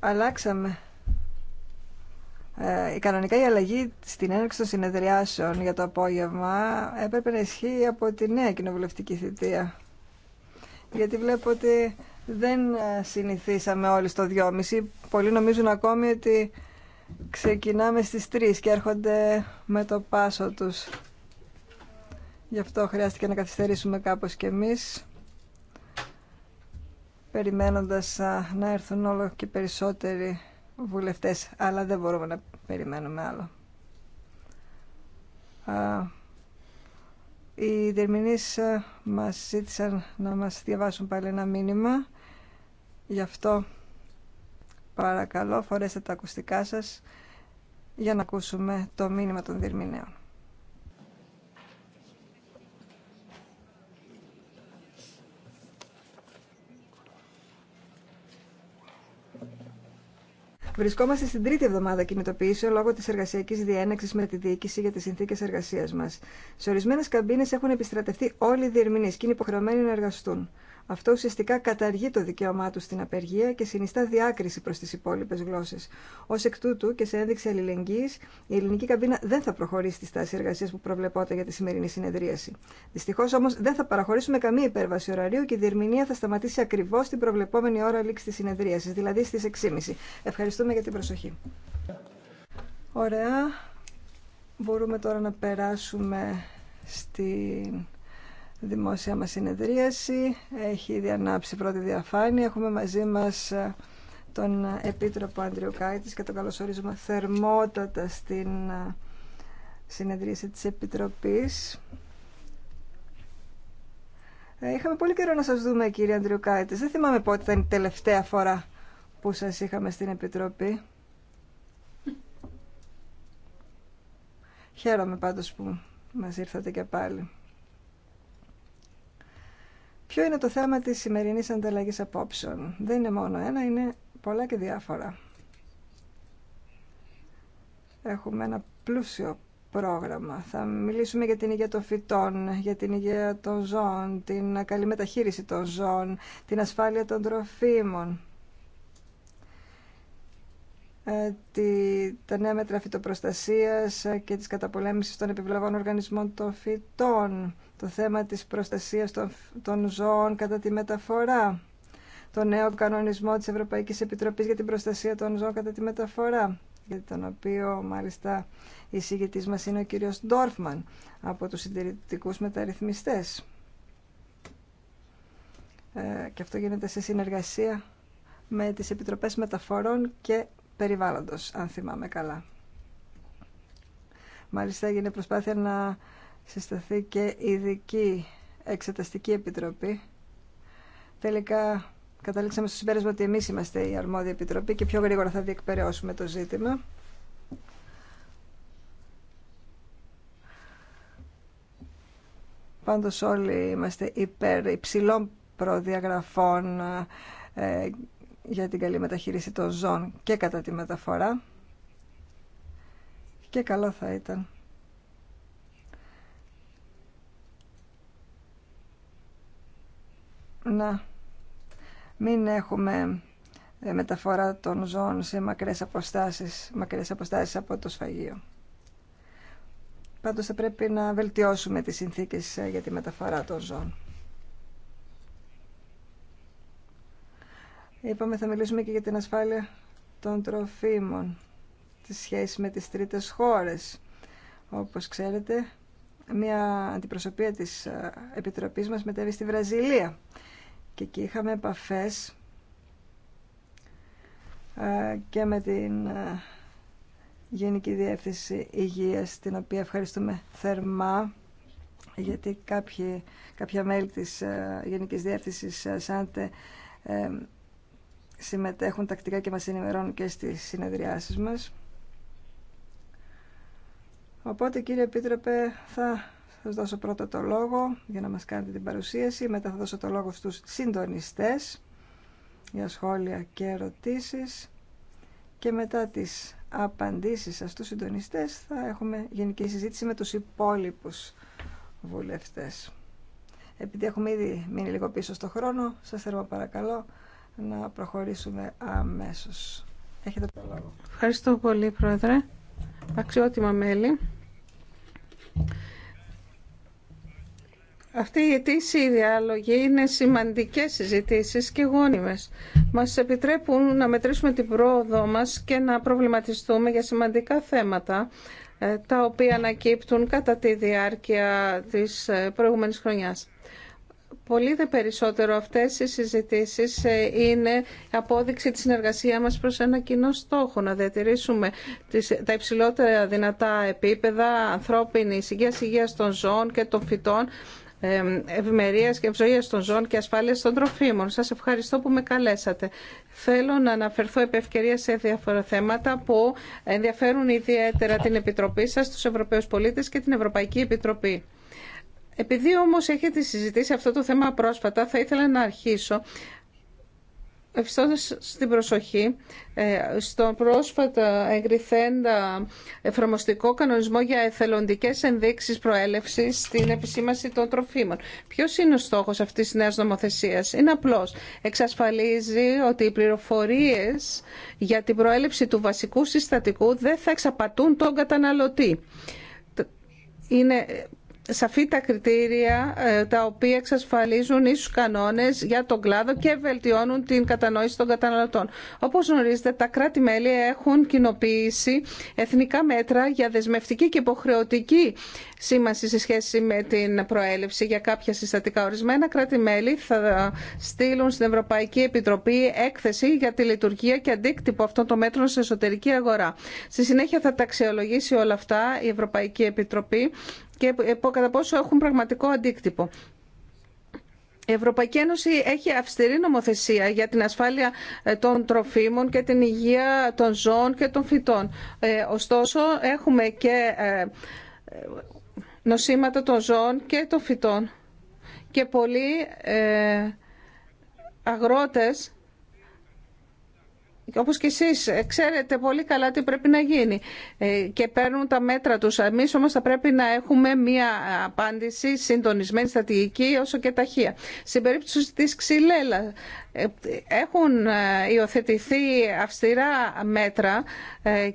Αλλάξαμε. Ε, η κανονικά η αλλαγή στην έναρξη των συνεδριάσεων για το απόγευμα έπρεπε να ισχύει από τη νέα κοινοβουλευτική θητεία. Γιατί βλέπω ότι δεν ε, συνηθίσαμε όλοι στο 2,5. Πολλοί νομίζουν ακόμη ότι ξεκινάμε στις 3 και έρχονται με το πάσο τους. Γι' αυτό χρειάστηκε να καθυστερήσουμε κάπως κι εμείς περιμένοντας να έρθουν όλο και περισσότεροι βουλευτές, αλλά δεν μπορούμε να περιμένουμε άλλο. Οι α, μας ζήτησαν να μας διαβάσουν πάλι ένα μήνυμα, γι' αυτό παρακαλώ φορέστε τα ακουστικά σας για να ακούσουμε το μήνυμα των δερμηνέων. Βρισκόμαστε στην τρίτη εβδομάδα κινητοποιήσεων λόγω τη εργασιακή διένεξη με τη διοίκηση για τι συνθήκε εργασία μα. Σε ορισμένε καμπίνε έχουν επιστρατευτεί όλοι οι διερμηνεί και είναι υποχρεωμένοι να εργαστούν. Αυτό ουσιαστικά καταργεί το δικαίωμά του στην απεργία και συνιστά διάκριση προ τι υπόλοιπε γλώσσε. Ω εκ τούτου και σε ένδειξη αλληλεγγύη, η ελληνική καμπίνα δεν θα προχωρήσει τη στάση εργασία που προβλεπόταν για τη σημερινή συνεδρίαση. Δυστυχώ όμω δεν θα παραχωρήσουμε καμία υπέρβαση ωραρίου και η διερμηνία θα σταματήσει ακριβώ την προβλεπόμενη ώρα λήξη τη συνεδρίαση, δηλαδή στι 6.30. Ευχαριστούμε για την προσοχή. Ωραία. Μπορούμε τώρα να περάσουμε στην δημόσια μας συνεδρίαση. Έχει ήδη ανάψει πρώτη διαφάνεια. Έχουμε μαζί μας ε, τον Επίτροπο Αντριού και τον καλωσορίζουμε θερμότατα στην ε, συνεδρίαση της Επιτροπής. Ε, είχαμε πολύ καιρό να σας δούμε κύριε Αντριού Δεν θυμάμαι πότε ήταν η τελευταία φορά που σας είχαμε στην Επιτροπή. Χαίρομαι πάντως που μας ήρθατε και πάλι. Ποιο είναι το θέμα της σημερινής ανταλλαγής απόψεων. Δεν είναι μόνο ένα, είναι πολλά και διάφορα. Έχουμε ένα πλούσιο πρόγραμμα. Θα μιλήσουμε για την υγεία των φυτών, για την υγεία των ζώων, την καλή μεταχείριση των ζώων, την ασφάλεια των τροφίμων, ε, τα νέα μέτρα φυτοπροστασίας ε, και της καταπολέμησης των επιβλαβών οργανισμών των φυτών, το θέμα της προστασίας των, των ζώων κατά τη μεταφορά, το νέο κανονισμό της Ευρωπαϊκής Επιτροπής για την προστασία των ζώων κατά τη μεταφορά, για τον οποίο μάλιστα η συγγετής μας είναι ο κύριος Ντόρφμαν από τους συντηρητικούς μεταρρυθμιστές. Ε, και αυτό γίνεται σε συνεργασία με τις Επιτροπές Μεταφορών και περιβάλλοντος, αν θυμάμαι καλά. Μάλιστα έγινε προσπάθεια να συσταθεί και ειδική εξεταστική επιτροπή. Τελικά καταλήξαμε στο συμπέρασμα ότι εμείς είμαστε η αρμόδια επιτροπή και πιο γρήγορα θα διεκπαιρεώσουμε το ζήτημα. Πάντως όλοι είμαστε υπέρ υψηλών προδιαγραφών ε, για την καλή μεταχείριση των ζώων και κατά τη μεταφορά και καλό θα ήταν. Να μην έχουμε ε, μεταφορά των ζώων σε μακρές αποστάσεις, μακρές αποστάσεις από το σφαγείο. Πάντως θα πρέπει να βελτιώσουμε τις συνθήκες ε, για τη μεταφορά των ζώων. Είπαμε θα μιλήσουμε και για την ασφάλεια των τροφίμων, τη σχέση με τις τρίτες χώρες. Όπως ξέρετε, μια αντιπροσωπεία της ε, Επιτροπής μας μετέβη στη Βραζιλία και εκεί είχαμε επαφές ε, και με την ε, Γενική Διεύθυνση Υγείας, την οποία ευχαριστούμε θερμά γιατί κάποιοι, κάποια μέλη της Γενικής Διεύθυνσης Σάντε συμμετέχουν τακτικά και μας ενημερώνουν και στις συνεδριάσεις μας. Οπότε κύριε Επίτροπε θα σας δώσω πρώτα το λόγο για να μας κάνετε την παρουσίαση, μετά θα δώσω το λόγο στους συντονιστές για σχόλια και ερωτήσεις και μετά τις απαντήσεις σας στους συντονιστές θα έχουμε γενική συζήτηση με τους υπόλοιπους βουλευτές. Επειδή έχουμε ήδη μείνει λίγο πίσω στο χρόνο, σας θέλω παρακαλώ να προχωρήσουμε αμέσως. Έχετε το λόγο. Ευχαριστώ πολύ, Πρόεδρε. Αξιότιμα μέλη. Αυτή η διάλογη είναι σημαντικές συζητήσεις και γόνιμες. Μας επιτρέπουν να μετρήσουμε την πρόοδό μας και να προβληματιστούμε για σημαντικά θέματα ε, τα οποία ανακύπτουν κατά τη διάρκεια της ε, προηγούμενης χρονιάς. Πολύ δε περισσότερο αυτές οι συζητήσεις ε, είναι απόδειξη της συνεργασία μας προς ένα κοινό στόχο, να διατηρήσουμε τις, τα υψηλότερα δυνατά επίπεδα ανθρώπινης υγείας, υγείας των ζώων και των φυτών, ευημερία και ευζοία των ζώων και ασφάλεια των τροφίμων. Σα ευχαριστώ που με καλέσατε. Θέλω να αναφερθώ επί ευκαιρία σε διάφορα θέματα που ενδιαφέρουν ιδιαίτερα την Επιτροπή σα, του Ευρωπαίου πολίτε και την Ευρωπαϊκή Επιτροπή. Επειδή όμως έχετε συζητήσει αυτό το θέμα πρόσφατα, θα ήθελα να αρχίσω ευστώντας στην προσοχή ε, στο πρόσφατα εγκριθέντα εφαρμοστικό κανονισμό για εθελοντικές ενδείξεις προέλευσης στην επισήμαση των τροφίμων. Ποιος είναι ο στόχος αυτής της νέας νομοθεσίας. Είναι απλός. Εξασφαλίζει ότι οι πληροφορίες για την προέλευση του βασικού συστατικού δεν θα εξαπατούν τον καταναλωτή. Είναι σαφή τα κριτήρια ε, τα οποία εξασφαλίζουν ίσους κανόνες για τον κλάδο και βελτιώνουν την κατανόηση των καταναλωτών. Όπως γνωρίζετε, τα κράτη-μέλη έχουν κοινοποιήσει εθνικά μέτρα για δεσμευτική και υποχρεωτική σήμανση σε σχέση με την προέλευση για κάποια συστατικά ορισμένα. Κράτη-μέλη θα στείλουν στην Ευρωπαϊκή Επιτροπή έκθεση για τη λειτουργία και αντίκτυπο αυτών των μέτρων σε εσωτερική αγορά. Στη συνέχεια θα τα αξιολογήσει όλα αυτά η Ευρωπαϊκή Επιτροπή και κατά πόσο έχουν πραγματικό αντίκτυπο. Η Ευρωπαϊκή Ένωση έχει αυστηρή νομοθεσία για την ασφάλεια ε, των τροφίμων και την υγεία των ζώων και των φυτών. Ε, ωστόσο, έχουμε και ε, νοσήματα των ζώων και των φυτών. Και πολλοί αγρότες όπως και εσείς ε, ξέρετε πολύ καλά τι πρέπει να γίνει ε, και παίρνουν τα μέτρα τους. Εμείς όμως θα πρέπει να έχουμε μία απάντηση συντονισμένη στατηγική όσο και ταχεία. Στην περίπτωση της ξυλέλα ε, έχουν υιοθετηθεί αυστηρά μέτρα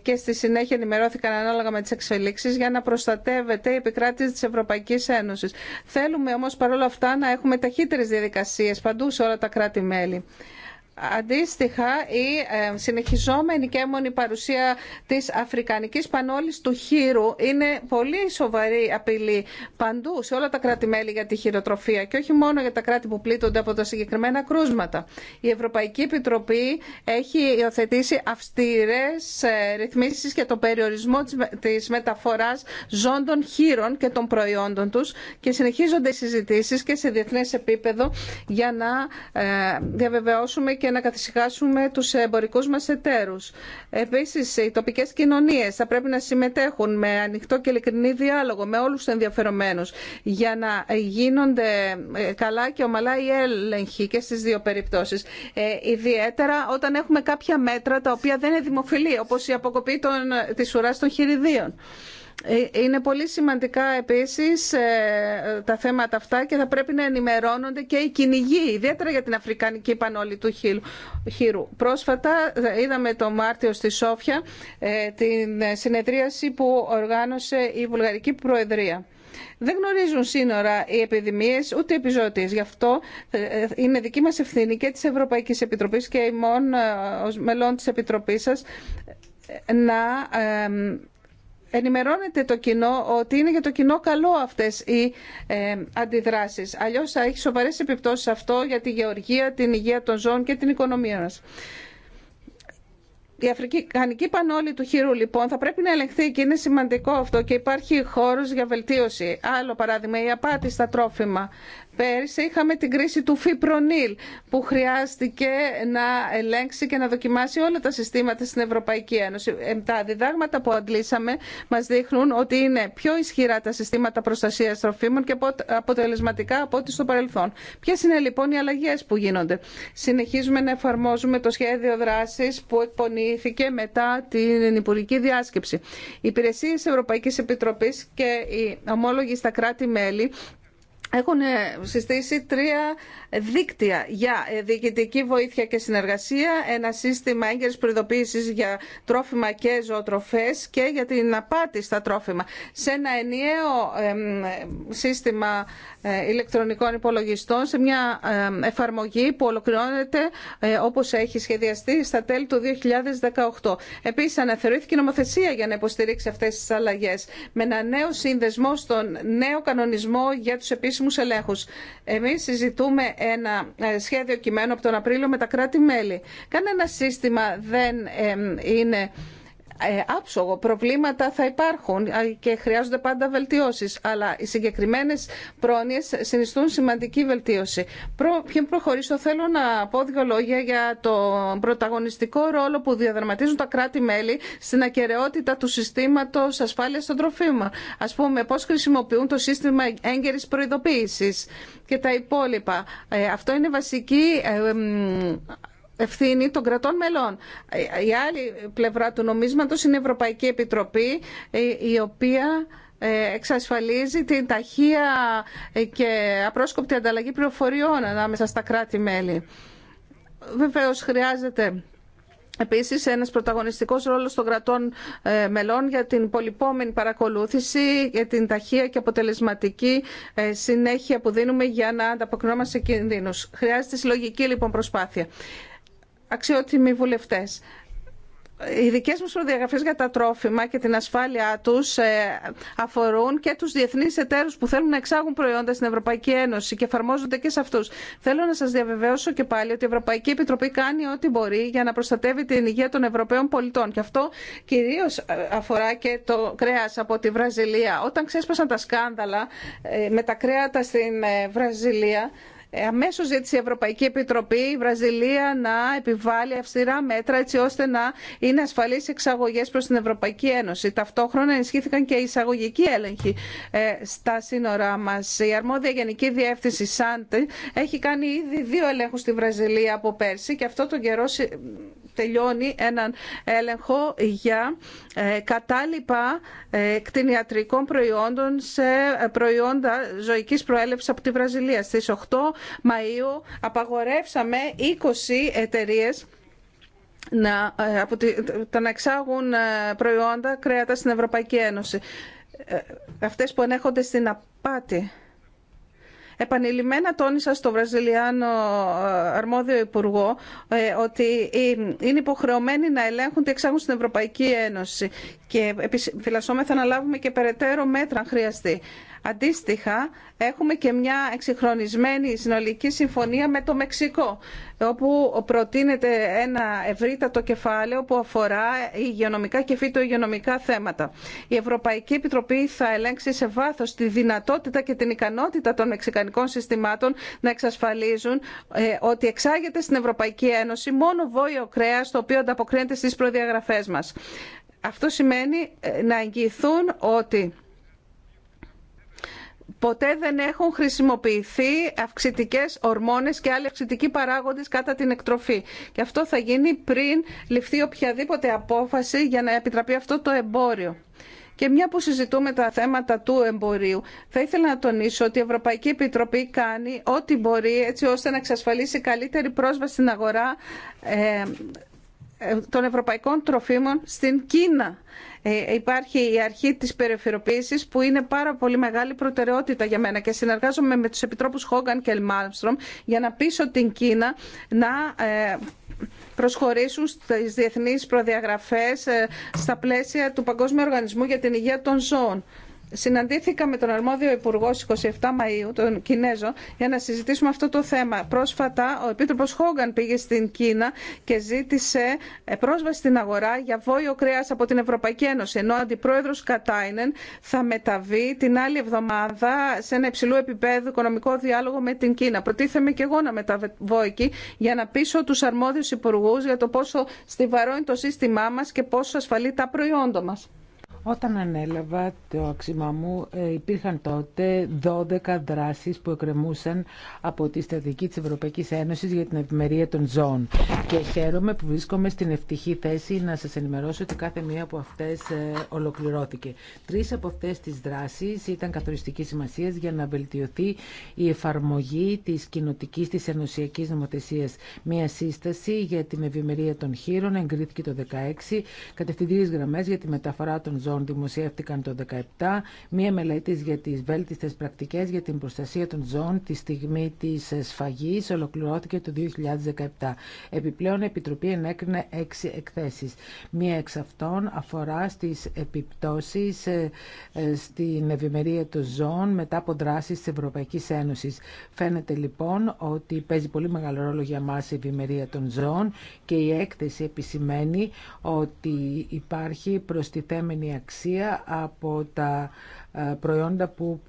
και στη συνέχεια ενημερώθηκαν ανάλογα με τις εξελίξεις για να προστατεύεται η επικράτηση της Ευρωπαϊκής Ένωσης. Θέλουμε όμως παρόλα αυτά να έχουμε ταχύτερες διαδικασίες παντού σε όλα τα κράτη-μέλη. Αντίστοιχα, η συνεχιζόμενη και έμονη παρουσία της αφρικανικής πανόλης του χείρου είναι πολύ σοβαρή απειλή παντού σε όλα τα κράτη-μέλη για τη χειροτροφία και όχι μόνο για τα κράτη που πλήττονται από τα συγκεκριμένα κρούσματα. Η Ευρωπαϊκή Επιτροπή έχει υιοθετήσει αυστηρές ε, ρυθμίσεις για το περιορισμό της μεταφοράς ζώντων χείρων και των προϊόντων τους και συνεχίζονται συζητήσεις και σε διεθνές επίπεδο για να ε, διαβεβαιώσουμε και και να καθησυχάσουμε τους εμπορικού μας εταίρους. Επίσης, οι τοπικές κοινωνίε θα πρέπει να συμμετέχουν με ανοιχτό και ειλικρινή διάλογο με όλους τους ενδιαφερομένους για να γίνονται ε, καλά και ομαλά οι έλεγχοι και στι δύο περιπτώσεις. Ε, ιδιαίτερα όταν έχουμε κάποια μέτρα τα οποία δεν είναι δημοφιλή, όπως η αποκοπή τη ουρά των χειριδίων. Ε, είναι πολύ σημαντικά επίσης ε, τα θέματα αυτά και θα πρέπει να ενημερώνονται και οι κυνηγοί, ιδιαίτερα για την Αφρικανική Πανόλη του Χείρου. Πρόσφατα ε, είδαμε το Μάρτιο στη Σόφια την συνεδρίαση που οργάνωσε η Βουλγαρική Προεδρία. Δεν γνωρίζουν σύνορα οι επιδημίες ούτε οι επιζώτιες. Γι' αυτό είναι δική μας ευθύνη και της Ευρωπαϊκής Επιτροπής και ημών ως μελών της Επιτροπής σας να ενημερώνεται το κοινό ότι είναι για το κοινό καλό αυτές οι ε, αντιδράσεις. Αλλιώς θα έχει σοβαρές επιπτώσεις αυτό για τη γεωργία, την υγεία των ζώων και την οικονομία μας. Η αφρικανική πανόλη του χείρου λοιπόν θα πρέπει να ελεγχθεί και είναι σημαντικό αυτό και υπάρχει χώρος για βελτίωση. Άλλο παράδειγμα, η απάτη στα τρόφιμα. Πέρυσι είχαμε την κρίση του Φιπρονίλ που χρειάστηκε να ελέγξει και να δοκιμάσει όλα τα συστήματα στην Ευρωπαϊκή Ένωση. Ε, τα διδάγματα που αντλήσαμε μα δείχνουν ότι είναι πιο ισχυρά τα συστήματα προστασίας τροφίμων και αποτελεσματικά από ό,τι στο παρελθόν. Ποιε είναι λοιπόν οι αλλαγέ που γίνονται. Συνεχίζουμε να εφαρμόζουμε το σχέδιο δράση που εκπονήθηκε μετά την Υπουργική Διάσκεψη. Οι υπηρεσίε Ευρωπαϊκή Επιτροπή και οι ομόλογοι στα κράτη-μέλη έχουν ε, συστήσει τρία δίκτυα για ε, διοικητική βοήθεια και συνεργασία, ένα σύστημα έγκαιρης προειδοποίησης για τρόφιμα και ζωοτροφές και για την απάτη στα τρόφιμα. Σε ένα ενιαίο σύστημα ε, ηλεκτρονικών υπολογιστών, σε μια εφαρμογή που ολοκληρώνεται όπως έχει σχεδιαστεί στα τέλη του 2018. Επίσης αναθεωρήθηκε η νομοθεσία για να υποστηρίξει αυτές τις αλλαγές με ένα νέο σύνδεσμο στον νέο κανονισμό για τους επίσης επίσημους ελέγχους. Εμείς συζητούμε ένα ε, σχέδιο κειμένου από τον Απρίλιο με τα κράτη-μέλη. Κανένα σύστημα δεν είναι ε, άψογο. Προβλήματα θα υπάρχουν και χρειάζονται πάντα βελτιώσεις, αλλά οι συγκεκριμένες πρόνοιες συνιστούν σημαντική βελτίωση. Προ, πριν προχωρήσω θέλω να πω δύο λόγια για τον πρωταγωνιστικό ρόλο που διαδραματίζουν τα κράτη-μέλη στην ακαιρεότητα του συστήματος ασφάλειας των τροφίμων. Ας πούμε πώς χρησιμοποιούν το σύστημα έγκαιρης προειδοποίησης και τα υπόλοιπα. Ε, αυτό είναι βασική ε, ευθύνη των κρατών μελών. Η άλλη πλευρά του νομίσματος είναι η Ευρωπαϊκή Επιτροπή, η οποία ε, εξασφαλίζει την ταχεία ε, και απρόσκοπτη ανταλλαγή πληροφοριών ανάμεσα στα κράτη-μέλη. Βεβαίως χρειάζεται Επίσης, ένας πρωταγωνιστικός ρόλος των κρατών ε, μελών για την πολυπόμενη παρακολούθηση, για την ταχεία και αποτελεσματική συνέχεια που δίνουμε για να ανταποκρινόμαστε σε κινδύνους. Χρειάζεται συλλογική λοιπόν, προσπάθεια αξιότιμοι βουλευτέ. Οι δικέ μα προδιαγραφέ για τα τρόφιμα και την ασφάλειά του ε, αφορούν και του διεθνεί εταίρου που θέλουν να εξάγουν προϊόντα στην Ευρωπαϊκή Ένωση και εφαρμόζονται και σε αυτού. Θέλω να σα διαβεβαιώσω και πάλι ότι η Ευρωπαϊκή Επιτροπή κάνει ό,τι μπορεί για να προστατεύει την υγεία των Ευρωπαίων πολιτών. Και αυτό κυρίω ε, αφορά και το κρέα από τη Βραζιλία. Όταν ξέσπασαν τα σκάνδαλα ε, με τα κρέατα στην Βραζιλία, ε, αμέσως ζήτησε η Ευρωπαϊκή Επιτροπή η Βραζιλία να επιβάλλει αυστηρά μέτρα έτσι ώστε να είναι ασφαλείς εξαγωγές προς την Ευρωπαϊκή Ένωση. Ταυτόχρονα ενισχύθηκαν και οι εισαγωγικοί έλεγχοι ε, στα σύνορά μας. Η αρμόδια Γενική Διεύθυνση ΣΑΝΤΕ έχει κάνει ήδη δύο ελέγχους στη Βραζιλία από πέρσι και αυτό τον καιρό τελειώνει έναν έλεγχο για ε, κατάλοιπα ε, κτηνιατρικών προϊόντων σε προϊόντα ζωικής προέλευσης από τη Βραζιλία. Στις 8 Μαΐου απαγορεύσαμε 20 εταιρείε να, ε, από να εξάγουν προϊόντα κρέατα στην Ευρωπαϊκή Ένωση. Αυτές που ενέχονται στην απάτη. Επανειλημμένα τόνισα στο Βραζιλιάνο ε, αρμόδιο υπουργό ε, ότι είναι υποχρεωμένοι να ελέγχουν τι εξάγουν στην Ευρωπαϊκή Ένωση και φυλασσόμεθα να λάβουμε και περαιτέρω μέτρα αν χρειαστεί. Αντίστοιχα, έχουμε και μια εξυγχρονισμένη συνολική συμφωνία με το Μεξικό, όπου προτείνεται ένα ευρύτατο κεφάλαιο που αφορά υγειονομικά και φυτο θέματα. Η Ευρωπαϊκή Επιτροπή θα ελέγξει σε βάθος τη δυνατότητα και την ικανότητα των μεξικανικών συστημάτων να εξασφαλίζουν ε, ότι εξάγεται στην Ευρωπαϊκή Ένωση μόνο βόλιο κρέα το οποίο ανταποκρίνεται στι προδιαγραφέ μα. Αυτό σημαίνει ε, να εγγυηθούν ότι ποτέ δεν έχουν χρησιμοποιηθεί αυξητικές ορμόνες και άλλοι αυξητικοί παράγοντες κατά την εκτροφή. Και αυτό θα γίνει πριν ληφθεί οποιαδήποτε απόφαση για να επιτραπεί αυτό το εμπόριο. Και μια που συζητούμε τα θέματα του εμπορίου, θα ήθελα να τονίσω ότι η Ευρωπαϊκή Επιτροπή κάνει ό,τι μπορεί έτσι ώστε να εξασφαλίσει καλύτερη πρόσβαση στην αγορά ε, ε, των ευρωπαϊκών τροφίμων στην Κίνα. Ε, υπάρχει η αρχή της περιφεροποίησης που είναι πάρα πολύ μεγάλη προτεραιότητα για μένα και συνεργάζομαι με τους επιτρόπους Χόγκαν και Ελμάνστρομ για να πείσω την Κίνα να ε, προσχωρήσουν στις διεθνείς προδιαγραφές ε, στα πλαίσια του Παγκόσμιου Οργανισμού για την Υγεία των Ζώων. Συναντήθηκα με τον αρμόδιο υπουργό 27 Μαΐου, τον Κινέζο, για να συζητήσουμε αυτό το θέμα. Πρόσφατα ο επίτροπο Χόγκαν πήγε στην Κίνα και ζήτησε ε, πρόσβαση στην αγορά για βόλιο κρέα από την Ευρωπαϊκή Ένωση, ενώ ο αντιπρόεδρος Κατάινεν θα μεταβεί την άλλη εβδομάδα σε ένα υψηλού επίπεδου οικονομικό διάλογο με την Κίνα. Προτίθεμαι και εγώ να μεταβώ εκεί για να πείσω του αρμόδιου υπουργού για το πόσο στιβαρό είναι το σύστημά μα και πόσο ασφαλεί τα προϊόντα μα. Όταν ανέλαβα το άξιμα μου ε, υπήρχαν τότε 12 δράσεις που εκκρεμούσαν από τη στρατηγική της Ευρωπαϊκής Ένωσης για την ευημερία των ζώων. Και χαίρομαι που βρίσκομαι στην ευτυχή θέση να σας ενημερώσω ότι κάθε μία από αυτές ε, ολοκληρώθηκε. Τρεις από αυτές τις δράσεις ήταν καθοριστική σημασίας για να βελτιωθεί η εφαρμογή της κοινοτική της ενωσιακής νομοθεσίας. Μία σύσταση για την ευημερία των χείρων εγκρίθηκε το 2016, κατευθυντήριες γραμμές για τη μεταφορά των ζώων Λοιπόν δημοσιεύτηκαν το 2017 μία μελέτη για τις βέλτιστες πρακτικές για την προστασία των ζώων τη στιγμή τη σφαγή, ολοκληρώθηκε το 2017. Επιπλέον η Επιτροπή ενέκρινε έξι εκθέσει. Μία εξ αυτών αφορά στις επιπτώσεις ε, ε, στην ευημερία των ζώων μετά από δράσεις τη ευρωπαϊκή Ένωση. Φαίνεται λοιπόν ότι παίζει πολύ μεγάλο ρόλο για μα η ευημερία των ζώων και η έκθεση επισημαίνει ότι υπάρχει προστιθέμενη αξία από τα ε, προϊόντα που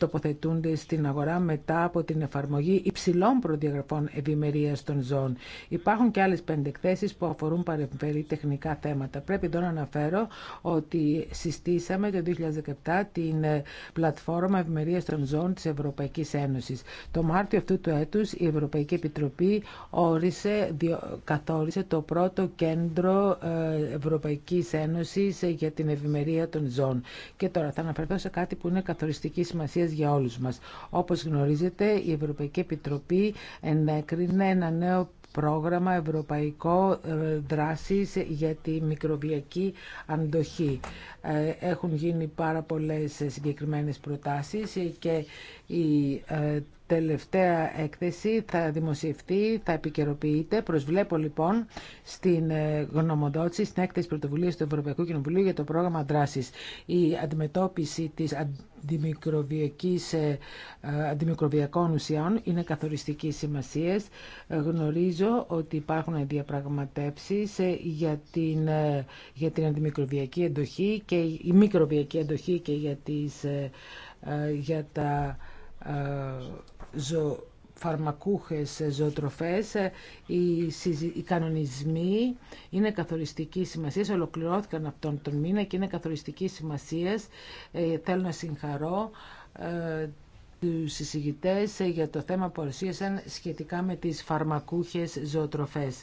τοποθετούνται στην αγορά μετά από την εφαρμογή υψηλών προδιαγραφών ευημερία των ζώων. Υπάρχουν και άλλε πέντε εκθέσει που αφορούν παρεμφερή τεχνικά θέματα. Πρέπει εδώ να αναφέρω ότι συστήσαμε το 2017 την ε, πλατφόρμα ευημερία των ζώων της Ευρωπαϊκής Ένωσης. Το Μάρτιο αυτού του έτους η Ευρωπαϊκή Επιτροπή όρισε, καθόρισε το πρώτο κέντρο ε, Ευρωπαϊκή Ένωση για την ευημερία των ζώων. Και τώρα θα αναφερθώ σε κάτι που είναι καθοριστική σημασία για όλους μας. Όπως γνωρίζετε, η Ευρωπαϊκή Επιτροπή ενέκρινε ένα νέο πρόγραμμα ευρωπαϊκό ε, δράσης για τη μικροβιακή αντοχή. Ε, έχουν γίνει πάρα πολλές συγκεκριμένες προτάσεις και η ε, τελευταία έκθεση θα δημοσιευτεί, θα επικαιροποιείται. Προσβλέπω λοιπόν στην ε, γνωμοδότηση, στην έκθεση πρωτοβουλία του Ευρωπαϊκού Κοινοβουλίου για το πρόγραμμα δράση. Η αντιμετώπιση τη ε, αντιμικροβιακών ουσιών είναι καθοριστική σημασία. Γνωρίζω ότι υπάρχουν διαπραγματεύσει για την, για την αντιμικροβιακή εντοχή και η μικροβιακή εντοχή και για, τις, για τα ε, ζω, φαρμακούχες ε, ζωοτροφές, ε, οι, κανονισμοί είναι καθοριστική σημασία, ολοκληρώθηκαν από τον μήνα και είναι καθοριστική σημασία. Θέλω να συγχαρώ του συζητητέ για το θέμα που παρουσίασαν σχετικά με τις φαρμακούχες ζωοτροφές.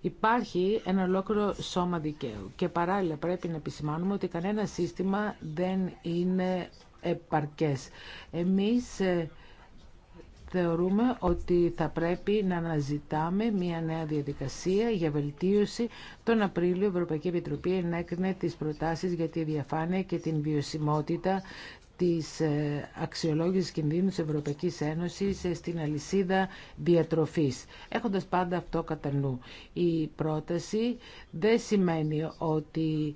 Υπάρχει ένα ολόκληρο σώμα δικαίου και παράλληλα πρέπει να επισημάνουμε ότι κανένα σύστημα δεν είναι επαρκές. Εμείς ε, θεωρούμε ότι θα πρέπει να αναζητάμε μια νέα διαδικασία για βελτίωση. Τον Απρίλιο η Ευρωπαϊκή Επιτροπή ενέκρινε τις προτάσεις για τη διαφάνεια και την βιωσιμότητα της ε, αξιολόγησης κινδύνου της Ευρωπαϊκής Ένωσης ε, στην αλυσίδα διατροφής. Έχοντας πάντα αυτό κατά νου, η πρόταση δεν σημαίνει ότι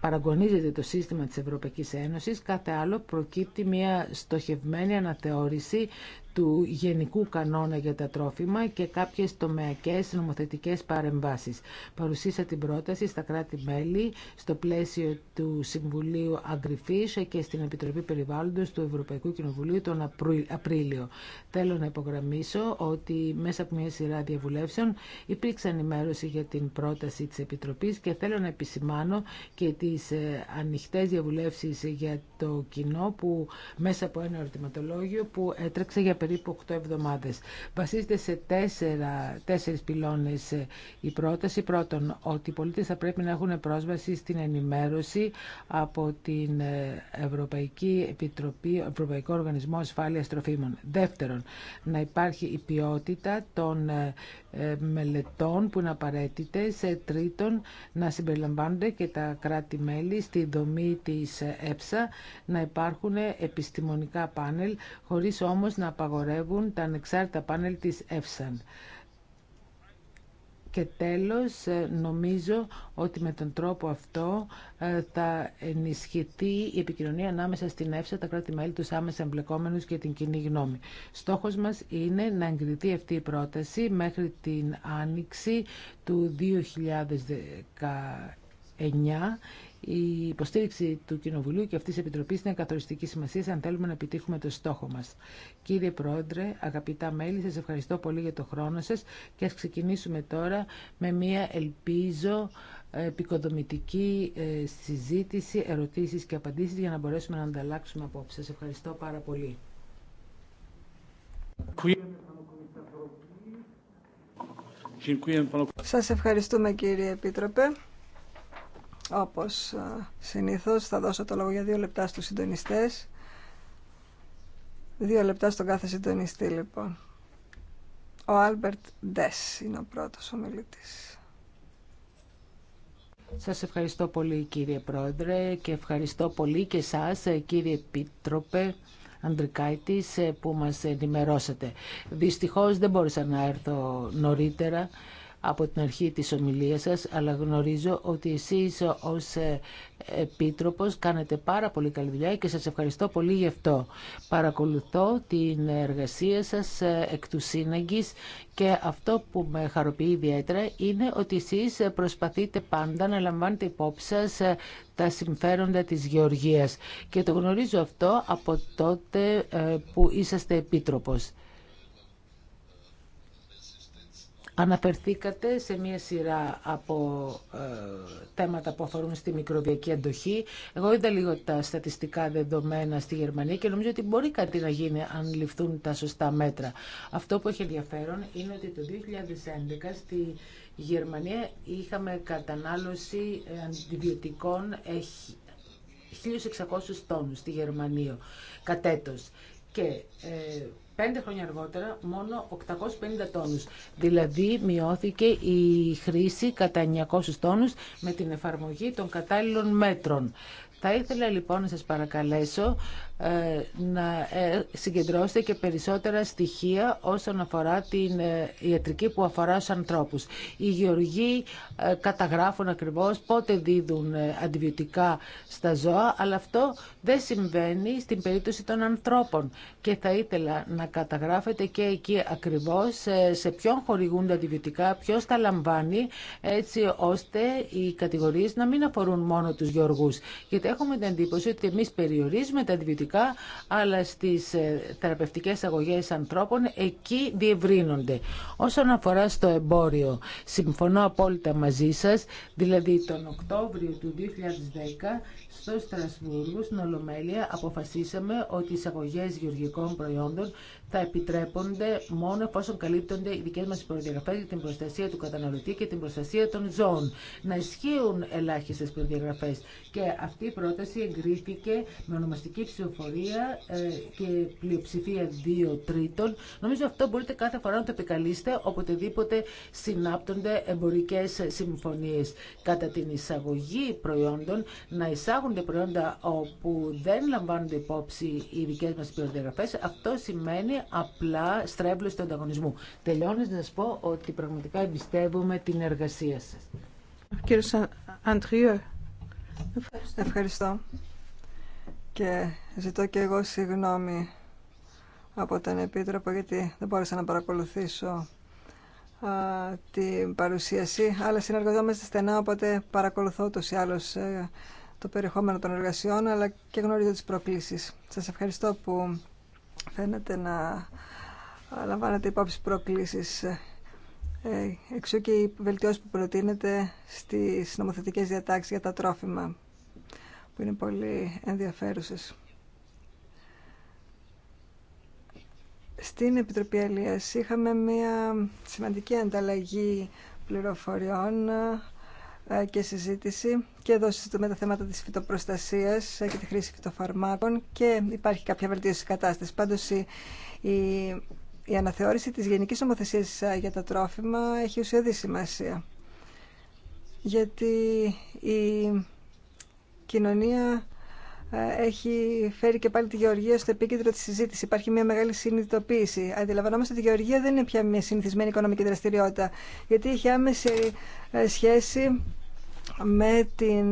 παραγωνίζεται το σύστημα της Ευρωπαϊκής Ένωσης, κάθε άλλο προκύπτει μια στοχευμένη αναθεώρηση του γενικού κανόνα για τα τρόφιμα και κάποιες τομεακές νομοθετικές παρεμβάσεις. Παρουσίασα την πρόταση στα κράτη-μέλη στο πλαίσιο του Συμβουλίου Αγκριφής και στην Επιτροπή Περιβάλλοντος του Ευρωπαϊκού Κοινοβουλίου τον Απρίλιο. Θέλω να υπογραμμίσω ότι μέσα από μια σειρά διαβουλεύσεων υπήρξε ενημέρωση για την πρόταση της Επιτροπής και θέλω να επισημάνω και τις ε, ανοιχτές διαβουλεύσεις για το κοινό που μέσα από ένα ερωτηματολόγιο που έτρεξε για περίπου 8 εβδομάδες. Βασίζεται σε τέσσερα, τέσσερις πυλώνες ε, η πρόταση. Πρώτον, ότι οι πολίτες θα πρέπει να έχουν πρόσβαση στην ενημέρωση από την ε, Ευρωπαϊκή Επιτροπή, Ευρωπαϊκό Οργανισμό Ασφάλειας Τροφίμων. Δεύτερον, να υπάρχει η ποιότητα των ε, μελετών που είναι απαραίτητε. Σε τρίτον, να συμπεριλαμβάνονται και τα κράτη-μέλη στη δομή της ΕΨΑ, να υπάρχουν επιστημονικά πάνελ, χωρίς όμως να απαγορεύουν τα ανεξάρτητα πάνελ της ΕΦΣΑ. Και τέλος, ε, νομίζω ότι με τον τρόπο αυτό ε, θα ενισχυθεί η επικοινωνία ανάμεσα στην ΕΦΣΑ, τα κράτη-μέλη, τους άμεσα εμπλεκόμενους και την κοινή γνώμη. Στόχος μας είναι να εγκριθεί αυτή η πρόταση μέχρι την άνοιξη του 2019 η υποστήριξη του Κοινοβουλίου και αυτή τη Επιτροπή είναι καθοριστική σημασία αν θέλουμε να επιτύχουμε το στόχο μα. Κύριε Πρόεδρε, αγαπητά μέλη, σα ευχαριστώ πολύ για το χρόνο σα και α ξεκινήσουμε τώρα με μία ελπίζω επικοδομητική ε, συζήτηση, ερωτήσει και απαντήσει για να μπορέσουμε να ανταλλάξουμε απόψει. Σα ευχαριστώ πάρα πολύ. Σας ευχαριστούμε κύριε Επίτροπε. Όπως ε, συνήθως θα δώσω το λόγο για δύο λεπτά στους συντονιστές. Δύο λεπτά στον κάθε συντονιστή λοιπόν. Ο Άλμπερτ Ντες είναι ο πρώτος ομιλητής. Σας ευχαριστώ πολύ κύριε Πρόεδρε και ευχαριστώ πολύ και σας ε, κύριε Επίτροπε. Ανδρικάητης ε, που μας ενημερώσατε. Δυστυχώς δεν μπορούσα να έρθω νωρίτερα από την αρχή της ομιλίας σας, αλλά γνωρίζω ότι εσείς ως ε, Επίτροπος κάνετε πάρα πολύ καλή δουλειά και σας ευχαριστώ πολύ γι' αυτό. Παρακολουθώ την εργασία σας ε, εκ του και αυτό που με χαροποιεί ιδιαίτερα είναι ότι εσείς προσπαθείτε πάντα να λαμβάνετε υπόψη σας ε, τα συμφέροντα της γεωργίας και το γνωρίζω αυτό από τότε που είσαστε Επίτροπος. Αναφερθήκατε σε μία σειρά από ε, θέματα που αφορούν στη μικροβιακή αντοχή. Εγώ είδα λίγο τα στατιστικά δεδομένα στη Γερμανία και νομίζω ότι μπορεί κάτι να γίνει αν ληφθούν τα σωστά μέτρα. Αυτό που έχει ενδιαφέρον είναι ότι το 2011 στη Γερμανία είχαμε κατανάλωση ε, αντιβιωτικών 1.600 τόνους στη Γερμανία κατέτος. Και ε, Πέντε χρόνια αργότερα μόνο 850 τόνους. Δηλαδή μειώθηκε η χρήση κατά 900 τόνους με την εφαρμογή των κατάλληλων μέτρων. Θα ήθελα λοιπόν να σας παρακαλέσω ε, να ε, συγκεντρώσετε και περισσότερα στοιχεία όσον αφορά την ε, ιατρική που αφορά στους ανθρώπους. Οι γεωργοί καταγράφουν ακριβώς πότε δίδουν αντιβιωτικά στα ζώα, αλλά αυτό δεν συμβαίνει στην περίπτωση των ανθρώπων. Και θα ήθελα να καταγράφετε και εκεί ακριβώς σε ποιον χορηγούν τα αντιβιωτικά, ποιος τα λαμβάνει, έτσι ώστε οι κατηγορίες να μην αφορούν μόνο τους γεωργούς. Γιατί έχουμε την εντύπωση ότι εμείς περιορίζουμε τα αντιβιωτικά αλλά στις ε, θεραπευτικές αγωγές ανθρώπων, εκεί διευρύνονται. Όσον αφορά στο εμπόριο, συμφωνώ απόλυτα μαζί σας, δηλαδή τον Οκτώβριο του 2010 στο Στρασβούργο, στην Ολομέλεια, αποφασίσαμε ότι οι εισαγωγέ γεωργικών προϊόντων θα επιτρέπονται μόνο εφόσον καλύπτονται οι δικέ μα προδιαγραφέ για την προστασία του καταναλωτή και την προστασία των ζώων. Να ισχύουν ελάχιστε προδιαγραφέ. Και αυτή η πρόταση εγκρίθηκε με ονομαστική ψηφοφορία ε, και πλειοψηφία 2 τρίτων. Νομίζω αυτό μπορείτε κάθε φορά να το επικαλείστε οποτεδήποτε συνάπτονται εμπορικέ συμφωνίε. Κατά την εισαγωγή προϊόντων, να εισάγουν υπάρχονται προϊόντα όπου δεν λαμβάνονται υπόψη οι δικέ μα προδιαγραφέ, αυτό σημαίνει απλά στρέβλωση του ανταγωνισμού. Τελειώνω να σα πω ότι πραγματικά εμπιστεύομαι την εργασία σα. Κύριε Αντριέ, ευχαριστώ. Και ζητώ και εγώ συγγνώμη από τον Επίτροπο γιατί δεν μπόρεσα να παρακολουθήσω την παρουσίαση, αλλά συνεργαζόμαστε στενά, οπότε παρακολουθώ τους ή ε, το περιεχόμενο των εργασιών, αλλά και γνωρίζω τις προκλήσεις. Σας ευχαριστώ που φαίνεται να λαμβάνετε υπόψη προκλήσεις. Ε, εξού και οι βελτιώσεις που προτείνετε στις νομοθετικές διατάξεις για τα τρόφιμα, που είναι πολύ ενδιαφέρουσες. Στην Επιτροπή Αλίας είχαμε μια σημαντική ανταλλαγή πληροφοριών ε, και συζήτηση και εδώ συζητούμε τα θέματα της φυτοπροστασίας ε, και τη χρήση φυτοφαρμάκων και υπάρχει κάποια βελτίωση κατάσταση. Πάντως η, η, αναθεώρηση της Γενικής Ομοθεσίας ε, για τα τρόφιμα έχει ουσιαδή σημασία γιατί η κοινωνία έχει φέρει και πάλι τη γεωργία στο επίκεντρο τη συζήτηση. Υπάρχει μια μεγάλη συνειδητοποίηση. Αντιλαμβανόμαστε ότι η γεωργία δεν είναι πια μια συνηθισμένη οικονομική δραστηριότητα, γιατί έχει άμεση σχέση με, την,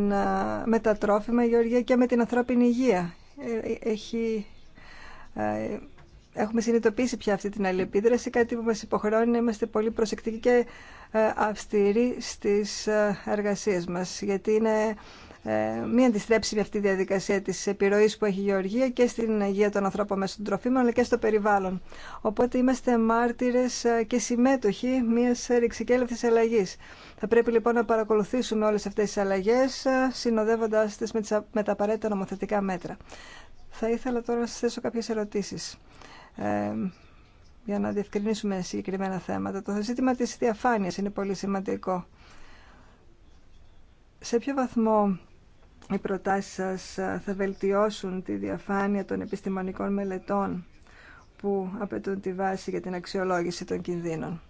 με τα τρόφιμα, Γεωργία, και με την ανθρώπινη υγεία. Ε, ε, έχει, έχουμε συνειδητοποιήσει πια αυτή την αλληλεπίδραση, κάτι που μας υποχρεώνει να είμαστε πολύ προσεκτικοί και αυστηροί στις εργασίες μας, γιατί είναι ε, μην αντιστρέψει αυτή τη διαδικασία τη επιρροή που έχει η γεωργία και στην υγεία των ανθρώπων μέσα των τροφίμων αλλά και στο περιβάλλον. Οπότε είμαστε μάρτυρες ε, και συμμέτοχοι μια ρηξικέλευτη αλλαγή. Θα πρέπει λοιπόν να παρακολουθήσουμε όλε αυτέ τι αλλαγέ, ε, συνοδεύοντα τις με τα απαραίτητα νομοθετικά μέτρα. Θα ήθελα τώρα να σα θέσω κάποιες ερωτήσεις για να διευκρινίσουμε συγκεκριμένα θέματα. Το ζήτημα της διαφάνειας είναι πολύ σημαντικό. Σε ποιο βαθμό οι προτάσεις σας ε, θα βελτιώσουν τη διαφάνεια των επιστημονικών μελετών που απαιτούν τη βάση για την αξιολόγηση των κινδύνων.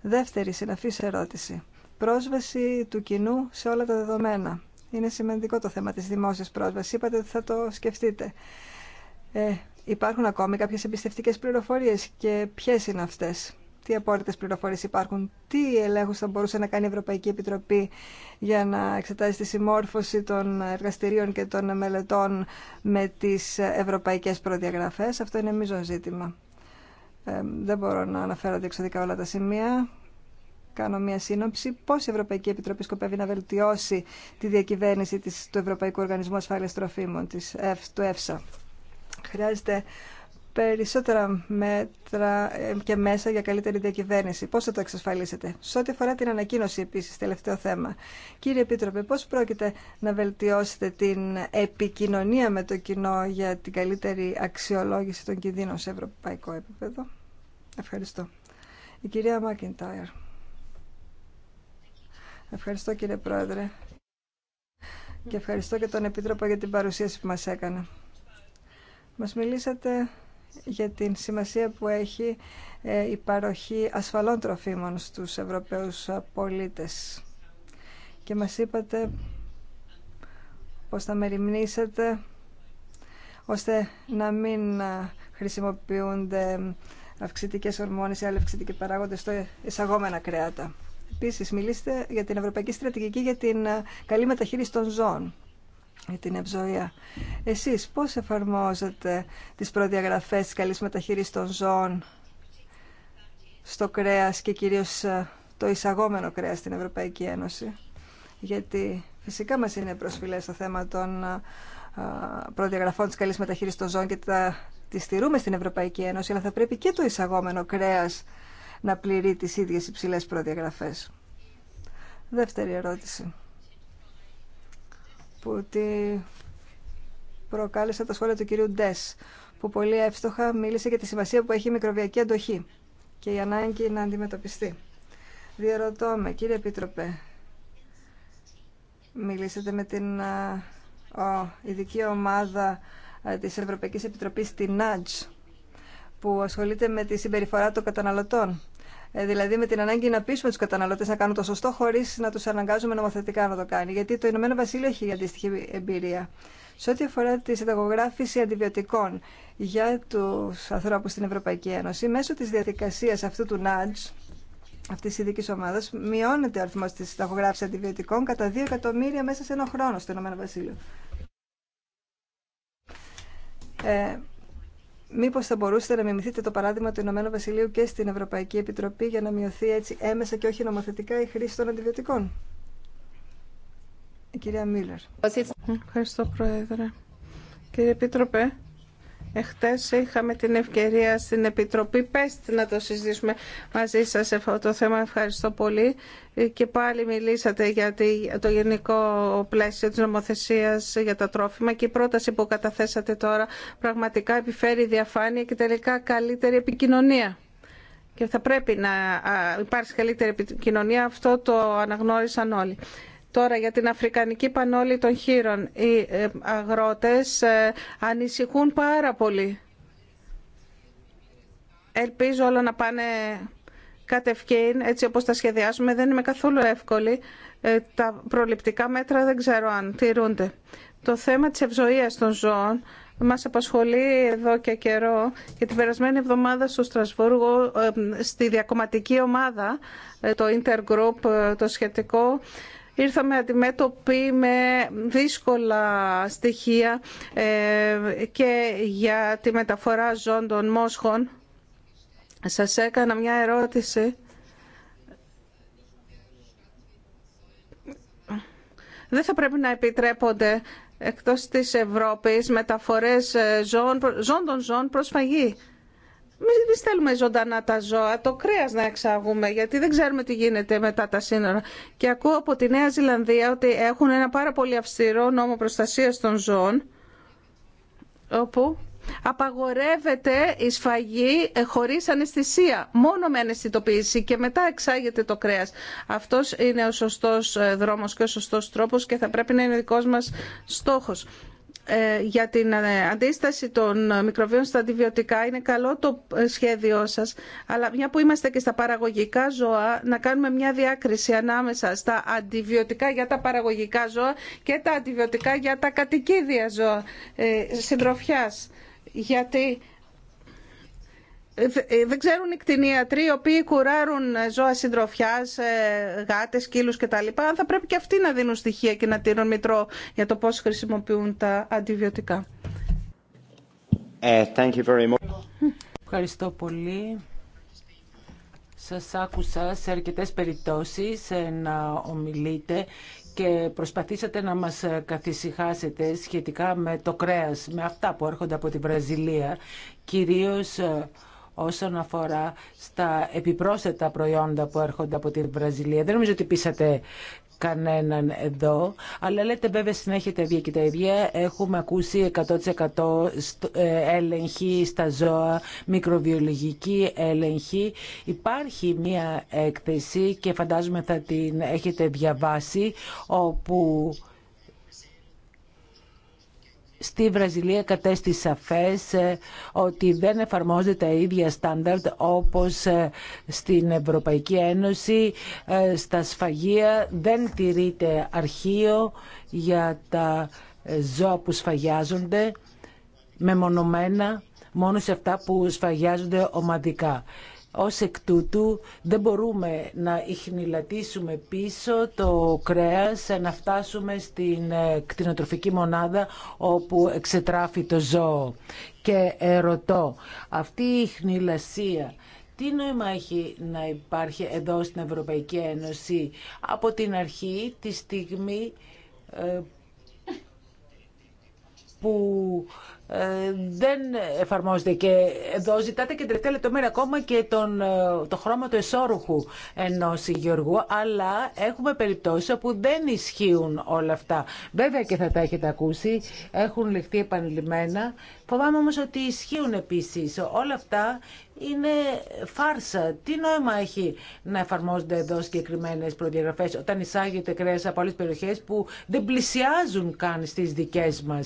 Δεύτερη συναφής ερώτηση. Πρόσβαση του κοινού σε όλα τα δεδομένα. Είναι σημαντικό το θέμα της δημόσιας πρόσβασης. Είπατε ότι θα το σκεφτείτε. Ε, υπάρχουν ακόμη κάποιες εμπιστευτικές πληροφορίες και ποιες είναι αυτές τι απόρριτε πληροφορίες υπάρχουν, τι ελέγχου θα μπορούσε να κάνει η Ευρωπαϊκή Επιτροπή για να εξετάσει τη συμμόρφωση των εργαστηρίων και των μελετών με τις ευρωπαϊκές προδιαγραφές. Αυτό είναι μείζον ζήτημα. Ε, δεν μπορώ να αναφέρω διεξοδικά όλα τα σημεία. Κάνω μία σύνοψη. Πώ η Ευρωπαϊκή Επιτροπή σκοπεύει να βελτιώσει τη διακυβέρνηση του Ευρωπαϊκού Οργανισμού Ασφάλεια Τροφίμων, της, του ΕΦΣΑ. Χρειάζεται περισσότερα μέτρα ε, και μέσα για καλύτερη διακυβέρνηση. Πώς θα το εξασφαλίσετε. Σε ό,τι αφορά την ανακοίνωση επίσης, τελευταίο θέμα. Κύριε Επίτροπε, πώς πρόκειται να βελτιώσετε την επικοινωνία με το κοινό για την καλύτερη αξιολόγηση των κινδύνων σε ευρωπαϊκό επίπεδο. Ευχαριστώ. Η κυρία Μάκιντάιρ. Ευχαριστώ κύριε Πρόεδρε. Και ευχαριστώ και τον Επίτροπο για την παρουσίαση που μας έκανε. Μας μιλήσατε για την σημασία που έχει ε, η παροχή ασφαλών τροφίμων στους Ευρωπαίους πολίτες. Και μας είπατε πως θα μεριμνήσετε ώστε να μην ε, χρησιμοποιούνται αυξητικές ορμόνες ή άλλοι αυξητικοί παράγοντες στο εισαγόμενα κρέατα. Επίσης, μιλήστε για την Ευρωπαϊκή Στρατηγική για την ε, καλή μεταχείριση των ζώων για την ευζοία. Εσείς πώς εφαρμόζετε τις προδιαγραφές της καλής μεταχείρισης των ζώων στο κρέας και κυρίως ε, το εισαγόμενο κρέας στην Ευρωπαϊκή Ένωση. Γιατί φυσικά μας είναι προσφυλές το θέμα των ε, προδιαγραφών της καλής μεταχείρισης των ζώων και τα, τη στηρούμε στην Ευρωπαϊκή Ένωση, αλλά θα πρέπει και το εισαγόμενο κρέας να πληρεί τις ίδιες υψηλές προδιαγραφές. Δεύτερη ερώτηση που τη προκάλεσε τα σχόλια του κυρίου Ντες, που πολύ εύστοχα μίλησε για τη σημασία που έχει η μικροβιακή αντοχή και η ανάγκη να αντιμετωπιστεί. Διερωτώ με, κύριε Επίτροπε, μιλήσατε με την ο, ειδική ομάδα της Ευρωπαϊκής Επιτροπής, την ΝΑΤΖ, που ασχολείται με τη συμπεριφορά των καταναλωτών ε, δηλαδή με την ανάγκη να πείσουμε του καταναλώτε να κάνουν το σωστό χωρί να του αναγκάζουμε νομοθετικά να το κάνει. Γιατί το Ηνωμένο Βασίλειο έχει αντίστοιχη εμπειρία. Σε ό,τι αφορά τη συνταγογράφηση αντιβιωτικών για του ανθρώπου στην Ευρωπαϊκή Ένωση, μέσω τη διαδικασία αυτού του NADS, αυτή τη ειδική ομάδα, μειώνεται ο αριθμό τη συνταγογράφηση αντιβιωτικών κατά 2 εκατομμύρια μέσα σε ένα χρόνο στο Ηνωμένο Βασίλειο. Ε, Μήπως θα μπορούσατε να μιμηθείτε το παράδειγμα του Ηνωμένου Βασιλείου και στην Ευρωπαϊκή Επιτροπή για να μειωθεί έτσι έμεσα και όχι νομοθετικά η χρήση των αντιβιωτικών. Η κυρία Μίλλερ. Ευχαριστώ, Πρόεδρε. Κύριε Επίτροπε, Εχθές είχαμε την ευκαιρία στην Επιτροπή ΠΕΣΤ να το συζητήσουμε μαζί σας αυτό το θέμα. Ευχαριστώ πολύ. Και πάλι μιλήσατε για το γενικό πλαίσιο της νομοθεσίας για τα τρόφιμα και η πρόταση που καταθέσατε τώρα πραγματικά επιφέρει διαφάνεια και τελικά καλύτερη επικοινωνία. Και θα πρέπει να υπάρξει καλύτερη επικοινωνία. Αυτό το αναγνώρισαν όλοι. Τώρα για την Αφρικανική Πανόλη των Χείρων. Οι ε, αγρότες ε, ανησυχούν πάρα πολύ. Ελπίζω όλα να πάνε κατευκήν, έτσι όπως τα σχεδιάζουμε. Δεν είμαι καθόλου εύκολη. Ε, τα προληπτικά μέτρα δεν ξέρω αν τηρούνται. Το θέμα της ευζοίας των ζώων μας απασχολεί εδώ και καιρό και την περασμένη εβδομάδα στο Στρασβούργο στη διακομματική ομάδα, το Intergroup, το σχετικό, ήρθαμε αντιμέτωποι με δύσκολα στοιχεία ε, και για τη μεταφορά ζών των μόσχων. Σας έκανα μια ερώτηση. Δεν θα πρέπει να επιτρέπονται εκτός της Ευρώπης μεταφορές ε, ζών, ζών των ζών προς φαγή μην στέλνουμε ζωντανά τα ζώα, το κρέας να εξάγουμε, γιατί δεν ξέρουμε τι γίνεται μετά τα σύνορα. Και ακούω από τη Νέα Ζηλανδία ότι έχουν ένα πάρα πολύ αυστηρό νόμο προστασίας των ζώων, όπου απαγορεύεται η σφαγή ε, χωρίς αναισθησία, μόνο με αναισθητοποίηση και μετά εξάγεται το κρέας. Αυτός είναι ο σωστός ε, δρόμος και ο σωστός τρόπος και θα πρέπει να είναι ο δικός μας στόχος. Ε, για την ε, αντίσταση των ε, μικροβίων στα αντιβιωτικά είναι καλό το σχέδιό σας, αλλά μια που είμαστε και στα παραγωγικά ζώα, να κάνουμε μια διάκριση ανάμεσα στα αντιβιωτικά για τα παραγωγικά ζώα και τα αντιβιωτικά για τα κατοικίδια ζώα συντροφιάς. Γιατί ε, δεν ξέρουν οι κτηνίατροι οι οποίοι κουράρουν ζώα συντροφιά, ε, γάτε, σκύλου κτλ. Αν θα πρέπει και αυτοί να δίνουν στοιχεία και να τηρούν μητρό για το πώ χρησιμοποιούν τα αντιβιωτικά. Ε, Ευχαριστώ πολύ. Σας άκουσα σε αρκετές περιπτώσεις να ομιλείτε και προσπαθήσατε να μας καθησυχάσετε σχετικά με το κρέας, με αυτά που έρχονται από τη Βραζιλία, κυρίως όσον αφορά στα επιπρόσθετα προϊόντα που έρχονται από τη Βραζιλία. Δεν νομίζω ότι πείσατε κανέναν εδώ. Αλλά λέτε βέβαια συνέχεια τα ίδια και τα ίδια. Έχουμε ακούσει 100% ε, έλεγχη στα ζώα, μικροβιολογική έλεγχη. Υπάρχει μία έκθεση και φαντάζομαι θα την έχετε διαβάσει όπου στη Βραζιλία κατέστη σαφές ε, ότι δεν εφαρμόζεται τα ίδια στάνταρτ όπως ε, στην Ευρωπαϊκή Ένωση. Ε, στα σφαγεία δεν τηρείται αρχείο για τα ζώα που σφαγιάζονται μεμονωμένα μόνο σε αυτά που σφαγιάζονται ομαδικά. Ως εκ τούτου δεν μπορούμε να ιχνηλατήσουμε πίσω το κρέας, να φτάσουμε στην ε, κτηνοτροφική μονάδα όπου εξετράφει το ζώο. Και ερωτώ, αυτή η ιχνηλασία τι νόημα έχει να υπάρχει εδώ στην Ευρωπαϊκή Ένωση από την αρχή, τη στιγμή ε, που ε, δεν εφαρμόζεται και εδώ ζητάτε και τελευταία λεπτομέρεια ακόμα και τον, ε, το χρώμα του εσώρουχου ενό Γεωργού αλλά έχουμε περιπτώσεις όπου δεν ισχύουν όλα αυτά βέβαια και θα τα έχετε ακούσει έχουν ληφθεί επανειλημμένα φοβάμαι όμως ότι ισχύουν επίσης όλα αυτά είναι φάρσα. Τι νόημα έχει να εφαρμόζονται εδώ συγκεκριμένε προδιαγραφέ όταν εισάγεται κρέα από άλλε περιοχέ που δεν πλησιάζουν καν στι δικέ μα.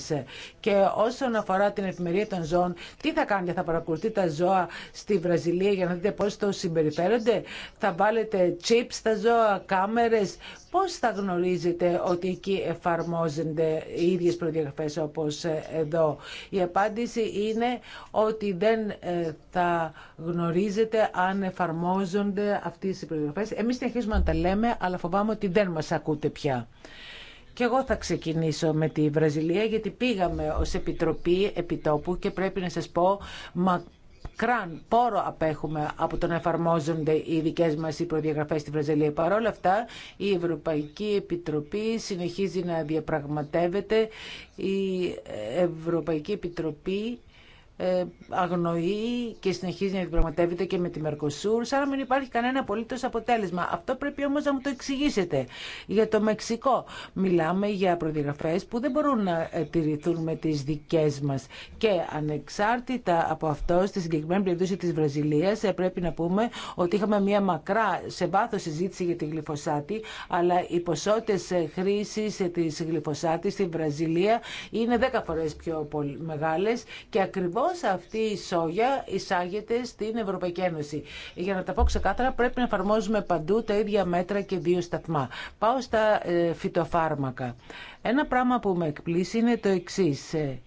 Και όσον αφορά την εφημερία των ζώων, τι θα κάνετε, θα παρακολουθείτε τα ζώα στη Βραζιλία για να δείτε πώ το συμπεριφέρονται, θα βάλετε chips στα ζώα, κάμερε, πώς θα γνωρίζετε ότι εκεί εφαρμόζονται οι ίδιες προδιαγραφές όπως εδώ. Η απάντηση είναι ότι δεν ε, θα γνωρίζετε αν εφαρμόζονται αυτές οι προδιαγραφές. Εμείς συνεχίζουμε να τα λέμε, αλλά φοβάμαι ότι δεν μας ακούτε πια. Και εγώ θα ξεκινήσω με τη Βραζιλία γιατί πήγαμε ως Επιτροπή Επιτόπου και πρέπει να σας πω κραν πόρο απέχουμε από το να εφαρμόζονται οι δικέ μα οι προδιαγραφέ στη Βραζιλία. Παρ' όλα αυτά, η Ευρωπαϊκή Επιτροπή συνεχίζει να διαπραγματεύεται. Η Ευρωπαϊκή Επιτροπή ε, αγνοεί και συνεχίζει να διπραγματεύεται και με τη Μερκοσούρ, σαν να μην υπάρχει κανένα απολύτω αποτέλεσμα. Αυτό πρέπει όμω να μου το εξηγήσετε. Για το Μεξικό μιλάμε για προδιαγραφέ που δεν μπορούν να ε, τηρηθούν με τι δικέ μα. Και ανεξάρτητα από αυτό, στη συγκεκριμένη περίπτωση τη Βραζιλία, ε, πρέπει να πούμε ότι είχαμε μία μακρά σε βάθο συζήτηση για τη γλυφοσάτη, αλλά οι ποσότητε χρήση τη γλυφοσάτη στη Βραζιλία είναι 10 φορέ πιο μεγάλε και ακριβώ Δυστυχώς αυτή η σόγια εισάγεται στην Ευρωπαϊκή Ένωση. Για να τα πω ξεκάθαρα πρέπει να εφαρμόζουμε παντού τα ίδια μέτρα και δύο σταθμά. Πάω στα ε, φυτοφάρμακα. Ένα πράγμα που με εκπλήσει είναι το εξής. Ε,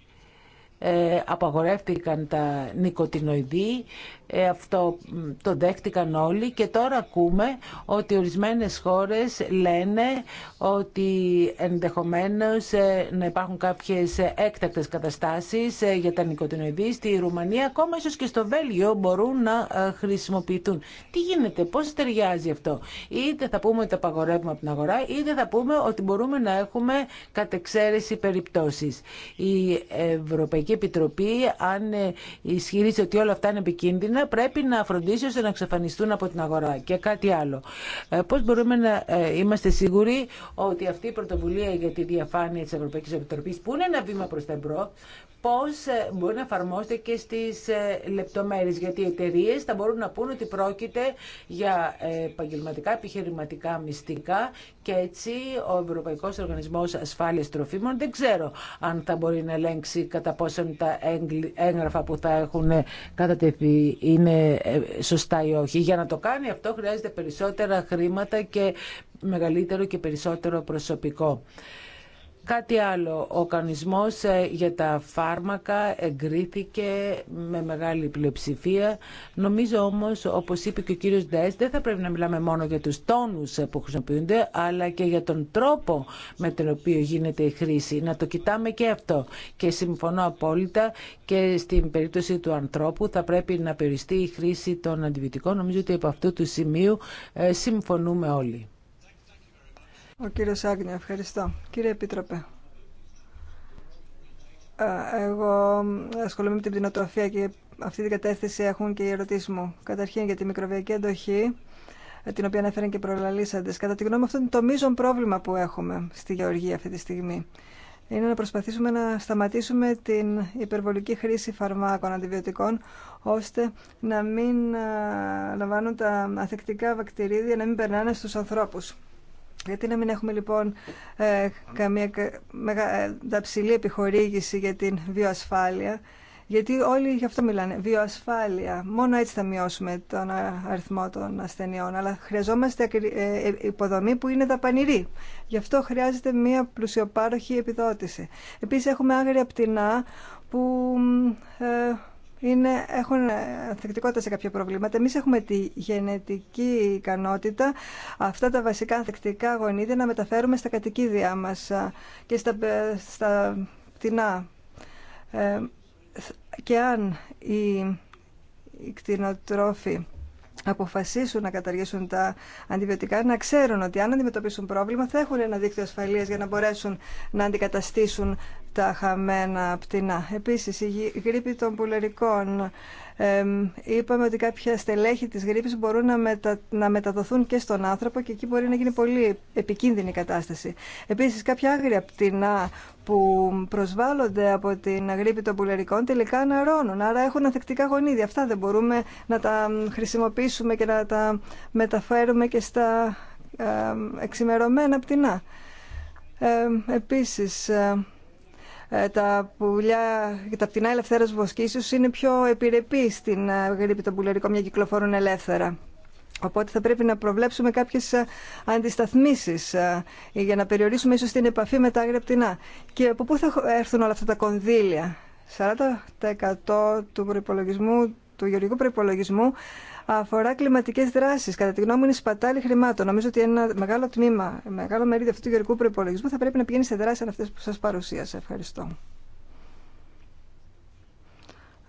ε, απαγορεύτηκαν τα νοικοτινοειδή, ε, αυτό το δέχτηκαν όλοι και τώρα ακούμε ότι ορισμένες χώρες λένε ότι ενδεχομένως ε, να υπάρχουν κάποιες έκτακτες καταστάσεις για τα νοικοτινοειδή στη Ρουμανία, ακόμα ίσως και στο Βέλγιο μπορούν να χρησιμοποιηθούν. Τι γίνεται, πώς ταιριάζει αυτό. Είτε θα πούμε ότι απαγορεύουμε από την αγορά, είτε θα πούμε ότι μπορούμε να έχουμε κατεξαίρεση περιπτώσεις. Η Ευρωπαϊκή Επιτροπή, αν ε, ισχυρίζει ότι όλα αυτά είναι επικίνδυνα, πρέπει να φροντίσει ώστε να εξαφανιστούν από την αγορά. Και κάτι άλλο. Ε, πώ μπορούμε να ε, είμαστε σίγουροι ότι αυτή η πρωτοβουλία για τη διαφάνεια τη Ευρωπαϊκή Επιτροπή, που είναι ένα βήμα προ τα εμπρό, πώ μπορεί να εφαρμόζεται και στι λεπτομέρειε. Γιατί οι εταιρείε θα μπορούν να πούν ότι πρόκειται για επαγγελματικά, επιχειρηματικά, μυστικά και έτσι ο Ευρωπαϊκό Οργανισμό Ασφάλεια Τροφίμων δεν ξέρω αν θα μπορεί να ελέγξει κατά πόσο εφόσον τα έγγραφα που θα έχουν κατατεθεί είναι ε, σωστά ή όχι. Για να το κάνει αυτό χρειάζεται περισσότερα χρήματα και μεγαλύτερο και περισσότερο προσωπικό. Κάτι άλλο, ο κανισμός ε, για τα φάρμακα εγκρίθηκε με μεγάλη πλειοψηφία. Νομίζω όμως, όπως είπε και ο κύριος Ντές, δεν θα πρέπει να μιλάμε μόνο για τους τόνους ε, που χρησιμοποιούνται, αλλά και για τον τρόπο με τον οποίο γίνεται η χρήση. Να το κοιτάμε και αυτό. Και συμφωνώ απόλυτα και στην περίπτωση του ανθρώπου θα πρέπει να περιστεί η χρήση των αντιβιωτικών. Νομίζω ότι από αυτού του σημείου ε, συμφωνούμε όλοι. Ο κύριος Άγνιο, ευχαριστώ. Κύριε Επίτροπε, εγώ ασχολούμαι με την πτυνοτροφία και αυτή την κατεύθυνση έχουν και οι ερωτήσει μου. Καταρχήν για τη μικροβιακή αντοχή, την οποία ανέφεραν και οι Κατά τη γνώμη μου αυτό είναι το μείζον πρόβλημα που έχουμε στη Γεωργία αυτή τη στιγμή είναι να προσπαθήσουμε να σταματήσουμε την υπερβολική χρήση φαρμάκων αντιβιωτικών, ώστε να μην λαμβάνουν τα αθεκτικά βακτηρίδια, να μην περνάνε στου ανθρώπου. Γιατί να μην έχουμε λοιπόν ε, καμία ε, ταψηλή επιχορήγηση για την βιοασφάλεια, γιατί όλοι γι' αυτό μιλάνε, βιοασφάλεια. Μόνο έτσι θα μειώσουμε τον αριθμό των ασθενειών, αλλά χρειαζόμαστε ε, υποδομή που είναι δαπανηρή. Γι' αυτό χρειάζεται μια πλουσιοπάροχη επιδότηση. Επίσης έχουμε άγρια πτηνά που είναι, έχουν ανθεκτικότητα σε κάποια προβλήματα. Εμεί έχουμε τη γενετική ικανότητα αυτά τα βασικά ανθεκτικά γονίδια να μεταφέρουμε στα κατοικίδια μα και στα, ε, στα πτηνά. Ε, και αν οι, οι κτηνοτρόφοι αποφασίσουν να καταργήσουν τα αντιβιωτικά, να ξέρουν ότι αν αντιμετωπίσουν πρόβλημα θα έχουν ένα δίκτυο ασφαλείας για να μπορέσουν να αντικαταστήσουν τα χαμένα πτηνά. Επίσης, η γρήπη των πουλερικών. είπαμε ότι κάποια στελέχη της γρήπης μπορούν να, να μεταδοθούν και στον άνθρωπο και εκεί μπορεί να γίνει πολύ επικίνδυνη κατάσταση. Επίσης, κάποια άγρια πτηνά που προσβάλλονται από την γρήπη των πουλερικών τελικά αναρώνουν, άρα έχουν ανθεκτικά γονίδια. Αυτά δεν μπορούμε να τα χρησιμοποιήσουμε και να τα μεταφέρουμε και στα εξημερωμένα πτηνά. Ε, επίσης, ε, τα πουλιά, τα πτηνά ελευθέρας βοσκήσεως είναι πιο επιρρεπή στην ε, γρήπη των πουλερικών, μια κυκλοφορούν ελεύθερα. Οπότε θα πρέπει να προβλέψουμε κάποιες ε, αντισταθμίσεις για να περιορίσουμε ίσω την επαφή με τα άγρια πτηνά. Και από πού θα έρθουν όλα αυτά τα κονδύλια. 40% του προπολογισμού του γεωργικού προπολογισμού αφορά κλιματικέ δράσει. Κατά τη γνώμη μου, είναι σπατάλη χρημάτων. Νομίζω ότι ένα μεγάλο τμήμα, μεγάλο μερίδιο αυτού του γερικού προπολογισμού θα πρέπει να πηγαίνει σε δράσει αυτέ που σα παρουσίασα. Ευχαριστώ.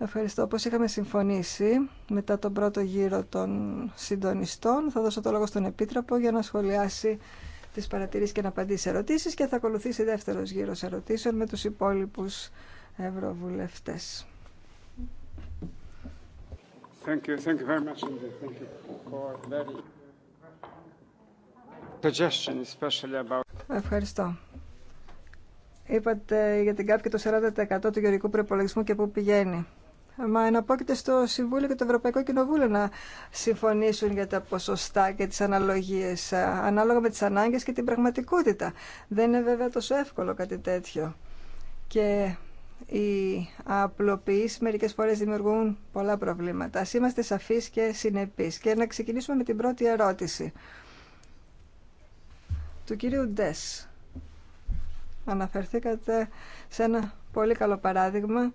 Ευχαριστώ. Όπως είχαμε συμφωνήσει, μετά τον πρώτο γύρο των συντονιστών, θα δώσω το λόγο στον Επίτροπο για να σχολιάσει τι παρατηρήσει και να απαντήσει σε ερωτήσεις και θα ακολουθήσει δεύτερο γύρος ερωτήσεων με του υπόλοιπου ευρωβουλευτές. Ευχαριστώ. Είπατε για την ΚΑΠ και το 40% του γεωργικού προπολογισμού και πού πηγαίνει. Μα εναπόκειται στο Συμβούλιο και το Ευρωπαϊκό Κοινοβούλιο να συμφωνήσουν για τα ποσοστά και τις αναλογίες, ε, ανάλογα με τις ανάγκες και την πραγματικότητα. Δεν είναι βέβαια τόσο εύκολο κάτι τέτοιο. Και οι απλοποίηση μερικέ φορές δημιουργούν πολλά προβλήματα. Α είμαστε σαφεί και συνεπεί. Και να ξεκινήσουμε με την πρώτη ερώτηση του κύριου Ντες. Αναφερθήκατε σε ένα πολύ καλό παράδειγμα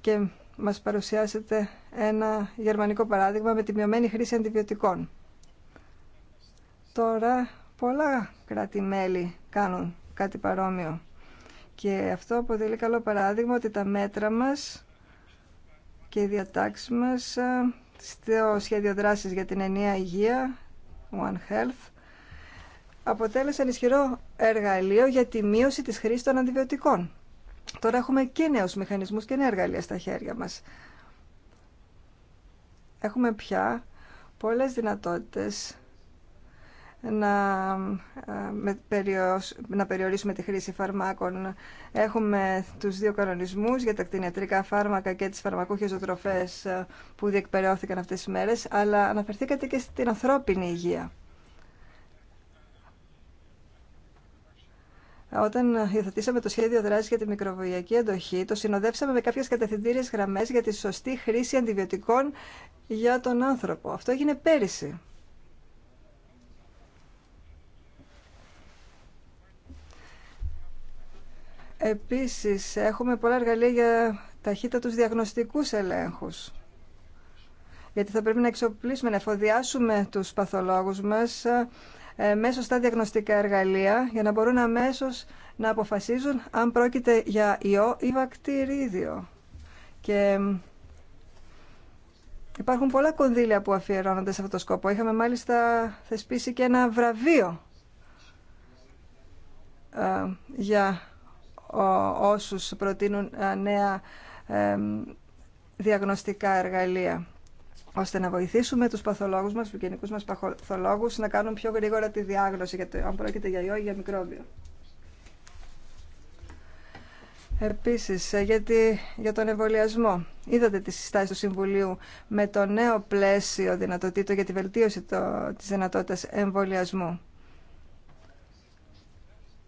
και μας παρουσιάσετε ένα γερμανικό παράδειγμα με τη μειωμένη χρήση αντιβιωτικών. Τώρα πολλά κράτη-μέλη κάνουν κάτι παρόμοιο. Και αυτό αποτελεί καλό παράδειγμα ότι τα μέτρα μας και οι διατάξεις μας ε, στο σχέδιο δράσης για την ενιαία υγεία, One Health, αποτέλεσαν ισχυρό εργαλείο για τη μείωση της χρήσης των αντιβιωτικών. Τώρα έχουμε και νέους μηχανισμούς και νέα εργαλεία στα χέρια μας. Έχουμε πια πολλές δυνατότητες ε, να περιορίσουμε τη χρήση φαρμάκων. Έχουμε τους δύο κανονισμούς για τα κτηνιατρικά φάρμακα και τις φαρμακούχες ζωτροφές ε, που διεκπαιρεώθηκαν αυτές τις μέρες, αλλά αναφερθήκατε και στην ανθρώπινη υγεία. Όταν υιοθετήσαμε το σχέδιο δράση για τη μικροβιακή εντοχή, το συνοδεύσαμε με κάποιε κατευθυντήριε γραμμέ για τη σωστή χρήση αντιβιωτικών για τον άνθρωπο. Αυτό έγινε πέρυσι. Επίσης, έχουμε πολλά εργαλεία για ταχύτατους διαγνωστικούς ελέγχους. Γιατί θα πρέπει να εξοπλίσουμε, να εφοδιάσουμε τους παθολόγους μας ε, μέσω στα διαγνωστικά εργαλεία για να μπορούν αμέσω να αποφασίζουν αν πρόκειται για ιό ή βακτηρίδιο. Και υπάρχουν πολλά κονδύλια που αφιερώνονται σε αυτό το σκοπό. Είχαμε μάλιστα θεσπίσει και ένα βραβείο ε, για όσους προτείνουν ε, νέα διαγνωστικά εργαλεία ώστε να βοηθήσουμε τους παθολόγους μας, τους γενικούς μας παθολόγους, να κάνουν πιο γρήγορα τη διάγνωση, γιατί αν πρόκειται για ιό ή για μικρόβιο. Επίσης, ε, γιατί, για τον εμβολιασμό. Είδατε τις συστάσεις του Συμβουλίου με το νέο πλαίσιο δυνατοτήτων για τη βελτίωση το, της δυνατότητας εμβολιασμού.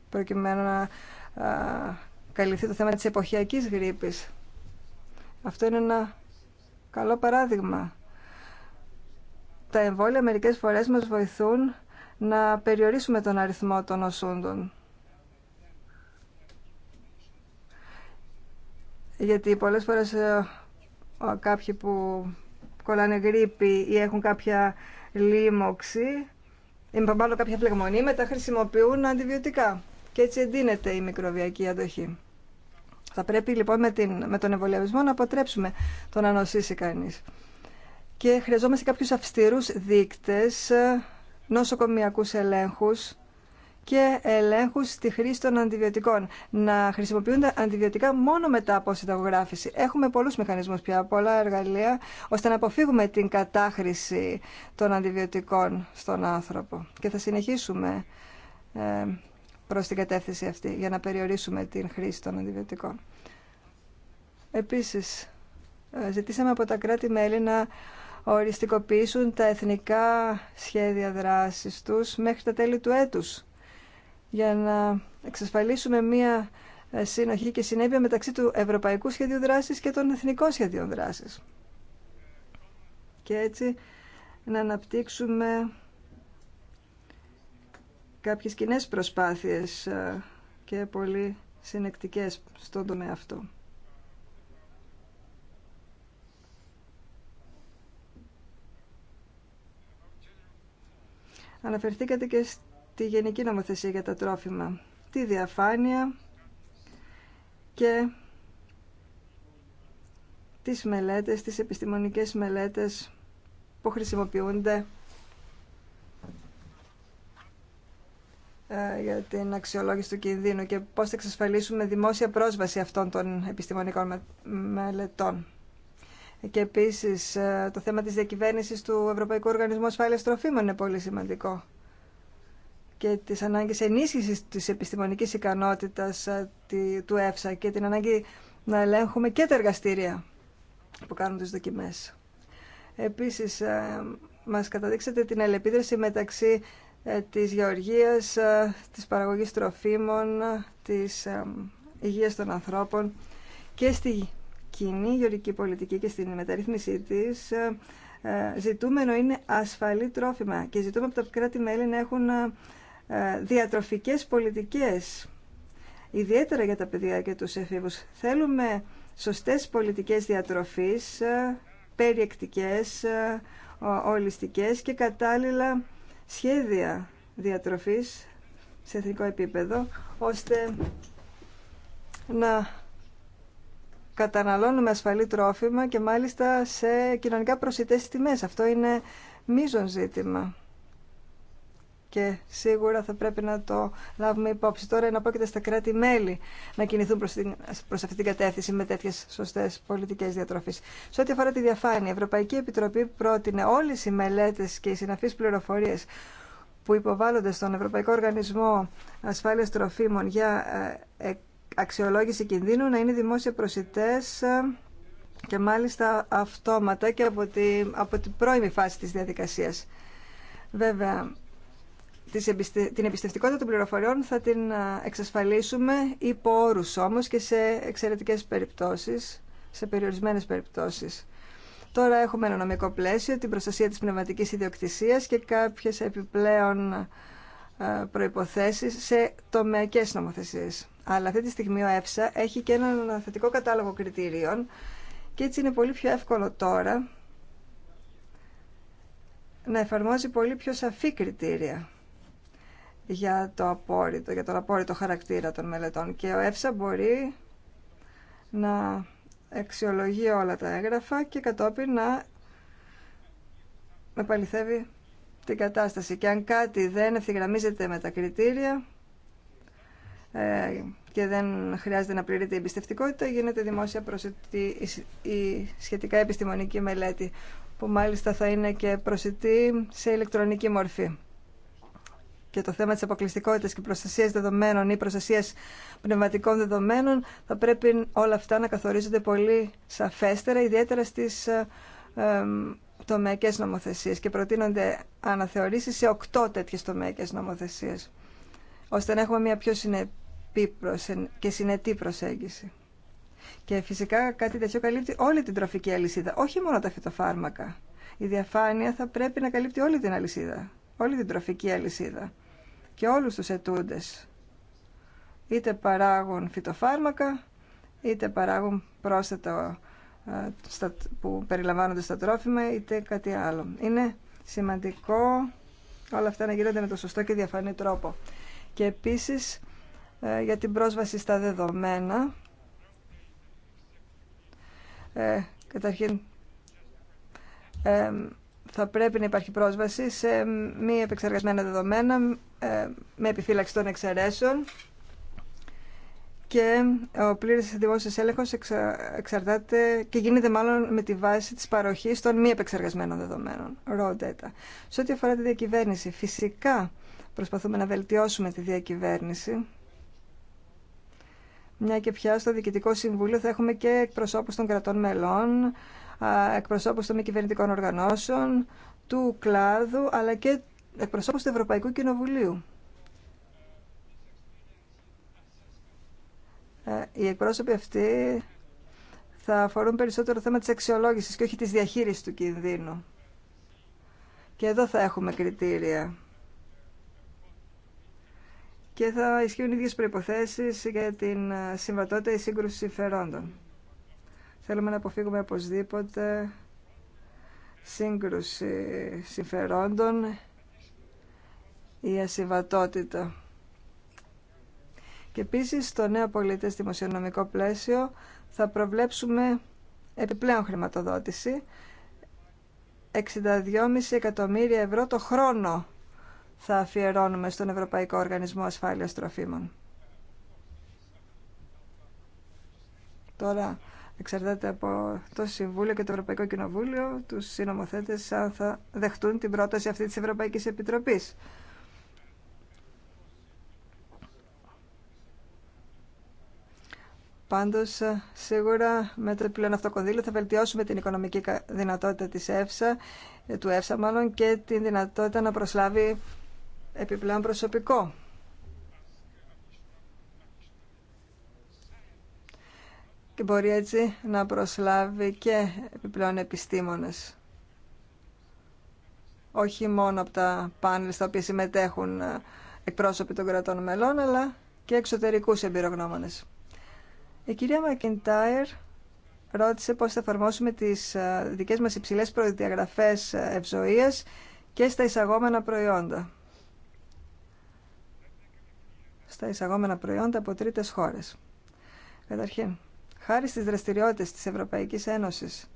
Προκειμένου να καλυφθεί το θέμα της εποχιακής γρήπης. Αυτό είναι ένα καλό παράδειγμα. Τα εμβόλια μερικές φορές μας βοηθούν να περιορίσουμε τον αριθμό των νοσούντων. Γιατί πολλές φορές ε, κάποιοι που κολλάνε γρήπη ή έχουν κάποια λίμωξη ή με κάποια φλεγμονή μετά χρησιμοποιούν αντιβιωτικά και έτσι εντείνεται η μικροβιακή αντοχή. Θα πρέπει λοιπόν με, τον εμβολιασμό να αποτρέψουμε το να νοσήσει κανεί. Και χρειαζόμαστε κάποιου αυστηρού δείκτε νοσοκομιακού ελέγχου και ελέγχου στη χρήση των αντιβιωτικών. Να χρησιμοποιούνται αντιβιωτικά μόνο μετά από συνταγογράφηση. Έχουμε πολλού μηχανισμού πια, πολλά εργαλεία, ώστε να αποφύγουμε την κατάχρηση των αντιβιωτικών στον άνθρωπο. Και θα συνεχίσουμε ε, προς την κατεύθυνση αυτή για να περιορίσουμε την χρήση των αντιβιωτικών. Επίσης, ε, ζητήσαμε από τα κράτη-μέλη να οριστικοποιήσουν τα εθνικά σχέδια δράσης τους μέχρι τα τέλη του έτους για να εξασφαλίσουμε μία ε, συνοχή και συνέπεια μεταξύ του Ευρωπαϊκού Σχεδίου Δράσης και των Εθνικών Σχεδίων Δράσης. Και έτσι να αναπτύξουμε κάποιες κοινέ προσπάθειες ε, και πολύ συνεκτικές στον τομέα αυτό. Αναφερθήκατε και στη Γενική Νομοθεσία για τα τρόφιμα. Τη διαφάνεια και τις μελέτες, τις επιστημονικές μελέτες που χρησιμοποιούνται Ε, για την αξιολόγηση του κινδύνου και πώς θα εξασφαλίσουμε δημόσια πρόσβαση αυτών των επιστημονικών μελετών. Και επίσης ε, το θέμα της διακυβέρνησης του Ευρωπαϊκού Οργανισμού Ασφάλειας Τροφίμων είναι πολύ σημαντικό και τις ανάγκες ενίσχυσης της επιστημονικής ικανότητας ε, του ΕΦΣΑ και την ανάγκη να ελέγχουμε και τα εργαστήρια που κάνουν τις δοκιμές. Επίσης, μας καταδείξατε την αλληλεπίδραση μεταξύ ε, της γεωργίας, ε, της παραγωγής τροφίμων, της ε, υγείας των ανθρώπων και στη κοινή γεωργική πολιτική και στην μεταρρύθμιση της ζητούμενο είναι ασφαλή τρόφιμα και ζητούμε από τα κράτη-μέλη να έχουν διατροφικές πολιτικές ιδιαίτερα για τα παιδιά και τους εφήβους. Θέλουμε σωστές πολιτικές διατροφής, περιεκτικές, ολιστικές και κατάλληλα σχέδια διατροφής σε εθνικό επίπεδο, ώστε να καταναλώνουμε ασφαλή τρόφιμα και μάλιστα σε κοινωνικά προσιτές τιμές. Αυτό είναι μείζον ζήτημα και σίγουρα θα πρέπει να το λάβουμε υπόψη. Τώρα εναπόκειται στα κράτη-μέλη να κινηθούν προς, την, προς αυτή την κατεύθυνση με τέτοιες σωστές πολιτικές διατροφής. Σε ό,τι αφορά τη διαφάνεια, η Ευρωπαϊκή Επιτροπή πρότεινε όλες οι μελέτες και οι συναφείς πληροφορίες που υποβάλλονται στον Ευρωπαϊκό Οργανισμό Ασφάλειας Τροφίμων για ε, ε, αξιολόγηση κινδύνου να είναι δημόσια προσιτές ε, και μάλιστα αυτόματα και από, την πρώιμη φάση της διαδικασίας. Βέβαια, την εμπιστευτικότητα των πληροφοριών θα την εξασφαλίσουμε υπό όρους όμως και σε εξαιρετικές περιπτώσεις, σε περιορισμένες περιπτώσεις. Τώρα έχουμε ένα νομικό πλαίσιο, την προστασία της πνευματικής ιδιοκτησίας και κάποιες επιπλέον προϋποθέσεις σε τομεακές νομοθεσίες. Αλλά αυτή τη στιγμή ο ΕΦΣΑ έχει και έναν θετικό κατάλογο κριτήριων και έτσι είναι πολύ πιο εύκολο τώρα να εφαρμόζει πολύ πιο σαφή κριτήρια για το απόρριτο, για τον απόρριτο χαρακτήρα των μελετών και ο ΕΦΣΑ μπορεί να αξιολογεί όλα τα έγγραφα και κατόπιν να επαληθεύει την κατάσταση. Και αν κάτι δεν ευθυγραμμίζεται με τα κριτήρια ε, και δεν χρειάζεται να πληρείται η εμπιστευτικότητα, γίνεται δημόσια προσιτή η σχετικά επιστημονική μελέτη, που μάλιστα θα είναι και προσιτή σε ηλεκτρονική μορφή και το θέμα της αποκλειστικότητας και προστασίας δεδομένων ή προστασίας πνευματικών δεδομένων θα πρέπει όλα αυτά να καθορίζονται πολύ σαφέστερα, ιδιαίτερα στις ε, ε, τομεακές νομοθεσίες και προτείνονται αναθεωρήσεις σε οκτώ τέτοιες τομεακές νομοθεσίες, ώστε να έχουμε μια πιο συνεπή και συνετή προσέγγιση. Και φυσικά κάτι τέτοιο καλύπτει όλη την τροφική αλυσίδα, όχι μόνο τα φυτοφάρμακα. Η διαφάνεια θα πρέπει να καλύπτει όλη την αλυσίδα, όλη την τροφική αλυσίδα και όλους τους ετούντες. Είτε παράγουν φυτοφάρμακα, είτε παράγουν πρόσθετα ε, που περιλαμβάνονται στα τρόφιμα, είτε κάτι άλλο. Είναι σημαντικό όλα αυτά να γίνονται με το σωστό και διαφανή τρόπο. Και επίσης ε, για την πρόσβαση στα δεδομένα. Ε, καταρχήν, ε, θα πρέπει να υπάρχει πρόσβαση σε μη επεξεργασμένα δεδομένα ε, με επιφύλαξη των εξαιρέσεων και ο πλήρης δημόσιος έλεγχος εξαρτάται και γίνεται μάλλον με τη βάση της παροχής των μη επεξεργασμένων δεδομένων, raw data. Σε ό,τι αφορά τη διακυβέρνηση, φυσικά προσπαθούμε να βελτιώσουμε τη διακυβέρνηση, μια και πια στο Διοικητικό Συμβούλιο θα έχουμε και εκπροσώπους των κρατών μελών, εκπροσώπους των μη κυβερνητικών οργανώσεων, του κλάδου, αλλά και εκπροσώπους του Ευρωπαϊκού Κοινοβουλίου. Ε, οι εκπρόσωποι αυτοί θα αφορούν περισσότερο θέμα της αξιολόγησης και όχι της διαχείρισης του κινδύνου. Και εδώ θα έχουμε κριτήρια. Και θα ισχύουν οι ίδιες προϋποθέσεις για την ε, συμβατότητα ή σύγκρουση συμφερόντων. Θέλουμε να αποφύγουμε οπωσδήποτε σύγκρουση συμφερόντων η ασυμβατότητα. Και επίσης στο νέο πολίτες δημοσιονομικό πλαίσιο θα προβλέψουμε επιπλέον χρηματοδότηση 62,5 εκατομμύρια ευρώ το χρόνο θα αφιερώνουμε στον Ευρωπαϊκό Οργανισμό Ασφάλειας Τροφίμων. Τώρα εξαρτάται από το Συμβούλιο και το Ευρωπαϊκό Κοινοβούλιο τους συνομοθέτες αν θα δεχτούν την πρόταση αυτή της Ευρωπαϊκής Επιτροπής. Πάντω ε, σίγουρα με το επιπλέον αυτό κονδύλιο θα βελτιώσουμε την οικονομική δυνατότητα της ΕΦΣΑ, ε, του ΕΦΣΑ μάλλον, και την δυνατότητα να προσλάβει επιπλέον προσωπικό. Και μπορεί έτσι να προσλάβει και επιπλέον επιστήμονες. Όχι μόνο από τα πάνελ στα οποία συμμετέχουν ε, εκπρόσωποι των κρατών μελών, αλλά και εξωτερικούς εμπειρογνώμονες. Η κυρία Μακεντάιρ ρώτησε πώς θα εφαρμόσουμε τις ε, δικές μας υψηλές προδιαγραφές ε, ευζοίας και στα εισαγόμενα προϊόντα. Στα εισαγόμενα προϊόντα από τρίτες χώρες. Καταρχήν, χάρη στις δραστηριότητες της Ευρωπαϊκής Ένωσης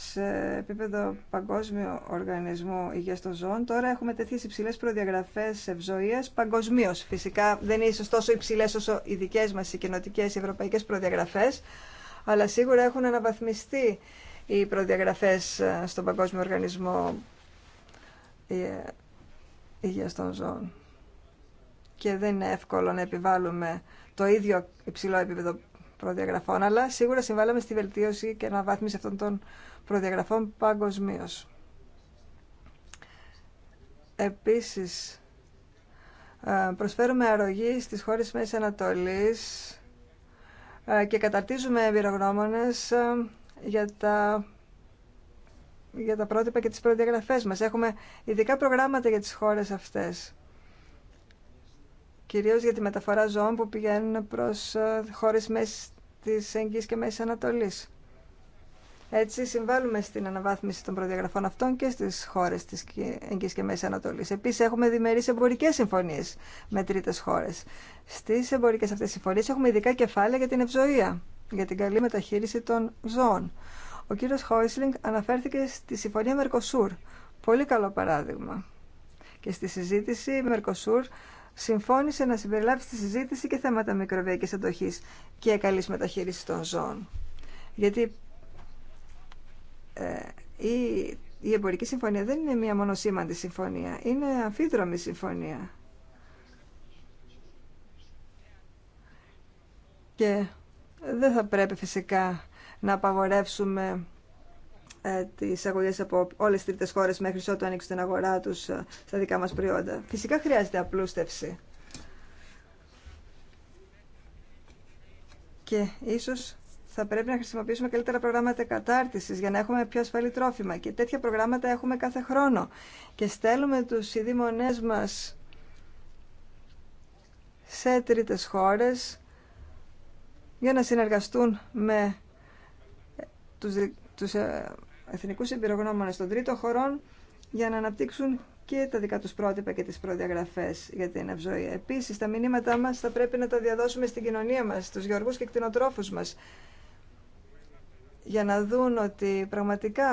σε επίπεδο Παγκόσμιο Οργανισμού Υγείας των Ζώων. Τώρα έχουμε τέτοιες υψηλές προδιαγραφές ευζοίας παγκοσμίω. Φυσικά δεν είναι ίσως τόσο υψηλές όσο οι δικές μας οι κοινοτικές οι ευρωπαϊκές προδιαγραφές, αλλά σίγουρα έχουν αναβαθμιστεί οι προδιαγραφές ε, στον Παγκόσμιο Οργανισμό ε, Υγείας των Ζώων. Και δεν είναι εύκολο να επιβάλλουμε το ίδιο υψηλό επίπεδο προδιαγραφών, αλλά σίγουρα συμβάλαμε στη βελτίωση και αναβάθμιση αυτών των προδιαγραφών παγκοσμίω. Επίσης, ε, προσφέρουμε αρρωγή στις χώρες Μέση Ανατολής ε, και καταρτίζουμε εμπειρογνώμονες ε, για τα, για τα πρότυπα και τις προδιαγραφές μας. Έχουμε ειδικά προγράμματα για τις χώρες αυτές. Κυρίως για τη μεταφορά ζώων που πηγαίνουν προς χώρες μέσης της Εγγύης και Μέσης Ανατολής. Έτσι συμβάλλουμε στην αναβάθμιση των προδιαγραφών αυτών και στις χώρες της ΕΕ. και Μέσης Ανατολή. Επίσης έχουμε διμερείς εμπορικές συμφωνίες με τρίτες χώρες. Στις εμπορικές αυτές συμφωνίες έχουμε ειδικά κεφάλαια για την ευζοία, για την καλή μεταχείριση των ζώων. Ο κύριος Χόισλινγκ αναφέρθηκε στη Συμφωνία Μερκοσούρ. Πολύ καλό παράδειγμα. Και στη συζήτηση η Μερκοσούρ συμφώνησε να συμπεριλάβει στη συζήτηση και θέματα μικροβιακής αντοχής και καλής μεταχείρισης των ζώων. Γιατί ε, η εμπορική συμφωνία δεν είναι μία μονοσήμαντη συμφωνία, είναι αμφίδρομη συμφωνία. Και δεν θα πρέπει φυσικά να απαγορεύσουμε ε, τις αγωγές από όλες τις τρίτες χώρε μέχρι ότου ανοίξουν την αγορά του ε, στα δικά μας προϊόντα. Φυσικά χρειάζεται απλούστευση. Και ίσως θα πρέπει να χρησιμοποιήσουμε καλύτερα προγράμματα κατάρτισης για να έχουμε πιο ασφαλή τρόφιμα. Και τέτοια προγράμματα έχουμε κάθε χρόνο. Και στέλνουμε τους ειδήμονές μας σε τρίτες χώρες για να συνεργαστούν με τους, τους ε, εθνικούς εμπειρογνώμονες των τρίτων χωρών για να αναπτύξουν και τα δικά τους πρότυπα και τις προδιαγραφές για την ευζοία. Επίσης, τα μηνύματά μας θα πρέπει να τα διαδώσουμε στην κοινωνία μας, στους γεωργούς και κτηνοτρόφους μας, για να δουν ότι πραγματικά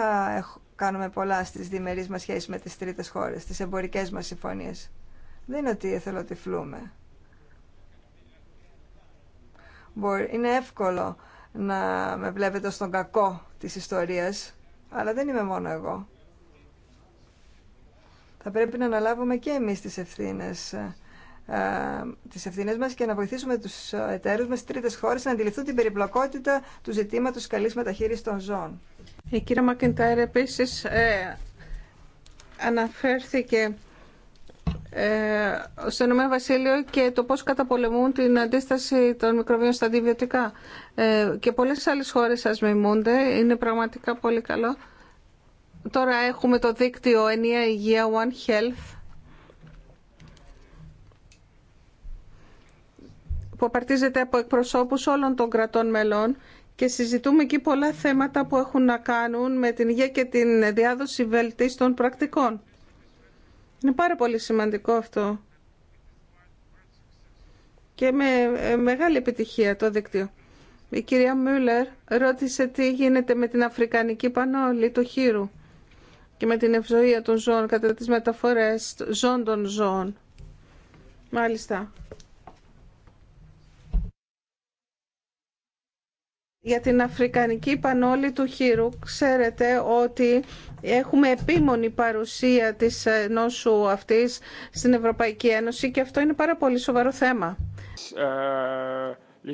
κάνουμε πολλά στις διμερείς μας σχέσεις με τις τρίτες χώρες, τις εμπορικές μας συμφωνίες. Δεν είναι ότι Μπορεί Είναι εύκολο να με βλέπετε στον κακό της ιστορίας, αλλά δεν είμαι μόνο εγώ. Θα πρέπει να αναλάβουμε και εμείς τις ευθύνες ε, ε, τις ευθύνες μας και να βοηθήσουμε τους εταίρους μας τρίτες χώρες να αντιληφθούν την περιπλοκότητα του ζητήματος καλής μεταχείρισης των ζώων. Η κυρία Μακεντάιρ επίσης ε, αναφέρθηκε ε, στο Ηνωμένο Βασίλειο και το πώς καταπολεμούν την αντίσταση των μικροβίων στα αντιβιωτικά. Ε, και πολλές άλλες χώρες σας μιμούνται. Είναι πραγματικά πολύ καλό. Τώρα έχουμε το δίκτυο Ενία υγεία One Health που απαρτίζεται από εκπροσώπους όλων των κρατών μελών και συζητούμε εκεί πολλά θέματα που έχουν να κάνουν με την υγεία και την διάδοση βελτίστων πρακτικών. Είναι πάρα πολύ σημαντικό αυτό και με ε, μεγάλη επιτυχία το δίκτυο. Η κυρία Μούλερ ρώτησε τι γίνεται με την αφρικανική πανόλη του χείρου και με την ευζοία των ζώων κατά τις μεταφορές ζών των ζώων. Μάλιστα. για την Αφρικανική Πανόλη του Χείρου. Ξέρετε ότι έχουμε επίμονη παρουσία της ε, νόσου αυτής στην Ευρωπαϊκή Ένωση και αυτό είναι πάρα πολύ σοβαρό θέμα. Ε, ε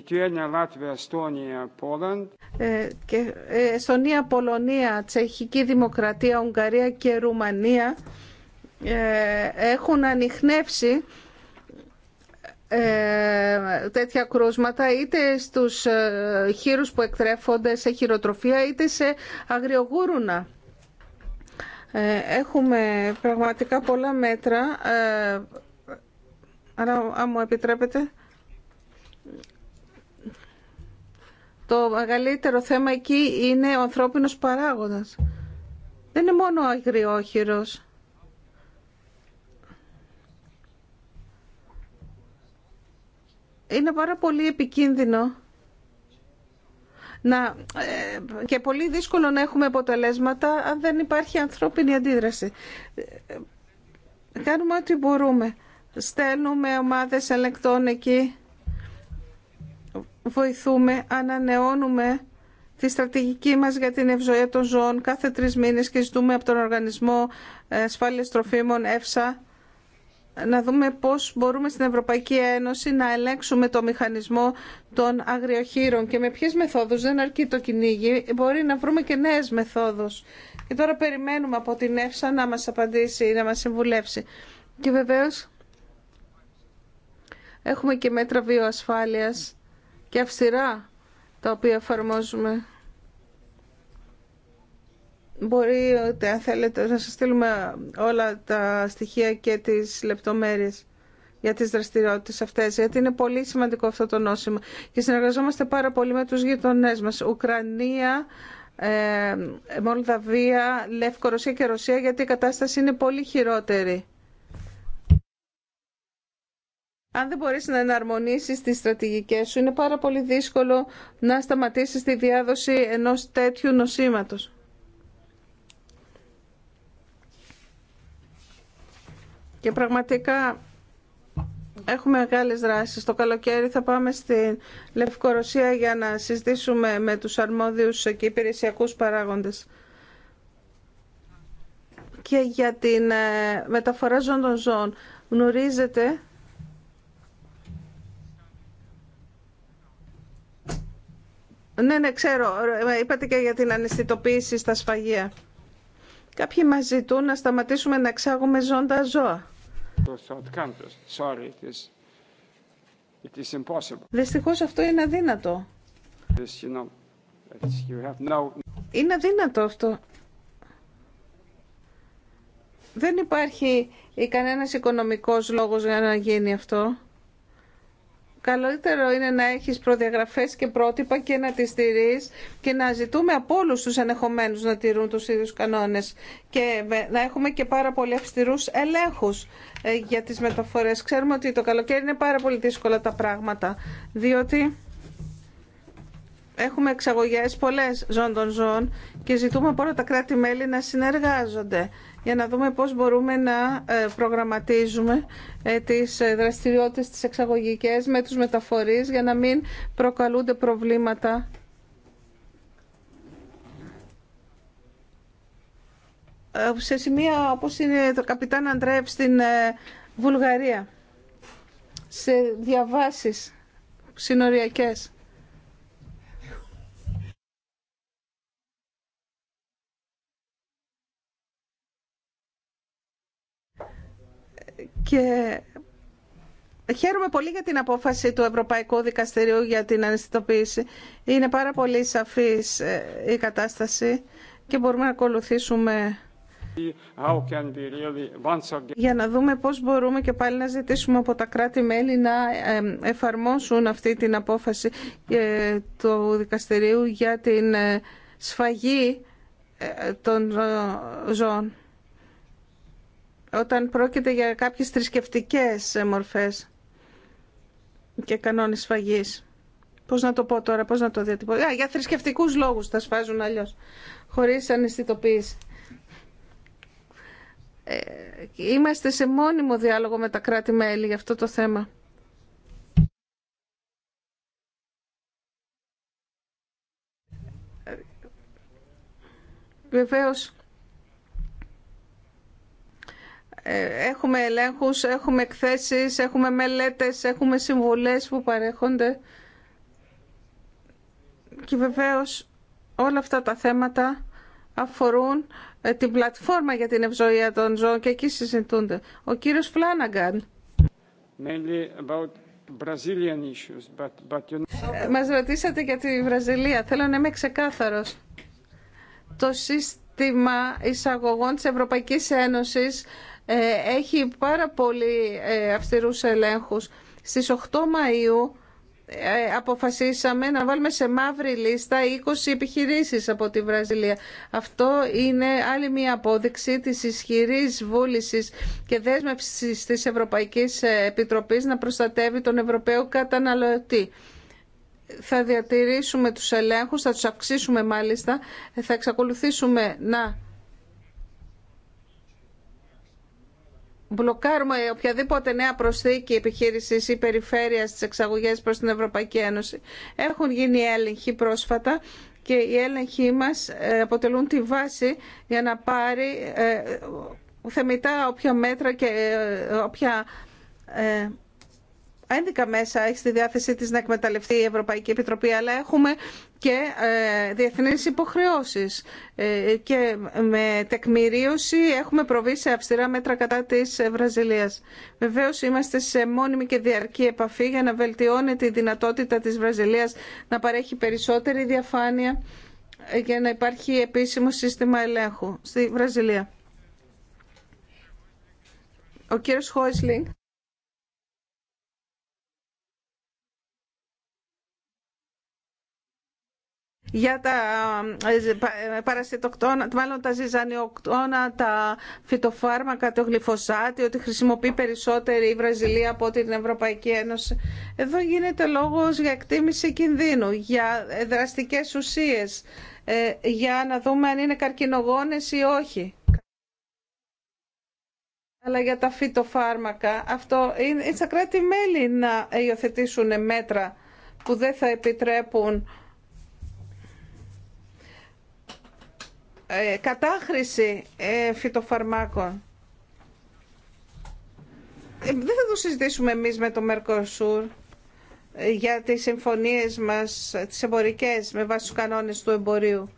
και ε, Εστονία, Πολωνία, Τσεχική Δημοκρατία, Ουγγαρία και Ρουμανία έχουν ανοιχνεύσει ε, τέτοια κρούσματα είτε στους ε, χείρους που εκτρέφονται σε χειροτροφία είτε σε αγριογούρουνα. Ε, έχουμε πραγματικά πολλά μέτρα, αν μου επιτρέπετε... Το μεγαλύτερο θέμα εκεί είναι ο ανθρώπινος παράγοντας. Δεν είναι μόνο ο αγριόχειρος. είναι πάρα πολύ επικίνδυνο να, ε, και πολύ δύσκολο να έχουμε αποτελέσματα αν δεν υπάρχει ανθρώπινη αντίδραση. Κάνουμε ό,τι μπορούμε. Στέλνουμε ομάδες ελεκτών εκεί, βοηθούμε, ανανεώνουμε τη στρατηγική μας για την ευζοία των ζώων κάθε τρεις μήνες και ζητούμε από τον Οργανισμό Ασφάλειας Τροφίμων, ΕΦΣΑ, να δούμε πώς μπορούμε στην Ευρωπαϊκή Ένωση να ελέγξουμε το μηχανισμό των αγριοχείρων και με ποιες μεθόδους δεν αρκεί το κυνήγι, μπορεί να βρούμε και νέες μεθόδους. Και τώρα περιμένουμε από την ΕΦΣΑ να μας απαντήσει ή να μας συμβουλεύσει. Και βεβαίως έχουμε και μέτρα βιοασφάλειας και αυστηρά τα οποία εφαρμόζουμε μπορείτε αν θέλετε να σας στείλουμε όλα τα στοιχεία και τις λεπτομέρειες για τις δραστηριότητες αυτές, γιατί είναι πολύ σημαντικό αυτό το νόσημα. Και συνεργαζόμαστε πάρα πολύ με τους γειτονές μας, Ουκρανία, ε, Μολδαβία, Λευκορωσία και Ρωσία, γιατί η κατάσταση είναι πολύ χειρότερη. Αν δεν μπορείς να εναρμονίσεις τις στρατηγικές σου, είναι πάρα πολύ δύσκολο να σταματήσεις τη διάδοση ενός τέτοιου νοσήματος. Και πραγματικά έχουμε μεγάλες δράσεις. Το καλοκαίρι θα πάμε στη Λευκορωσία για να συζητήσουμε με τους αρμόδιους και υπηρεσιακούς παράγοντες και για την ε, μεταφορά ζών των ζώων. Γνωρίζετε Ναι, ναι, ξέρω. Ε, είπατε και για την αναισθητοποίηση στα σφαγεία. Κάποιοι μας ζητούν να σταματήσουμε να εξάγουμε ζώντα ζώα. Δυστυχώ is, Δυστυχώς αυτό είναι αδύνατο. Είναι αδύνατο αυτό. Δεν υπάρχει κανένας οικονομικός λόγος για να γίνει αυτό. Καλύτερο είναι να έχεις προδιαγραφές και πρότυπα και να τις στηρείς και να ζητούμε από όλους τους ενεχομένους να τηρούν τους ίδιους κανόνες και να έχουμε και πάρα πολύ αυστηρούς ελέγχους ε, για τις μεταφορές. Ξέρουμε ότι το καλοκαίρι είναι πάρα πολύ δύσκολα τα πράγματα, διότι έχουμε εξαγωγές πολλές ζών των ζών και ζητούμε από όλα τα κράτη-μέλη να συνεργάζονται για να δούμε πώς μπορούμε να ε, προγραμματίζουμε ε, τις ε, δραστηριότητες τις εξαγωγικές με τους μεταφορείς για να μην προκαλούνται προβλήματα σε σημεία όπως είναι το καπιτάν Αντρέπ στην Βουλγαρία σε διαβάσεις συνοριακές. Και Χαίρομαι πολύ για την απόφαση του Ευρωπαϊκού Δικαστηρίου για την αναισθητοποίηση. Είναι πάρα πολύ σαφής ε, η κατάσταση και μπορούμε να ακολουθήσουμε για να δούμε πώς μπορούμε και πάλι να ζητήσουμε από τα κράτη-μέλη να ε, εφαρμόσουν αυτή την απόφαση ε, του Δικαστηρίου για την σφαγή των ζώων όταν πρόκειται για κάποιες θρησκευτικέ μορφές και κανόνες σφαγής. Πώς να το πω τώρα, πώς να το διατυπώ. για θρησκευτικούς λόγους τα σφάζουν αλλιώς, χωρίς αναισθητοποίηση. Ε, είμαστε σε μόνιμο διάλογο με τα κράτη-μέλη για αυτό το θέμα. Βεβαίως, ε, έχουμε ελέγχους, έχουμε εκθέσεις, έχουμε μελέτες, έχουμε συμβουλές που παρέχονται. Και βεβαίως όλα αυτά τα θέματα αφορούν ε, την πλατφόρμα για την ευζωία των ζώων και εκεί συζητούνται. Ο κύριος Φλάναγκαν. Ε, μας ρωτήσατε για τη Βραζιλία. Θέλω να είμαι ξεκάθαρος. Το σύστημα εισαγωγών της Ευρωπαϊκής Ένωσης ε, έχει πάρα πολύ ε, αυστηρούς ελέγχους. Στις 8 Μαΐου ε, αποφασίσαμε να βάλουμε σε μαύρη λίστα 20 επιχειρήσεις από τη Βραζιλία. Αυτό είναι άλλη μία απόδειξη της ισχυρής βούλησης και δέσμευσης της Ευρωπαϊκής Επιτροπής να προστατεύει τον Ευρωπαίο καταναλωτή. Θα διατηρήσουμε τους ελέγχους, θα τους αυξήσουμε μάλιστα, θα εξακολουθήσουμε να μπλοκάρουμε οποιαδήποτε νέα προσθήκη επιχείρηση ή περιφέρεια στις εξαγωγές προς την Ευρωπαϊκή Ένωση. Έχουν γίνει έλεγχοι πρόσφατα και οι έλεγχοι μας ε, αποτελούν τη βάση για να πάρει ε, θεμητά όποια μέτρα και ε, όποια 11 μέσα έχει στη διάθεσή της να εκμεταλλευτεί η Ευρωπαϊκή Επιτροπή, αλλά έχουμε και ε, διεθνείς υποχρεώσεις ε, και με τεκμηρίωση έχουμε προβεί σε αυστηρά μέτρα κατά της Βραζιλίας. Βεβαίως είμαστε σε μόνιμη και διαρκή επαφή για να βελτιώνεται η δυνατότητα της Βραζιλίας να παρέχει περισσότερη διαφάνεια ε, για να υπάρχει επίσημο σύστημα ελέγχου στη Βραζιλία. για τα ε, ε, παρασιτοκτώνα, μάλλον τα ζυζανιοκτώνα, τα φυτοφάρμακα, το γλυφοσάτι, ότι χρησιμοποιεί περισσότερη η Βραζιλία από την Ευρωπαϊκή Ένωση. Εδώ γίνεται λόγος για εκτίμηση κινδύνου, για ε, δραστικές ουσίες, για να δούμε αν είναι καρκινογόνες ή όχι. Αλλά για τα φυτοφάρμακα, αυτό είναι στα κράτη-μέλη να υιοθετήσουν μέτρα που δεν θα επιτρέπουν Ε, κατάχρηση ε, φυτοφαρμάκων. Ε, δεν θα το συζητήσουμε εμείς με το Μερκοσούρ για τις συμφωνίες μας, τις εμπορικές, με βάση τους κανόνες του εμπορίου.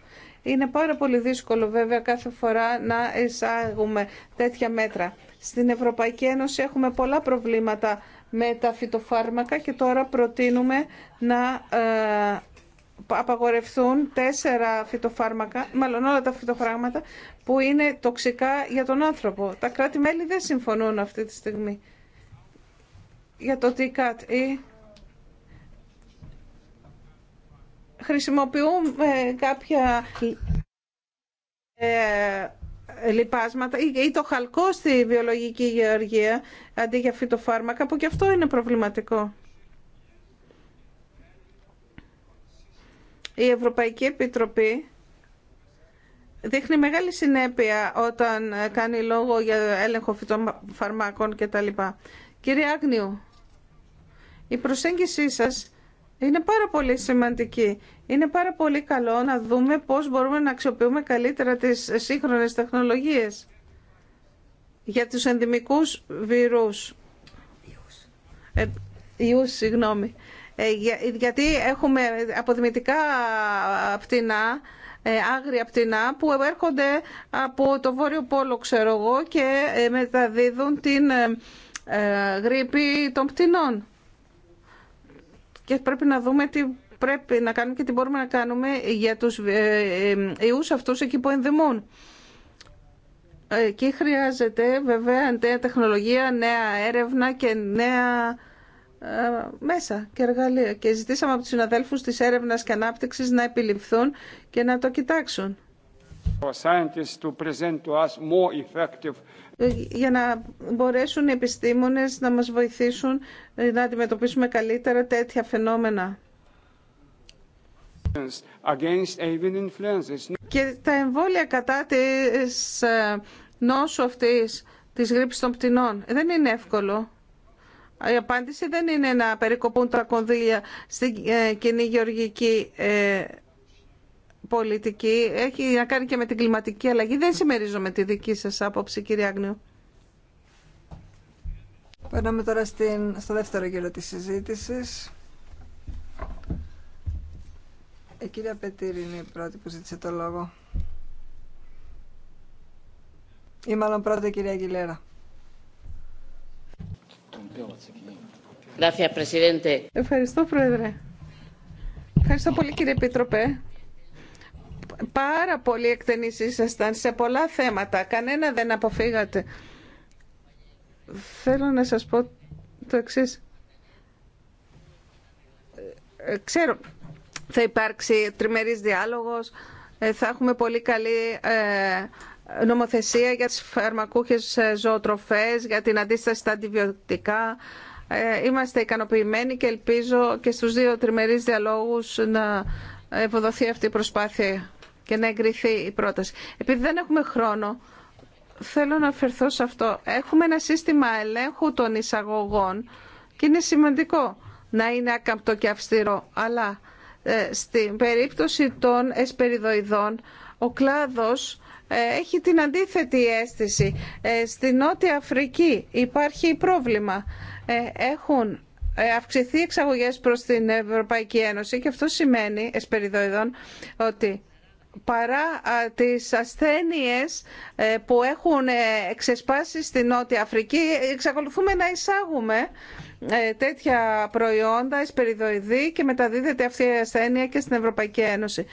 Είναι πάρα πολύ δύσκολο βέβαια κάθε φορά να εισάγουμε τέτοια μέτρα. Στην Ευρωπαϊκή Ένωση έχουμε πολλά προβλήματα με τα φυτοφάρμακα και τώρα προτείνουμε να απαγορευθούν τέσσερα φυτοφάρμακα, μάλλον όλα τα φυτοφράγματα που είναι τοξικά για τον άνθρωπο. Τα κράτη-μέλη δεν συμφωνούν αυτή τη στιγμή για το TICAT Ή... Χρησιμοποιούμε κάποια ε, λιπάσματα ή το χαλκό στη βιολογική γεωργία αντί για φυτοφάρμακα που και αυτό είναι προβληματικό. Η Ευρωπαϊκή Επιτροπή δείχνει μεγάλη συνέπεια όταν κάνει λόγο για έλεγχο φυτοφαρμάκων κτλ. Κύριε Άγνιου, η προσέγγιση σας είναι πάρα πολύ σημαντική. Είναι πάρα πολύ καλό να δούμε πώς μπορούμε να αξιοποιούμε καλύτερα τις σύγχρονες τεχνολογίες για τους ενδημικούς βυρούς. Ε, συγγνώμη. Ε, γιατί έχουμε αποδημητικά πτηνά ε, άγρια πτηνά που έρχονται από το Βόρειο Πόλο ξέρω εγώ και ε, μεταδίδουν την γρήπη των πτηνών και πρέπει να δούμε τι πρέπει να κάνουμε και τι μπορούμε να κάνουμε για τους ιούς αυτούς εκεί που ενδημούν. Εκεί χρειάζεται βέβαια νέα τεχνολογία, νέα έρευνα και νέα ε, μέσα και εργαλεία και ζητήσαμε από τους συναδέλφους της έρευνας και ανάπτυξης να επιληφθούν και να το κοιτάξουν. Ε, για να μπορέσουν οι επιστήμονες να μας βοηθήσουν ε, να αντιμετωπίσουμε καλύτερα τέτοια φαινόμενα. Και τα εμβόλια κατά της νόσου αυτής, της γρήψης των πτηνών, δεν είναι εύκολο. Η απάντηση δεν είναι να περικοπούν τα κονδύλια στην ε, κοινή γεωργική ε, πολιτική. Έχει να κάνει και με την κλιματική αλλαγή. Δεν συμμερίζομαι τη δική σας άποψη, κύριε Άγνιο. Περνάμε τώρα στην, στο δεύτερο γύρο της συζήτησης. Η ε, κυρία Πετήρη είναι η πρώτη που ζήτησε το λόγο. Ή μάλλον πρώτα η μαλλον πρωτα Αγγιλέρα. Ευχαριστώ, Πρόεδρε. Ευχαριστώ πολύ, κύριε Επίτροπε. Πάρα πολύ εκτενείς ήσασταν σε πολλά θέματα. Κανένα δεν αποφύγατε. Θέλω να σας πω το εξής. Ε, ξέρω, θα υπάρξει τριμερής διάλογος, ε, θα έχουμε πολύ καλή ε, νομοθεσία για τις φαρμακούχες ε, ζωοτροφές, για την αντίσταση στα αντιβιωτικά. Ε, είμαστε ικανοποιημένοι και ελπίζω και στους δύο τριμερείς διαλόγους να ευοδοθεί αυτή η προσπάθεια και να εγκριθεί η πρόταση. Επειδή δεν έχουμε χρόνο, θέλω να αφαιρθώ σε αυτό. Έχουμε ένα σύστημα ελέγχου των εισαγωγών και είναι σημαντικό να είναι άκαμπτο και αυστηρό. Αλλά ε, στην περίπτωση των εσπεριδοειδών, ο κλάδος ε, έχει την αντίθετη αίσθηση. Ε, στη Νότια Αφρική υπάρχει πρόβλημα. Ε, έχουν αυξηθεί εξαγωγές προς την Ευρωπαϊκή Ένωση και αυτό σημαίνει, εσπεριδοειδών, ότι παρά τις ασθένειες που έχουν εξεσπάσει στη Νότια Αφρική, εξακολουθούμε να εισάγουμε τέτοια προϊόντα, εσπεριδοειδή και μεταδίδεται αυτή η ασθένεια και στην Ευρωπαϊκή Ένωση.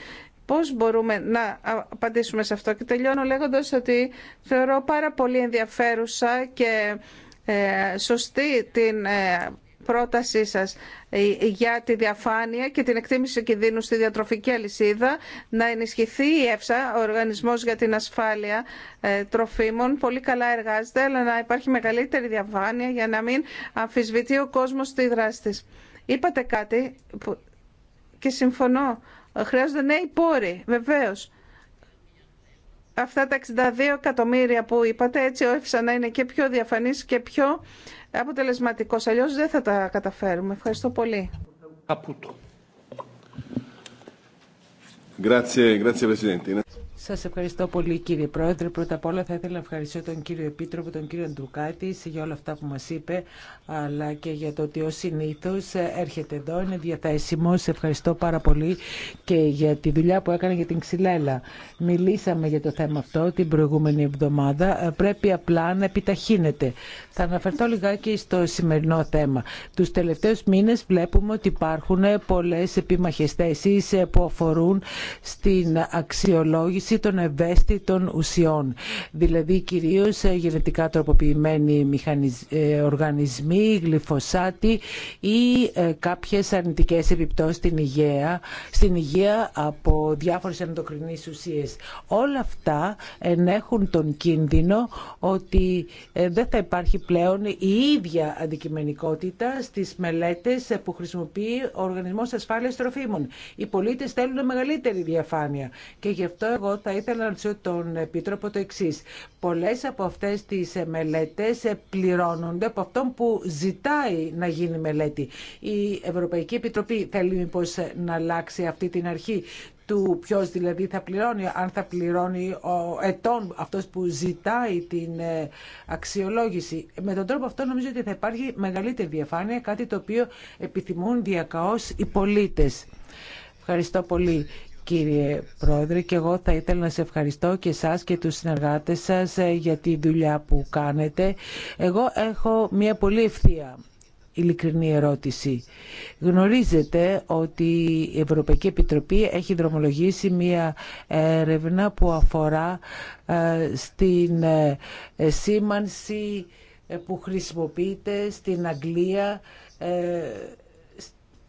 Πώς μπορούμε να απαντήσουμε σε αυτό. Και τελειώνω λέγοντας ότι θεωρώ πάρα πολύ ενδιαφέρουσα και ε, σωστή την ε, πρότασή σας ε, για τη διαφάνεια και την εκτίμηση κινδύνου στη διατροφική αλυσίδα, να ενισχυθεί η ΕΦΣΑ, ο Οργανισμός για την Ασφάλεια Τροφίμων, πολύ καλά εργάζεται, αλλά να υπάρχει μεγαλύτερη διαφάνεια για να μην αμφισβητεί ο κόσμος τη δράση της. Είπατε κάτι και συμφωνώ Χρειάζονται νέοι πόροι, βεβαίω. Αυτά τα 62 εκατομμύρια που είπατε έτσι όφησαν να είναι και πιο διαφανής και πιο αποτελεσματικός. Αλλιώς δεν θα τα καταφέρουμε. Ευχαριστώ πολύ. Σα ευχαριστώ πολύ κύριε Πρόεδρε. Πρώτα απ' όλα θα ήθελα να ευχαριστώ τον κύριο Επίτροπο, τον κύριο Ντρουκάτη για όλα αυτά που μα είπε, αλλά και για το ότι ο συνήθω έρχεται εδώ, είναι Σε Ευχαριστώ πάρα πολύ και για τη δουλειά που έκανε για την Ξυλέλα. Μιλήσαμε για το θέμα αυτό την προηγούμενη εβδομάδα. Πρέπει απλά να επιταχύνεται. Θα αναφερθώ λιγάκι στο σημερινό θέμα. Του τελευταίους μήνε βλέπουμε ότι υπάρχουν πολλέ επιμαχε θέσει που αφορούν στην αξιολόγηση των ευαίσθητων ουσιών. Δηλαδή κυρίως ε, γενετικά τροποποιημένοι ε, οργανισμοί, γλυφοσάτη ή ε, κάποιες αρνητικές επιπτώσεις στην υγεία, στην υγεία από διάφορες ενδοκρινείς ουσίες. Όλα αυτά ενέχουν τον κίνδυνο ότι δεν θα υπάρχει πλέον η ίδια αντικειμενικότητα στις μελέτες που χρησιμοποιεί ο Οργανισμός Ασφάλειας Τροφίμων. Οι πολίτες θέλουν μεγαλύτερη διαφάνεια και γι' αυτό εγώ θα ήθελα να ρωτήσω τον Επίτροπο το εξή. Πολλέ από αυτές τι μελέτε πληρώνονται από αυτόν που ζητάει να γίνει μελέτη. Η Ευρωπαϊκή Επιτροπή θέλει μήπως να αλλάξει αυτή την αρχή του ποιο δηλαδή θα πληρώνει, αν θα πληρώνει ο ετών αυτός που ζητάει την ε, αξιολόγηση. Με τον τρόπο αυτό νομίζω ότι θα υπάρχει μεγαλύτερη διαφάνεια, κάτι το οποίο επιθυμούν διακαώ οι πολίτε. Ευχαριστώ πολύ. Κύριε Πρόεδρε, και εγώ θα ήθελα να σε ευχαριστώ και εσάς και τους συνεργάτες σας ε, για τη δουλειά που κάνετε. Εγώ έχω μια πολύ ευθεία ειλικρινή ερώτηση. Γνωρίζετε ότι η Ευρωπαϊκή Επιτροπή έχει δρομολογήσει μία έρευνα που αφορά ε, στην ε, σήμανση που χρησιμοποιείται στην Αγγλία.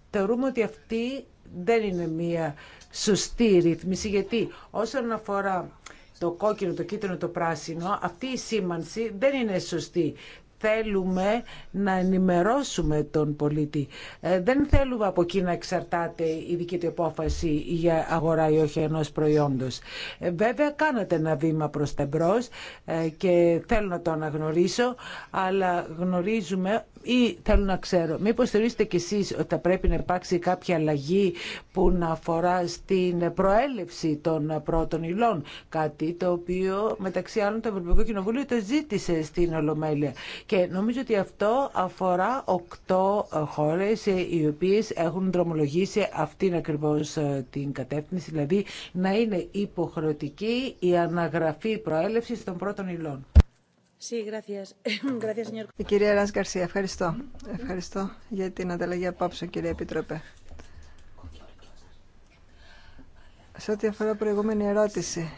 Θεωρούμε ότι αυτή δεν είναι μία σωστή ρύθμιση, γιατί όσον αφορά το κόκκινο, το κίτρινο, το πράσινο, αυτή η σήμανση δεν είναι σωστή θέλουμε να ενημερώσουμε τον πολίτη. Ε, δεν θέλουμε από εκεί να εξαρτάται η δική του απόφαση για αγορά ή όχι ενός προϊόντος. Ε, βέβαια κάνατε ένα βήμα προς τα μπρος ε, και θέλω να το αναγνωρίσω, αλλά γνωρίζουμε ή θέλω να ξέρω, μήπως θεωρείτε κι εσείς ότι θα πρέπει να υπάρξει κάποια αλλαγή που να αφορά στην προέλευση των πρώτων υλών, κάτι το οποίο μεταξύ άλλων το Ευρωπαϊκό Κοινοβούλιο το ζήτησε στην Ολομέλεια. Και νομίζω ότι αυτό αφορά οκτώ ε, χώρες ε, οι οποίες έχουν δρομολογήσει αυτήν ακριβώς ε, την κατεύθυνση, δηλαδή να είναι υποχρεωτική η αναγραφή προέλευσης των πρώτων υλών. Η κυρία Ράς Γκαρσία, ευχαριστώ. Ευχαριστώ για την ανταλλαγή απόψε, κύριε Επίτροπε. Σε ό,τι αφορά προηγούμενη ερώτηση,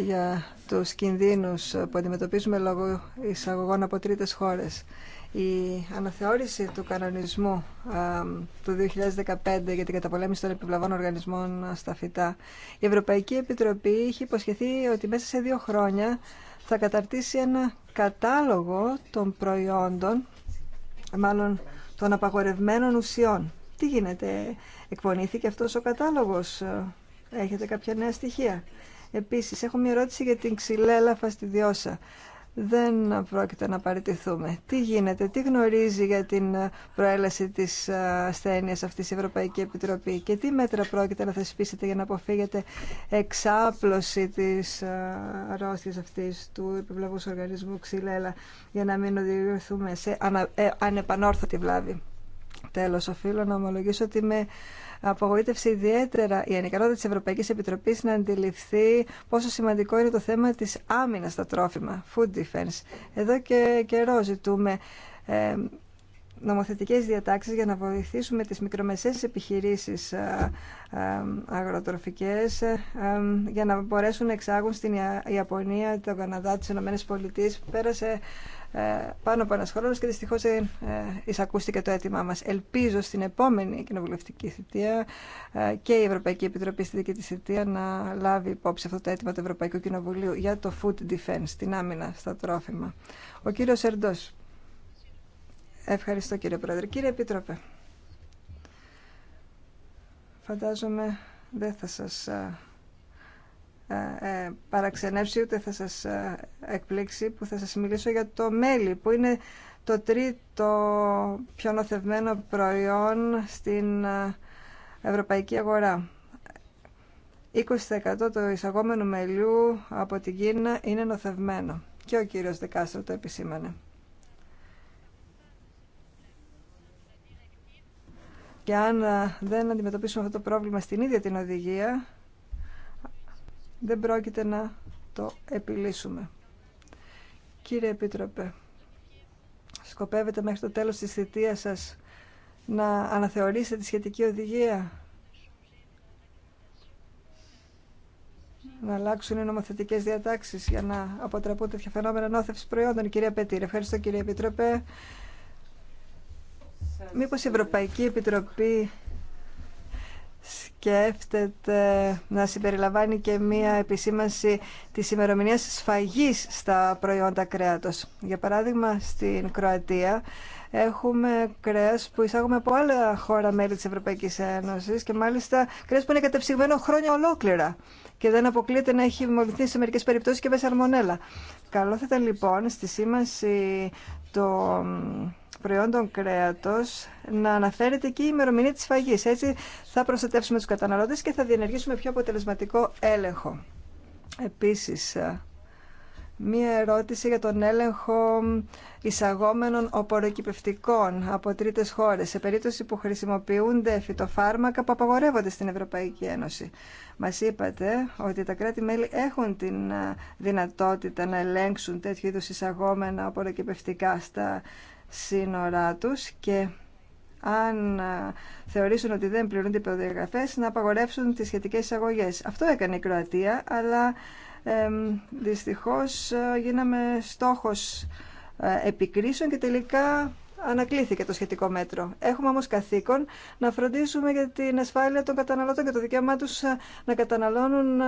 για τους κινδύνους που αντιμετωπίζουμε λόγω εισαγωγών από τρίτες χώρες. Η αναθεώρηση του κανονισμού του 2015 για την καταπολέμηση των επιβλαβών οργανισμών στα φυτά, η Ευρωπαϊκή Επιτροπή είχε υποσχεθεί ότι μέσα σε δύο χρόνια θα καταρτήσει ένα κατάλογο των προϊόντων, μάλλον των απαγορευμένων ουσιών. Τι γίνεται, εκπονήθηκε αυτός ο κατάλογος, έχετε κάποια νέα στοιχεία. Επίσης, έχω μια ερώτηση για την ξυλέλα φαστιδιώσα. Δεν πρόκειται να παραιτηθούμε. Τι γίνεται, τι γνωρίζει για την προέλαση της ε, ασθένειας αυτής η Ευρωπαϊκή Επιτροπή και τι μέτρα πρόκειται να θεσπίσετε για να αποφύγετε εξάπλωση της ε, αρρώστιας αυτής του επιβλαβούς οργανισμού ξυλέλα για να μην οδηγηθούμε σε ε, ανεπανόρθωτη βλάβη. Τέλος, οφείλω να ομολογήσω ότι είμαι απογοήτευσε ιδιαίτερα η ανικανότητα της Ευρωπαϊκής Επιτροπής να αντιληφθεί πόσο σημαντικό είναι το θέμα της άμυνας στα τρόφιμα, food defense. Εδώ και καιρό ζητούμε ε, νομοθετικές διατάξεις για να βοηθήσουμε τις μικρομεσαίες επιχειρήσεις ε, ε, αγροτροφικές ε, για να μπορέσουν να εξάγουν στην Ιαπωνία, τον Καναδά, τις Ηνωμένες Πολιτείες. Πέρασε ε, πάνω από ένα χρόνο και δυστυχώ ε, εισακούστηκε το αίτημά μα. Ελπίζω στην επόμενη κοινοβουλευτική θητεία ε, και η Ευρωπαϊκή Επιτροπή στη δική τη θητεία να λάβει υπόψη αυτό το αίτημα του Ευρωπαϊκού Κοινοβουλίου για το food defense, την άμυνα στα τρόφιμα. Ο κύριο Ερντό. Ευχαριστώ κύριε Πρόεδρε. Κύριε Επίτροπε, φαντάζομαι δεν θα σας ε, ε, παραξενεύσει ούτε θα σας ε, εκπλήξει που θα σας μιλήσω για το μέλι που είναι το τρίτο πιο νοθευμένο προϊόν στην ευρωπαϊκή αγορά. 20% του εισαγόμενου μελιού από την Κίνα είναι νοθευμένο και ο κύριος Δεκάστρο το επισήμανε. Και αν δεν αντιμετωπίσουμε αυτό το πρόβλημα στην ίδια την οδηγία, δεν πρόκειται να το επιλύσουμε. Κύριε Επίτροπε, σκοπεύετε μέχρι το τέλος της θητείας σας να αναθεωρήσετε τη σχετική οδηγία, να αλλάξουν οι νομοθετικές διατάξεις για να αποτραπούν τέτοια φαινόμενα νόθευσης προϊόντων. Κυρία Πετήρη, ευχαριστώ κύριε Επίτροπε. Μήπως η Ευρωπαϊκή Επιτροπή σκέφτεται να συμπεριλαμβάνει και μία επισήμανση της ημερομηνίας σφαγής στα προϊόντα κρέατος. Για παράδειγμα, στην Κροατία έχουμε κρέας που εισάγουμε από άλλα χώρα μέλη της Ευρωπαϊκής Ένωσης και μάλιστα κρέας που είναι κατεψυγμένο χρόνια ολόκληρα και δεν αποκλείεται να έχει μολυνθεί σε μερικές περιπτώσεις και με σαρμονέλα. Καλό θα ήταν λοιπόν στη σήμανση των προϊόντων κρέατος να αναφέρεται και η ημερομηνία της φαγής. Έτσι θα προστατεύσουμε τους καταναλώτες και θα διενεργήσουμε πιο αποτελεσματικό έλεγχο. Επίσης, ε, μία ερώτηση για τον έλεγχο εισαγόμενων οποροκυπευτικών από τρίτες χώρες σε περίπτωση που χρησιμοποιούνται φυτοφάρμακα που απαγορεύονται στην Ευρωπαϊκή Ένωση. Μας είπατε ότι τα κράτη-μέλη έχουν την ε, δυνατότητα να ελέγξουν τέτοιου είδου εισαγόμενα οποροκυπευτικά στα σύνορά τους και αν ε, θεωρήσουν ότι δεν πληρούνται οι προδιαγραφές να απαγορεύσουν τις σχετικές εισαγωγές. Αυτό έκανε η Κροατία, αλλά ε, δυστυχώς γίναμε στόχος ε, επικρίσεων και τελικά ανακλήθηκε το σχετικό μέτρο. Έχουμε όμως καθήκον να φροντίσουμε για την ασφάλεια των καταναλωτών και το δικαίωμά τους ε, να καταναλώνουν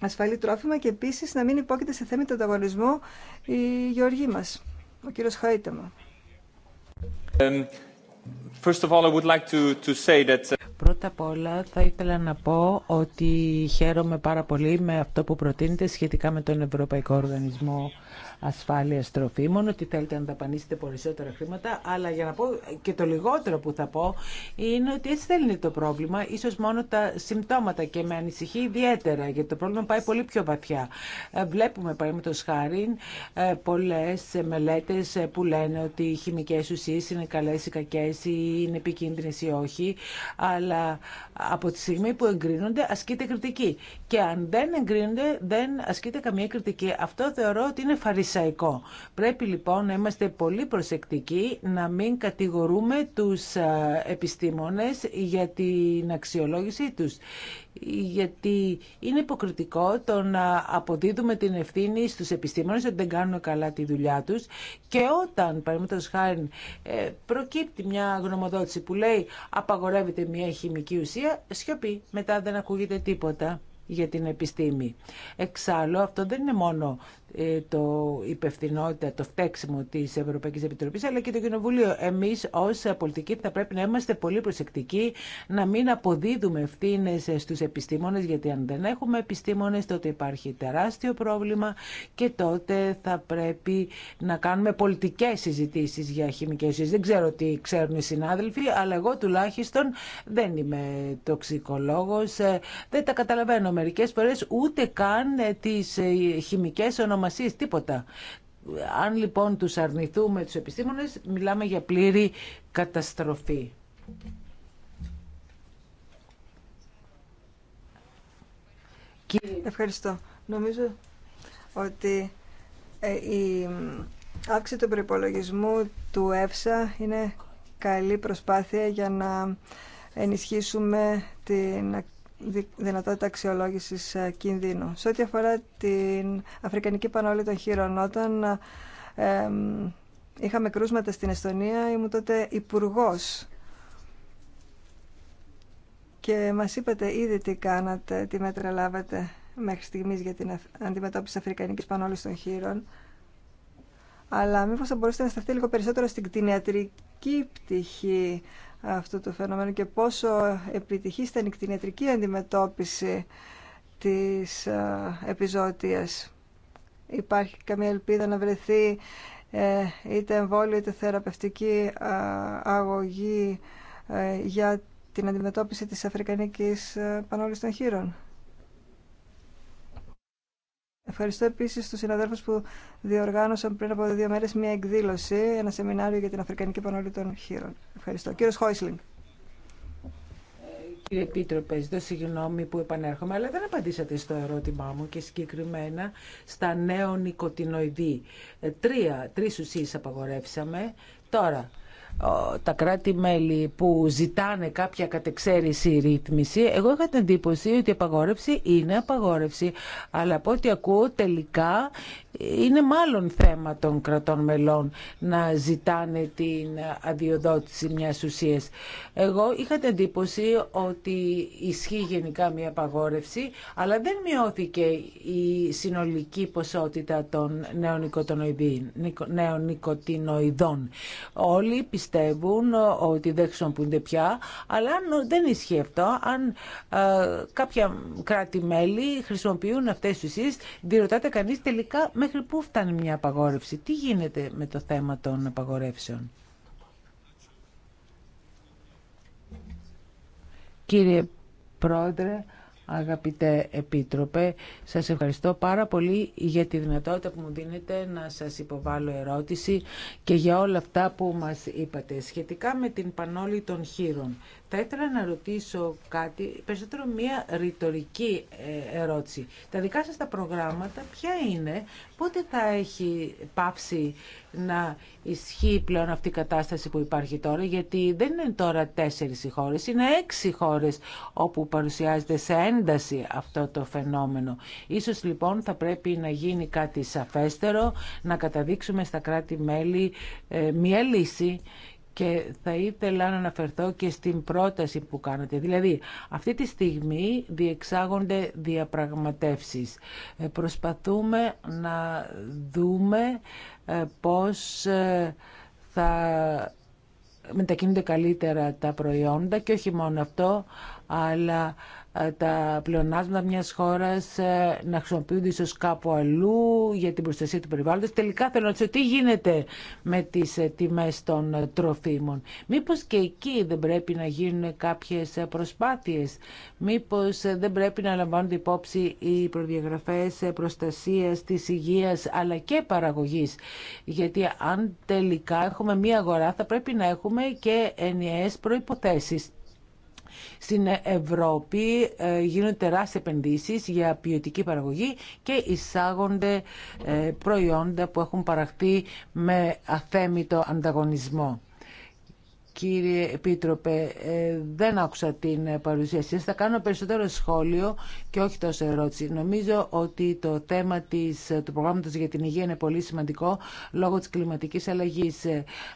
ασφαλή τρόφιμα και επίσης να μην υπόκειται σε του ανταγωνισμού η γεωργή μας, ο κύριος Χαϊτεμα. Πρώτα απ' όλα θα ήθελα να πω ότι χαίρομαι πάρα πολύ με αυτό που προτείνετε σχετικά με τον Ευρωπαϊκό Οργανισμό ασφάλεια τροφίμων, ότι θέλετε να δαπανίσετε περισσότερα χρήματα, αλλά για να πω και το λιγότερο που θα πω είναι ότι έτσι θέλει το πρόβλημα, ίσως μόνο τα συμπτώματα και με ανησυχεί ιδιαίτερα, γιατί το πρόβλημα πάει πολύ πιο βαθιά. Ε, βλέπουμε το χάρη ε, πολλέ μελέτε ε, που λένε ότι οι χημικέ ουσίε είναι καλέ ή κακέ, ή είναι επικίνδυνε ή όχι, αλλά από τη στιγμή που εγκρίνονται ασκείται κριτική. Και αν δεν εγκρίνονται δεν ασκείται καμία κριτική. Αυτό θεωρώ ότι είναι φαρισμένο. Πρέπει λοιπόν να είμαστε πολύ προσεκτικοί να μην κατηγορούμε τους ε, επιστήμονες για την αξιολόγησή τους γιατί είναι υποκριτικό το να αποδίδουμε την ευθύνη στους επιστήμονες ότι δεν κάνουν καλά τη δουλειά τους και όταν, παραδείγματος χάρη, ε, προκύπτει μια γνωμοδότηση που λέει απαγορεύεται μια χημική ουσία, σιωπή, μετά δεν ακούγεται τίποτα για την επιστήμη. Εξάλλου, αυτό δεν είναι μόνο ε, το υπευθυνότητα, το φταίξιμο της Ευρωπαϊκής Επιτροπής αλλά και το Κοινοβουλίο. Εμείς ως πολιτικοί θα πρέπει να είμαστε πολύ προσεκτικοί να μην αποδίδουμε ευθύνε στους επιστήμονες γιατί αν δεν έχουμε επιστήμονες τότε υπάρχει τεράστιο πρόβλημα και τότε θα πρέπει να κάνουμε πολιτικές συζητήσεις για χημικές ουσίες. Δεν ξέρω τι ξέρουν οι συνάδελφοι αλλά εγώ τουλάχιστον δεν είμαι τοξικολόγος. Ε, δεν τα καταλαβαίνω μερικέ φορές ούτε καν ε, τις χημικές ονομασίε τίποτα. Αν λοιπόν του αρνηθούμε του επιστήμονε, μιλάμε για πλήρη καταστροφή. Ευχαριστώ. Νομίζω ότι ε, η αύξηση του προπολογισμού του ΕΦΣΑ είναι καλή προσπάθεια για να ενισχύσουμε την δυνατότητα αξιολόγηση ε, κινδύνου. Σε ό,τι αφορά την Αφρικανική Πανόλη των Χείρων, όταν ε, είχαμε κρούσματα στην Εστονία, ήμουν τότε υπουργό. Και μας είπατε ήδη τι κάνατε, τι μέτρα λάβατε μέχρι στιγμής για την αντιμετώπιση Αφρικανικής Πανόλης των Χείρων. Αλλά μήπως θα μπορούσατε να σταθείτε λίγο περισσότερο στην κτηνιατρική πτυχή αυτού του φαινομένου και πόσο επιτυχεί ήταν η κτηνιατρική αντιμετώπιση της ε, επιζώτιας. Υπάρχει καμία ελπίδα να βρεθεί ε, είτε εμβόλιο είτε θεραπευτική ε, αγωγή για την αντιμετώπιση της αφρικανικής πανόλης των χείρων. Ευχαριστώ επίση του συναδέλφου που διοργάνωσαν πριν από δύο μέρε μια εκδήλωση, ένα σεμινάριο για την Αφρικανική Πανόλη των Χείρων. Ευχαριστώ. Κύριο Χόισλινγκ. Ε, κύριε Επίτροπε, ζητώ συγγνώμη που επανέρχομαι, αλλά δεν απαντήσατε στο ερώτημά μου και συγκεκριμένα στα νέο νοικοτινοειδή. Ε, τρία, τρεις ουσίες απαγορεύσαμε. Τώρα, ε, τα κράτη-μέλη που ζητάνε κάποια κατεξαίρεση ρύθμιση, εγώ είχα την εντύπωση ότι η απαγόρευση είναι απαγόρευση. Αλλά από ό,τι ακούω τελικά είναι μάλλον θέμα των κρατών μελών να ζητάνε την αδειοδότηση μιας ουσίας. Εγώ είχα την εντύπωση ότι ισχύει γενικά μια απαγόρευση, αλλά δεν μειώθηκε η συνολική ποσότητα των νεονικοτινοειδών. Όλοι πιστεύουν ότι δεν χρησιμοποιούνται πια, αλλά δεν ισχύει αυτό. Αν ε, κάποια κράτη-μέλη χρησιμοποιούν αυτές τις ουσίες, διερωτάται κανείς τελικά Μέχρι πού φτάνει μια απαγόρευση, τι γίνεται με το θέμα των απαγορεύσεων. Κύριε Πρόεδρε, αγαπητέ Επίτροπε, σας ευχαριστώ πάρα πολύ για τη δυνατότητα που μου δίνετε να σας υποβάλω ερώτηση και για όλα αυτά που μας είπατε σχετικά με την πανόλη των χείρων. Θα ήθελα να ρωτήσω κάτι, περισσότερο μία ρητορική ε, ερώτηση. Τα δικά σας τα προγράμματα ποια είναι, πότε θα έχει πάψει να ισχύει πλέον αυτή η κατάσταση που υπάρχει τώρα, γιατί δεν είναι τώρα τέσσερις οι χώρες, είναι έξι χώρες όπου παρουσιάζεται σε ένταση αυτό το φαινόμενο. Ίσως λοιπόν θα πρέπει να γίνει κάτι σαφέστερο, να καταδείξουμε στα κράτη-μέλη ε, μία λύση και θα ήθελα να αναφερθώ και στην πρόταση που κάνετε. Δηλαδή, αυτή τη στιγμή διεξάγονται διαπραγματεύσεις. Ε, προσπαθούμε να δούμε ε, πώς ε, θα μετακινούνται καλύτερα τα προϊόντα και όχι μόνο αυτό, αλλά ε, τα πλεονάσματα μια χώρας ε, να χρησιμοποιούνται ίσω κάπου αλλού για την προστασία του περιβάλλοντος. Τελικά θέλω να ρωτήσω τι γίνεται με τι ε, τιμέ των τροφίμων. Μήπω και εκεί δεν πρέπει να γίνουν κάποιες προσπάθειες. Μήπω δεν πρέπει να λαμβάνονται υπόψη οι προδιαγραφέ προστασία τη υγεία, αλλά και παραγωγή. Γιατί αν τελικά έχουμε μία αγορά θα πρέπει να έχουμε και ενιαίε προποθέσει. Στην Ευρώπη ε, γίνονται τεράστιες επενδύσεις για ποιοτική παραγωγή και εισάγονται ε, προϊόντα που έχουν παραχθεί με αθέμητο ανταγωνισμό. Κύριε Επίτροπε, ε, δεν άκουσα την παρουσίαση. Θα κάνω περισσότερο σχόλιο και όχι τόσο ερώτηση. Νομίζω ότι το θέμα της, του προγράμματος για την υγεία είναι πολύ σημαντικό λόγω της κλιματικής αλλαγής.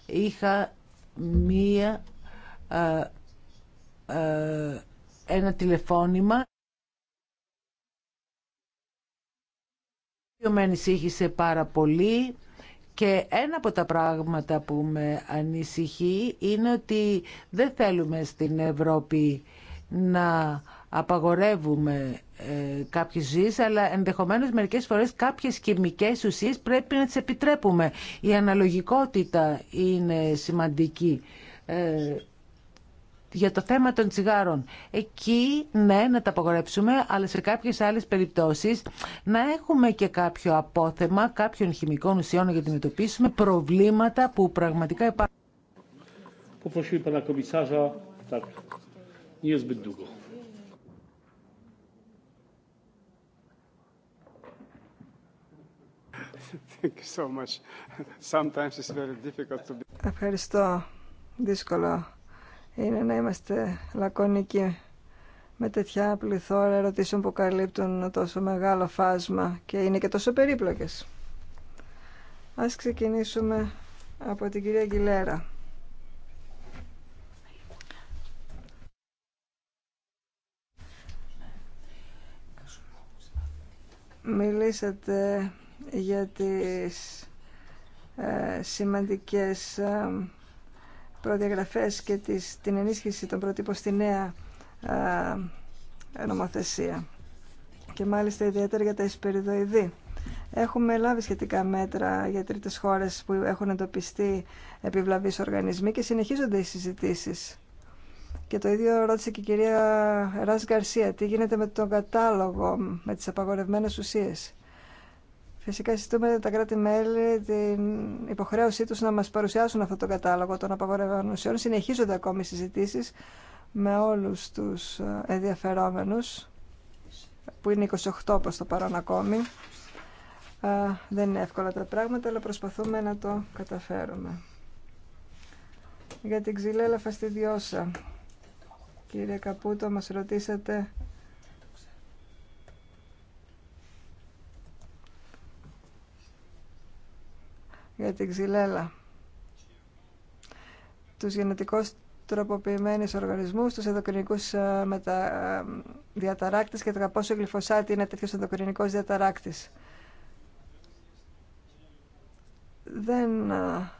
Είχα μία ε, ένα τηλεφώνημα που με ανησύχησε πάρα πολύ και ένα από τα πράγματα που με ανησυχεί είναι ότι δεν θέλουμε στην Ευρώπη να απαγορεύουμε ε, κάποιες ζωές, αλλά ενδεχομένως μερικές φορές κάποιες χημικές ουσίες πρέπει να τις επιτρέπουμε. Η αναλογικότητα είναι σημαντική. Ε, για το θέμα των τσιγάρων. Εκεί, ναι, να τα απογορέψουμε, αλλά σε κάποιες άλλες περιπτώσεις να έχουμε και κάποιο απόθεμα κάποιων χημικών ουσιών για να αντιμετωπίσουμε προβλήματα που πραγματικά υπάρχουν. Ευχαριστώ. Δύσκολο είναι να είμαστε λακωνικοί με τέτοια πληθώρα ερωτήσεων που καλύπτουν τόσο μεγάλο φάσμα και είναι και τόσο περίπλοκες. Ας ξεκινήσουμε από την κυρία Γκιλέρα. Μιλήσατε για τις ε, σημαντικές ε, προδιαγραφές και τις, την ενίσχυση των προτύπων στη νέα νομοθεσία και μάλιστα ιδιαίτερα για τα εισπεριδοειδή. Έχουμε λάβει σχετικά μέτρα για τρίτες χώρες που έχουν εντοπιστεί επιβλαβείς οργανισμοί και συνεχίζονται οι συζητήσεις. Και το ίδιο ρώτησε και η κυρία Ράς Γκαρσία, τι γίνεται με τον κατάλογο με τις απαγορευμένες ουσίες. Φυσικά συζητούμε τα κράτη-μέλη την υποχρέωσή τους να μας παρουσιάσουν αυτό το κατάλογο των απαγορευμένων ουσιών. Συνεχίζονται ακόμη συζητήσει με όλους τους ε, ενδιαφερόμενους, που είναι 28 προς το παρόν ακόμη. Ε, δεν είναι εύκολα τα πράγματα, αλλά προσπαθούμε να το καταφέρουμε. Για την ξυλέλα φαστιδιώσα. Κύριε Καπούτο, μας ρωτήσατε για την ξυλέλα, τους γενετικώς τροποποιημένους οργανισμούς, τους ενδοκρινικούς ε, μετα... Ε, διαταράκτες και το πόσο γλυφοσάτη είναι τέτοιος ενδοκρινικός διαταράκτης. Δεν ε,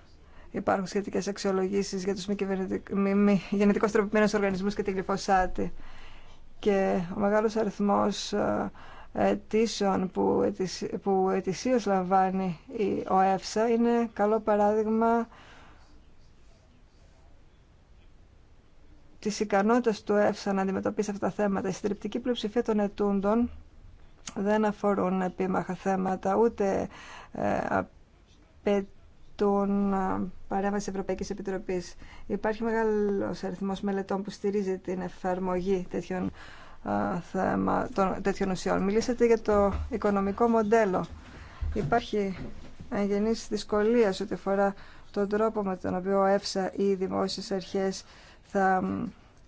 υπάρχουν σχετικές αξιολογήσεις για τους μη, κυβερνητικ... μη, μη γενετικώς τροποποιημένους οργανισμούς και τη γλυφοσάτη. Και ο μεγάλος αριθμός αιτήσεων που, που ετησίως λαμβάνει η ΕΦΣΑ είναι καλό παράδειγμα της ικανότητας του ΕΦΣΑ να αντιμετωπίσει αυτά τα θέματα. Η συντριπτική πλειοψηφία των ετούντων δεν αφορούν επίμαχα θέματα, ούτε ε, απαιτούν ε, παρέμβαση Ευρωπαϊκής Επιτροπής. Υπάρχει μεγάλος αριθμός μελετών που στηρίζει την εφαρμογή τέτοιων θέμα των τέτοιων ουσιών. Μιλήσατε για το οικονομικό μοντέλο. Υπάρχει εγγενής δυσκολία ό,τι αφορά τον τρόπο με τον οποίο ΕΦΣΑ ή οι δημόσιες αρχές θα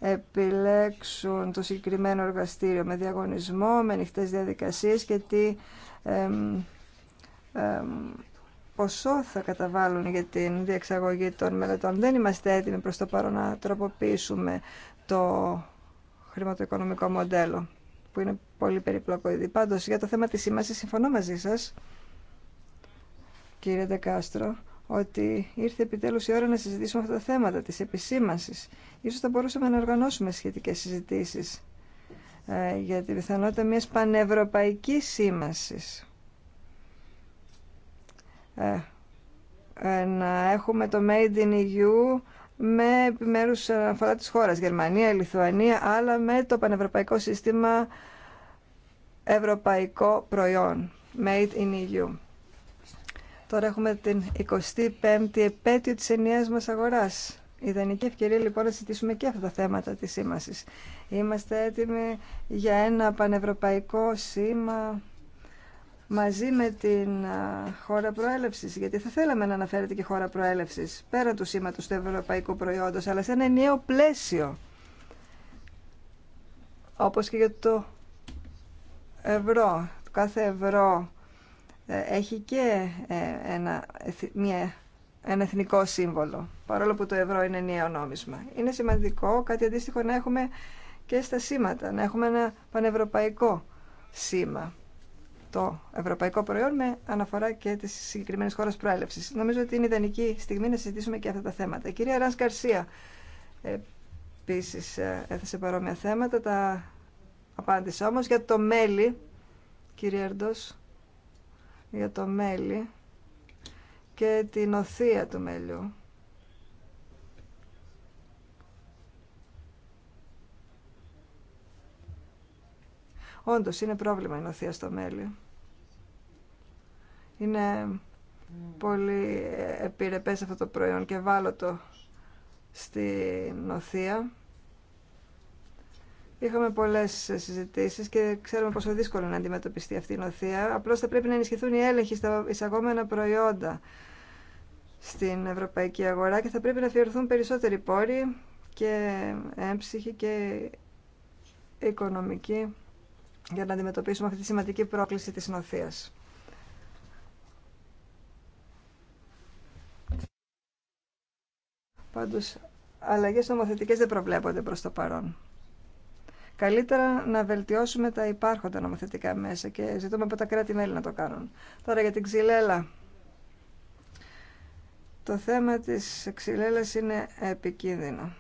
επιλέξουν το συγκεκριμένο εργαστήριο με διαγωνισμό, με ανοιχτέ διαδικασίες και τι ποσό θα καταβάλουν για την διεξαγωγή των μελετών. Δεν είμαστε έτοιμοι προς το παρόν να τροποποιήσουμε το χρηματοοικονομικό μοντέλο, που είναι πολύ περιπλοκό ήδη. Πάντως, για το θέμα της σήμανσης, συμφωνώ μαζί σας, κύριε Ντεκάστρο, ότι ήρθε επιτέλους η ώρα να συζητήσουμε αυτά τα θέματα της επισήμανσης. Ίσως θα μπορούσαμε να οργανώσουμε σχετικές συζητήσεις ε, για τη πιθανότητα μιας πανευρωπαϊκής σήμανσης. Ε, ε, να έχουμε το Made in EU με επιμέρου αναφορά ε, της χώρας, Γερμανία, Λιθουανία, αλλά με το πανευρωπαϊκό σύστημα ευρωπαϊκό προϊόν, made in EU. Τώρα έχουμε την 25η επέτειο της ενιαίας μας αγοράς. Ιδανική ευκαιρία λοιπόν να συζητήσουμε και αυτά τα θέματα της σήμασης. Είμαστε έτοιμοι για ένα πανευρωπαϊκό σήμα μαζί με την χώρα προέλευσης, γιατί θα θέλαμε να αναφέρεται και χώρα προέλευσης, πέραν του σήματος του ευρωπαϊκού προϊόντος, αλλά σε ένα ενιαίο πλαίσιο, όπως και για το ευρώ. Το κάθε ευρώ ε, έχει και ε, ένα, μια, ένα εθνικό σύμβολο, παρόλο που το ευρώ είναι ενιαίο νόμισμα. Είναι σημαντικό κάτι αντίστοιχο να έχουμε και στα σήματα, να έχουμε ένα πανευρωπαϊκό σήμα το ευρωπαϊκό προϊόν με αναφορά και τη συγκεκριμένη χώρα προέλευση. Νομίζω ότι είναι ιδανική στιγμή να συζητήσουμε και αυτά τα θέματα. Η κυρία Ραν Καρσία ε, επίση ε, έθεσε παρόμοια θέματα. Τα απάντησα όμω για το μέλι, κύριε Ερντό, για το μέλι και την οθεία του μέλιου. Όντως είναι πρόβλημα η νοθεία στο μέλι. Είναι πολύ επιρρεπές αυτό το προϊόν και το στην οθεία. Είχαμε πολλές συζητήσεις και ξέρουμε πόσο δύσκολο είναι να αντιμετωπιστεί αυτή η νοθεία. Απλώς θα πρέπει να ενισχυθούν οι έλεγχοι στα εισαγόμενα προϊόντα στην ευρωπαϊκή αγορά και θα πρέπει να αφιερωθούν περισσότεροι πόροι και έμψυχοι και οικονομικοί για να αντιμετωπίσουμε αυτή τη σημαντική πρόκληση της νοθείας. Πάντως, αλλαγές νομοθετικές δεν προβλέπονται προς το παρόν. Καλύτερα να βελτιώσουμε τα υπάρχοντα νομοθετικά μέσα και ζητούμε από τα κράτη-μέλη να το κάνουν. Τώρα για την ξυλέλα. Το θέμα της ξυλέλας είναι επικίνδυνο.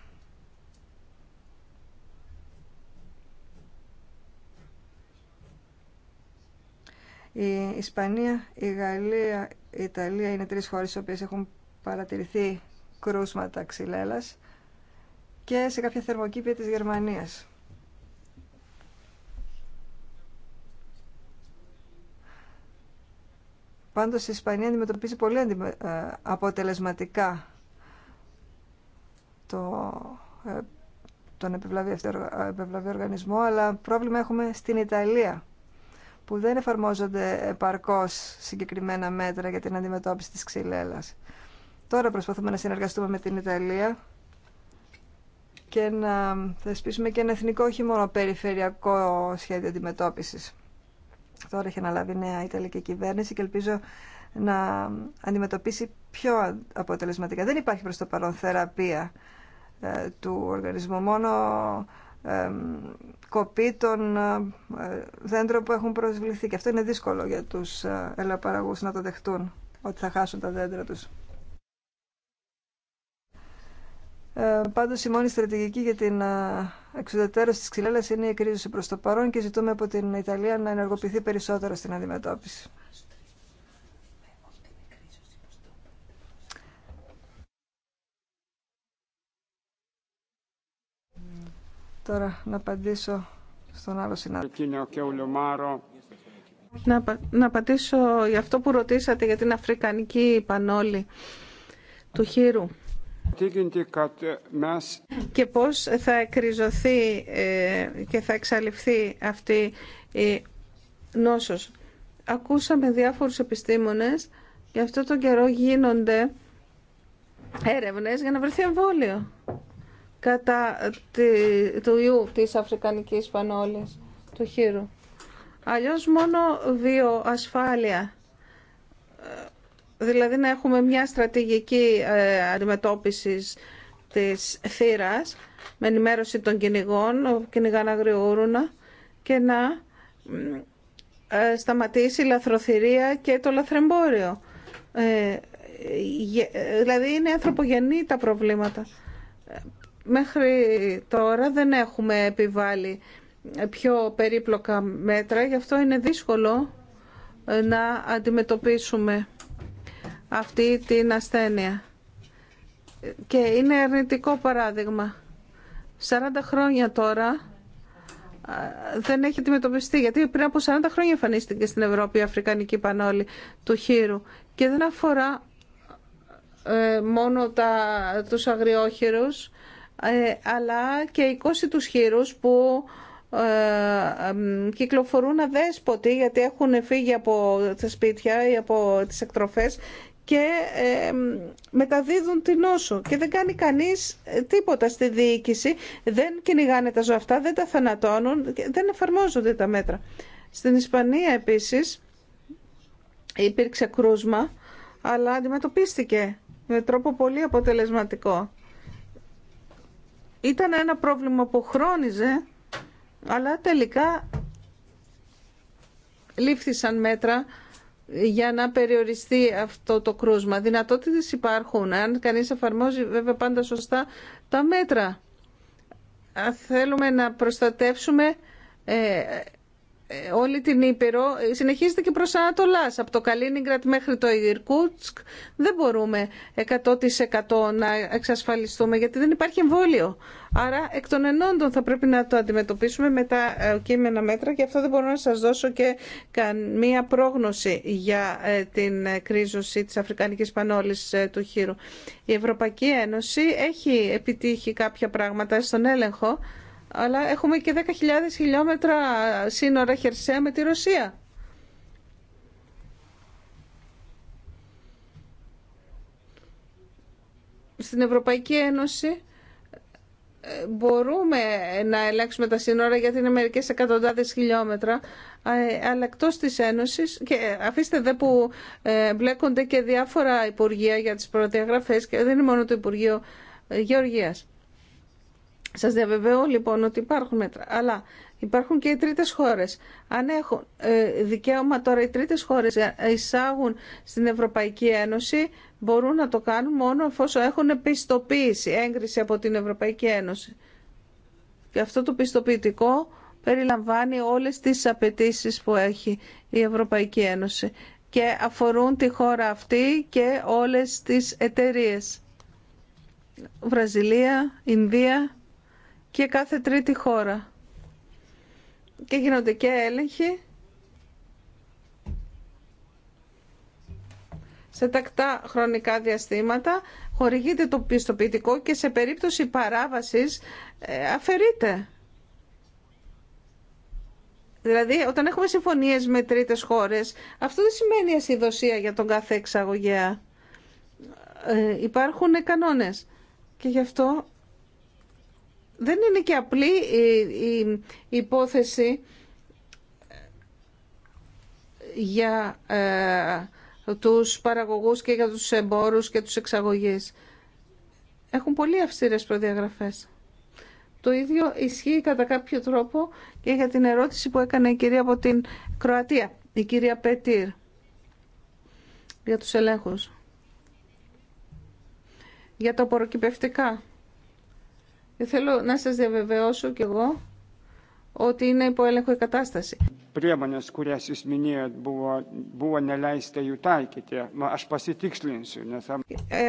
Η Ισπανία, η Γαλλία, η Ιταλία είναι τρεις χώρες οι οποίες έχουν παρατηρηθεί κρούσματα ξυλέλας και σε κάποια θερμοκήπια της Γερμανίας. Πάντως η Ισπανία αντιμετωπίζει πολύ ε, αποτελεσματικά το, ε, τον ε, επιβλαβή, οργανισμό, αλλά πρόβλημα έχουμε στην Ιταλία που δεν εφαρμόζονται επαρκώς συγκεκριμένα μέτρα για την αντιμετώπιση της ξυλέλας. Τώρα προσπαθούμε να συνεργαστούμε με την Ιταλία και να θεσπίσουμε και ένα εθνικό, όχι μόνο περιφερειακό σχέδιο αντιμετώπιση. Τώρα έχει αναλάβει νέα Ιταλική κυβέρνηση και ελπίζω να αντιμετωπίσει πιο αποτελεσματικά. Δεν υπάρχει προς το παρόν θεραπεία ε, του οργανισμού, μόνο ε, κοπή των ε, δέντρων που έχουν προσβληθεί. Και αυτό είναι δύσκολο για τους ε, ελαιοπαραγούς να το δεχτούν, ότι θα χάσουν τα δέντρα τους. Ε, Πάντω, η μόνη στρατηγική για την ε, εξουδετερώση τη ξυλέλα είναι η εκρίζωση προ το παρόν και ζητούμε από την Ιταλία να ενεργοποιηθεί περισσότερο στην αντιμετώπιση. Τώρα να απαντήσω στον άλλο συνάδελφο. Να, να απαντήσω για αυτό που ρωτήσατε για την Αφρικανική Πανόλη του Χείρου. E, και πώς θα εκριζωθεί ε, και θα εξαλειφθεί αυτή η νόσος. Ακούσαμε διάφορους επιστήμονες, και αυτό τον καιρό γίνονται έρευνες για να βρεθεί εμβόλιο κατά του ιού της Αφρικανικής Πανόλης, του χείρου. Αλλιώς μόνο βιοασφάλεια ε, δηλαδή να έχουμε μια στρατηγική ε, αντιμετώπιση της θύρας με ενημέρωση των κυνηγών, κυνηγάν αγριούρουνα και να ε, σταματήσει η λαθροθυρία και το λαθρεμπόριο. Ε, δηλαδή είναι ανθρωπογενή τα προβλήματα. Μέχρι τώρα δεν έχουμε επιβάλει πιο περίπλοκα μέτρα, γι' αυτό είναι δύσκολο να αντιμετωπίσουμε αυτή την ασθένεια. Και είναι αρνητικό παράδειγμα. 40 χρόνια τώρα δεν έχει αντιμετωπιστεί, γιατί πριν από 40 χρόνια εμφανίστηκε στην Ευρώπη η Αφρικανική Πανόλη του χείρου και δεν αφορά ε, μόνο τα, τους αγριόχειρους, ε, αλλά και 20 τους χείρους που ε, κυκλοφορούν αδέσποτοι γιατί έχουν φύγει από τα σπίτια ή από τις εκτροφές και μεταδίδουν την νόσο και δεν κάνει κανείς ε, τίποτα στη διοίκηση, δεν κυνηγάνε τα ζώα αυτά, δεν τα θανατώνουν, δεν εφαρμόζονται τα μέτρα. Στην Ισπανία επίσης υπήρξε κρούσμα, αλλά αντιμετωπίστηκε με τρόπο πολύ αποτελεσματικό. Ήταν ένα πρόβλημα που χρόνιζε, αλλά τελικά λήφθησαν μέτρα για να περιοριστεί αυτό το κρούσμα. Δυνατότητες υπάρχουν, αν κανείς εφαρμόζει βέβαια πάντα σωστά τα μέτρα. Θέλουμε να προστατεύσουμε ε, ε, όλη την Ήπειρο συνεχίζεται και προς Ανατολάς. Από το Καλίνιγκρατ μέχρι το Ιρκούτσκ δεν μπορούμε 100% να εξασφαλιστούμε γιατί δεν υπάρχει εμβόλιο. Άρα εκ των ενόντων θα πρέπει να το αντιμετωπίσουμε με τα ε, κείμενα μέτρα και αυτό δεν μπορώ να σας δώσω και καμία πρόγνωση για ε, την κρίζωση της Αφρικανικής Πανόλης του χείρου. Η Ευρωπαϊκή Ένωση έχει επιτύχει κάποια πράγματα στον έλεγχο αλλά έχουμε και 10.000 χιλιόμετρα σύνορα χερσαία με τη Ρωσία. Στην Ευρωπαϊκή Ένωση ε, μπορούμε να ελέγξουμε τα σύνορα γιατί είναι μερικές εκατοντάδες χιλιόμετρα ε, αλλά εκτό τη Ένωσης και ε, αφήστε δε που μπλέκονται και διάφορα υπουργεία για τις προδιαγραφές και δεν είναι μόνο το Υπουργείο Γεωργίας. Σας διαβεβαιώ λοιπόν ότι υπάρχουν μέτρα, αλλά υπάρχουν και οι τρίτες χώρες. Αν έχουν ε, δικαίωμα τώρα οι τρίτες χώρες εισάγουν στην Ευρωπαϊκή Ένωση, μπορούν να το κάνουν μόνο εφόσον έχουν πιστοποίηση, έγκριση από την Ευρωπαϊκή Ένωση. Και αυτό το πιστοποιητικό περιλαμβάνει όλες τις απαιτήσεις που έχει η Ευρωπαϊκή Ένωση και αφορούν τη χώρα αυτή και όλες τις εταιρείες. Βραζιλία, Ινδία, και κάθε τρίτη χώρα. Και γίνονται και έλεγχοι σε τακτά χρονικά διαστήματα, χορηγείται το πιστοποιητικό και σε περίπτωση παράβασης ε, αφαιρείται. Δηλαδή, όταν έχουμε συμφωνίες με τρίτες χώρες, αυτό δεν σημαίνει ασυδοσία για τον κάθε εξαγωγέα. Ε, υπάρχουν κανόνες. Και γι' αυτό δεν είναι και απλή η υπόθεση για ε, τους παραγωγούς και για τους εμπόρους και τους εξαγωγείς. Έχουν πολύ αυστηρές προδιαγραφές. Το ίδιο ισχύει κατά κάποιο τρόπο και για την ερώτηση που έκανε η κυρία από την Κροατία, η κυρία Πέτυρ, για τους ελέγχους. Για τα απορροκυπευτικά. Θέλω να σας διαβεβαιώσω κι εγώ ότι είναι υπό έλεγχο η κατάσταση.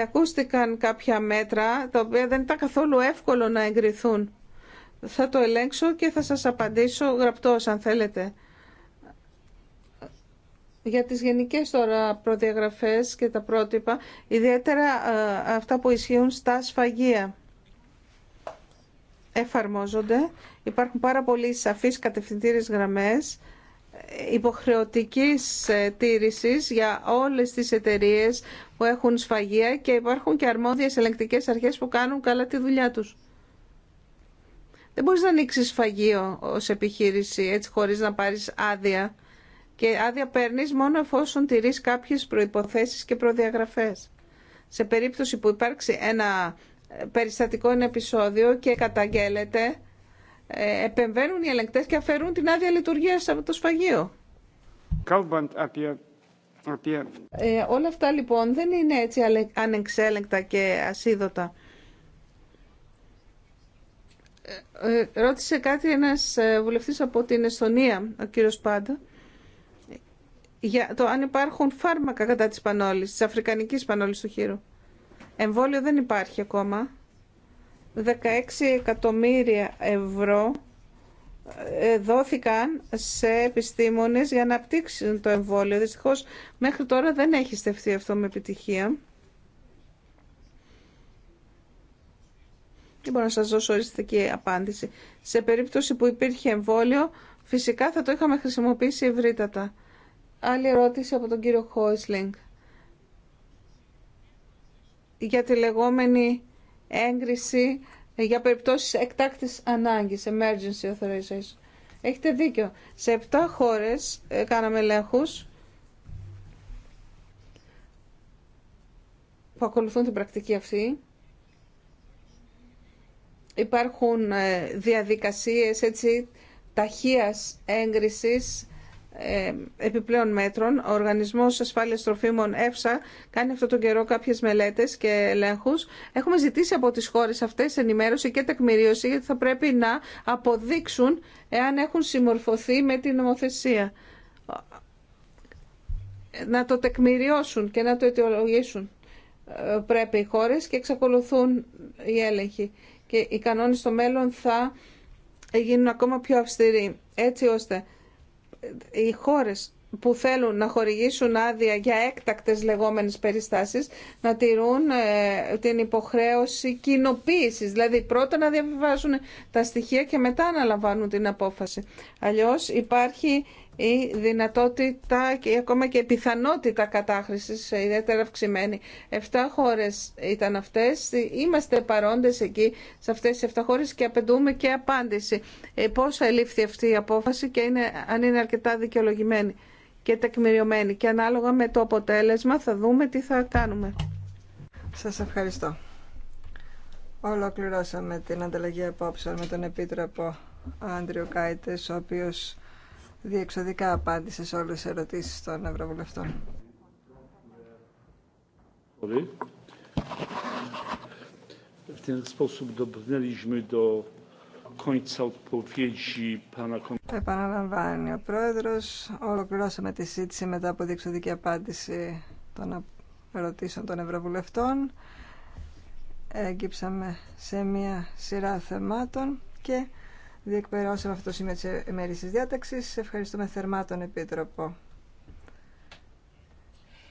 ακούστηκαν κάποια μέτρα, τα οποία δεν ήταν καθόλου εύκολο να εγκριθούν. Θα το ελέγξω και θα σας απαντήσω γραπτός, αν θέλετε. Για τις γενικές τώρα προδιαγραφές και τα πρότυπα, ιδιαίτερα ε, αυτά που ισχύουν στα σφαγεία εφαρμόζονται. Υπάρχουν πάρα πολλοί σαφείς κατευθυντήρες γραμμές υποχρεωτικής ε, τήρησης για όλες τις εταιρείες που έχουν σφαγεία και υπάρχουν και αρμόδιες ελεγκτικές αρχές που κάνουν καλά τη δουλειά τους. Δεν μπορείς να ανοίξει σφαγείο ως επιχείρηση έτσι χωρίς να πάρεις άδεια και άδεια παίρνει μόνο εφόσον τηρείς κάποιες προϋποθέσεις και προδιαγραφές. Σε περίπτωση που υπάρξει ένα περιστατικό είναι επεισόδιο και καταγγέλλεται, ε, επεμβαίνουν οι ελεγκτές και αφαιρούν την άδεια λειτουργίας από το σφαγείο. Ε, όλα αυτά λοιπόν δεν είναι έτσι ανεξέλεγκτα και ασίδωτα. Ε, ε ρώτησε κάτι ένας ε, βουλευτής από την Εστονία, ο κύριος Πάντα, για το αν υπάρχουν φάρμακα κατά της πανόλης, της αφρικανικής πανόλης του χείρου. Εμβόλιο δεν υπάρχει ακόμα. 16 εκατομμύρια ευρώ ε, δόθηκαν σε επιστήμονες για να απτύξουν το εμβόλιο. Δυστυχώς μέχρι τώρα δεν έχει στεφθεί αυτό με επιτυχία. Δεν μπορώ να σας δώσω οριστική απάντηση. Σε περίπτωση που υπήρχε εμβόλιο, φυσικά θα το είχαμε χρησιμοποιήσει ευρύτατα. Άλλη ερώτηση από τον κύριο Χόισλινγκ για τη λεγόμενη έγκριση για περιπτώσεις εκτάκτης ανάγκης, emergency authorization. Έχετε δίκιο. Σε 7 χώρες ε, κάναμε ελέγχου που ακολουθούν την πρακτική αυτή. Υπάρχουν ε, διαδικασίες έτσι ταχείας έγκρισης ε, επιπλέον μέτρων. Ο Οργανισμός Ασφάλειας Τροφίμων ΕΦΣΑ κάνει αυτό τον καιρό κάποιες μελέτες και ελέγχου. Έχουμε ζητήσει από τις χώρες αυτές ενημέρωση και τεκμηρίωση γιατί θα πρέπει να αποδείξουν εάν έχουν συμμορφωθεί με την νομοθεσία. Να το τεκμηριώσουν και να το αιτιολογήσουν ε, πρέπει οι χώρες και εξακολουθούν οι έλεγχοι. Και οι κανόνες στο μέλλον θα γίνουν ακόμα πιο αυστηροί, έτσι ώστε οι χώρες που θέλουν να χορηγήσουν άδεια για έκτακτες λεγόμενες περιστάσεις να τηρούν ε, την υποχρέωση κοινοποίηση. Δηλαδή πρώτα να διαβιβάζουν τα στοιχεία και μετά να λαμβάνουν την απόφαση. Αλλιώς υπάρχει η δυνατότητα και ακόμα και η πιθανότητα κατάχρησης ιδιαίτερα αυξημένη. Εφτά χώρες ήταν αυτές, είμαστε παρόντες εκεί σε αυτές τις εφτά χώρες και απαιτούμε και απάντηση. Ε, πώς ελήφθη αυτή η απόφαση και είναι, αν είναι αρκετά δικαιολογημένη και τεκμηριωμένη και ανάλογα με το αποτέλεσμα θα δούμε τι θα κάνουμε. Σας ευχαριστώ. Ολοκληρώσαμε την ανταλλαγή απόψεων με τον Επίτροπο Άντριο Κάιτες, ο οποίος διεξοδικά απάντησε σε όλες τις ερωτήσεις των Ευρωβουλευτών. Επαναλαμβάνει ο Πρόεδρος. Ολοκληρώσαμε τη σύντηση μετά από διεξοδική απάντηση των ερωτήσεων των Ευρωβουλευτών. Έγκυψαμε σε μία σειρά θεμάτων και διεκπαιρεώσαμε αυτό το σημείο της ημερήση διάταξης. Ευχαριστούμε θερμά τον Επίτροπο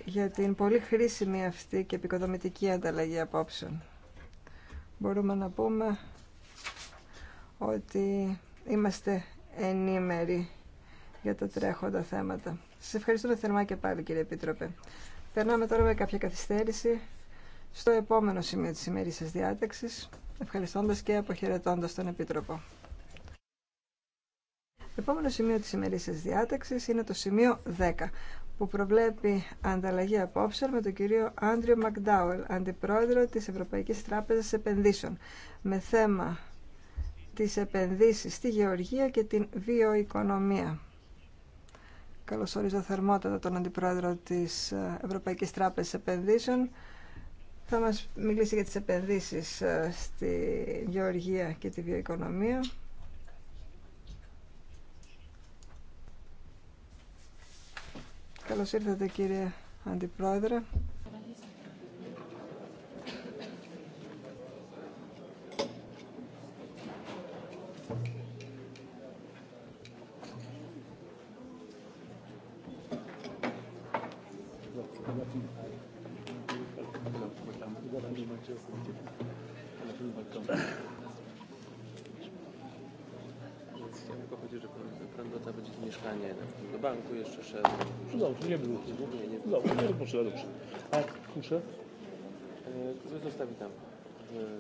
για την πολύ χρήσιμη αυτή και επικοδομητική ανταλλαγή απόψεων. Μπορούμε να πούμε ότι είμαστε ενήμεροι για τα τρέχοντα θέματα. Σας ευχαριστούμε θερμά και πάλι κύριε Επίτροπε. Περνάμε τώρα με κάποια καθυστέρηση στο επόμενο σημείο της ημερήσιας διάταξης, ευχαριστώντας και αποχαιρετώντας τον Επίτροπο επόμενο σημείο της ημερήσιας διάταξης είναι το σημείο 10 που προβλέπει ανταλλαγή απόψεων με τον κύριο Άντριο Μακντάουελ, αντιπρόεδρο της Ευρωπαϊκής Τράπεζας Επενδύσεων, με θέμα τις επενδύσεις στη γεωργία και την βιοοικονομία. Καλωσορίζω θερμότατα τον αντιπρόεδρο της Ευρωπαϊκής Τράπεζας Επενδύσεων. Θα μας μιλήσει για τις επενδύσεις ε, στη γεωργία και τη βιοοικονομία. Καλώς ήρθατε κύριε Αντιπρόεδρε wchodzić w mieszkanie, do banku jeszcze szedł. No dobrze, nie było. Nie, nie było. Dobrze, nie potrzeba, dobrze. A klucze? Klucze zostawi tam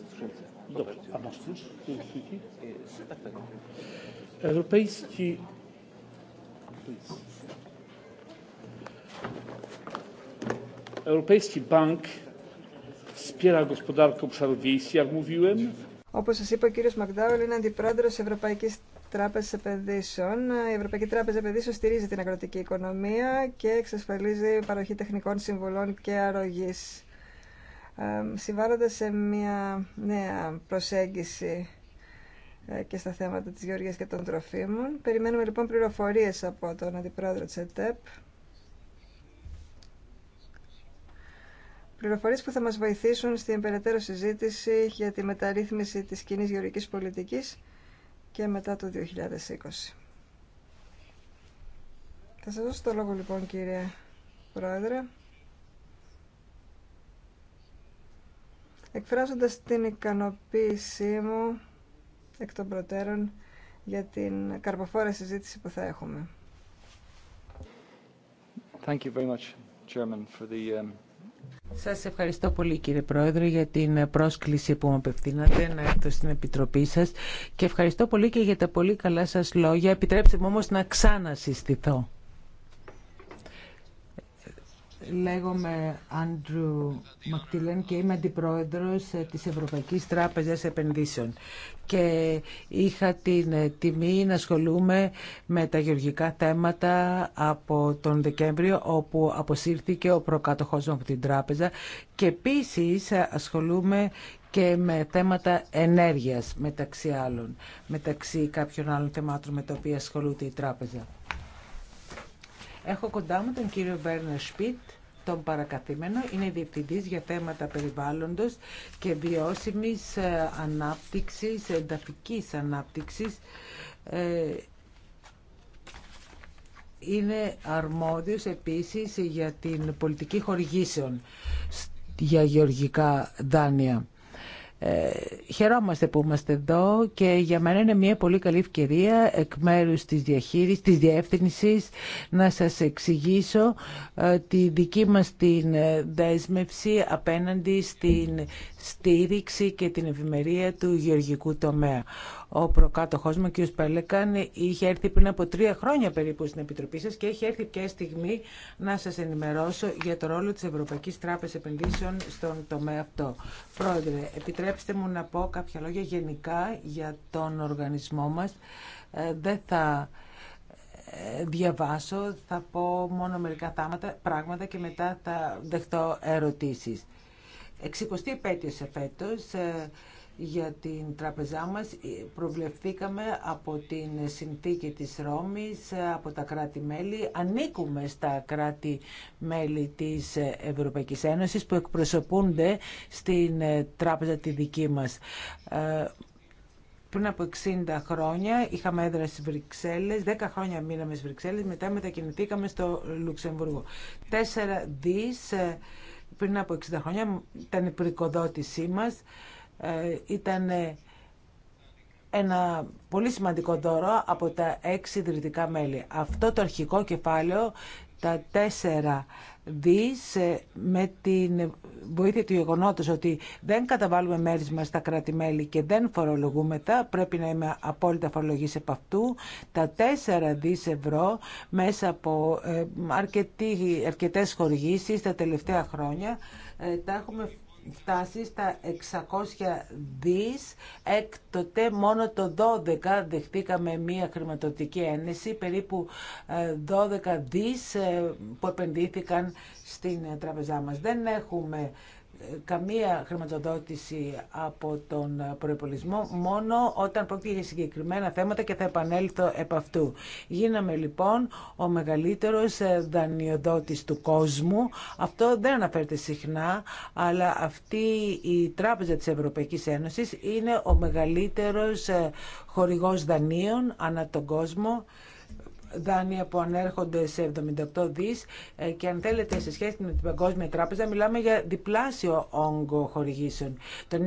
w skrzynce. Dobrze, a masz klucz? Tak, tak. Europejski... Europejski Bank wspiera gospodarkę obszarów wiejskich, jak mówiłem. Όπως σας είπα, ο κύριος Μακδάουελ είναι αντιπρόεδρος Ευρωπαϊκής Τράπεζα Επενδύσεων. Η Ευρωπαϊκή Τράπεζα Επενδύσεων στηρίζει την αγροτική οικονομία και εξασφαλίζει παροχή τεχνικών συμβολών και αρρωγής. Ε, Συμβάλλοντας σε μια νέα προσέγγιση ε, και στα θέματα της γεωργίας και των τροφίμων. Περιμένουμε λοιπόν πληροφορίες από τον Αντιπρόεδρο της ΕΤΕΠ. Πληροφορίες που θα μας βοηθήσουν στην περαιτέρω συζήτηση για τη μεταρρύθμιση της κοινή γεωργικής πολιτικής και μετά το 2020. Θα σας δώσω το λόγο λοιπόν κύριε Πρόεδρε. Εκφράζοντας την ικανοποίησή μου εκ των προτέρων για την καρποφόρα συζήτηση που θα έχουμε. Thank you very much, Chairman, for the um, σας ευχαριστώ πολύ κύριε Πρόεδρε για την πρόσκληση που μου απευθύνατε να έρθω στην Επιτροπή σας και ευχαριστώ πολύ και για τα πολύ καλά σας λόγια. Επιτρέψτε μου όμως να ξανασυστηθώ. Λέγομαι Άντρου Μακτιλέν και είμαι αντιπρόεδρος της Ευρωπαϊκής Τράπεζας Επενδύσεων και είχα την τιμή να ασχολούμαι με τα γεωργικά θέματα από τον Δεκέμβριο όπου αποσύρθηκε ο προκάτοχός μου από την τράπεζα και επίσης ασχολούμαι και με θέματα ενέργειας μεταξύ άλλων, μεταξύ κάποιων άλλων θεμάτων με τα οποία ασχολούνται η τράπεζα. Έχω κοντά μου τον κύριο Μπέρνερ Σπιτ, τον παρακαθήμενο, είναι διευθυντή για θέματα περιβάλλοντος και βιώσιμη ε, ανάπτυξης, ενταφικής ανάπτυξης. Ε, είναι αρμόδιος επίσης για την πολιτική χορηγήσεων για γεωργικά δάνεια. Ε, χαιρόμαστε που είμαστε εδώ και για μένα είναι μια πολύ καλή ευκαιρία εκ μέρου της διαχείρισης, της διεύθυνση να σας εξηγήσω ε, τη δική μας την ε, δέσμευση απέναντι στην στήριξη και την ευημερία του γεωργικού τομέα. Ο προκάτοχός μου, ο κ. Πέλεκαν, είχε έρθει πριν από τρία χρόνια περίπου στην Επιτροπή σας και έχει έρθει και στιγμή να σας ενημερώσω για το ρόλο της Ευρωπαϊκής Τράπεζας Επενδύσεων στον τομέα αυτό. Πρόεδρε, επιτρέψτε μου να πω κάποια λόγια γενικά για τον οργανισμό μας. Ε, δεν θα ε, διαβάσω, θα πω μόνο μερικά πράγματα και μετά θα δεχτώ ερωτήσεις. 60η φέτος, εφέτος, ε, για την τραπεζά μας προβλεφθήκαμε από την συνθήκη της Ρώμης, από τα κράτη-μέλη. Ανήκουμε στα κράτη-μέλη της Ευρωπαϊκής Ένωσης που εκπροσωπούνται στην τράπεζα τη δική μας. Ε, πριν από 60 χρόνια είχαμε έδρα στις Βρυξέλλες, 10 χρόνια μείναμε στις Βρυξέλλες, μετά μετακινηθήκαμε στο Λουξεμβούργο. 4 δις ε, πριν από 60 χρόνια ήταν η πρικοδότησή μας. Ε, ήταν ε, ένα πολύ σημαντικό δώρο από τα έξι ιδρυτικά μέλη. Αυτό το αρχικό κεφάλαιο, τα τέσσερα δις, ε, με την βοήθεια του γεγονότος ότι δεν καταβάλουμε μέρισμα στα κράτη-μέλη και δεν φορολογούμε τα, πρέπει να είμαι απόλυτα φορολογής επ' αυτού, τα τέσσερα δις ευρώ μέσα από αρκετές χορηγήσεις τα τελευταία χρόνια, τα φτάσει στα 600 δις, έκτοτε μόνο το 12 δεχτήκαμε μία χρηματοδοτική ένεση, περίπου 12 ε, δις ε, που επενδύθηκαν στην ε, τραπεζά μας. Δεν έχουμε καμία χρηματοδότηση από τον προϋπολισμό μόνο όταν πρόκειται για συγκεκριμένα θέματα και θα επανέλθω επ' αυτού. Γίναμε λοιπόν ο μεγαλύτερος δανειοδότης του κόσμου. Αυτό δεν αναφέρεται συχνά, αλλά αυτή η Τράπεζα της Ευρωπαϊκής Ένωσης είναι ο μεγαλύτερος χορηγός δανείων ανά τον κόσμο δάνεια που ανέρχονται σε 78 δις ε, και αν θέλετε σε σχέση με την Παγκόσμια Τράπεζα μιλάμε για διπλάσιο όγκο χορηγήσεων. Το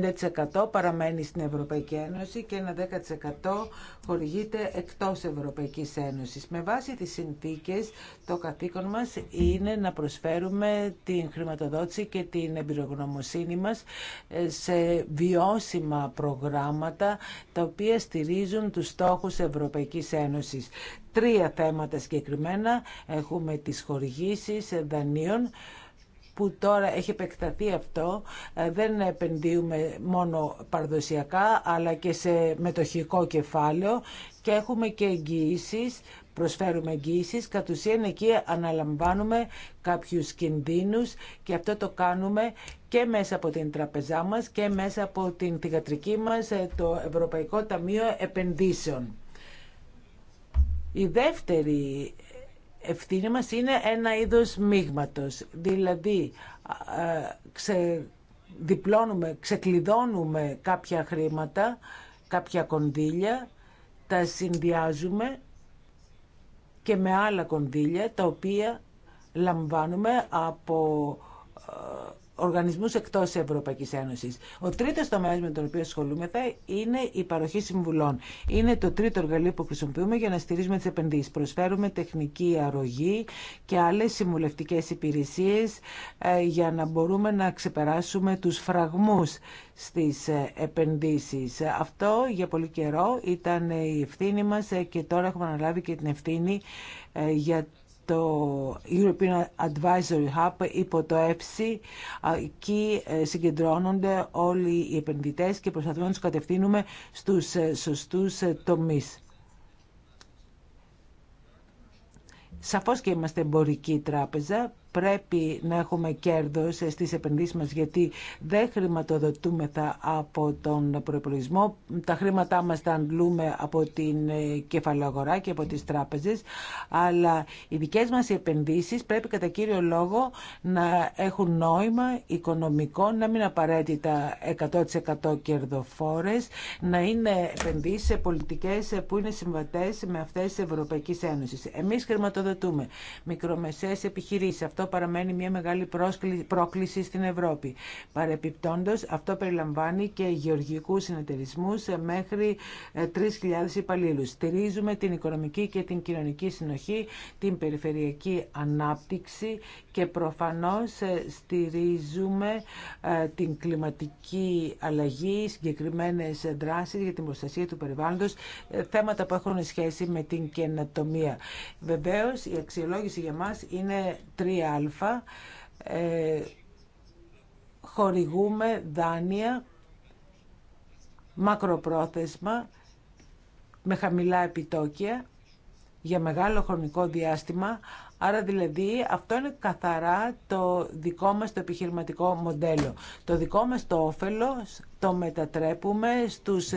90% παραμένει στην Ευρωπαϊκή Ένωση και ένα 10% χορηγείται εκτός Ευρωπαϊκής Ένωσης. Με βάση τις συνθήκες, το καθήκον μας είναι να προσφέρουμε την χρηματοδότηση και την εμπειρογνωμοσύνη μας ε, σε βιώσιμα προγράμματα, τα οποία στηρίζουν τους στόχους Ευρωπαϊκής Ένωσης. Τρία θέματα συγκεκριμένα. Έχουμε τις χορηγήσεις δανείων, που τώρα έχει επεκταθεί αυτό, ε, δεν επενδύουμε μόνο παραδοσιακά, αλλά και σε μετοχικό κεφάλαιο και έχουμε και εγγυήσει προσφέρουμε εγγύησει. Κατ' ουσίαν εκεί αναλαμβάνουμε κάποιους κινδύνους και αυτό το κάνουμε και μέσα από την τραπεζά μας και μέσα από την θηγατρική μας, ε, το Ευρωπαϊκό Ταμείο Επενδύσεων. Η δεύτερη ευθύνη μας είναι ένα είδος μείγματος. Δηλαδή, ξε, διπλώνουμε, ξεκλειδώνουμε κάποια χρήματα, κάποια κονδύλια, τα συνδυάζουμε και με άλλα κονδύλια, τα οποία λαμβάνουμε από οργανισμούς εκτός Ευρωπαϊκή Ένωσης. Ο τρίτο τομέα με τον οποίο ασχολούμεθα είναι η παροχή συμβουλών. Είναι το τρίτο εργαλείο που χρησιμοποιούμε για να στηρίζουμε τις επενδύσεις. Προσφέρουμε τεχνική αρρωγή και άλλες συμβουλευτικές υπηρεσίες ε, για να μπορούμε να ξεπεράσουμε τους φραγμούς στι ε, επενδύσει. Αυτό για πολύ καιρό ήταν η ευθύνη μα ε, και τώρα έχουμε αναλάβει και την ευθύνη για το European Advisory Hub υπό το Εκεί ε, συγκεντρώνονται όλοι οι επενδυτές και προσπαθούμε να τους κατευθύνουμε στους ε, σωστούς ε, τομείς. Σαφώς και είμαστε εμπορική τράπεζα πρέπει να έχουμε κέρδος στις επενδύσεις μας γιατί δεν χρηματοδοτούμεθα από τον προϋπολογισμό. Τα χρήματά μας τα αντλούμε από την ε, κεφαλαγορά και από τις τράπεζες αλλά οι δικές μας επενδύσεις πρέπει κατά κύριο λόγο να έχουν νόημα οικονομικό, να μην απαραίτητα 100% κερδοφόρες, να είναι επενδύσεις σε πολιτικές που είναι συμβατές με αυτές της Ευρωπαϊκής Ένωσης. Εμείς χρηματοδοτούμε μικρομεσαίες επιχειρήσεις παραμένει μια μεγάλη πρόκληση στην Ευρώπη. Παρεπιπτόντως, αυτό περιλαμβάνει και γεωργικούς συνεταιρισμού μέχρι 3.000 ε, υπαλλήλους. Στηρίζουμε την οικονομική και την κοινωνική συνοχή, την περιφερειακή ανάπτυξη και προφανώς ε, στηρίζουμε ε, την κλιματική αλλαγή, συγκεκριμένες δράσεις για την προστασία του περιβάλλοντος, ε, θέματα που έχουν σχέση με την καινοτομία. Βεβαίως η αξιολόγηση για μας είναι 3α, χορηγούμε δάνεια μακροπρόθεσμα με χαμηλά επιτόκια για μεγάλο χρονικό διάστημα Άρα δηλαδή αυτό είναι καθαρά το δικό μας το επιχειρηματικό μοντέλο. Το δικό μας το όφελος το μετατρέπουμε στους,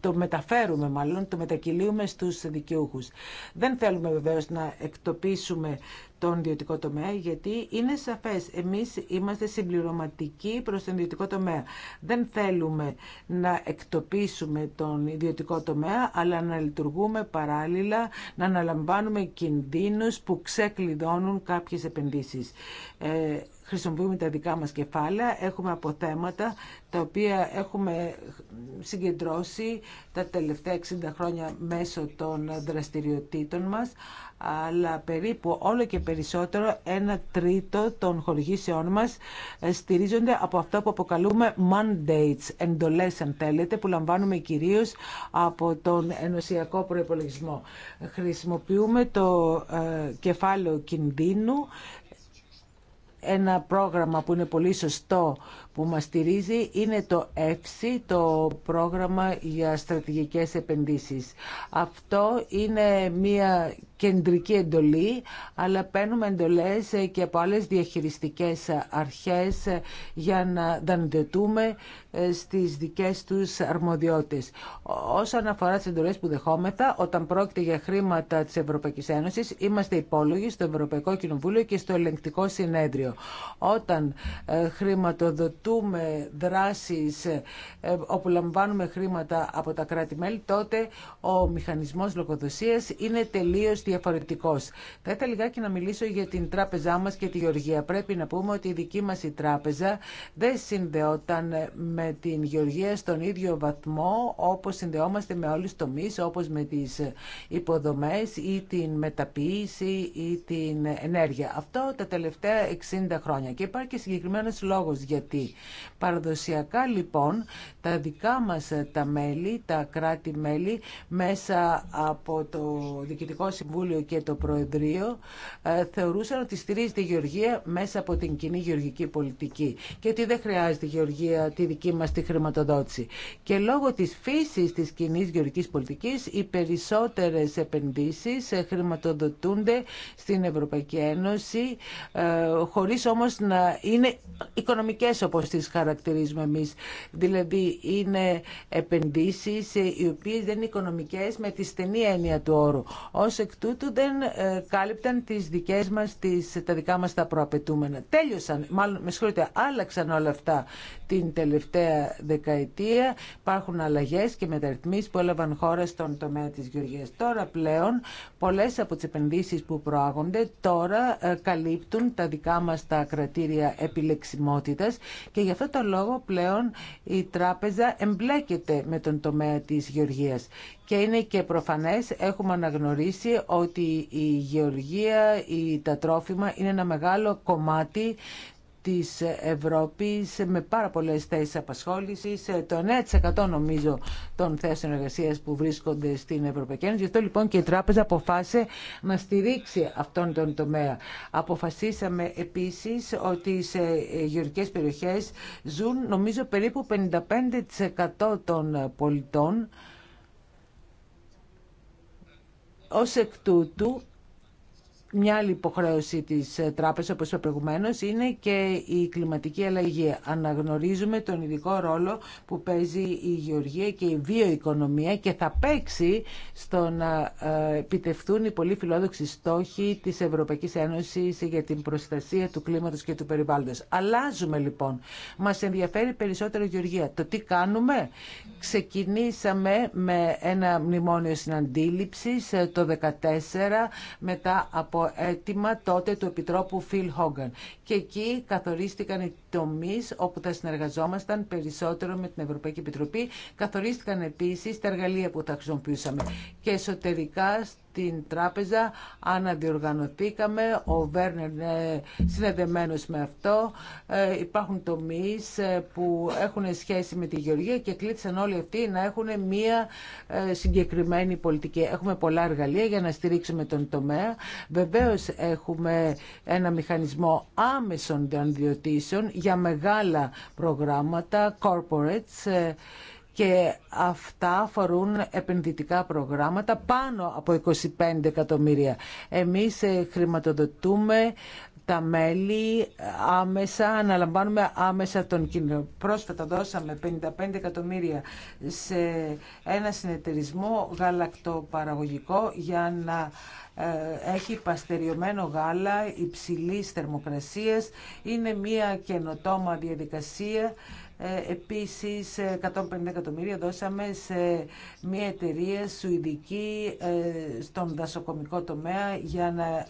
το μεταφέρουμε μάλλον, το μετακυλίουμε στους δικαιούχους. Δεν θέλουμε βεβαίως να εκτοπίσουμε τον ιδιωτικό τομέα, γιατί είναι σαφές. Εμείς είμαστε συμπληρωματικοί προς τον ιδιωτικό τομέα. Δεν θέλουμε να εκτοπίσουμε τον ιδιωτικό τομέα, αλλά να λειτουργούμε παράλληλα, να αναλαμβάνουμε κινδύνους που ξεκλειδώνουν κάποιες επενδύσεις. Ε, χρησιμοποιούμε τα δικά μας κεφάλαια, έχουμε αποθέματα τα οποία έχουμε συγκεντρώσει τα τελευταία 60 χρόνια μέσω των δραστηριοτήτων μας, αλλά περίπου όλο και περισσότερο ένα τρίτο των χορηγήσεών μας στηρίζονται από αυτό που αποκαλούμε mandates, εντολές αν θέλετε, που λαμβάνουμε κυρίως από τον ενωσιακό προϋπολογισμό. Χρησιμοποιούμε το ε, κεφάλαιο κινδύνου ένα πρόγραμμα που είναι πολύ σωστό που μας στηρίζει είναι το ΕΦΣΙ, το πρόγραμμα για στρατηγικές επενδύσεις. Αυτό είναι μια κεντρική εντολή, αλλά παίρνουμε εντολές και από άλλες διαχειριστικές αρχές για να δανειδετούμε ε, στις δικές τους αρμοδιότητες. Όσον αφορά τις εντολές που δεχόμεθα, όταν πρόκειται για χρήματα της Ευρωπαϊκής Ένωσης, είμαστε υπόλογοι στο Ευρωπαϊκό Κοινοβούλιο και στο Ελεγκτικό Συνέδριο. Όταν ε, χρηματοδοτούμε απαιτούμε δράσεις ε, όπου λαμβάνουμε χρήματα από τα κράτη-μέλη, τότε ο μηχανισμός λογοδοσίας είναι τελείως διαφορετικός. Θα ήθελα λιγάκι να μιλήσω για την τράπεζά μας και τη Γεωργία. Πρέπει να πούμε ότι η δική μας η τράπεζα δεν συνδεόταν με την Γεωργία στον ίδιο βαθμό όπως συνδεόμαστε με όλους τους τομείς, όπως με τις υποδομές ή την μεταποίηση ή την ενέργεια. Αυτό τα τελευταία 60 χρόνια. Και υπάρχει και συγκεκριμένος λόγος γιατί. Παραδοσιακά λοιπόν τα δικά μας ε, τα μέλη, τα κράτη-μέλη μέσα από το Διοικητικό Συμβούλιο και το Προεδρείο ε, θεωρούσαν ότι στηρίζεται η Γεωργία μέσα από την κοινή γεωργική πολιτική και ότι δεν χρειάζεται η Γεωργία τη δική μας τη χρηματοδότηση. Και λόγω της φύσης της κοινή γεωργικής πολιτικής οι περισσότερες επενδύσεις ε, χρηματοδοτούνται στην Ευρωπαϊκή Ένωση χωρίς όμως να είναι οικονομικές όπως στις τις χαρακτηρίζουμε εμείς. Δηλαδή είναι επενδύσεις οι οποίες δεν είναι οικονομικές με τη στενή έννοια του όρου. Ως εκ τούτου δεν ε, κάλυπταν τις δικές μας, τις, τα δικά μας τα προαπαιτούμενα. Τέλειωσαν, μάλλον με συγχωρείτε, άλλαξαν όλα αυτά την τελευταία δεκαετία υπάρχουν αλλαγέ και μεταρρυθμίσει που έλαβαν χώρα στον τομέα της γεωργίας. Τώρα πλέον πολλές από τις επενδύσει που προάγονται τώρα ε, καλύπτουν τα δικά μας τα κρατήρια επιλεξιμότητας και γι' αυτό το λόγο πλέον η τράπεζα εμπλέκεται με τον τομέα της γεωργίας. Και είναι και προφανές, έχουμε αναγνωρίσει ότι η γεωργία, η, τα τρόφιμα είναι ένα μεγάλο κομμάτι της Ευρώπης με πάρα πολλές θέσεις απασχόλησης, ε, το 9% νομίζω των θέσεων εργασία που βρίσκονται στην Ευρωπαϊκή Ένωση. Γι' αυτό λοιπόν και η Τράπεζα αποφάσισε να στηρίξει αυτόν τον τομέα. Αποφασίσαμε επίσης ότι σε γεωργικές περιοχές ζουν νομίζω περίπου 55% των πολιτών. Ως εκ τούτου μια άλλη υποχρέωση της ε, τράπεζας, όπως είπα προηγουμένως, είναι και η κλιματική αλλαγή. Αναγνωρίζουμε τον ειδικό ρόλο που παίζει η γεωργία και η βιοοικονομία και θα παίξει στο να ε, επιτευθούν οι πολύ φιλόδοξοι στόχοι της Ευρωπαϊκής Ένωσης για την προστασία του κλίματος και του περιβάλλοντος. Αλλάζουμε λοιπόν. Μας ενδιαφέρει περισσότερο η γεωργία. Το τι κάνουμε. Ξεκινήσαμε με ένα μνημόνιο συναντήληψης ε, το 2014 μετά από αίτημα τότε του Επιτρόπου Φιλ Χόγκαν. Και εκεί καθορίστηκαν οι τομεί όπου θα συνεργαζόμασταν περισσότερο με την Ευρωπαϊκή Επιτροπή. Καθορίστηκαν επίση τα εργαλεία που θα χρησιμοποιούσαμε. Και εσωτερικά την τράπεζα, αναδιοργανωθήκαμε, ο Βέρνερ είναι με αυτό. Ε, υπάρχουν τομείς ε, που έχουν σχέση με τη γεωργία και κλείτσαν όλοι αυτοί να έχουν μία ε, συγκεκριμένη πολιτική. Έχουμε πολλά εργαλεία για να στηρίξουμε τον τομέα. Βεβαίως έχουμε ένα μηχανισμό άμεσων διανδιωτήσεων για μεγάλα προγράμματα, corporates, και αυτά αφορούν επενδυτικά προγράμματα πάνω από 25 εκατομμύρια. Εμείς ε, χρηματοδοτούμε τα μέλη ε, άμεσα, αναλαμβάνουμε άμεσα τον κίνδυνο. Πρόσφατα δώσαμε 55 εκατομμύρια σε ένα συνεταιρισμό γαλακτοπαραγωγικό για να ε, έχει παστεριωμένο γάλα υψηλής θερμοκρασίας. Είναι μια καινοτόμα διαδικασία ε, επίσης, 150 ε, εκατομμύρια δώσαμε σε μια εταιρεία σουηδική ε, στον δασοκομικό τομέα για να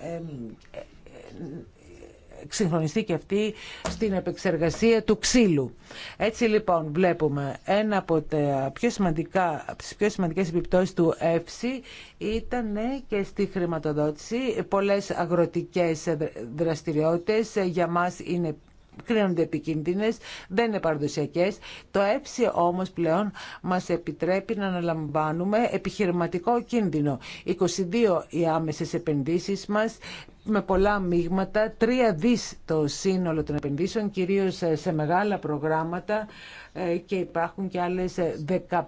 ξυγχρονιστεί και αυτή στην επεξεργασία του ξύλου. Έτσι λοιπόν βλέπουμε ένα από τα πιο σημαντικά, τις πιο σημαντικές επιπτώσεις του ΕΦΣΙ ήταν ναι, και στη χρηματοδότηση. Πολλές αγροτικές δραστηριότητες για μας είναι κρίνονται επικίνδυνες, δεν είναι παραδοσιακέ. Το έψι όμως πλέον μας επιτρέπει να αναλαμβάνουμε επιχειρηματικό κίνδυνο. 22 οι άμεσε επενδύσει μας, με πολλά μείγματα, τρία δις το σύνολο των επενδύσεων, κυρίως ε, σε μεγάλα προγράμματα ε, και υπάρχουν και άλλες 15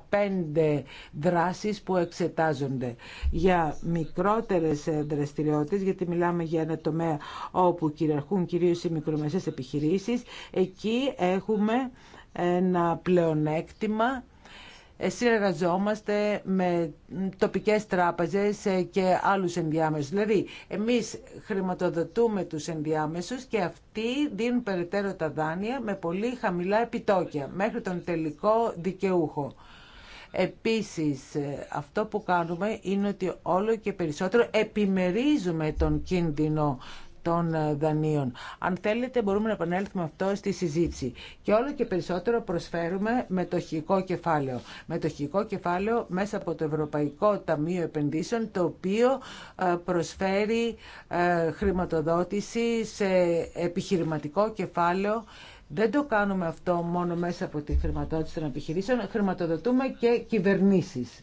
ε, δράσεις που εξετάζονται. Για μικρότερες δραστηριότητες, γιατί μιλάμε για ένα τομέα όπου κυριαρχούν κυρίως οι μικρομεσαίες επιχειρήσεις, εκεί έχουμε ένα πλεονέκτημα ε, συνεργαζόμαστε με τοπικές τράπεζες ε, και άλλους ενδιάμεσους. Δηλαδή, εμείς χρηματοδοτούμε τους ενδιάμεσους και αυτοί δίνουν περαιτέρω τα δάνεια με πολύ χαμηλά επιτόκια μέχρι τον τελικό δικαιούχο. Επίσης, ε, αυτό που κάνουμε είναι ότι όλο και περισσότερο επιμερίζουμε τον κίνδυνο των ε, δανείων. Αν θέλετε μπορούμε να επανέλθουμε αυτό στη συζήτηση. Και όλο και περισσότερο προσφέρουμε με το κεφάλαιο. Με το κεφάλαιο μέσα από το Ευρωπαϊκό Ταμείο Επενδύσεων το οποίο ε, προσφέρει ε, χρηματοδότηση σε επιχειρηματικό κεφάλαιο δεν το κάνουμε αυτό μόνο μέσα από τη χρηματοδότηση των επιχειρήσεων, χρηματοδοτούμε και κυβερνήσεις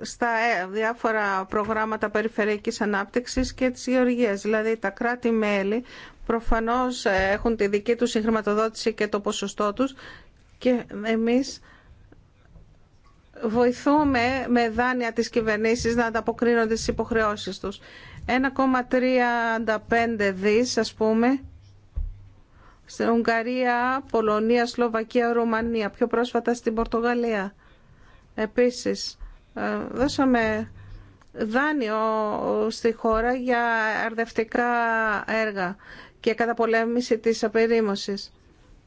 στα ε, διάφορα προγράμματα περιφερειακής ανάπτυξης και της γεωργίας. Δηλαδή τα κράτη-μέλη προφανώς ε, έχουν τη δική τους συγχρηματοδότηση και το ποσοστό τους και εμείς βοηθούμε με δάνεια τις κυβερνήσεις να ανταποκρίνονται στις υποχρεώσεις τους. 1,35 δις ας πούμε στην Ουγγαρία, Πολωνία, Σλοβακία, Ρουμανία, πιο πρόσφατα στην Πορτογαλία. Επίσης, ε, δώσαμε δάνειο στη χώρα για αρδευτικά έργα και καταπολέμηση της απερίμωσης.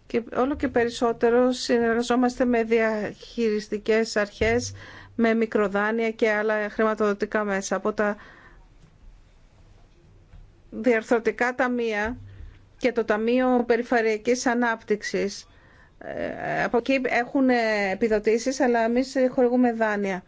Και όλο και περισσότερο συνεργαζόμαστε με διαχειριστικές αρχές, με μικροδάνεια και άλλα χρηματοδοτικά μέσα. Από τα διαρθρωτικά ταμεία και το Ταμείο Περιφερειακής Ανάπτυξης. Ε, από εκεί έχουν επιδοτήσεις, αλλά εμείς χορηγούμε δάνεια.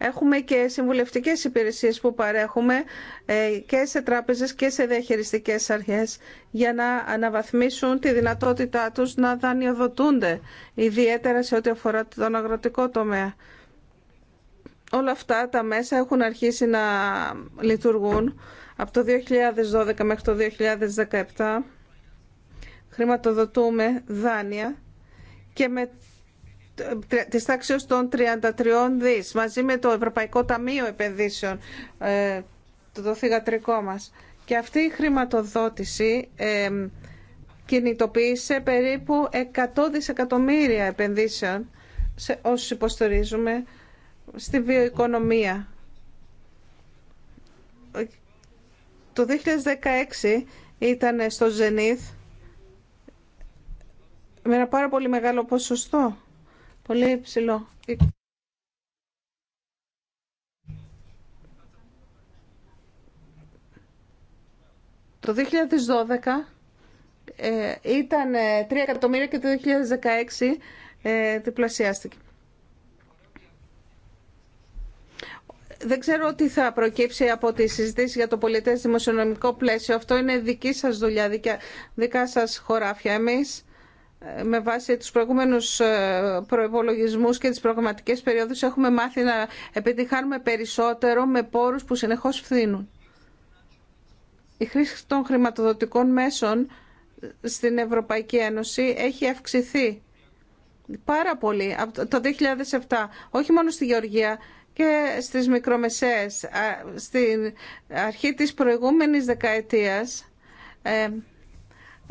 Έχουμε και συμβουλευτικές υπηρεσίες που παρέχουμε ε, και σε τράπεζες και σε διαχειριστικές αρχές για να αναβαθμίσουν τη δυνατότητά τους να δανειοδοτούνται, ιδιαίτερα σε ό,τι αφορά τον αγροτικό τομέα. Όλα αυτά τα μέσα έχουν αρχίσει να λειτουργούν από το 2012 μέχρι το 2017. Χρηματοδοτούμε δάνεια και με της τάξης των 33 δις μαζί με το Ευρωπαϊκό Ταμείο Επενδύσεων ε, το θηγατρικό μας και αυτή η χρηματοδότηση ε, κινητοποίησε περίπου 100 δισεκατομμύρια επενδύσεων σε όσους υποστηρίζουμε στη βιοοικονομία. Το 2016 ήταν στο Ζενίθ με ένα πάρα πολύ μεγάλο ποσοστό Πολύ Το 2012 ε, ήταν 3 ε, εκατομμύρια και το 2016 ε, διπλασιάστηκε. Δεν ξέρω τι θα προκύψει από τη συζήτηση για το πολιτές δημοσιονομικό πλαίσιο. Αυτό είναι δική σας δουλειά, δικά, δικά σας χωράφια. Εμείς με βάση τους προηγούμενους ε, προϋπολογισμούς και τις προγραμματικές περιόδους έχουμε μάθει να επιτυχάνουμε περισσότερο με πόρους που συνεχώς φθήνουν. Η χρήση των χρηματοδοτικών μέσων στην Ευρωπαϊκή Ένωση έχει αυξηθεί πάρα πολύ από το 2007, όχι μόνο στη Γεωργία και στις μικρομεσαίες. Στην αρχή της προηγούμενης δεκαετίας ε,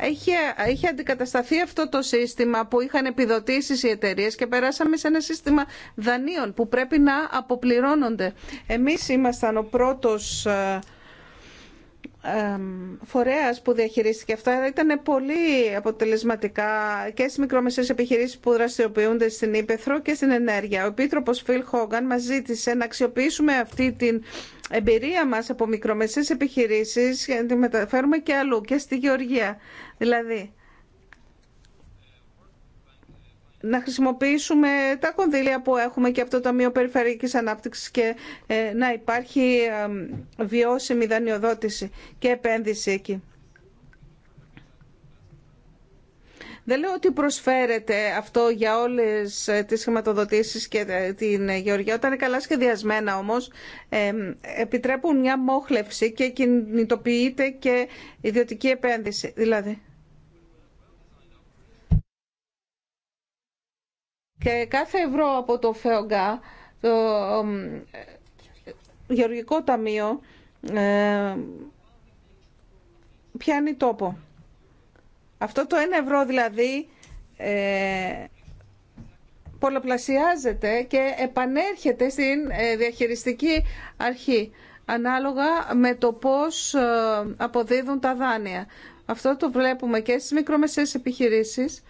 έχει είχε αντικατασταθεί αυτό το σύστημα που είχαν επιδοτήσεις οι εταιρείε και περάσαμε σε ένα σύστημα δανείων που πρέπει να αποπληρώνονται. Εμείς ήμασταν ο πρώτος ε, φορέας που διαχειρίστηκε αυτά ήταν πολύ αποτελεσματικά και στις μικρομεσαίες επιχειρήσεις που δραστηριοποιούνται στην Ήπεθρο και στην ενέργεια. Ο Επίτροπος Φιλ Χόγκαν μας ζήτησε να αξιοποιήσουμε αυτή την εμπειρία μας από μικρομεσαίες επιχειρήσεις για να τη μεταφέρουμε και αλλού και στη Γεωργία. Δηλαδή, να χρησιμοποιήσουμε τα κονδύλια που έχουμε και από το Ταμείο Περιφερειακής Ανάπτυξης και ε, να υπάρχει βιώσιμη δανειοδότηση και επένδυση εκεί. Δεν λέω ότι προσφέρεται αυτό για όλες ε, τις χρηματοδοτήσεις και ε, την γεωργία. Όταν είναι καλά σχεδιασμένα όμως, επιτρέπουν μια μόχλευση και κινητοποιείται και ιδιωτική επένδυση. Δηλαδή, Και κάθε ευρώ από το ΦΕΟΓΑ, το Γεωργικό Ταμείο, ε, πιάνει τόπο. Αυτό το 1 ευρώ δηλαδή ε, πολλαπλασιάζεται και επανέρχεται στην ε, διαχειριστική αρχή ανάλογα με το πώς αποδίδουν τα δάνεια. Αυτό το βλέπουμε και στις μικρομεσαίες επιχειρήσεις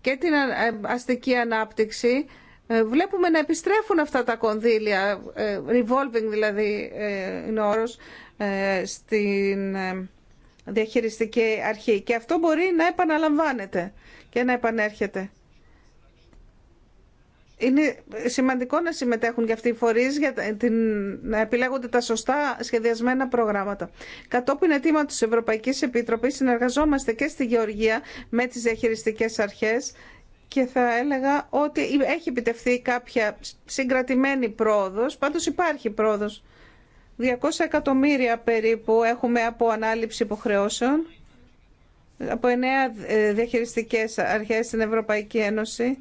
και την ε, αστική ανάπτυξη ε, βλέπουμε να επιστρέφουν αυτά τα κονδύλια, ε, revolving δηλαδή είναι όρος, στην διαχειριστική αρχή. Και αυτό μπορεί να επαναλαμβάνεται και να επανέρχεται είναι σημαντικό να συμμετέχουν και αυτοί οι φορεί για την, να επιλέγονται τα σωστά σχεδιασμένα προγράμματα. Κατόπιν αιτήματος της Ευρωπαϊκής Επιτροπής συνεργαζόμαστε και στη Γεωργία με τις διαχειριστικέ αρχές και θα έλεγα ότι έχει επιτευχθεί κάποια συγκρατημένη πρόοδος, πάντως υπάρχει πρόοδος. 200 εκατομμύρια περίπου έχουμε από ανάληψη υποχρεώσεων από εννέα ε, διαχειριστικές αρχές στην Ευρωπαϊκή Ένωση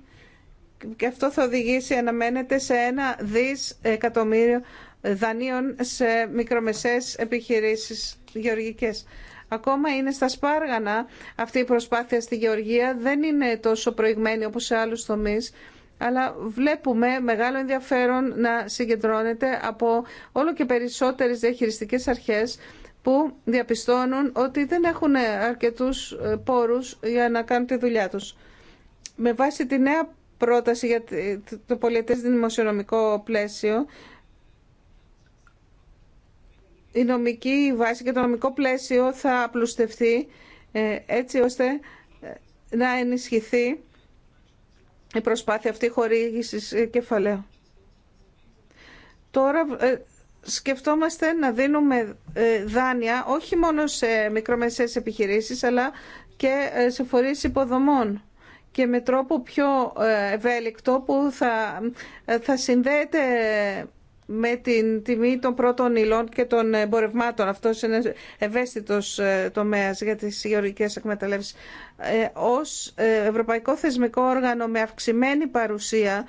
και αυτό θα οδηγήσει αναμένεται σε ένα δις εκατομμύριο δανείων σε μικρομεσαίες επιχειρήσεις γεωργικές. Ακόμα είναι στα σπάργανα αυτή η προσπάθεια στη γεωργία, δεν είναι τόσο προηγμένη όπως σε άλλους τομείς, αλλά βλέπουμε μεγάλο ενδιαφέρον να συγκεντρώνεται από όλο και περισσότερες διαχειριστικές αρχές που διαπιστώνουν ότι δεν έχουν αρκετούς πόρους για να κάνουν τη δουλειά τους. Με βάση τη νέα πρόταση για το πολιτές δημοσιονομικό πλαίσιο, η νομική βάση και το νομικό πλαίσιο θα απλουστευτεί ε, έτσι ώστε ε, να ενισχυθεί η προσπάθεια αυτή χορήγησης ε, κεφαλαίου. Τώρα σκεφτόμαστε να δίνουμε δάνεια όχι μόνο σε μικρομεσαίες επιχειρήσεις αλλά και σε φορείς υποδομών και με τρόπο πιο ε, ευέλικτο που θα, ε, θα συνδέεται με την τιμή των πρώτων υλών και των εμπορευμάτων. Αυτό είναι ευαίσθητο ε, τομέα για τι γεωργικέ εκμεταλλεύσει. Ε, Ω ευρωπαϊκό θεσμικό όργανο με αυξημένη παρουσία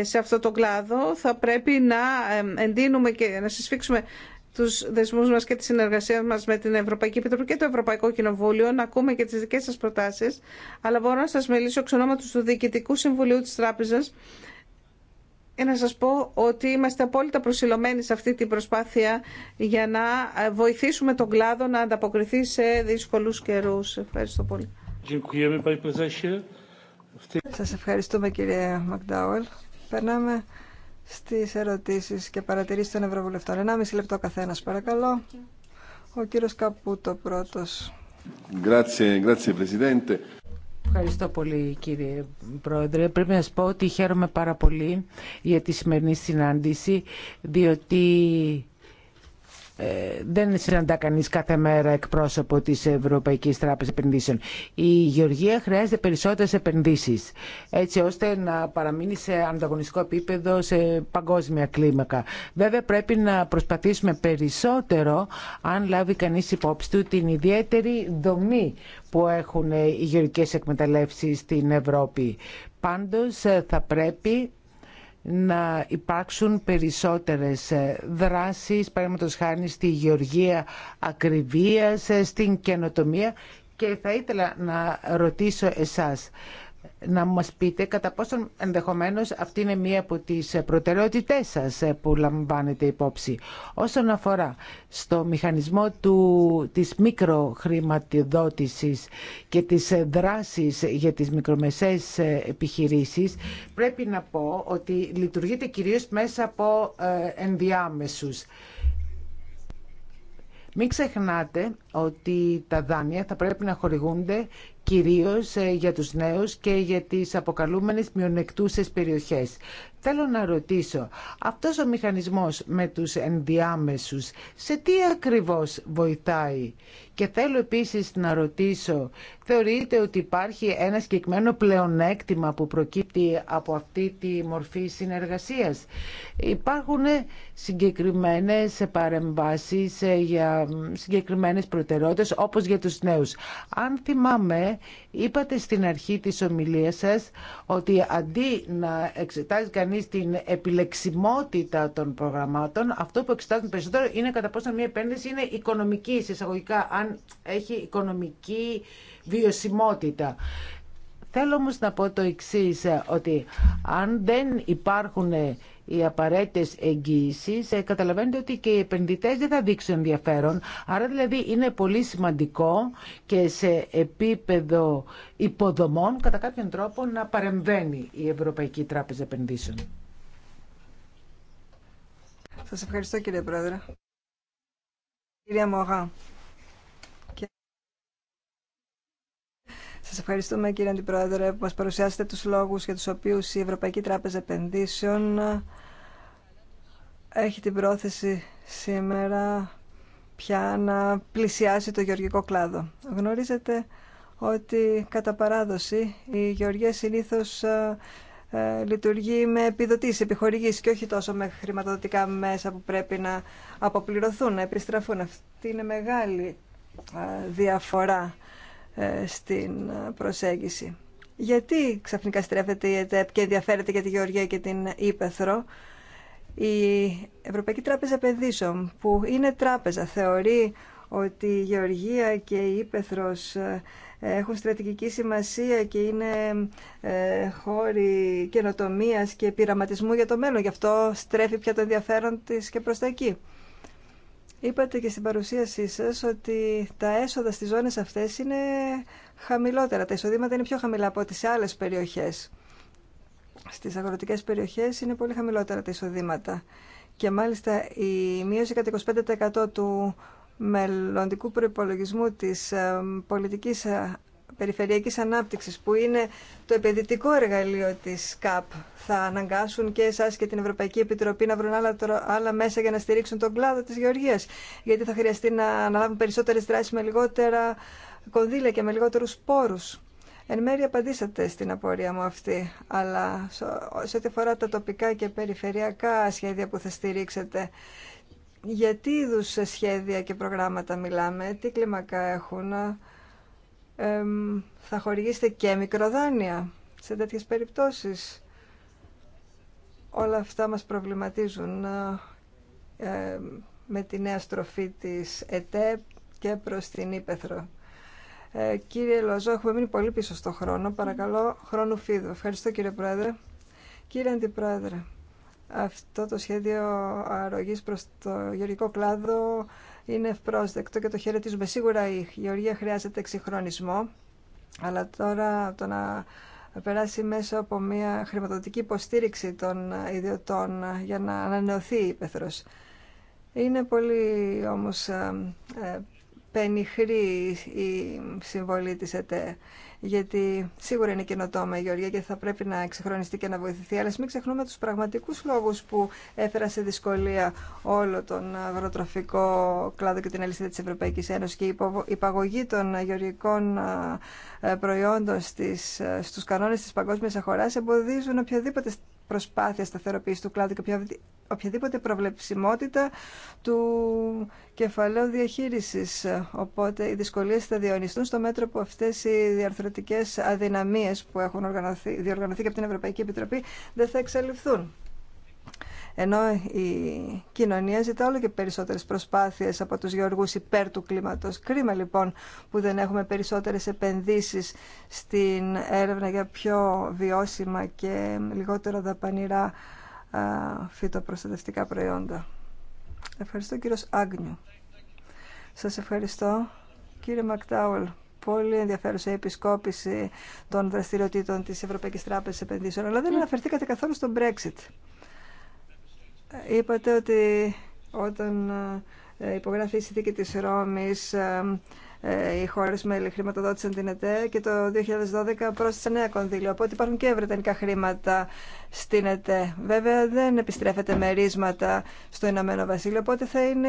σε αυτό το κλάδο, θα πρέπει να εντείνουμε και να συσφίξουμε τους δεσμούς μας και τη συνεργασία μας με την Ευρωπαϊκή Επιτροπή και το Ευρωπαϊκό Κοινοβούλιο, να ακούμε και τις δικές σας προτάσεις, αλλά μπορώ να σας μιλήσω εξ ονόματος του Διοικητικού Συμβουλίου της Τράπεζας και να σας πω ότι είμαστε απόλυτα προσιλωμένοι σε αυτή την προσπάθεια για να βοηθήσουμε τον κλάδο να ανταποκριθεί σε δύσκολους καιρούς. Ευχαριστώ πολύ. Σας ευχαριστούμε κύριε Μακντάουελ. Στι ερωτήσει και παρατηρήσει των Ευρωβουλευτών. 1,5 λεπτό καθένα. παρακαλώ. Ο κύριο Καπούτο πρώτο. Ευχαριστώ πολύ κύριε Πρόεδρε. Πρέπει να σας πω ότι χαίρομαι πάρα πολύ για τη σημερινή συνάντηση, διότι ε, δεν συναντά κανεί κάθε μέρα εκπρόσωπο τη Ευρωπαϊκή Τράπεζα Επενδύσεων. Η Γεωργία χρειάζεται περισσότερε επενδύσει, έτσι ώστε να παραμείνει σε ανταγωνιστικό επίπεδο, σε παγκόσμια κλίμακα. Βέβαια, πρέπει να προσπαθήσουμε περισσότερο, αν λάβει κανεί υπόψη του την ιδιαίτερη δομή που έχουν οι γεωργικές εκμεταλλεύσεις στην Ευρώπη. Πάντως θα πρέπει να υπάρξουν περισσότερες ε, δράσεις, παραδείγματος χάρη στη γεωργία ακριβίας, ε, στην καινοτομία και θα ήθελα να ρωτήσω εσάς να μας πείτε κατά πόσον ενδεχομένως αυτή είναι μία από τις προτεραιότητές σας που λαμβάνετε υπόψη. Όσον αφορά στο μηχανισμό του, της μικροχρηματοδότησης και της δράσης για τις μικρομεσαίες επιχειρήσεις, πρέπει να πω ότι λειτουργείται κυρίως μέσα από ε, ενδιάμεσους. Μην ξεχνάτε ότι τα δάνεια θα πρέπει να χορηγούνται κυρίως ε, για τους νέους και για τις αποκαλούμενες μειονεκτούσες περιοχές. Θέλω να ρωτήσω, αυτός ο μηχανισμός με τους ενδιάμεσους, σε τι ακριβώς βοηθάει και θέλω επίσης να ρωτήσω, θεωρείτε ότι υπάρχει ένα συγκεκριμένο πλεονέκτημα που προκύπτει από αυτή τη μορφή συνεργασίας. Υπάρχουν συγκεκριμένες παρεμβάσεις ε, για συγκεκριμένες προτεραιότητες όπως για τους νέους. Αν θυμάμαι, είπατε στην αρχή της ομιλίας σας ότι αντί να εξετάζει κανείς την επιλεξιμότητα των προγραμμάτων, αυτό που εξετάζουν περισσότερο είναι κατά πόσο μια επένδυση είναι οικονομική, εισαγωγικά, αν έχει οικονομική βιωσιμότητα. Θέλω όμως να πω το εξής, ε, ότι αν δεν υπάρχουν ε, οι απαραίτητε εγγύησει, ε, καταλαβαίνετε ότι και οι επενδυτέ δεν θα δείξουν ενδιαφέρον. Άρα δηλαδή είναι πολύ σημαντικό και σε επίπεδο υποδομών κατά κάποιον τρόπο να παρεμβαίνει η Ευρωπαϊκή Τράπεζα Επενδύσεων. Σα ευχαριστώ κύριε Πρόεδρε. Κυρία Μωγά. Σα ευχαριστούμε κύριε Αντιπρόεδρε που μας παρουσιάσετε τους λόγους για τους οποίους η Ευρωπαϊκή Τράπεζα Επενδύσεων ε, έχει την πρόθεση σήμερα πια να πλησιάσει το γεωργικό κλάδο. Γνωρίζετε ότι κατά παράδοση η γεωργία συνήθως ε, ε, λειτουργεί με επιδοτήσεις, επιχορηγήσεις και όχι τόσο με χρηματοδοτικά μέσα που πρέπει να αποπληρωθούν, να επιστραφούν. Αυτή είναι μεγάλη διαφορά ε, στην προσέγγιση. Γιατί ξαφνικά στρέφεται η ΕΤΕΠ και ενδιαφέρεται για τη Γεωργία και την Ήπεθρο. Η Ευρωπαϊκή Τράπεζα Επενδύσεων, που είναι τράπεζα, θεωρεί ότι η Γεωργία και η Ήπεθρος ε, έχουν στρατηγική σημασία και είναι ε, χώροι καινοτομία και πειραματισμού για το μέλλον. Γι' αυτό στρέφει πια το ενδιαφέρον της και προς τα εκεί. Είπατε και στην παρουσίασή σας ότι τα έσοδα στις ζώνες αυτές είναι χαμηλότερα. Τα εισοδήματα είναι πιο χαμηλά από ό,τι σε άλλες περιοχές. Στις αγροτικές περιοχές είναι πολύ χαμηλότερα τα εισοδήματα. Και μάλιστα η μείωση κατά 25% του μελλοντικού προϋπολογισμού της ε, πολιτικής ε, περιφερειακής ανάπτυξης που είναι το επενδυτικό εργαλείο της ΚΑΠ θα αναγκάσουν και εσάς και την Ευρωπαϊκή Επιτροπή να βρουν άλλα, μέσα για να στηρίξουν τον κλάδο της γεωργίας γιατί θα χρειαστεί να αναλάβουν περισσότερες δράσεις με λιγότερα κονδύλια και με λιγότερους πόρους. Εν μέρει απαντήσατε στην απορία μου αυτή, αλλά σε ό,τι αφορά τα τοπικά και περιφερειακά σχέδια που θα στηρίξετε, για τι σχέδια και προγράμματα μιλάμε, τι κλίμακα έχουν, θα χορηγήσετε και μικροδάνεια σε τέτοιες περιπτώσεις. Όλα αυτά μας προβληματίζουν ε, με τη νέα στροφή της ΕΤΕ και προς την Ήπεθρο. Ε, κύριε Λοζό, έχουμε μείνει πολύ πίσω στο χρόνο. Παρακαλώ, χρόνου φίδου. Ευχαριστώ κύριε Πρόεδρε. Κύριε Αντιπρόεδρε, αυτό το σχέδιο αρρωγής προς το γεωργικό κλάδο είναι ευπρόσδεκτο και το χαιρετίζουμε. Σίγουρα η γεωργία χρειάζεται εξυγχρονισμό, αλλά τώρα το να περάσει μέσα από μια χρηματοδοτική υποστήριξη των ιδιωτών για να ανανεωθεί η πέθρος. Είναι πολύ όμως ε, ε, πενιχρή η συμβολή της ΕΤΕ γιατί σίγουρα είναι καινοτόμα η Γεωργία και θα πρέπει να εξεχρονιστεί και να βοηθηθεί. Αλλά μην ξεχνούμε τους πραγματικούς λόγους που έφεραν σε δυσκολία όλο τον αγροτροφικό κλάδο και την αλυσίδα τη ευρωπαϊκή Ένωση και η υπαγωγή των γεωργικών ε, προϊόντων ε, στου κανόνε κανόνες της παγκόσμιας εμποδίζουν οποιαδήποτε προσπάθεια σταθεροποίηση του κλάδου και οποιαδήποτε προβλεψιμότητα του κεφαλαίου διαχείρισης. Οπότε οι δυσκολίες θα διονυστούν στο μέτρο που αυτές οι διαρθρωτικές αδυναμίες που έχουν διοργανωθεί και από την Ευρωπαϊκή Επιτροπή δεν θα εξαλειφθούν. Ενώ η κοινωνία ζητά όλο και περισσότερες προσπάθειες από τους γεωργούς υπέρ του κλίματος. Κρίμα λοιπόν που δεν έχουμε περισσότερες επενδύσεις στην έρευνα για πιο βιώσιμα και λιγότερο δαπανηρά φυτοπροστατευτικά προϊόντα. Ευχαριστώ κύριος Άγνιου. Σας ευχαριστώ κύριε Μακτάουλ πολύ ενδιαφέρουσα η επισκόπηση των δραστηριοτήτων της Ευρωπαϊκής Τράπεζας Επενδύσεων, αλλά δεν mm. αναφερθήκατε καθόλου στο Brexit. Είπατε ότι όταν ε, υπογράφει η συνθήκη της Ρώμης ε, ε, οι χώρες με χρηματοδότησαν την ΕΤΕ και το 2012 πρόσθεσαν νέα κονδύλια. Οπότε υπάρχουν και βρετανικά χρήματα στην ΕΤΕ. Βέβαια δεν επιστρέφεται μερίσματα στο Ηνωμένο Βασίλειο, οπότε θα είναι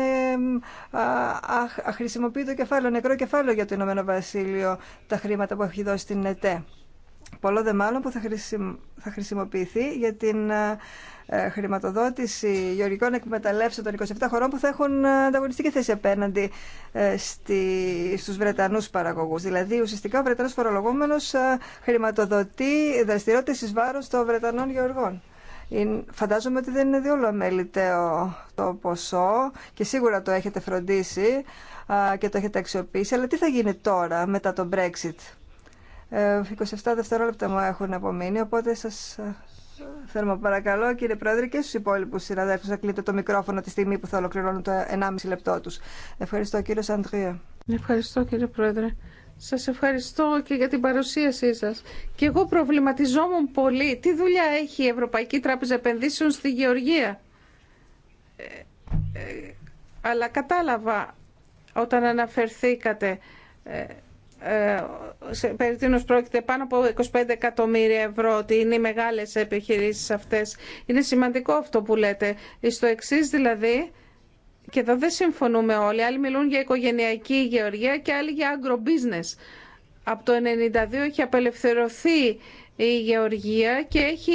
αχρησιμοποιητό κεφάλαιο, νεκρό κεφάλαιο για το Ηνωμένο Βασίλειο τα χρήματα που έχει δώσει στην ΕΤΕ. Πολλό δε μάλλον που θα χρησιμοποιηθεί για την ε, χρηματοδότηση γεωργικών εκμεταλλεύσεων των 27 χωρών που θα έχουν ανταγωνιστική θέση απέναντι ε, στου στους Βρετανούς παραγωγούς. Δηλαδή ουσιαστικά ο Βρετανός φορολογούμενος ε, χρηματοδοτεί δραστηριότητες εις βάρος των Βρετανών γεωργών. Φαντάζομαι ότι δεν είναι διόλου αμεληταίο το ποσό και σίγουρα το έχετε φροντίσει και το έχετε αξιοποιήσει. Αλλά τι θα γίνει τώρα μετά τον Brexit. 27 δευτερόλεπτα μου έχουν απομείνει, οπότε σας Θέλω παρακαλώ, κύριε Πρόεδρε και στους υπόλοιπους συναδέλφους να κλείτε το μικρόφωνο τη στιγμή που θα ολοκληρώνουν το 1,5 λεπτό τους. Ευχαριστώ κύριε Σαντρία. Ευχαριστώ κύριε Πρόεδρε. Σας ευχαριστώ και για την παρουσίασή σας. Και εγώ προβληματιζόμουν πολύ. Τι δουλειά έχει η Ευρωπαϊκή Τράπεζα Επενδύσεων στη Γεωργία. Ε, ε αλλά κατάλαβα όταν αναφερθήκατε ε, ε, σε, περί τίνος πρόκειται πάνω από 25 εκατομμύρια ευρώ ότι είναι οι μεγάλες επιχειρήσεις αυτές. Είναι σημαντικό αυτό που λέτε. Στο εξή δηλαδή, και εδώ δεν συμφωνούμε όλοι, άλλοι μιλούν για οικογενειακή γεωργία και άλλοι για agro-business. Από το 1992 έχει απελευθερωθεί η Γεωργία και έχει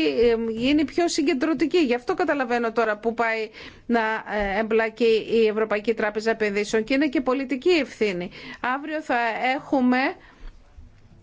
γίνει πιο συγκεντρωτική. Γι' αυτό καταλαβαίνω τώρα που πάει να ε, εμπλακεί η Ευρωπαϊκή Τράπεζα Επενδύσεων και είναι και πολιτική ευθύνη. Αύριο θα έχουμε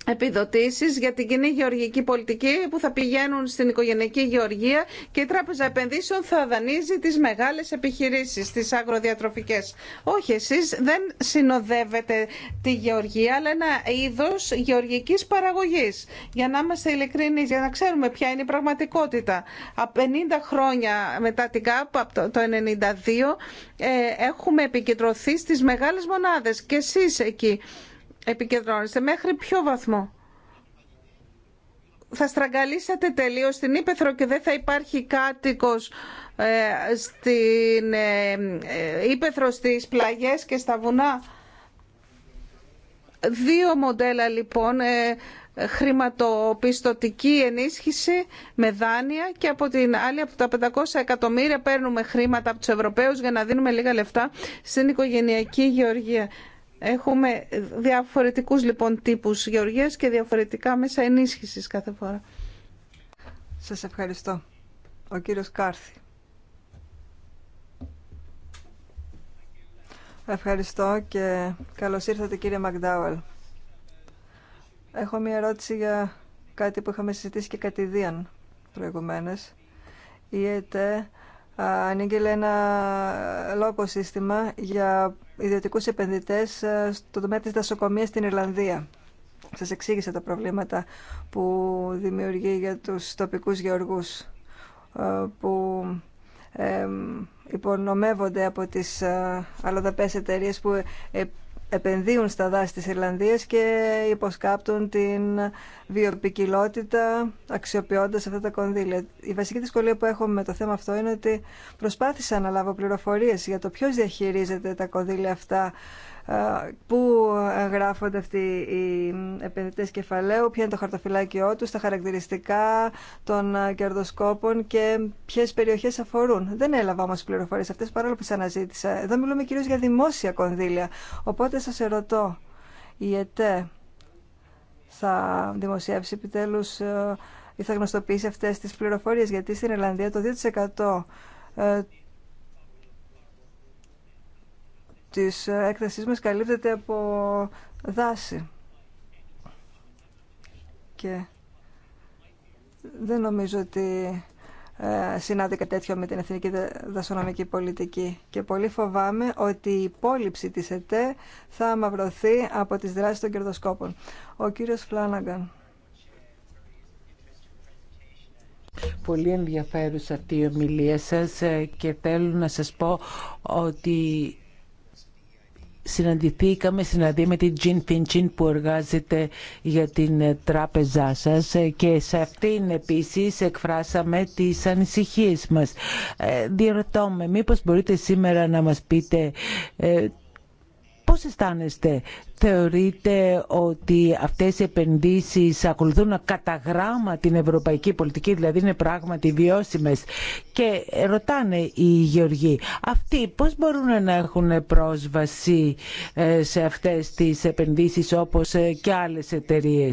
επιδοτήσεις για την κοινή γεωργική πολιτική που θα πηγαίνουν στην οικογενειακή γεωργία και η Τράπεζα Επενδύσεων θα δανείζει τις μεγάλες επιχειρήσεις, τις αγροδιατροφικές. Όχι, εσείς δεν συνοδεύετε τη γεωργία, αλλά ένα είδος γεωργικής παραγωγής. Για να είμαστε ειλικρινείς, για να ξέρουμε ποια είναι η πραγματικότητα. Από 50 χρόνια μετά την ΚΑΠ, από το 1992, ε, έχουμε επικεντρωθεί στις μεγάλες μονάδες και εσείς εκεί επικεντρώνεστε, μέχρι ποιο βαθμό. Θα στραγγαλίσατε τελείως την Ήπεθρο και δεν θα υπάρχει κάτοικος ε, στην ε, ε, Ήπεθρο, στις πλαγιές και στα βουνά. Δύο μοντέλα λοιπόν, ε, χρηματοπιστωτική ενίσχυση με δάνεια και από την άλλη από τα 500 εκατομμύρια παίρνουμε χρήματα από τους Ευρωπαίους για να δίνουμε λίγα λεφτά στην οικογενειακή γεωργία. Έχουμε διαφορετικούς λοιπόν τύπους γεωργίας και διαφορετικά μέσα ενίσχυσης κάθε φορά. Σας ευχαριστώ. Ο κύριος Κάρθη. Ευχαριστώ και καλώς ήρθατε κύριε Μακδάουελ. Έχω μια ερώτηση για κάτι που είχαμε συζητήσει και κατηδίαν προηγουμένως. Η ΕΤΕ ανήγγειλε ένα λόγο σύστημα για ιδιωτικούς επενδυτές ε, στο τομέα τη δασοκομείας στην Ιρλανδία. Σας εξήγησα τα προβλήματα που δημιουργεί για τους τοπικούς γεωργούς ε, που ε, υπονομεύονται από τις αλλοδαπές εταιρείες που επενδύουν στα δάση της Ιρλανδίας και υποσκάπτουν την βιοπικιλότητα αξιοποιώντας αυτά τα κονδύλια. Η βασική δυσκολία που έχω με το θέμα αυτό είναι ότι προσπάθησα να λάβω πληροφορίες για το ποιος διαχειρίζεται τα κονδύλια αυτά πού ε, γράφονται αυτοί οι επενδυτές κεφαλαίου, ποιο είναι το χαρτοφυλάκιό τους, τα χαρακτηριστικά των ε, κερδοσκόπων και ποιες περιοχές αφορούν. Δεν έλαβα όμως πληροφορίες αυτές παρόλο που σας αναζήτησα. Εδώ μιλούμε κυρίως για δημόσια κονδύλια. Οπότε σας ερωτώ, η ΕΤΕ θα δημοσιεύσει επιτέλους ε, ή θα γνωστοποιήσει αυτές τις πληροφορίες γιατί στην Ελλανδία το 2% της έκθεσης μας καλύπτεται από δάση. Και δεν νομίζω ότι ε, συνάδει τέτοιο με την εθνική δασονομική πολιτική. Και πολύ φοβάμαι ότι η υπόλοιψη της ΕΤΕ θα αμαυρωθεί από τις δράσεις των κερδοσκόπων. Ο κύριος Φλάναγκαν. Πολύ ενδιαφέρουσα αυτή η ομιλία σας ε, και θέλω να σας πω ότι συναντηθήκαμε συναντή με την Τζιν Φιντζιν που εργάζεται για την ε, τράπεζά σας ε, και σε αυτήν επίσης εκφράσαμε τις ανησυχίες μας. Ε, Διερωτώ με, μήπως μπορείτε σήμερα να μας πείτε Πώς αισθάνεστε, θεωρείτε ότι αυτές οι επενδύσεις ακολουθούν κατά γράμμα την ευρωπαϊκή πολιτική, δηλαδή είναι πράγματι βιώσιμες. Και ρωτάνε οι γεωργοί, αυτοί πώς μπορούν να έχουν πρόσβαση ε, σε αυτές τις επενδύσεις όπως ε, και άλλες εταιρείε.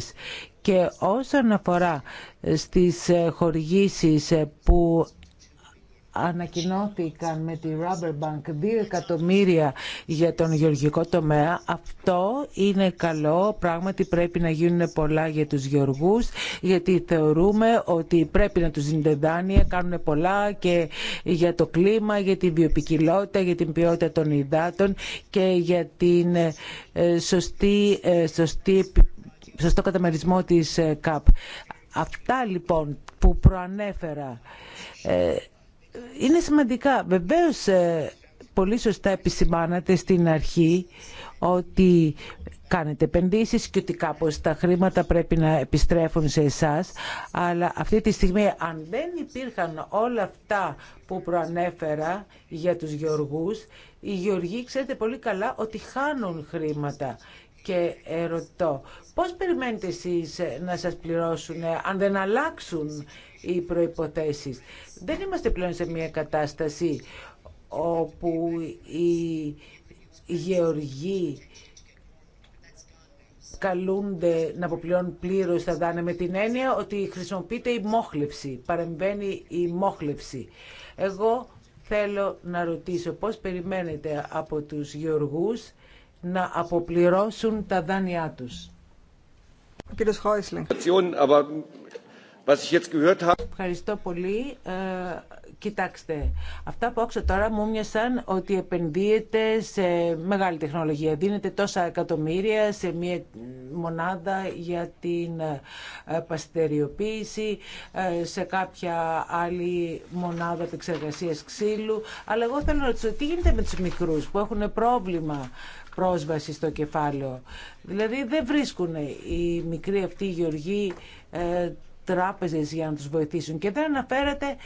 Και όσον αφορά ε, στις χορηγήσεις που ανακοινώθηκαν με τη Rubber Bank 2 εκατομμύρια για τον γεωργικό τομέα. Αυτό είναι καλό, πράγματι πρέπει να γίνουν πολλά για τους γεωργούς, γιατί θεωρούμε ότι πρέπει να τους δίνετε δάνεια, κάνουν πολλά και για το κλίμα, για την βιοπικιλότητα, για την ποιότητα των υδάτων και για την ε, σωστή, ε, σωστό καταμερισμό της ε, ΚΑΠ. Αυτά λοιπόν που προανέφερα είναι σημαντικά. βεβαίω ε, πολύ σωστά επισημάνατε στην αρχή ότι κάνετε επενδύσεις και ότι κάπως τα χρήματα πρέπει να επιστρέφουν σε εσάς. Αλλά αυτή τη στιγμή αν δεν υπήρχαν όλα αυτά που προανέφερα για τους γεωργούς, οι γεωργοί ξέρετε πολύ καλά ότι χάνουν χρήματα. Και ερωτώ, πώς περιμένετε εσείς να σας πληρώσουν ε, αν δεν αλλάξουν οι προϋποθέσεις. Δεν είμαστε πλέον σε μια κατάσταση όπου οι γεωργοί καλούνται να αποπληρώνουν πλήρω τα δάνεια με την έννοια ότι χρησιμοποιείται η μόχλευση, παρεμβαίνει η μόχλευση. Εγώ θέλω να ρωτήσω πώς περιμένετε από τους γεωργούς να αποπληρώσουν τα δάνειά τους. Ευχαριστώ πολύ. Ε, κοιτάξτε, αυτά που άκουσα τώρα μου μοιασαν ότι επενδύεται σε μεγάλη τεχνολογία. Δίνεται τόσα εκατομμύρια σε μια μονάδα για την ε, παστεριοποίηση, ε, σε κάποια άλλη μονάδα επεξεργασία ξύλου. Αλλά εγώ θέλω να ρωτήσω τι γίνεται με τους μικρούς που έχουν πρόβλημα πρόσβαση στο κεφάλαιο. Δηλαδή δεν βρίσκουν οι μικροί αυτοί οι γεωργοί τράπεζε για να του βοηθήσουν και δεν αναφέρεται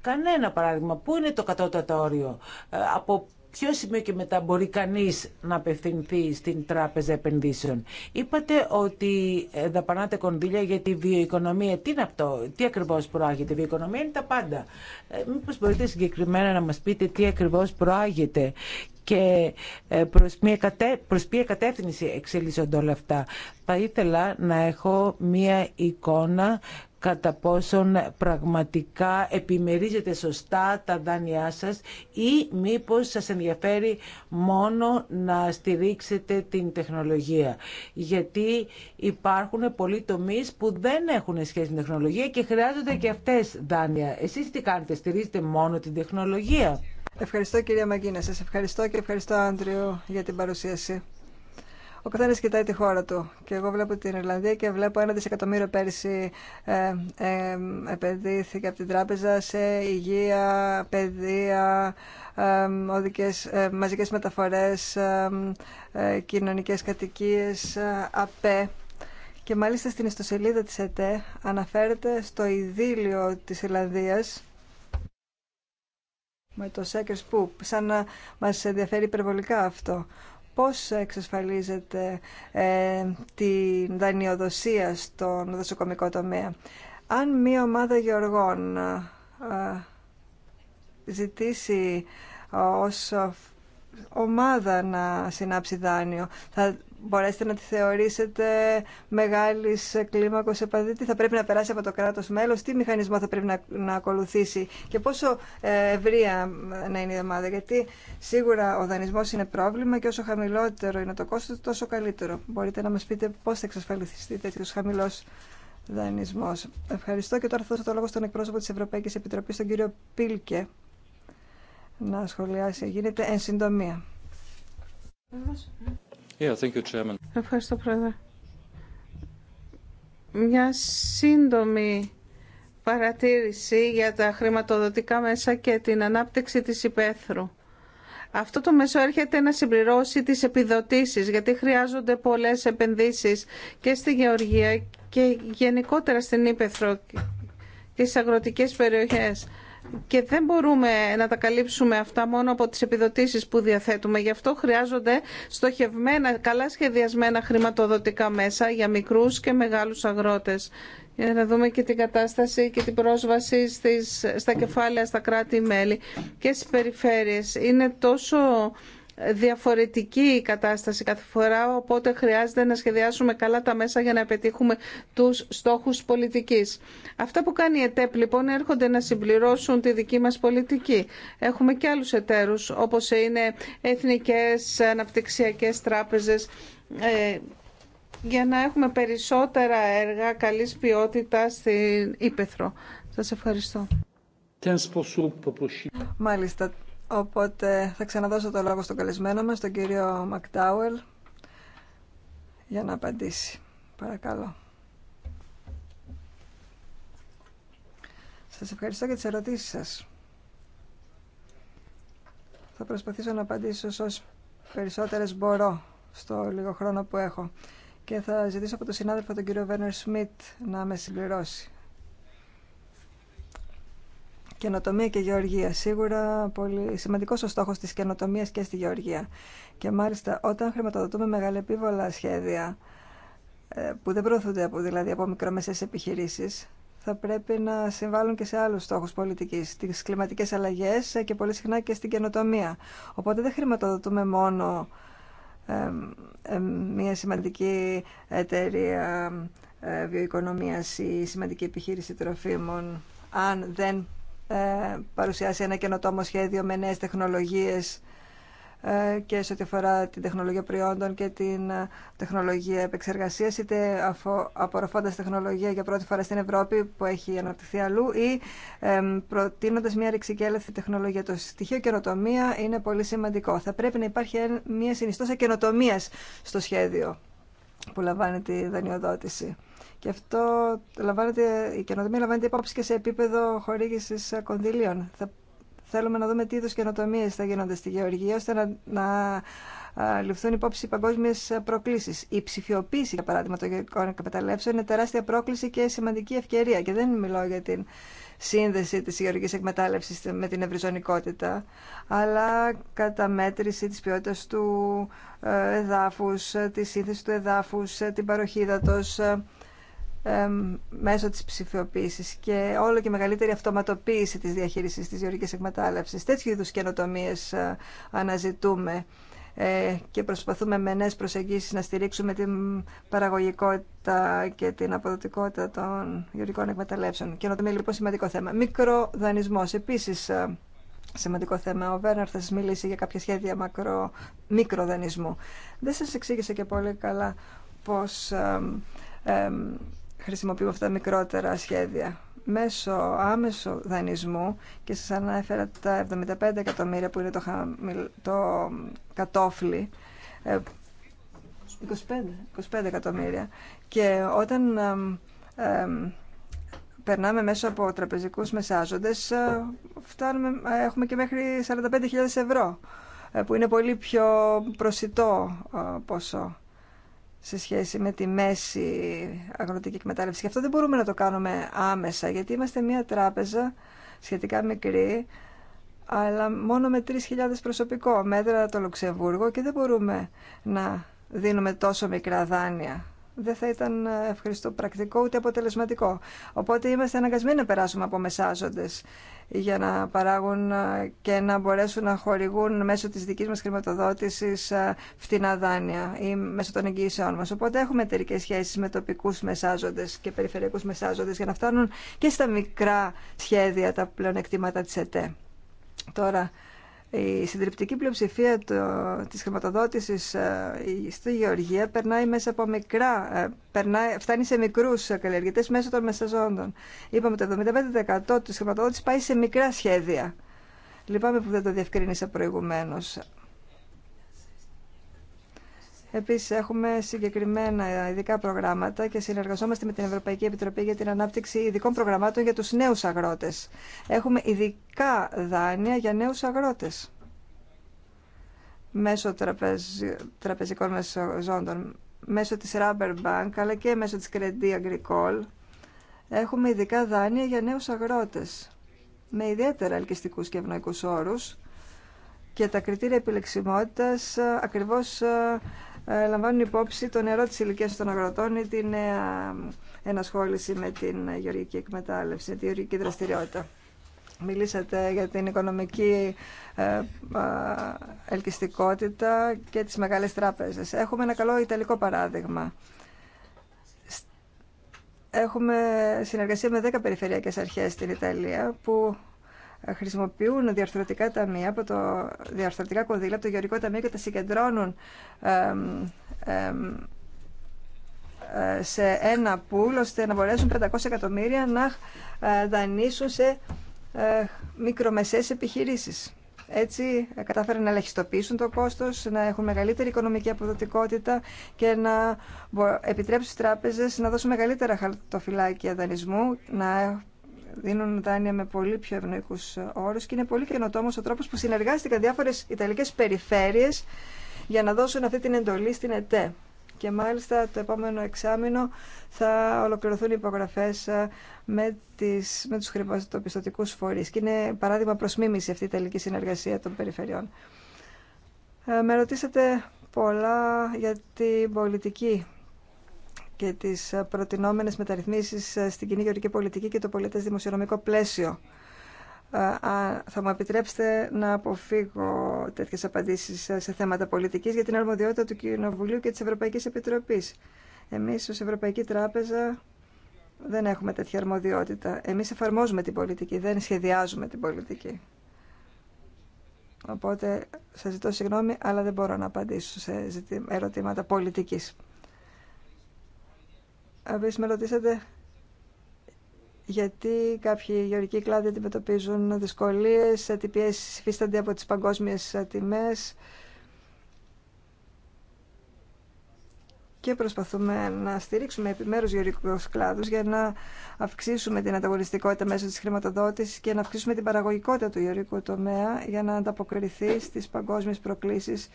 κανένα παράδειγμα. Πού είναι το κατώτατο όριο, ε, από ποιο σημείο και μετά μπορεί κανεί να απευθυνθεί στην Τράπεζα Επενδύσεων. Είπατε ότι ε, δαπανάτε κονδύλια για τη βιοοικονομία. Τι είναι αυτό, τι ακριβώ προάγεται. Η βιοοικονομία είναι τα πάντα. Ε, Μήπω μπορείτε συγκεκριμένα να μα πείτε τι ακριβώ προάγεται και προς, μια κατέ, προς ποια κατεύθυνση εξελίσσονται όλα αυτά. Θα ήθελα να έχω μια εικόνα κατά πόσον πραγματικά επιμερίζετε σωστά τα δάνειά σας ή μήπως σας ενδιαφέρει μόνο να στηρίξετε την τεχνολογία. Γιατί υπάρχουν πολλοί τομείς που δεν έχουν σχέση με την τεχνολογία και χρειάζονται και αυτές δάνεια. Εσείς τι κάνετε, στηρίζετε μόνο την τεχνολογία. Ευχαριστώ κυρία Μαγκίνα, σας ευχαριστώ και ευχαριστώ Άντριο για την παρουσίαση. Ο καθένα κοιτάει τη χώρα του. Και εγώ βλέπω την Ιρλανδία και βλέπω ένα δισεκατομμύριο πέρυσι ε, ε, επενδύθηκε από την τράπεζα σε υγεία, παιδεία, ε, ε, μαζικές μεταφορές, ε, ε κοινωνικές κατοικίες, ε, ΑΠΕ. Και μάλιστα στην ιστοσελίδα της ΕΤΕ αναφέρεται στο ιδίλιο της Ιρλανδίας με το Σέκερς που σαν να μας ενδιαφέρει υπερβολικά αυτό πώς εξασφαλίζεται ε, τη δανειοδοσία στον δοσοκομικό τομέα. Αν μία ομάδα γεωργών ε, ε, ζητήσει ως ομάδα να συνάψει δάνειο, θα μπορέσετε να τη θεωρήσετε μεγάλη κλίμακο επαδίτη, θα πρέπει να περάσει από το κράτο μέλο, τι μηχανισμό θα πρέπει να, να ακολουθήσει και πόσο ε, ευρεία ε, να είναι η ομάδα. Γιατί σίγουρα ο δανεισμό είναι πρόβλημα και όσο χαμηλότερο είναι το κόστο, τόσο καλύτερο. Μπορείτε να μα πείτε πώ θα εξασφαλιστεί τέτοιο χαμηλό δανεισμό. Ευχαριστώ και τώρα θα δώσω το λόγο στον εκπρόσωπο τη Ευρωπαϊκή Επιτροπή, τον κύριο Πίλκε, να σχολιάσει. Γίνεται εν συντομία. Ευχαριστώ, Πρόεδρε. Μια σύντομη παρατήρηση για τα χρηματοδοτικά μέσα και την ανάπτυξη της υπαίθρου. Αυτό το μέσο έρχεται να συμπληρώσει τις επιδοτήσεις, γιατί χρειάζονται πολλές επενδύσεις και στη γεωργία και γενικότερα στην Ήπεθρο και στις αγροτικές περιοχές και δεν μπορούμε να τα καλύψουμε αυτά μόνο από τις επιδοτήσεις που διαθέτουμε. Γι' αυτό χρειάζονται στοχευμένα, καλά σχεδιασμένα χρηματοδοτικά μέσα για μικρούς και μεγάλους αγρότες. Για να δούμε και την κατάσταση και την πρόσβαση στις, στα κεφάλαια, στα κράτη-μέλη και στις περιφέρειες. Είναι τόσο διαφορετική η κατάσταση κάθε φορά, οπότε χρειάζεται να σχεδιάσουμε καλά τα μέσα για να πετύχουμε τους στόχους πολιτικής. Αυτά που κάνει η ΕΤΕΠ λοιπόν έρχονται να συμπληρώσουν τη δική μας πολιτική. Έχουμε και άλλους εταίρους όπως είναι εθνικές αναπτυξιακές τράπεζες ε, για να έχουμε περισσότερα έργα καλής ποιότητας στην Ήπεθρο. Σας ευχαριστώ. Μάλιστα, Οπότε θα ξαναδώσω το λόγο στον καλεσμένο μας, τον κύριο Μακτάουελ, για να απαντήσει. Παρακαλώ. Σας ευχαριστώ για τις ερωτήσεις σας. Θα προσπαθήσω να απαντήσω όσες περισσότερες μπορώ στο λίγο χρόνο που έχω και θα ζητήσω από τον συνάδελφο τον κύριο Βέρνερ Σμιτ να με συμπληρώσει Καινοτομία και γεωργία. Σίγουρα πολύ σημαντικό ο στόχο τη καινοτομία και στη γεωργία. Και μάλιστα όταν χρηματοδοτούμε μεγάλα επίβολα σχέδια ε, που δεν προωθούνται από, δηλαδή από μικρομεσαίες επιχειρήσεις, θα πρέπει να συμβάλλουν και σε άλλου στόχου πολιτική, στι κλιματικέ αλλαγέ ε, και πολύ συχνά και στην καινοτομία. Οπότε δεν χρηματοδοτούμε μόνο ε, ε, μια σημαντική εταιρεία ε, βιοοικονομίας ή σημαντική επιχείρηση τροφίμων, αν δεν ε, παρουσιάσει ένα καινοτόμο σχέδιο με νέες τεχνολογίες ε, και σε ό,τι αφορά την τεχνολογία προϊόντων και την ε, τεχνολογία επεξεργασίας, είτε απορροφώντας τεχνολογία για πρώτη φορά στην Ευρώπη που έχει αναπτυχθεί αλλού ή ε, προτείνοντας μια ρηξικέλευθη τεχνολογία. Το στοιχείο καινοτομία είναι πολύ σημαντικό. Θα πρέπει να υπάρχει μια συνιστόσα καινοτομία στο σχέδιο που λαμβάνει τη δανειοδότηση. Και αυτό λαμβάνεται, η καινοτομία λαμβάνεται υπόψη και σε επίπεδο χορήγηση κονδυλίων. Θα, θέλουμε να δούμε τι είδου καινοτομίε θα γίνονται στη γεωργία, ώστε να, να ληφθούν υπόψη οι παγκόσμιε προκλήσει. Η ψηφιοποίηση, για παράδειγμα, των γεωργικών εκμεταλλεύσεων είναι τεράστια πρόκληση και σημαντική ευκαιρία. Και δεν μιλάω για την σύνδεση της γεωργικής εκμετάλλευσης με την ευρυζωνικότητα, αλλά κατά μέτρηση της ποιότητας του ε, εδάφους, ε, τη σύνθεση του εδάφους, ε, την παροχή μέσω της ψηφιοποίησης και όλο και μεγαλύτερη αυτοματοποίηση της διαχείρισης της γεωργικής εκμετάλλευσης. Τέτοιου είδους καινοτομίες ε, αναζητούμε ε, και προσπαθούμε με νέες προσεγγίσεις να στηρίξουμε την παραγωγικότητα και την αποδοτικότητα των γεωργικών εκμεταλλεύσεων. Καινοτομία λοιπόν σημαντικό θέμα. Μικροδανισμός επίσης ε, Σημαντικό θέμα. Ο Βέρναρ θα σα μιλήσει για κάποια σχέδια μακρο, μικροδανισμού. Δεν σας εξήγησα και πολύ καλά πώ. ε, ε, χρησιμοποιούμε αυτά τα μικρότερα σχέδια. Μέσω άμεσου δανεισμού, και σας ανέφερα τα 75 εκατομμύρια που είναι το, το κατόφλι, 25, ε, 25 εκατομμύρια. Και όταν περνάμε μέσω από τραπεζικούς μεσάζοντες, ε, φτάνουμε, ε, έχουμε και μέχρι 45.000 ευρώ, που είναι πολύ πιο προσιτό ποσό σε σχέση με τη μέση αγροτική εκμετάλλευση. Και αυτό δεν μπορούμε να το κάνουμε άμεσα, γιατί είμαστε μια τράπεζα σχετικά μικρή, αλλά μόνο με 3.000 προσωπικό, μέτρα το Λουξεμβούργο και δεν μπορούμε να δίνουμε τόσο μικρά δάνεια. Δεν θα ήταν ευχαριστώ πρακτικό ούτε αποτελεσματικό. Οπότε είμαστε αναγκασμένοι να περάσουμε από μεσάζοντες για να παράγουν ε, και να μπορέσουν να χορηγούν μέσω της δικής μας χρηματοδότησης ε, φτηνά δάνεια ή μέσω των εγγύησεών μας. Οπότε έχουμε εταιρικέ σχέσεις με τοπικούς μεσάζοντες και περιφερειακούς μεσάζοντες για να φτάνουν και στα μικρά σχέδια τα πλεονεκτήματα της ΕΤΕ. Τώρα, η συντριπτική πλειοψηφία το, της χρηματοδότησης ε, στη Γεωργία περνάει μέσα από μικρά, ε, περνάει, φτάνει σε μικρούς καλλιεργητές μέσω των μεσαζόντων. Είπαμε το 75% της χρηματοδότησης πάει σε μικρά σχέδια. Λυπάμαι που δεν το διευκρίνησα προηγουμένως. Επίσης έχουμε συγκεκριμένα ειδικά προγράμματα και συνεργαζόμαστε με την Ευρωπαϊκή Επιτροπή για την ανάπτυξη ειδικών προγραμμάτων για τους νέους αγρότες. Έχουμε ειδικά δάνεια για νέους αγρότες μέσω τραπεζικών μεσοζώντων, μέσω της Rubber Bank αλλά και μέσω της Credit Agricole έχουμε ειδικά δάνεια για νέους αγρότες με ιδιαίτερα ελκυστικούς και ευνοϊκούς όρους και τα κριτήρια επιλεξιμότητας ε, ακριβώς ε, ε, λαμβάνουν υπόψη το νερό της ηλικία των αγροτών ή την νέα ε, ε, ενασχόληση με την γεωργική εκμετάλλευση, τη γεωργική δραστηριότητα. Μιλήσατε για την οικονομική ελκυστικότητα και τις μεγάλες τράπεζες. Έχουμε ένα καλό ιταλικό παράδειγμα. Έχουμε συνεργασία με 10 περιφερειακές αρχές στην Ιταλία που χρησιμοποιούν διαρθρωτικά ταμεία από το διαρθρωτικά κονδύλια από το Γεωργικό Ταμείο και τα συγκεντρώνουν σε ένα πουλ ώστε να μπορέσουν 500 εκατομμύρια να ε, δανείσουν σε ε, μικρομεσαίες επιχειρήσεις. Έτσι ε, κατάφεραν να ελαχιστοποιήσουν το κόστος, να έχουν μεγαλύτερη οικονομική αποδοτικότητα και να επιτρέψουν στις τράπεζες να δώσουν μεγαλύτερα χαρτοφυλάκια δανεισμού, να δίνουν δάνεια με πολύ πιο ευνοϊκού όρου και είναι πολύ καινοτόμο ο τρόπο που συνεργάστηκαν διάφορες Ιταλικέ περιφέρειες για να δώσουν αυτή την εντολή στην ΕΤΕ. Και μάλιστα το επόμενο εξάμεινο θα ολοκληρωθούν οι υπογραφέ ε, με, τις, με του χρηματοπιστωτικού φορεί. Και είναι παράδειγμα προ μίμηση αυτή η Ιταλική συνεργασία των περιφερειών. Ε, με ρωτήσατε πολλά για την πολιτική και τι προτινόμενες μεταρρυθμίσεις ε, στην κοινή γεωρική πολιτική και το πολιτέ δημοσιονομικό πλαίσιο. Ε, θα μου επιτρέψετε να αποφύγω τέτοιε απαντήσει ε, σε θέματα πολιτική για την αρμοδιότητα του Κοινοβουλίου και τη Ευρωπαϊκή Επιτροπή. Εμεί, ω Ευρωπαϊκή Τράπεζα δεν έχουμε τέτοια αρμοδιότητα. Εμεί εφαρμόζουμε την πολιτική, δεν σχεδιάζουμε την πολιτική. Οπότε σας ζητώ συγγνώμη, αλλά δεν μπορώ να απαντήσω σε ερωτήματα πολιτικής. Επίσης με ρωτήσατε γιατί κάποιοι γεωργικοί κλάδοι αντιμετωπίζουν δυσκολίε, τι πιέσει υφίστανται από τις παγκόσμιες τιμέ. και προσπαθούμε να στηρίξουμε επιμέρους γεωργικούς κλάδους για να αυξήσουμε την ανταγωνιστικότητα μέσω της χρηματοδότησης και να αυξήσουμε την παραγωγικότητα του γεωργικού τομέα για να ανταποκριθεί στις παγκόσμιες προκλήσεις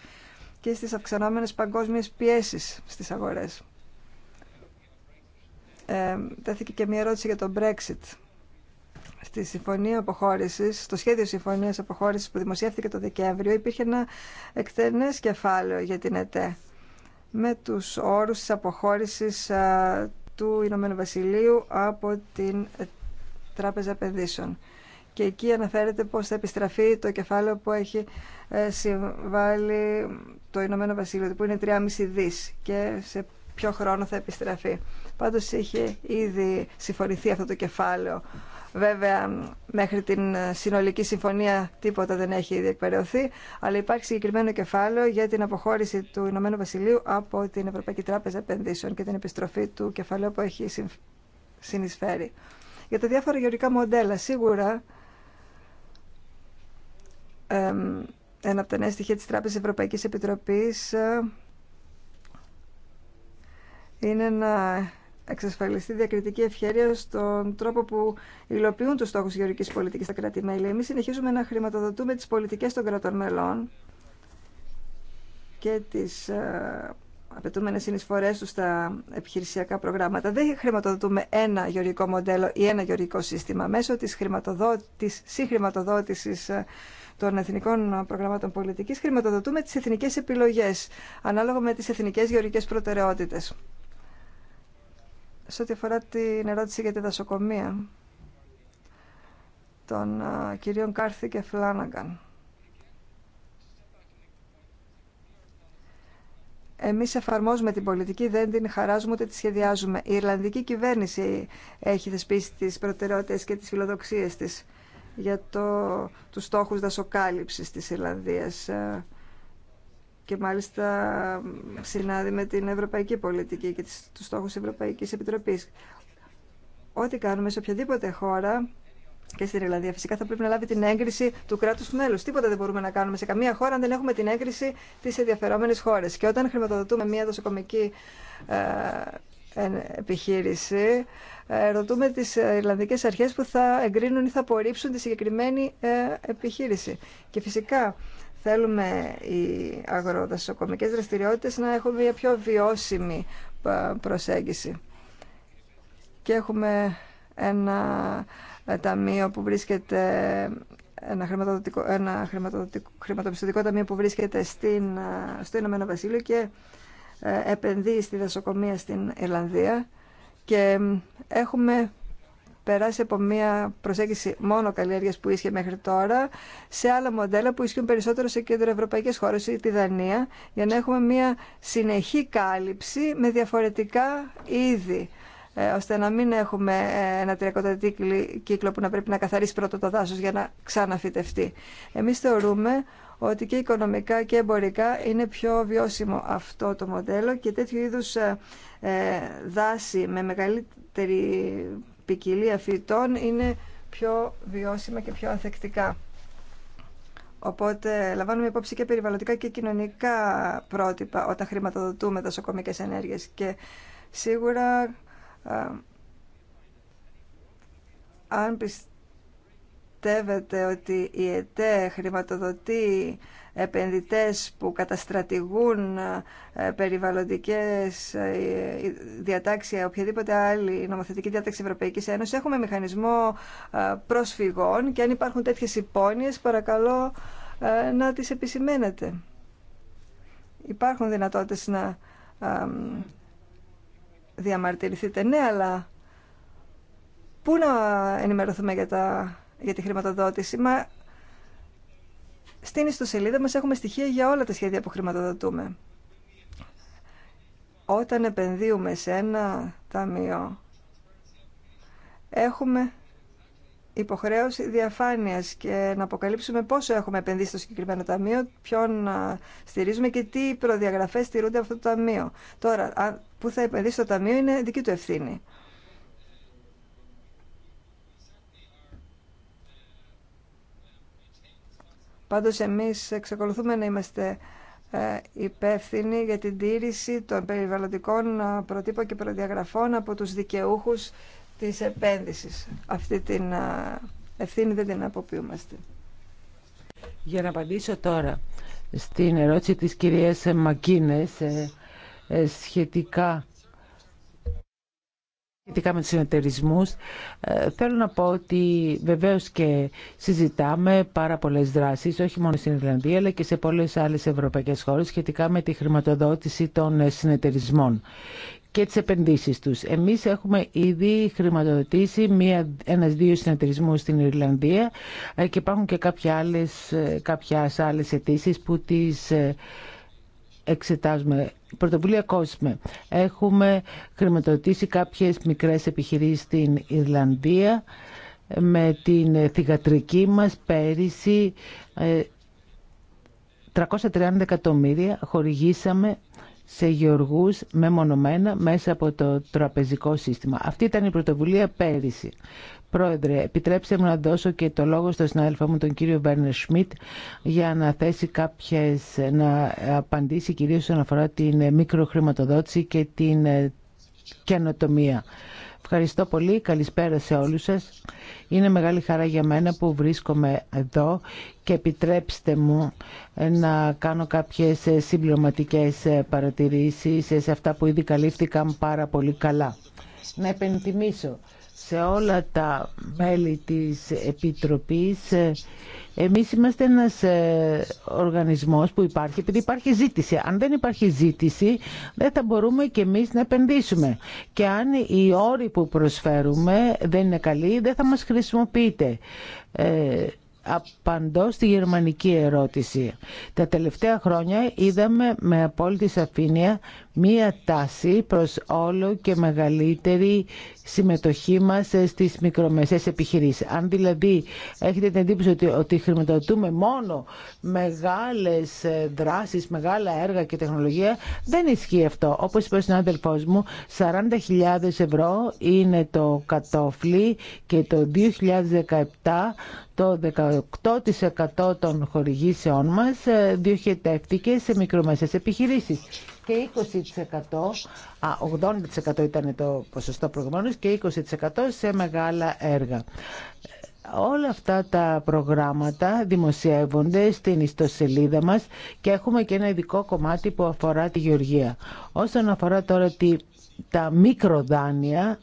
και στις αυξανόμενες παγκόσμιες πιέσεις στις αγορές ε, τέθηκε και μια ερώτηση για το Brexit. Στη συμφωνία αποχώρησης, στο σχέδιο συμφωνίας αποχώρησης που δημοσιεύθηκε το Δεκέμβριο υπήρχε ένα εκτενές κεφάλαιο για την ΕΤΕ με τους όρους της αποχώρησης ε, του Ηνωμένου Βασιλείου από την Τράπεζα Επενδύσεων. Και εκεί αναφέρεται πώς θα επιστραφεί το κεφάλαιο που έχει ε, συμβάλει το Ηνωμένο Βασίλειο, που είναι 3,5 δις και σε ποιο χρόνο θα επιστραφεί. Πάντως είχε ήδη συμφωνηθεί αυτό το κεφάλαιο. Βέβαια, μέχρι την συνολική συμφωνία τίποτα δεν έχει ήδη εκπαιδευτεί, αλλά υπάρχει συγκεκριμένο κεφάλαιο για την αποχώρηση του Ηνωμένου Βασιλείου από την Ευρωπαϊκή Τράπεζα Επενδύσεων και την επιστροφή του κεφαλαίου που έχει συνεισφέρει. Για τα διάφορα γεωρικά μοντέλα, σίγουρα ένα από τα νέα στοιχεία της Τράπεζας Ευρωπαϊκής Επιτροπής ε, είναι να εξασφαλιστεί διακριτική ευχαίρεια στον τρόπο που υλοποιούν τους στόχους γεωργικής πολιτικής στα κράτη-μέλη. Εμείς συνεχίζουμε να χρηματοδοτούμε τις πολιτικές των κρατών μελών και τις ε, απαιτούμενε συνεισφορέ του στα επιχειρησιακά προγράμματα. Δεν χρηματοδοτούμε ένα γεωργικό μοντέλο ή ένα γεωργικό σύστημα. Μέσω τη της συγχρηματοδότηση ε, των εθνικών προγραμμάτων πολιτική χρηματοδοτούμε τι εθνικέ επιλογέ ανάλογα με τι εθνικέ γεωργικέ προτεραιότητε σε ό,τι αφορά την ερώτηση για τη δασοκομεία των κυρίων Κάρθη και Φλάναγκαν. Εμείς εφαρμόζουμε την πολιτική, δεν την χαράζουμε ούτε τη σχεδιάζουμε. Η Ιρλανδική κυβέρνηση έχει θεσπίσει τις προτεραιότητες και τις φιλοδοξίες της για το, τους στόχους δασοκάλυψης της Ιρλανδίας και μάλιστα συνάδει με την ευρωπαϊκή πολιτική και τους στόχους της Ευρωπαϊκής Επιτροπής. Ό,τι κάνουμε σε οποιαδήποτε χώρα και στην Ιρλανδία φυσικά θα πρέπει να λάβει την έγκριση του κράτους μέλους. Τίποτα δεν μπορούμε να κάνουμε σε καμία χώρα αν δεν έχουμε την έγκριση της ενδιαφερόμενης χώρας. Και όταν χρηματοδοτούμε μια δοσοκομική ε, επιχείρηση, ε, ρωτούμε τις ε, Ιρλανδικές αρχές που θα εγκρίνουν ή θα απορρίψουν τη συγκεκριμένη επιχείρηση. Και φυσικά Θέλουμε οι αγροδασοκομικές δραστηριότητες να έχουν μια πιο βιώσιμη προσέγγιση. Και έχουμε ένα ε, ταμείο που βρίσκεται, ένα, χρηματοδοτικό, ένα χρηματοδοτικό, χρηματοπιστωτικό ταμείο που βρίσκεται στην, στο Ηνωμένο Βασίλειο και ε, επενδύει στη δασοκομεία στην Ιρλανδία και έχουμε περάσει από μια προσέγγιση μόνο καλλιέργεια που ίσχυε μέχρι τώρα σε άλλα μοντέλα που ισχύουν περισσότερο σε κεντροευρωπαϊκέ χώρε ή τη Δανία, για να έχουμε μια συνεχή κάλυψη με διαφορετικά είδη ε, ώστε να μην έχουμε ε, ένα τριακοτατή κύκλο που να πρέπει να καθαρίσει πρώτο το δάσος για να ξαναφυτευτεί. Εμείς θεωρούμε ότι και οικονομικά και εμπορικά είναι πιο βιώσιμο αυτό το μοντέλο και τέτοιου είδους ε, δάση με μεγαλύτερη ποικιλία φυτών είναι πιο βιώσιμα και πιο ανθεκτικά. Οπότε λαμβάνουμε υπόψη και περιβαλλοντικά και κοινωνικά πρότυπα όταν χρηματοδοτούμε δασοκομικές ενέργειες και σίγουρα αν πιστεύουμε πιστεύετε ότι η ΕΤΕ χρηματοδοτεί επενδυτές που καταστρατηγούν ε, περιβαλλοντικές ε, ε, διατάξεις οποιαδήποτε άλλη νομοθετική διάταξη Ευρωπαϊκής Ένωσης έχουμε μηχανισμό προσφυγών και αν υπάρχουν τέτοιες υπόνοιες παρακαλώ να τις επισημαίνετε υπάρχουν δυνατότητες να διαμαρτυρηθείτε ναι αλλά πού να ενημερωθούμε για τα για τη χρηματοδότηση, μα στην ιστοσελίδα μας έχουμε στοιχεία για όλα τα σχέδια που χρηματοδοτούμε. Όταν επενδύουμε σε ένα ταμείο, έχουμε υποχρέωση διαφάνειας και να αποκαλύψουμε πόσο έχουμε επενδύσει στο συγκεκριμένο ταμείο, ποιον στηρίζουμε και τι προδιαγραφές στηρούνται αυτό το ταμείο. Τώρα, που θα επενδύσει το ταμείο είναι δική του ευθύνη. Πάντως εμείς εξακολουθούμε να είμαστε ε, υπεύθυνοι για την τήρηση των περιβαλλοντικών ε, προτύπων και προδιαγραφών από τους δικαιούχους της επένδυσης. Αυτή την ε, ευθύνη δεν την αποποιούμαστε. Για να απαντήσω τώρα στην ερώτηση της κυρίας Μακίνες σχετικά Σχετικά με τους συνεταιρισμούς, ε, θέλω να πω ότι βεβαίως και συζητάμε πάρα πολλές δράσεις, όχι μόνο στην Ιρλανδία, αλλά και σε πολλές άλλες ευρωπαϊκές χώρες, σχετικά με τη χρηματοδότηση των ε, συνεταιρισμών και τις επενδύσεις τους. Εμείς έχουμε ήδη χρηματοδοτήσει μία, ένας δύο συνεταιρισμούς στην Ιρλανδία ε, και υπάρχουν και κάποιες άλλες, αιτήσει που τις εξετάζουμε. Πρωτοβουλία Κόσμε. Έχουμε χρηματοδοτήσει κάποιες μικρές επιχειρήσεις στην Ιρλανδία ε, με την θηγατρική μας πέρυσι 330 ε, εκατομμύρια χορηγήσαμε σε γεωργούς μεμονωμένα μέσα από το τραπεζικό σύστημα. Αυτή ήταν η πρωτοβουλία πέρυσι. Πρόεδρε, επιτρέψτε μου να δώσω και το λόγο στον συνάδελφό μου, τον κύριο Βέρνερ Σμιτ, για να θέσει κάποιες, να απαντήσει κυρίως όσον αφορά την μικροχρηματοδότηση και την ε, καινοτομία. Ευχαριστώ πολύ. Καλησπέρα σε όλους σας. Είναι μεγάλη χαρά για μένα που βρίσκομαι εδώ και επιτρέψτε μου ε, να κάνω κάποιες ε, συμπληρωματικές παρατηρήσεις σε αυτά που ήδη καλύφθηκαν πάρα πολύ καλά. Να επενθυμίσω σε όλα τα μέλη της Επιτροπής. Εμείς είμαστε ένας ε, οργανισμός που υπάρχει επειδή υπάρχει ζήτηση. Αν δεν υπάρχει ζήτηση δεν θα μπορούμε και εμείς να επενδύσουμε. Και αν οι όροι που προσφέρουμε δεν είναι καλοί δεν θα μας χρησιμοποιείτε. Ε, απαντώ στη γερμανική ερώτηση. Τα τελευταία χρόνια είδαμε με απόλυτη σαφήνεια μία τάση προς όλο και μεγαλύτερη συμμετοχή μας στις μικρομεσαίες επιχειρήσεις. Αν δηλαδή έχετε την εντύπωση ότι, ότι χρηματοδοτούμε μόνο μεγάλες δράσεις, μεγάλα έργα και τεχνολογία, δεν ισχύει αυτό. Όπως είπε ο συνάδελφός μου, 40.000 ευρώ είναι το κατόφλι και το 2017 το 18% των χορηγήσεών μας ε, διοχετεύτηκε σε μικρομεσαίες επιχειρήσεις και 20%, 80% ήταν το ποσοστό και 20% σε μεγάλα έργα. Όλα αυτά τα προγράμματα δημοσιεύονται στην ιστοσελίδα μας και έχουμε και ένα ειδικό κομμάτι που αφορά τη γεωργία. Όσον αφορά τώρα τη, τα μικροδάνεια,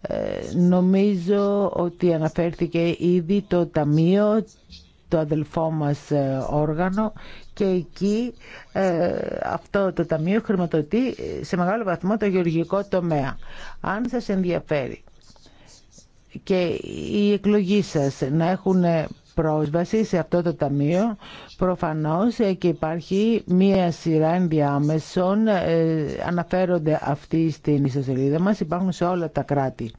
ε, νομίζω ότι αναφέρθηκε ήδη το Ταμείο, το αδελφό μας ε, όργανο και εκεί ε, αυτό το ταμείο χρηματοδοτεί ε, σε μεγάλο βαθμό το γεωργικό τομέα. Αν σας ενδιαφέρει και οι εκλογείς σας να έχουν ε, πρόσβαση σε αυτό το ταμείο προφανώς και υπάρχει μία σειρά ενδιάμεσων αναφέρονται αυτοί στην ιστοσελίδα μας υπάρχουν σε όλα τα κράτη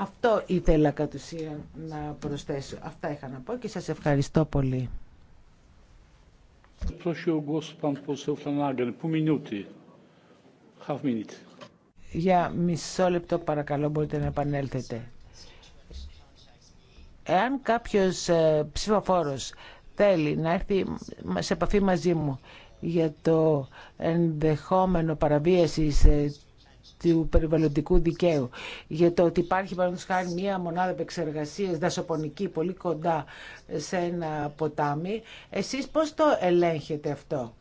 αυτό ήθελα κατ' ουσία να προσθέσω. Αυτά είχα να πω και σας ευχαριστώ πολύ. Για μισό λεπτό παρακαλώ μπορείτε να επανέλθετε. Εάν κάποιος ε, ψηφοφόρος θέλει να έρθει σε επαφή μαζί μου για το ενδεχόμενο παραβίασης ε, του περιβαλλοντικού δικαίου. Για το ότι υπάρχει, παραδείγματο χάρη, μία μονάδα επεξεργασία δασοπονική πολύ κοντά σε ένα ποτάμι. Εσεί πώ το ελέγχετε αυτό.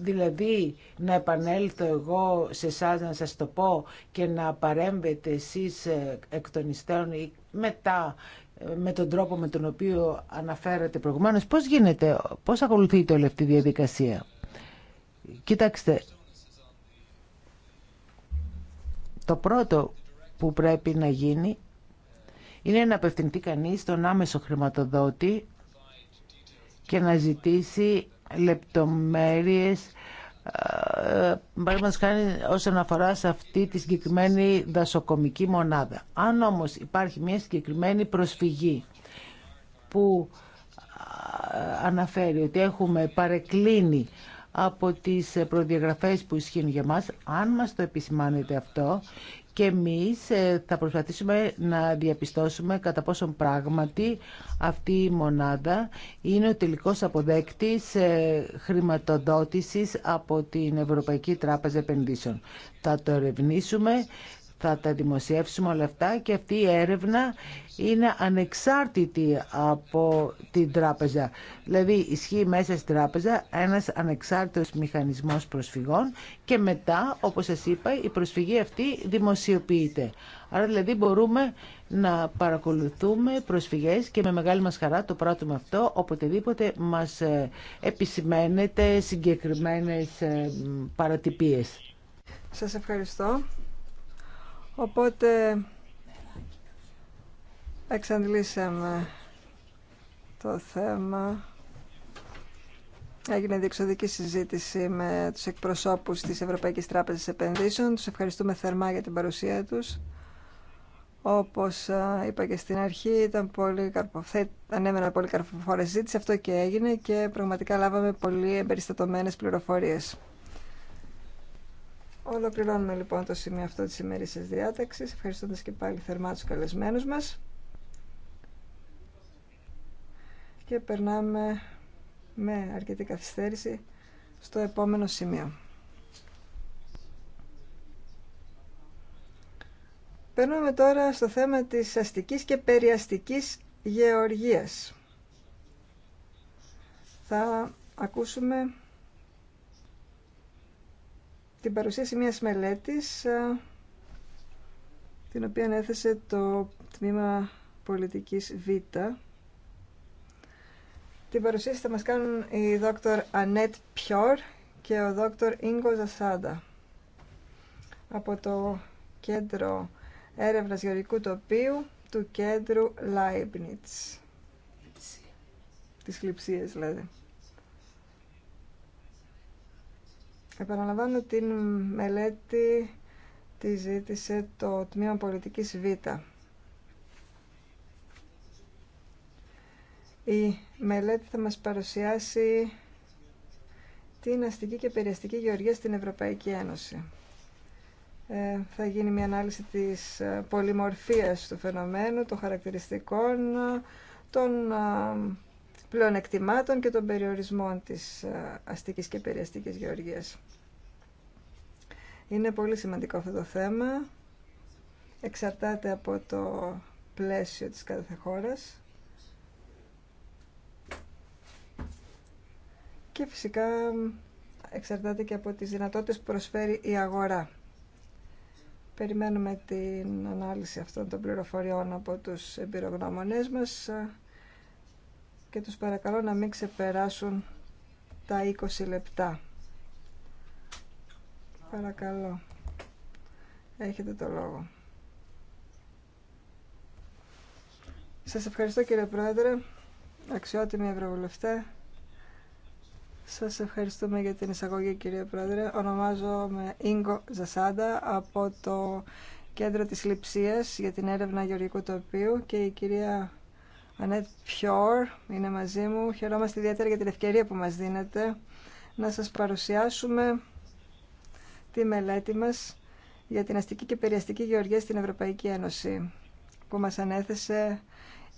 Δηλαδή να επανέλθω εγώ σε εσά να σας το πω και να παρέμβετε εσείς ε, εκ των υστέρων ή μετά ε, με τον τρόπο με τον οποίο αναφέρατε προηγουμένως. Πώς γίνεται, πώς ακολουθείτε όλη αυτή η διαδικασία. Κοιτάξτε, το πρώτο που πρέπει να γίνει είναι να απευθυνθεί κανείς στον άμεσο χρηματοδότη και να ζητήσει λεπτομέρειες ε, παραδείγματος χάρη όσον αφορά σε αυτή τη συγκεκριμένη δασοκομική μονάδα. Αν όμως υπάρχει μια συγκεκριμένη προσφυγή που ε, αναφέρει ότι έχουμε παρεκκλίνει από τις προδιαγραφές που ισχύουν για μας, αν μας το επισημάνετε αυτό και εμείς ε, θα προσπαθήσουμε να διαπιστώσουμε κατά πόσον πράγματι αυτή η μονάδα είναι ο τελικός αποδέκτης ε, χρηματοδότησης από την Ευρωπαϊκή Τράπεζα Επενδύσεων. Θα το ερευνήσουμε θα τα δημοσιεύσουμε όλα αυτά και αυτή η έρευνα είναι ανεξάρτητη από την τράπεζα. Δηλαδή ισχύει μέσα στην τράπεζα ένας ανεξάρτητος μηχανισμός προσφυγών και μετά, όπως σας είπα, η προσφυγή αυτή δημοσιοποιείται. Άρα δηλαδή μπορούμε να παρακολουθούμε προσφυγές και με μεγάλη μας χαρά το πράττουμε αυτό οποτεδήποτε μας ε, επισημαίνεται συγκεκριμένες ε, παρατυπίες. Σας ευχαριστώ. Οπότε εξαντλήσαμε το θέμα. Έγινε διεξοδική συζήτηση με τους εκπροσώπους της Ευρωπαϊκής Τράπεζας Επενδύσεων. Τους ευχαριστούμε θερμά για την παρουσία τους. Όπως είπα και στην αρχή, ήταν πολύ ανέμενα πολύ καρποφόρα συζήτηση. Αυτό και έγινε και πραγματικά λάβαμε πολύ εμπεριστατωμένες πληροφορίες. Ολοκληρώνουμε λοιπόν το σημείο αυτό της της διάταξης, ευχαριστώντας και πάλι θερμά τους καλεσμένους μας. Και περνάμε με αρκετή καθυστέρηση στο επόμενο σημείο. Περνάμε τώρα στο θέμα της αστικής και περιαστικής γεωργίας. Θα ακούσουμε την παρουσίαση μιας μελέτης ε, την οποία έθεσε το τμήμα πολιτικής Β. Την παρουσίαση θα μας κάνουν η δόκτωρ Ανέτ Πιόρ και ο δόκτωρ Ίγκο Ζασάντα από το Κέντρο Έρευνας Γεωργικού Τοπίου του Κέντρου Λάιμπνιτς. Τις χλιψίες δηλαδή. Επαναλαμβάνω την μελέτη τη ζήτησε το Τμήμα Πολιτικής Β. Η μελέτη θα μας παρουσιάσει την αστική και περιαστική γεωργία στην Ευρωπαϊκή Ένωση. Ε, θα γίνει μια ανάλυση της ε, πολυμορφίας του φαινομένου, των χαρακτηριστικών, ε, των πλεονεκτημάτων και των περιορισμών της ε, αστικής και περιαστικής γεωργίας. Είναι πολύ σημαντικό αυτό το θέμα. Εξαρτάται από το πλαίσιο της κάθε χώρας. Και φυσικά εξαρτάται και από τις δυνατότητες που προσφέρει η αγορά. Περιμένουμε την ανάλυση αυτών των πληροφοριών από τους εμπειρογνώμονές μας και τους παρακαλώ να μην ξεπεράσουν τα 20 λεπτά. Παρακαλώ. Έχετε το λόγο. Σας ευχαριστώ κύριε Πρόεδρε, αξιότιμοι ευρωβουλευτέ. Σας ευχαριστούμε για την εισαγωγή κύριε Πρόεδρε. Ονομάζομαι Ίγκο Ζασάντα από το Κέντρο της Λειψίας για την έρευνα γεωργικού τοπίου και η κυρία Ανέτ Πιόρ είναι μαζί μου. Χαιρόμαστε ιδιαίτερα για την ευκαιρία που μας δίνετε να σας παρουσιάσουμε τη μελέτη μας για την αστική και περιαστική γεωργία στην Ευρωπαϊκή Ένωση που μας ανέθεσε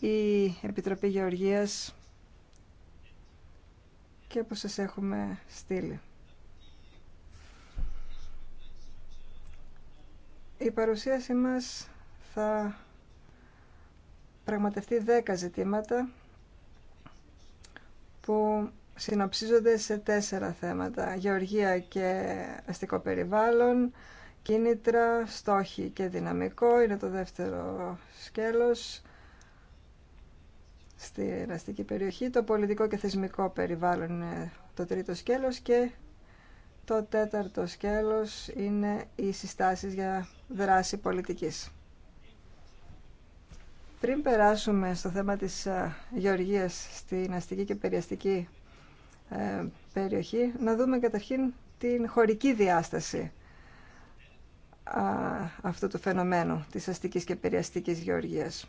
η Επιτροπή Γεωργίας και που σας έχουμε στείλει. Η παρουσίαση μας θα πραγματευτεί 10 ζητήματα που συνοψίζονται σε τέσσερα θέματα. Γεωργία και αστικό περιβάλλον, κίνητρα, στόχοι και δυναμικό είναι το δεύτερο σκέλος στη αστική περιοχή. Το πολιτικό και θεσμικό περιβάλλον είναι το τρίτο σκέλος και το τέταρτο σκέλος είναι οι συστάσεις για δράση πολιτικής. Πριν περάσουμε στο θέμα της ε, γεωργίας στην αστική και περιαστική ε, περιοχή, να δούμε καταρχήν την χωρική διάσταση αυτού του φαινομένου της αστικής και περιαστικής γεωργίας.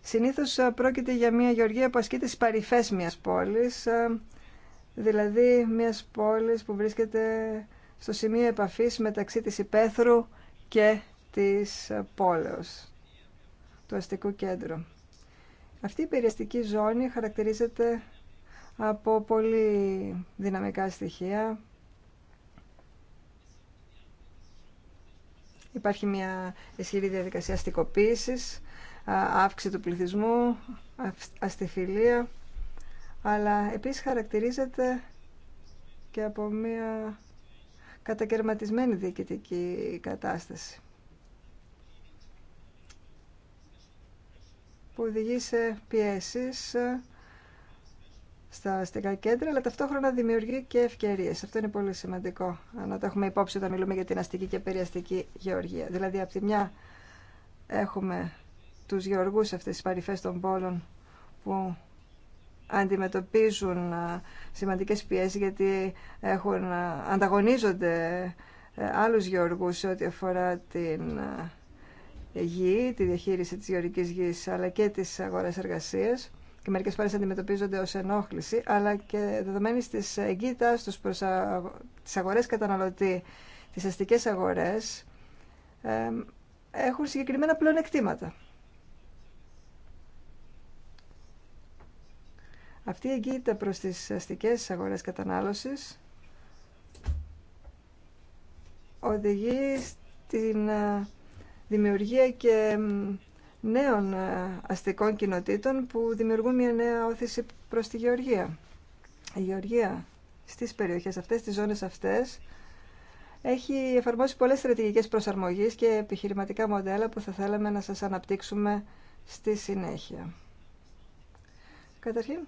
Συνήθως ε, πρόκειται για μια γεωργία που ασκεί στις παρυφές μιας πόλης, δηλαδή μιας πόλης που βρίσκεται στο σημείο επαφής μεταξύ της υπαίθρου και της πόλεως του αστικού κέντρου. Αυτή η περιαστική ζώνη χαρακτηρίζεται από πολύ δυναμικά στοιχεία. Υπάρχει μια ισχυρή διαδικασία αστικοποίησης, αύξηση του πληθυσμού, αστιφιλία, αλλά επίσης χαρακτηρίζεται και από μια κατακαιρματισμένη διοικητική κατάσταση. που οδηγεί σε πιέσεις ε, στα αστικά κέντρα, αλλά ταυτόχρονα δημιουργεί και ευκαιρίε. Αυτό είναι πολύ σημαντικό να το έχουμε υπόψη όταν μιλούμε για την αστική και περιαστική γεωργία. Δηλαδή, από τη μια έχουμε του γεωργού αυτές αυτέ τι παρυφέ των πόλων που αντιμετωπίζουν ε, σημαντικές πιέσεις γιατί έχουν, ε, ανταγωνίζονται άλλους γεωργούς σε ό,τι αφορά την γη, τη διαχείριση της γεωρικής γης, αλλά και της αγοράς εργασίας και μερικές φορές αντιμετωπίζονται ως ενόχληση, αλλά και δεδομένης της εγκύτητας τους προς τις αγορές καταναλωτή, τις αστικές αγορές, έχουν συγκεκριμένα πλεονεκτήματα. Αυτή η εγκύτητα προς τις αστικές αγορές κατανάλωσης οδηγεί στην ε, δημιουργία και νέων ε, αστικών κοινοτήτων που δημιουργούν μια νέα όθηση προς τη γεωργία. Η γεωργία στις περιοχές αυτές, στις ζώνες αυτές, έχει εφαρμόσει πολλές στρατηγικές προσαρμογής και επιχειρηματικά μοντέλα που θα θέλαμε να σας αναπτύξουμε στη συνέχεια. Καταρχήν,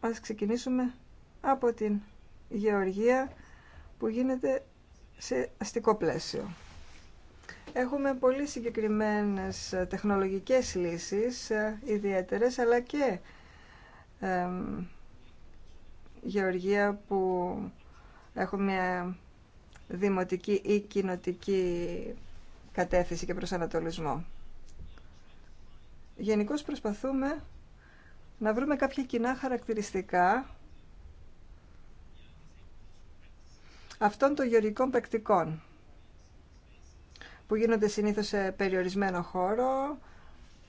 ας ξεκινήσουμε από την γεωργία που γίνεται σε αστικό πλαίσιο. Έχουμε πολύ συγκεκριμένες ε, τεχνολογικές λύσεις, ε, ιδιαίτερες, αλλά και ε, γεωργία που έχουν μια δημοτική ή κοινοτική κατεύθυνση και προσανατολισμό. Γενικώ προσπαθούμε να βρούμε κάποια κοινά χαρακτηριστικά αυτών των γεωργικών πρακτικών που γίνονται συνήθως σε περιορισμένο χώρο,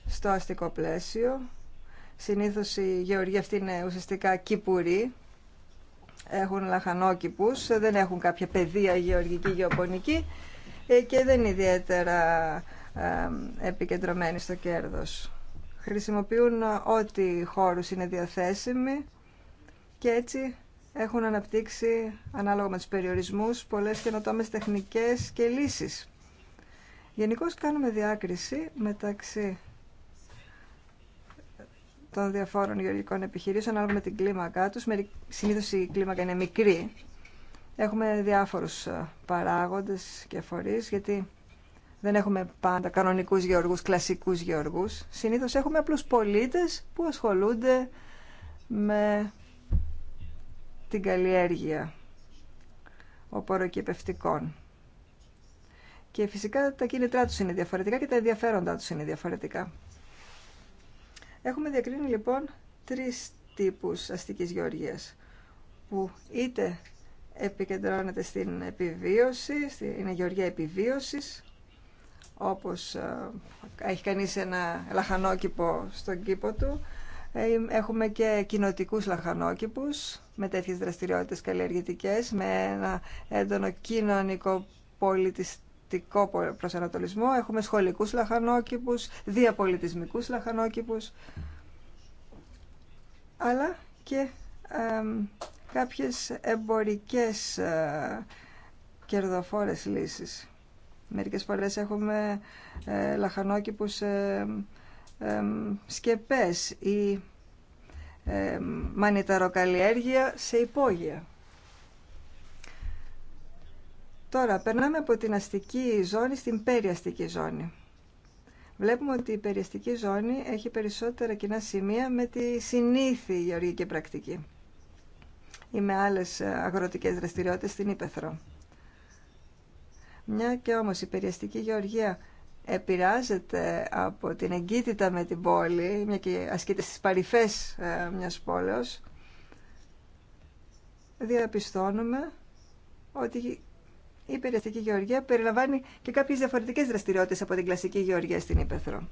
στο αστικό πλαίσιο. Συνήθως οι γεωργοί αυτοί είναι ουσιαστικά κυπουροί, έχουν λαχανόκηπους, δεν έχουν κάποια παιδεία γεωργική, γεωπονική ε, και δεν είναι ιδιαίτερα επικεντρωμένοι στο κέρδος. Χρησιμοποιούν ό,τι χώρους είναι διαθέσιμοι και έτσι έχουν αναπτύξει, ανάλογα με τους περιορισμούς, πολλές καινοτόμες τεχνικές και λύσεις. Γενικώ κάνουμε διάκριση μεταξύ των διαφόρων γεωργικών επιχειρήσεων, ανάλογα με την κλίμακά του. Συνήθω η κλίμακα είναι μικρή. Έχουμε διάφορους ε, παράγοντες και φορεί γιατί δεν έχουμε πάντα κανονικούς γεωργού, κλασικούς γεωργού. Συνήθω έχουμε απλού πολίτε που ασχολούνται με την καλλιέργεια οποροκυπευτικών. Και φυσικά τα κίνητρά τους είναι διαφορετικά και τα ενδιαφέροντά τους είναι διαφορετικά. Έχουμε διακρίνει λοιπόν τρεις τύπους αστικής γεωργίας που είτε επικεντρώνεται στην επιβίωση, είναι γεωργία επιβίωσης, όπως ε, έχει κανείς ένα λαχανόκηπο στον κήπο του. Ε, έχουμε και κοινοτικού λαχανόκηπους με τέτοιες δραστηριότητες καλλιεργητικές, με ένα έντονο κοινωνικό πολιτιστικό προσανατολισμό, έχουμε σχολικούς λαχανόκηπους, διαπολιτισμικούς λαχανόκηπους, αλλά και ε, κάποιες εμπορικές ε, κερδοφόρες λύσεις. Μερικές φορές έχουμε ε, λαχανόκηπους ε, σκεπές ή ε, μανιταροκαλλιέργεια σε υπόγεια. Τώρα, περνάμε από την αστική ζώνη στην περιαστική ζώνη. Βλέπουμε ότι η περιαστική ζώνη έχει περισσότερα κοινά σημεία με τη συνήθη γεωργική πρακτική ή με άλλες ε, αγροτικές δραστηριότητες στην Ήπεθρο. Μια και όμως η περιαστική γεωργία επηρεάζεται από την εγκύτητα με την πόλη, μια και ασκείται στις παρυφές ε, μιας πόλεως, διαπιστώνουμε ότι η περιεστική γεωργία περιλαμβάνει και κάποιες διαφορετικές δραστηριότητες από την κλασική γεωργία στην Ήπεθρο.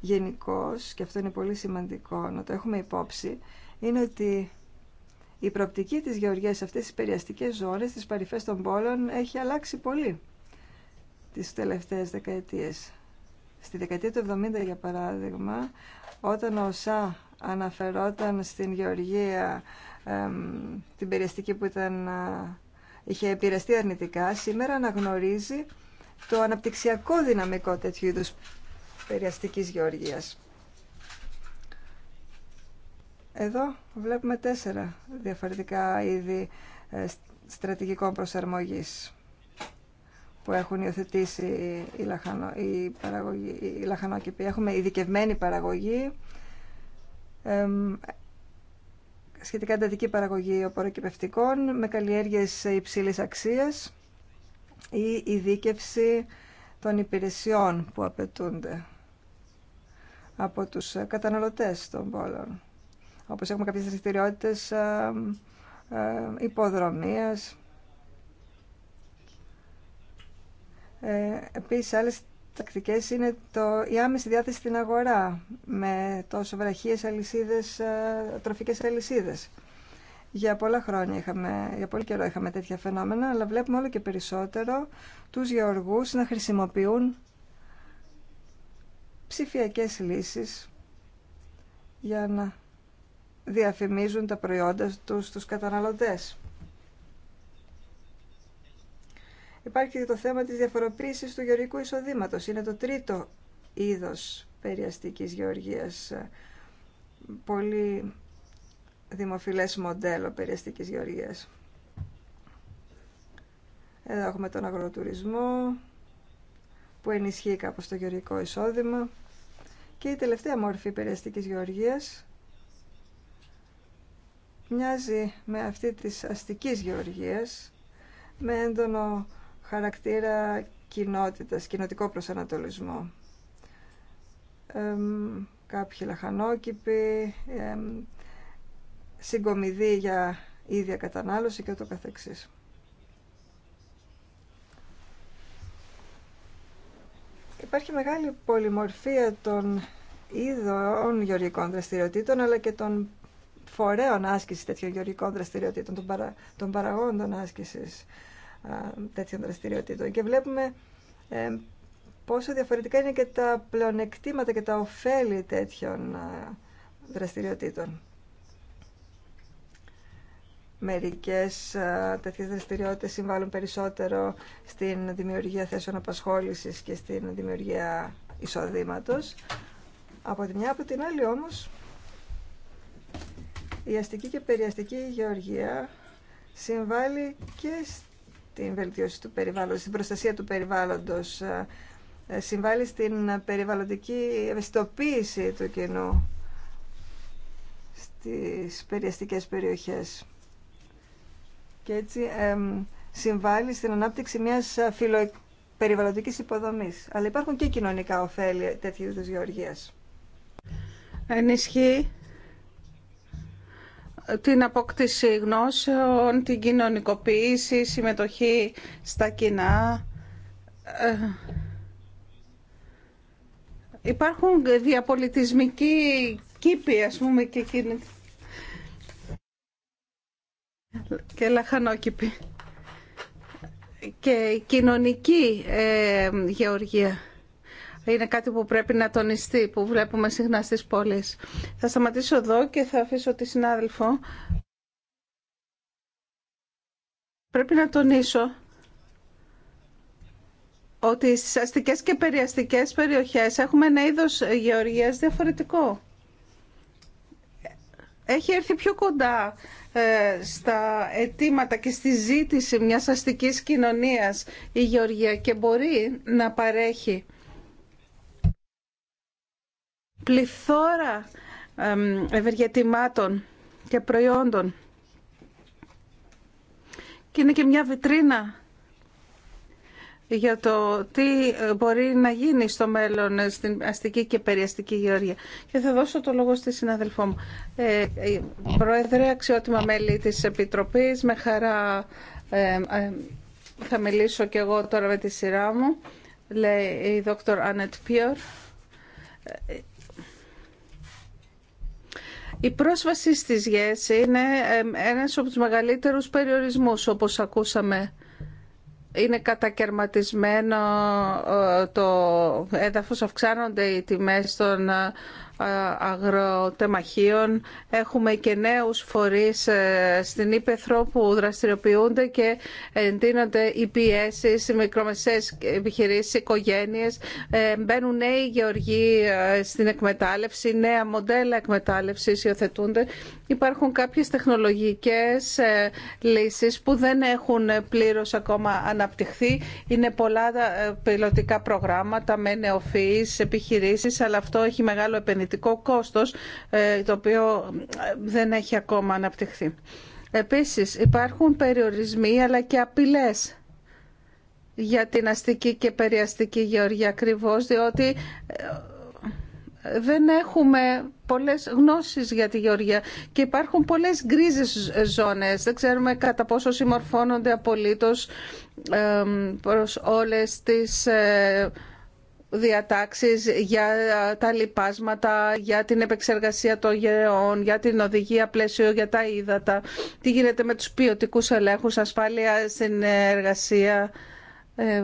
Γενικώ, και αυτό είναι πολύ σημαντικό να το έχουμε υπόψη, είναι ότι η προοπτική της γεωργίας σε αυτές τις περιαστικές ζώνες, στις παρυφές των πόλων, έχει αλλάξει πολύ τις τελευταίες δεκαετίες. Στη δεκαετία του 70, για παράδειγμα, όταν ο ΣΑ αναφερόταν στην γεωργία, εμ, την περιαστική που ήταν είχε επηρεαστεί αρνητικά, σήμερα αναγνωρίζει το αναπτυξιακό δυναμικό τέτοιου είδους περιαστικής γεωργίας. Εδώ βλέπουμε τέσσερα διαφορετικά είδη ε, στρατηγικών προσαρμογής που έχουν υιοθετήσει οι, λαχανο, οι, παραγωγοί, οι λαχανόκηποι. Έχουμε ειδικευμένη παραγωγή, σχετικά εντατική παραγωγή οπωροκυπευτικών με καλλιέργειες υψηλής αξίας ή ειδίκευση των υπηρεσιών που απαιτούνται από τους καταναλωτές των πόλων. Όπως έχουμε κάποιες δραστηριότητε υποδρομίας. Ε, επίσης, άλλες τακτικές είναι το, η άμεση διάθεση στην αγορά με τόσο βραχίες αλυσίδες, ε, τροφικές αλυσίδες. Για πολλά χρόνια είχαμε, για πολύ καιρό είχαμε τέτοια φαινόμενα, αλλά βλέπουμε όλο και περισσότερο τους γεωργούς να χρησιμοποιούν ψηφιακές λύσεις για να διαφημίζουν τα προϊόντα τους στους καταναλωτές. Υπάρχει και το θέμα της διαφοροποίησης του γεωργικού εισοδήματος. Είναι το τρίτο είδος περιαστικής γεωργίας. Πολύ δημοφιλές μοντέλο περιαστικής γεωργίας. Εδώ έχουμε τον αγροτουρισμό που ενισχύει κάπως το γεωργικό εισόδημα και η τελευταία μορφή περιαστικής γεωργίας μοιάζει με αυτή της αστικής γεωργίας με έντονο χαρακτήρα κοινότητας, κοινοτικό προσανατολισμό. κάποιοι λαχανόκηποι, ε, συγκομιδή για ίδια κατανάλωση και ούτω καθεξής. Υπάρχει μεγάλη πολυμορφία των είδων γεωργικών δραστηριοτήτων αλλά και των φορέων άσκησης τέτοιων γεωργικών δραστηριοτήτων, των, παρα, των παραγόντων άσκησης τέτοιων δραστηριοτήτων. Και βλέπουμε ε, πόσο διαφορετικά είναι και τα πλεονεκτήματα και τα ωφέλη τέτοιων δραστηριοτήτων. Μερικές τέτοιες δραστηριότητες συμβάλλουν περισσότερο στην δημιουργία θέσεων απασχόλησης και στην δημιουργία εισοδήματος. Από τη μια, από την άλλη όμως, η αστική και περιαστική γεωργία συμβάλλει και την βελτίωση του περιβάλλοντος, την προστασία του περιβάλλοντος, ε, ε, συμβάλλει στην περιβαλλοντική ευαισθητοποίηση του κοινού στις περιαστικές περιοχές. Και έτσι συμβάλλει στην ανάπτυξη μιας ε, φιλο... περιβαλλοντικής υποδομής. Αλλά υπάρχουν και κοινωνικά ωφέλη τέτοιου είδους γεωργίας. Ενισχύει την αποκτήση γνώσεων, την κοινωνικοποίηση, συμμετοχή στα κοινά. Ε, υπάρχουν διαπολιτισμικοί κήποι, ας πούμε, και, και λαχανόκηποι και κοινωνική ε, γεωργία είναι κάτι που πρέπει να τονιστεί, που βλέπουμε συχνά στις πόλεις. Θα σταματήσω εδώ και θα αφήσω τη συνάδελφο. Πρέπει να τονίσω ότι στις αστικές και περιαστικές περιοχές έχουμε ένα είδος γεωργίας διαφορετικό. Έχει έρθει πιο κοντά ε, στα αιτήματα και στη ζήτηση μιας αστικής κοινωνίας η γεωργία και μπορεί να παρέχει πληθώρα ευεργετημάτων και προϊόντων. Και είναι και μια βιτρίνα για το τι ε, μπορεί να γίνει στο μέλλον ε, στην αστική και περιαστική γεωργία. Και θα δώσω το λόγο στη συναδελφό μου. Ε, ε, πρόεδρε, αξιότιμα μέλη της Επιτροπής, με χαρά ε, θα μιλήσω και εγώ τώρα με τη σειρά μου, λέει η δόκτωρ Άνετ Πιόρ. Η πρόσβαση στις ΓΕΣ είναι ένας από τους μεγαλύτερους περιορισμούς, όπως ακούσαμε. Είναι κατακαιρματισμένο ε, το έδαφος, αυξάνονται οι τιμές των ε, αγροτεμαχίων. Έχουμε και νέους φορείς ε, στην Ήπεθρο που δραστηριοποιούνται και εντείνονται οι πιέσει, οι μικρομεσαίες επιχειρήσεις, οι οικογένειες. Ε, μπαίνουν νέοι γεωργοί ε, στην εκμετάλλευση, νέα μοντέλα εκμετάλλευσης υιοθετούνται Υπάρχουν κάποιες τεχνολογικές ε, λύσεις που δεν έχουν πλήρως ακόμα αναπτυχθεί. Είναι πολλά ε, πιλωτικά προγράμματα με νεοφυείς επιχειρήσεις, αλλά αυτό έχει μεγάλο επενδυτικό κόστος, ε, το οποίο δεν έχει ακόμα αναπτυχθεί. Επίσης, υπάρχουν περιορισμοί αλλά και απειλές για την αστική και περιαστική γεωργία ακριβώ, διότι δεν έχουμε πολλές γνώσεις για τη Γεωργία και υπάρχουν πολλές γκρίζες ζώνες. Δεν ξέρουμε κατά πόσο συμμορφώνονται απολύτως προς όλες τις ε, διατάξεις για ε, τα λοιπάσματα, για την επεξεργασία των γεών, για την οδηγία πλαίσιο για τα ύδατα, τι γίνεται με τους ποιοτικού ελέγχους, ασφάλεια στην εργασία. Ε,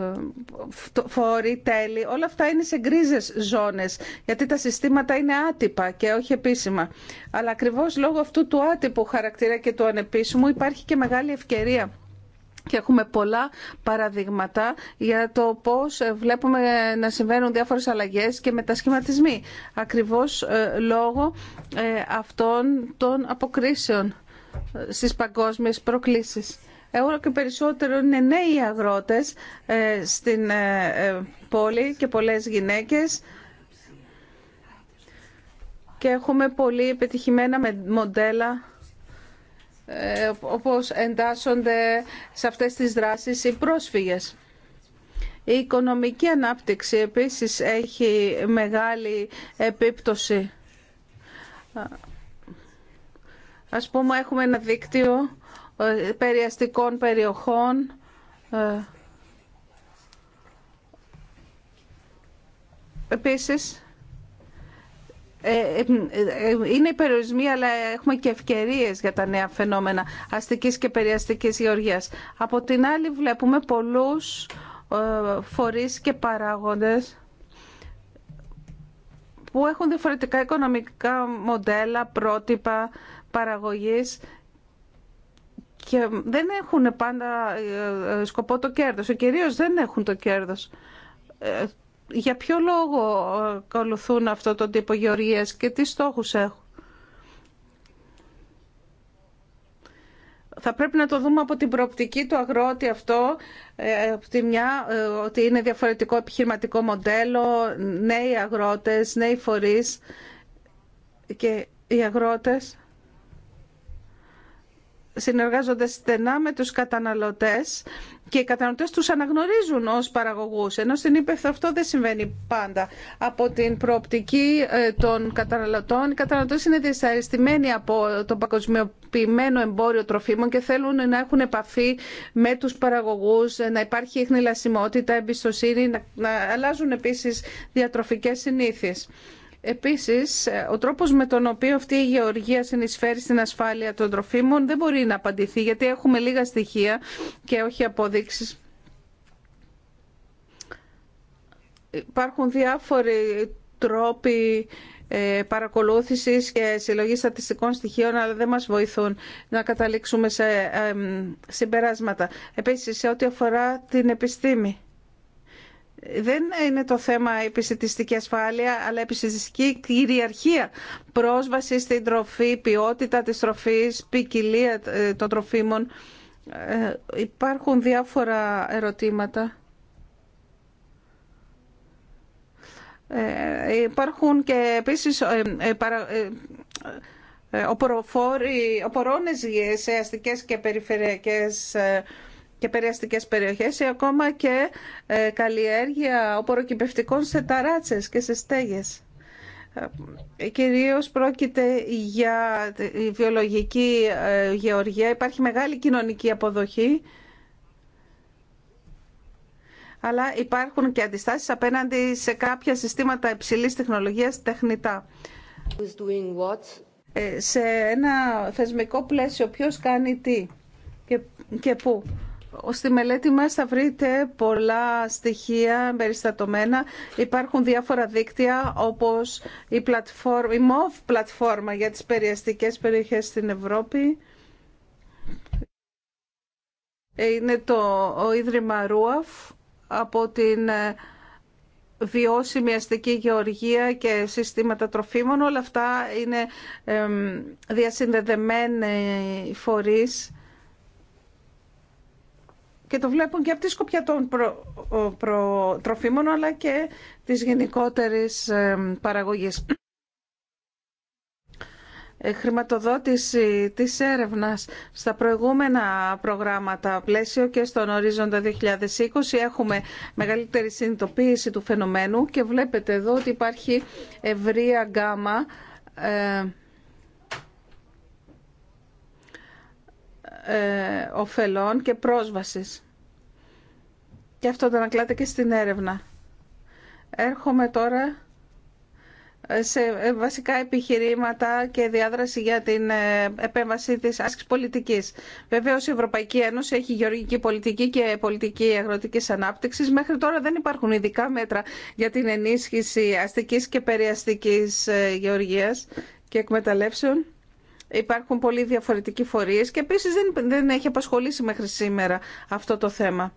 φόροι, τέλη, όλα αυτά είναι σε γκρίζε ζώνες, γιατί τα συστήματα είναι άτυπα και όχι επίσημα. Αλλά ακριβώς λόγω αυτού του άτυπου χαρακτήρα και του ανεπίσημου υπάρχει και μεγάλη ευκαιρία. Και έχουμε πολλά παραδείγματα για το πώς ε, βλέπουμε να συμβαίνουν διάφορες αλλαγές και μετασχηματισμοί. Ακριβώς ε, λόγω αυτών των αποκρίσεων στις παγκόσμιες προκλήσεις. Όλο και περισσότερο είναι νέοι αγρότες ε, στην ε, ε, πόλη και πολλές γυναίκες και έχουμε πολύ επιτυχημένα μοντέλα όπως εντάσσονται σε αυτές τις δράσεις οι πρόσφυγες. Η οικονομική ανάπτυξη επίσης έχει μεγάλη επίπτωση. Ας πούμε έχουμε ένα δίκτυο ε, περιαστικών περιοχών ε. Επίσης, ε, είναι οι περιορισμοί, αλλά έχουμε και ευκαιρίες για τα νέα φαινόμενα αστικής και περιαστικής γεωργίας. Από την άλλη βλέπουμε πολλούς φορείς και παράγοντες που έχουν διαφορετικά οικονομικά μοντέλα, πρότυπα παραγωγής και δεν έχουν πάντα ε, ε, σκοπό το κέρδος. Ο κυρίως δεν έχουν το κέρδος. Ε, για ποιο λόγο ακολουθούν αυτό το τύπο γεωργίας και τι στόχους έχουν. Θα πρέπει να το δούμε από την προοπτική του αγρότη αυτό, από τη μια ότι είναι διαφορετικό επιχειρηματικό μοντέλο, νέοι αγρότες, νέοι φορείς και οι αγρότες συνεργάζονται στενά με τους καταναλωτές και οι καταναλωτές τους αναγνωρίζουν ως παραγωγούς, ενώ στην ύπεθρο αυτό δεν συμβαίνει πάντα. Από την προοπτική ε, των καταναλωτών, οι καταναλωτές είναι δυσαρεστημένοι από το παγκοσμιοποιημένο εμπόριο τροφίμων και θέλουν να έχουν επαφή με τους παραγωγούς, να υπάρχει ίχνηλασιμότητα, εμπιστοσύνη, να, να αλλάζουν επίσης διατροφικές συνήθειες. Επίσης, ε, ο τρόπος με τον οποίο αυτή η γεωργία συνεισφέρει στην ασφάλεια των τροφίμων δεν μπορεί να απαντηθεί, γιατί έχουμε λίγα στοιχεία και όχι αποδείξεις. Υπάρχουν διάφοροι τρόποι ε, παρακολούθησης και συλλογής στατιστικών στοιχείων, αλλά δεν μας βοηθούν να καταλήξουμε σε ε, συμπεράσματα. Επίσης, σε ό,τι αφορά την επιστήμη δεν είναι το θέμα επιστημιστική ασφάλεια, αλλά επιστημιστική κυριαρχία. Πρόσβαση στην τροφή, ποιότητα της τροφής, ποικιλία ε, των τροφίμων. Ε, υπάρχουν διάφορα ερωτήματα. Ε, υπάρχουν και επίσης ε, οπορώνες σε αστικές και περιφερειακές και περιαστικές περιοχές ή ακόμα και ε, καλλιέργεια οποροκυπευτικών σε ταράτσες και σε στέγες. Ε, κυρίως πρόκειται για τη βιολογική ε, γεωργία. Υπάρχει μεγάλη κοινωνική αποδοχή αλλά υπάρχουν και αντιστάσεις απέναντι σε κάποια συστήματα υψηλής τεχνολογίας τεχνητά. σε ένα θεσμικό πλαίσιο ποιος κάνει τι και πού. Στη μελέτη μας θα βρείτε πολλά στοιχεία περιστατωμένα. Υπάρχουν διάφορα δίκτυα όπως η, πλατφόρμα, MOV πλατφόρμα για τις περιαστικές περιοχές στην Ευρώπη. Είναι το ο Ίδρυμα Ρούαφ από την ε, βιώσιμη αστική γεωργία και συστήματα τροφίμων. Όλα αυτά είναι διασυνδεδεμένοι φορείς και το βλέπουν και από τη σκοπιά των προ, αλλά και της γενικότερης ε, παραγωγής. χρηματοδότηση της έρευνας στα προηγούμενα προγράμματα πλαίσιο και στον ορίζοντα 2020 έχουμε μεγαλύτερη συνειδητοποίηση του φαινομένου και βλέπετε εδώ ότι υπάρχει ευρία γκάμα ε, Ε, ωφελών και πρόσβασης. Και αυτό το ανακλάτε και στην έρευνα. Έρχομαι τώρα ε, σε ε, βασικά επιχειρήματα και διάδραση για την επέμβαση της άσκης πολιτικής. Βεβαίως η Ευρωπαϊκή Ένωση έχει γεωργική πολιτική και πολιτική αγροτικής ανάπτυξης. Μέχρι τώρα δεν υπάρχουν ειδικά μέτρα για την ενίσχυση αστικής και περιαστικής γεωργίας και εκμεταλλεύσεων υπάρχουν πολύ διαφορετικοί φορείς και επίσης δεν, δεν έχει απασχολήσει μέχρι σήμερα αυτό το θέμα.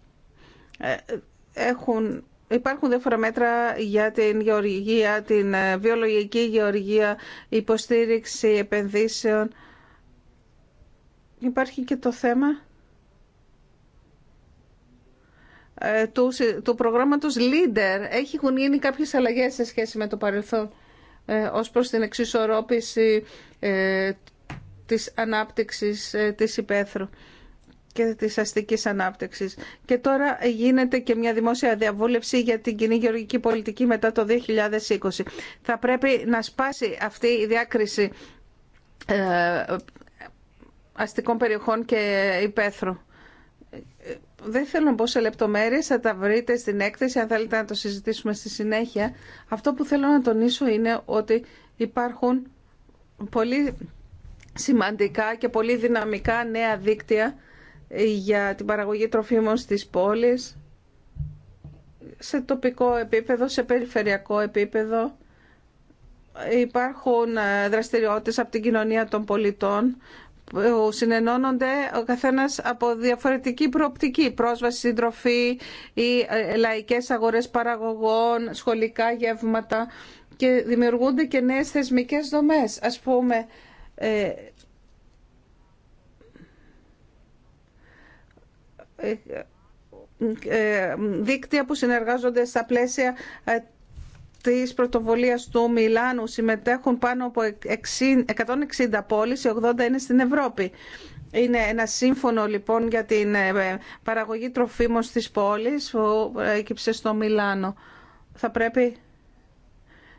Ε, έχουν, υπάρχουν διάφορα μέτρα για την γεωργία, την ε, βιολογική γεωργία, υποστήριξη επενδύσεων. Υπάρχει και το θέμα ε, του, του προγράμματος Leader. Έχουν γίνει κάποιες αλλαγές σε σχέση με το παρελθόν ως προς την εξισορρόπηση της ανάπτυξης ε, της υπαίθρου και της αστικής ανάπτυξης. Και τώρα γίνεται και μια δημόσια διαβούλευση για την κοινή γεωργική πολιτική μετά το 2020. Θα πρέπει να σπάσει αυτή η διάκριση ε, αστικών περιοχών και υπαίθρου. Δεν θέλω να μπω σε λεπτομέρειες, θα τα βρείτε στην έκθεση, αν θέλετε να το συζητήσουμε στη συνέχεια. Αυτό που θέλω να τονίσω είναι ότι υπάρχουν πολλοί σημαντικά και πολύ δυναμικά νέα δίκτυα για την παραγωγή τροφίμων στις πόλεις σε τοπικό επίπεδο, σε περιφερειακό επίπεδο. Υπάρχουν ε, δραστηριότητες από την κοινωνία των πολιτών που συνενώνονται ο καθένας από διαφορετική προοπτική, πρόσβαση στην τροφή ή ε, λαϊκές αγορές παραγωγών, σχολικά γεύματα και δημιουργούνται και νέες θεσμικές δομές. Ας πούμε, ε, ε, ε, δίκτυα που συνεργάζονται στα πλαίσια της πρωτοβολίας του Μιλάνου συμμετέχουν πάνω από 160 πόλεις, 80 είναι στην Ευρώπη. Είναι ένα σύμφωνο λοιπόν για την παραγωγή τροφίμων στις πόλεις που έκυψε στο Μιλάνο. Θα πρέπει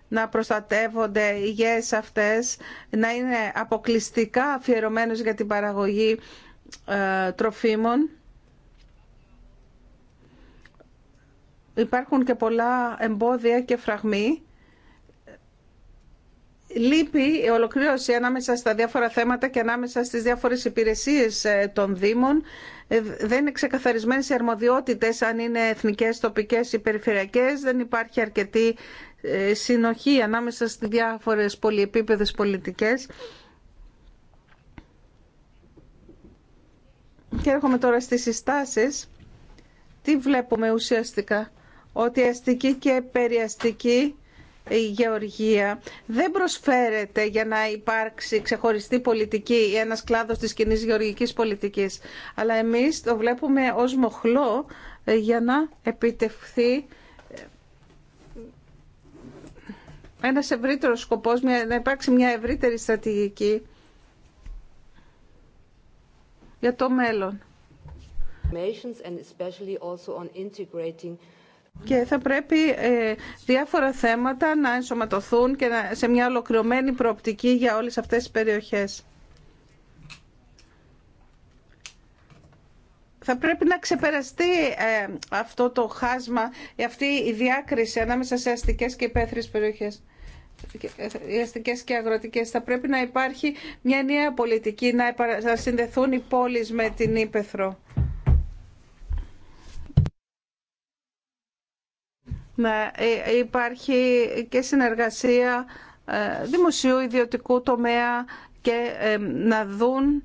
να προστατεύονται οι γέες αυτές, να είναι αποκλειστικά αφιερωμένες για την παραγωγή ε, τροφίμων. Υπάρχουν και πολλά εμπόδια και φραγμοί. Λείπει η ολοκλήρωση ανάμεσα στα διάφορα θέματα και ανάμεσα στις διάφορες υπηρεσίες ε, των Δήμων. Ε, δεν είναι ξεκαθαρισμένες οι αρμοδιότητες αν είναι εθνικές, τοπικές ή περιφερειακές. Δεν υπάρχει αρκετή ε, συνοχή ανάμεσα στις διάφορες πολυεπίπεδες πολιτικές. Και έρχομαι τώρα στις συστάσεις. Τι βλέπουμε ουσιαστικά. Ότι αστική και περιαστική η γεωργία δεν προσφέρεται για να υπάρξει ξεχωριστή πολιτική ή ένας κλάδος της κοινή γεωργικής πολιτικής. Αλλά εμείς το βλέπουμε ως μοχλό για να επιτευχθεί ένας ευρύτερος σκοπός, μια, να υπάρξει μια ευρύτερη στρατηγική για το μέλλον. Και θα πρέπει ε, διάφορα θέματα να ενσωματωθούν και να, σε μια ολοκληρωμένη προοπτική για όλες αυτές τις περιοχές. Θα πρέπει να ξεπεραστεί ε, αυτό το χάσμα, αυτή η διάκριση ανάμεσα σε αστικές και υπαίθριες περιοχές οι και αγροτικές. Θα πρέπει να υπάρχει μια νέα πολιτική, να συνδεθούν οι πόλεις με την Ήπεθρο. Να ε, υπάρχει και συνεργασία ε, δημοσίου ιδιωτικού τομέα και ε, να δουν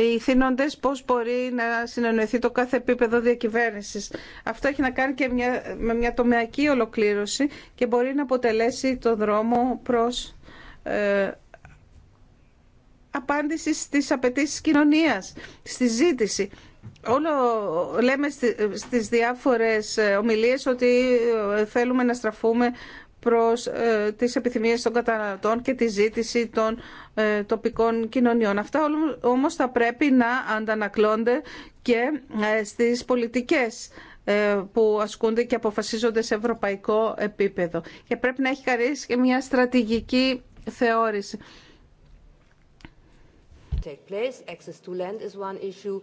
οι θύνοντε πώς μπορεί να συνεννοηθεί το κάθε επίπεδο διακυβέρνησης. Αυτό έχει να κάνει και μια, με μια τομεακή ολοκλήρωση και μπορεί να αποτελέσει το δρόμο προς ε, απάντηση στις απαιτήσει κοινωνία, στη ζήτηση. Όλο λέμε στις διάφορες ε, ομιλίες ότι ε, θέλουμε να στραφούμε προς ε, τις επιθυμίες των καταναλωτών και τη ζήτηση των ε, τοπικών κοινωνιών. Αυτά όμως θα πρέπει να αντανακλώνται και ε, στις πολιτικές που ασκούνται και αποφασίζονται σε ευρωπαϊκό επίπεδο. Και πρέπει να έχει χαρίσει και μια στρατηγική θεώρηση. Take place. Access to one issue.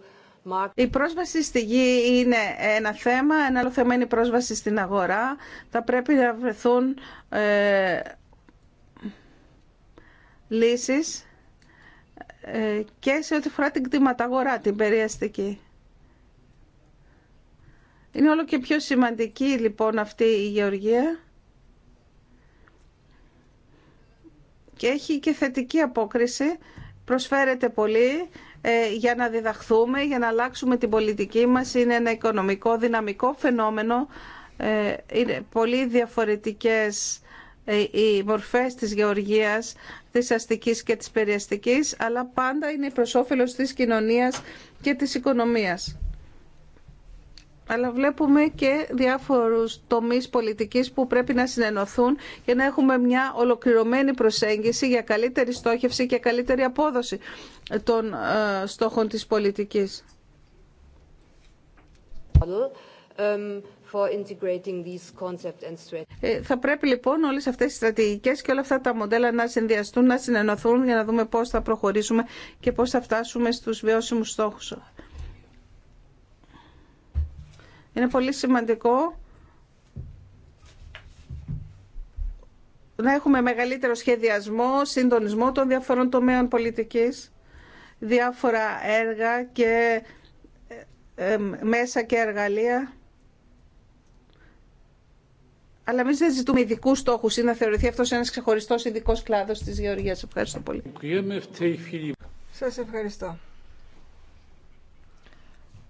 Η πρόσβαση στη γη είναι ένα θέμα, ένα άλλο θέμα είναι η πρόσβαση στην αγορά. Θα πρέπει να βρεθούν ε, λύσεις ε, και σε ό,τι φορά την κτηματαγορά, την περιαστική. Είναι όλο και πιο σημαντική λοιπόν αυτή η γεωργία και έχει και θετική απόκριση, προσφέρεται πολύ ε, για να διδαχθούμε, για να αλλάξουμε την πολιτική μας. Είναι ένα οικονομικό, δυναμικό φαινόμενο. Ε, είναι πολύ διαφορετικές ε, οι μορφές της γεωργίας, της αστικής και της περιαστικής, αλλά πάντα είναι προς όφελος της κοινωνίας και της οικονομίας αλλά βλέπουμε και διάφορους τομείς πολιτικής που πρέπει να συνενωθούν για να έχουμε μια ολοκληρωμένη προσέγγιση για καλύτερη στόχευση και καλύτερη απόδοση των ε, στόχων της πολιτικής. Um, ε, θα πρέπει λοιπόν όλες αυτές οι στρατηγικές και όλα αυτά τα μοντέλα να συνδυαστούν, να συνενωθούν για να δούμε πώς θα προχωρήσουμε και πώς θα φτάσουμε στους βιώσιμους στόχους. Είναι πολύ σημαντικό να έχουμε μεγαλύτερο σχεδιασμό, συντονισμό των διαφορών τομέων πολιτικής, διάφορα έργα και ε, ε, μέσα και εργαλεία. Αλλά εμεί δεν ζητούμε ειδικού στόχου ή να θεωρηθεί αυτό ένα ξεχωριστό ειδικό κλάδο τη Γεωργία. Ευχαριστώ πολύ. Σα ευχαριστώ.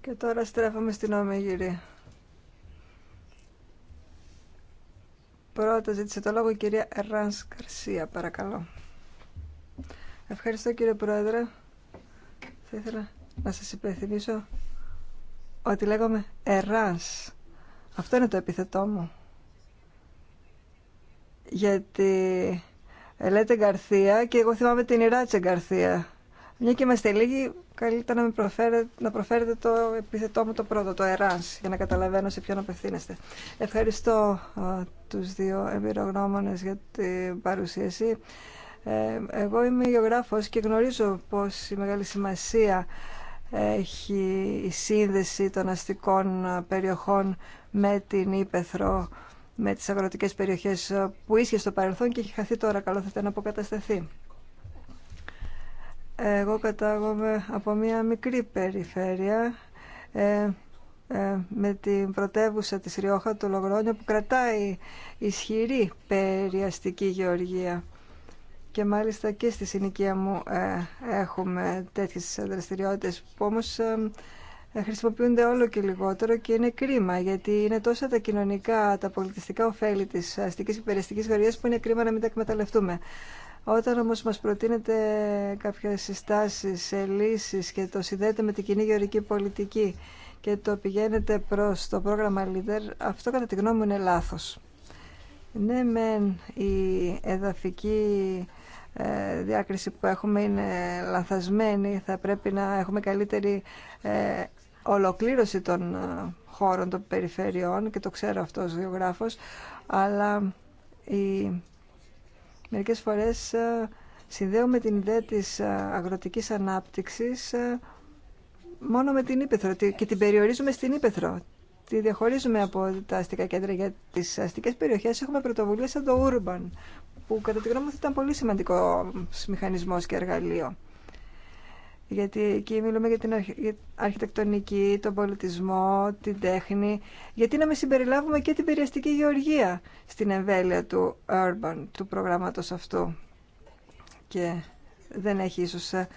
Και τώρα στρέφουμε στην Ομιγυρή. Πρώτα ζήτησε το λόγο η κυρία Εράνς Καρσία, παρακαλώ. Ευχαριστώ κύριε Πρόεδρε. Θα ήθελα να σας υπενθυμίσω ότι λέγομαι Εράνς. Αυτό είναι το επιθετό μου. Γιατί λέτε Γκαρθία και εγώ θυμάμαι την Ιράτσε Γκαρθία. Μια και είμαστε λίγοι, καλύτερα να, με προφέρετε, να προφέρετε το επιθετό μου το πρώτο, το ΕΡΑΝΣ, για να καταλαβαίνω σε ποιον απευθύνεστε. Ευχαριστώ α, τους δύο εμπειρογνώμονες για την παρουσίαση. Ε, εγώ είμαι γεωγράφος και γνωρίζω πως η μεγάλη σημασία έχει η σύνδεση των αστικών περιοχών με την Ήπεθρο, με τις αγροτικές περιοχές που ίσχυε στο παρελθόν και έχει χαθεί τώρα, καλό θα ήταν να αποκατασταθεί. Εγώ κατάγομαι από μια μικρή περιφέρεια ε, ε, με την πρωτεύουσα της Ριόχα, του Λογρόνιο, που κρατάει ισχυρή περιαστική γεωργία. Και μάλιστα και στη συνοικία μου ε, έχουμε τέτοιες δραστηριότητες που όμως χρησιμοποιούνται όλο και λιγότερο και είναι κρίμα γιατί είναι τόσα τα κοινωνικά, τα πολιτιστικά ωφέλη της αστικής και περιαστικής γεωργίας που είναι κρίμα να μην τα εκμεταλλευτούμε. Όταν όμως μας προτείνετε κάποιες συστάσεις λύσει και το συνδέετε με την κοινή γεωρική πολιτική και το πηγαίνετε προς το πρόγραμμα Leader, αυτό κατά τη γνώμη μου είναι λάθος. Ναι, μεν η εδαφική ε, διάκριση που έχουμε είναι λαθασμένη, θα πρέπει να έχουμε καλύτερη ε, ολοκλήρωση των ε, χώρων των περιφερειών και το ξέρω αυτό ο γεωγράφος, αλλά η Μερικές φορές ε, συνδέουμε την ιδέα της ε, αγροτικής ανάπτυξης ε, μόνο με την Ήπεθρο και την περιορίζουμε στην Ήπεθρο. Τη διαχωρίζουμε από τα αστικά κέντρα για τις αστικές περιοχές. Έχουμε πρωτοβουλία σαν το Urban, που κατά τη γνώμη μου ήταν πολύ σημαντικό μηχανισμός και εργαλείο γιατί εκεί μιλούμε για την αρχιτεκτονική, τον πολιτισμό, την τέχνη. Γιατί να με συμπεριλάβουμε και την περιαστική γεωργία στην εμβέλεια του Urban, του προγράμματος αυτού. Και δεν έχει ίσως, ε,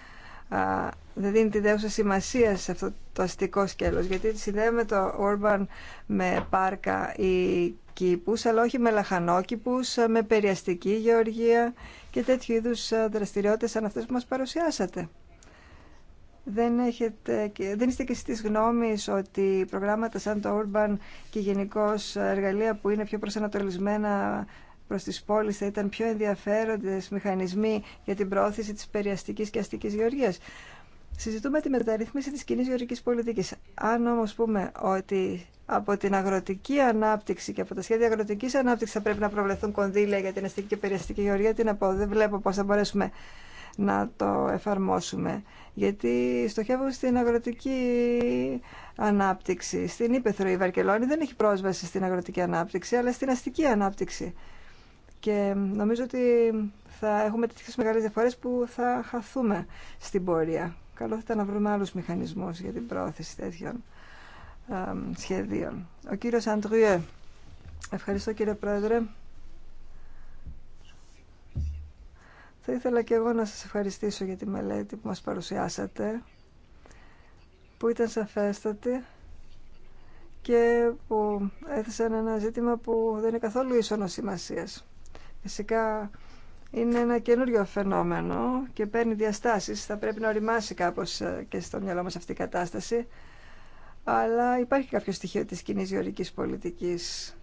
α, δεν δίνει τη δέουσα σημασία σε αυτό το αστικό σκέλος, γιατί συνδέουμε το Urban με πάρκα ή κήπους, αλλά όχι με λαχανόκηπους, ε, με περιαστική γεωργία και τέτοιου είδους ε, δραστηριότητες σαν αυτές που μας παρουσιάσατε δεν, έχετε, δεν είστε και στις γνώμες γνώμης ότι προγράμματα σαν το Urban και γενικώ εργαλεία που είναι πιο προσανατολισμένα προς τις πόλεις θα ήταν πιο ενδιαφέροντες μηχανισμοί για την προώθηση της περιαστικής και αστικής γεωργίας. Συζητούμε τη μεταρρύθμιση της κοινή γεωργικής πολιτικής. Αν όμως πούμε ότι από την αγροτική ανάπτυξη και από τα σχέδια αγροτικής ανάπτυξης θα πρέπει να προβλεφθούν κονδύλια για την αστική και περιαστική γεωργία, να πω, δεν βλέπω πώς θα μπορέσουμε να το εφαρμόσουμε. Γιατί στοχεύω στην αγροτική ανάπτυξη. Στην Ήπεθρο η Βαρκελόνη δεν έχει πρόσβαση στην αγροτική ανάπτυξη, αλλά στην αστική ανάπτυξη. Και νομίζω ότι θα έχουμε τέτοιε μεγάλε διαφορέ που θα χαθούμε στην πορεία. Καλό θα ήταν να βρούμε άλλους μηχανισμούς για την πρόθεση τέτοιων σχεδίων. Ο κύριο Αντρουέ. Ευχαριστώ κύριε Πρόεδρε. Θα ήθελα και εγώ να σας ευχαριστήσω για τη μελέτη που μας παρουσιάσατε, που ήταν σαφέστατη και που έθεσαν ένα ζήτημα που δεν είναι καθόλου ίσονος σημασίας. Φυσικά είναι ένα καινούριο φαινόμενο και παίρνει διαστάσεις. Θα πρέπει να οριμάσει κάπως ε, και στο μυαλό μας αυτή η κατάσταση. Αλλά υπάρχει κάποιο στοιχείο της κοινή γεωρικής πολιτικής.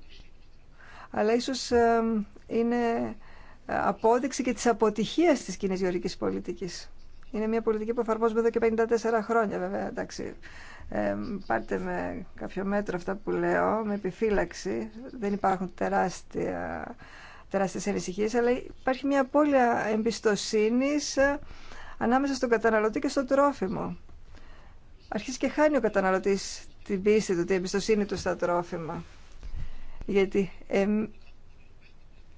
Αλλά ίσως ε, είναι απόδειξη και της αποτυχίας της κοινή γεωργικής πολιτικής. Είναι μια πολιτική που εφαρμόζουμε εδώ και 54 χρόνια βέβαια, εντάξει. Ε, πάρτε με κάποιο μέτρο αυτά που λέω, με επιφύλαξη. Δεν υπάρχουν τεράστια, τεράστιες ανησυχίες, αλλά υπάρχει μια απώλεια εμπιστοσύνης ε, ανάμεσα στον καταναλωτή και στο τρόφιμο. Αρχίζει και χάνει ο καταναλωτής την πίστη του, την εμπιστοσύνη του στα τρόφιμα. Γιατί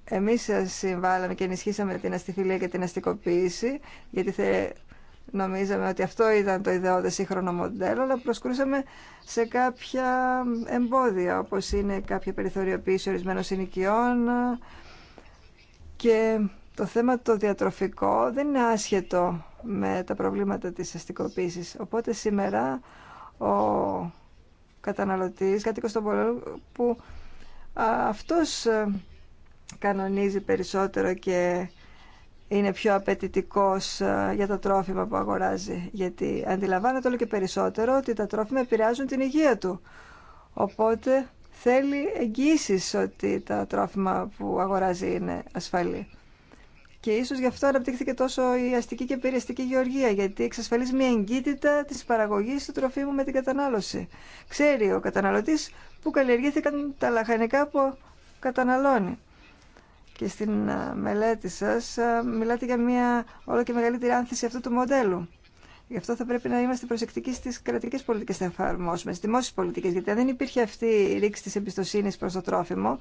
εμείς ε, συμβάλαμε και ενισχύσαμε την αστιφιλία και την αστικοποίηση, γιατί θε... νομίζαμε ότι αυτό ήταν το ιδεώδε σύγχρονο μοντέλο, αλλά προσκρούσαμε σε κάποια εμπόδια, όπως είναι κάποια περιθωριοποίηση ορισμένων συνοικιών και το θέμα το διατροφικό δεν είναι άσχετο με τα προβλήματα της αστικοποίησης. Οπότε σήμερα ο καταναλωτής, κάτοικος των πολλών, που αυτός ε, κανονίζει περισσότερο και είναι πιο απαιτητικό ε, για τα τρόφιμα που αγοράζει. Γιατί αντιλαμβάνεται όλο και περισσότερο ότι τα τρόφιμα επηρεάζουν την υγεία του. Οπότε θέλει εγγύησει ότι τα τρόφιμα που αγοράζει είναι ασφαλή. Και ίσως γι' αυτό αναπτύχθηκε τόσο η αστική και περιαστική γεωργία, γιατί εξασφαλίζει μια εγκύτητα της παραγωγής του τροφίμου με την κατανάλωση. Ξέρει ο καταναλωτής που καλλιεργήθηκαν τα λαχανικά που καταναλώνει και στην ε, μελέτη σας ε, μιλάτε για μια όλο και μεγαλύτερη άνθηση αυτού του μοντέλου. Γι' αυτό θα πρέπει να είμαστε προσεκτικοί στι κρατικέ πολιτικέ που εφαρμόσουμε, στι δημόσιε πολιτικέ. Γιατί αν δεν υπήρχε αυτή η ρήξη τη εμπιστοσύνη προ το τρόφιμο,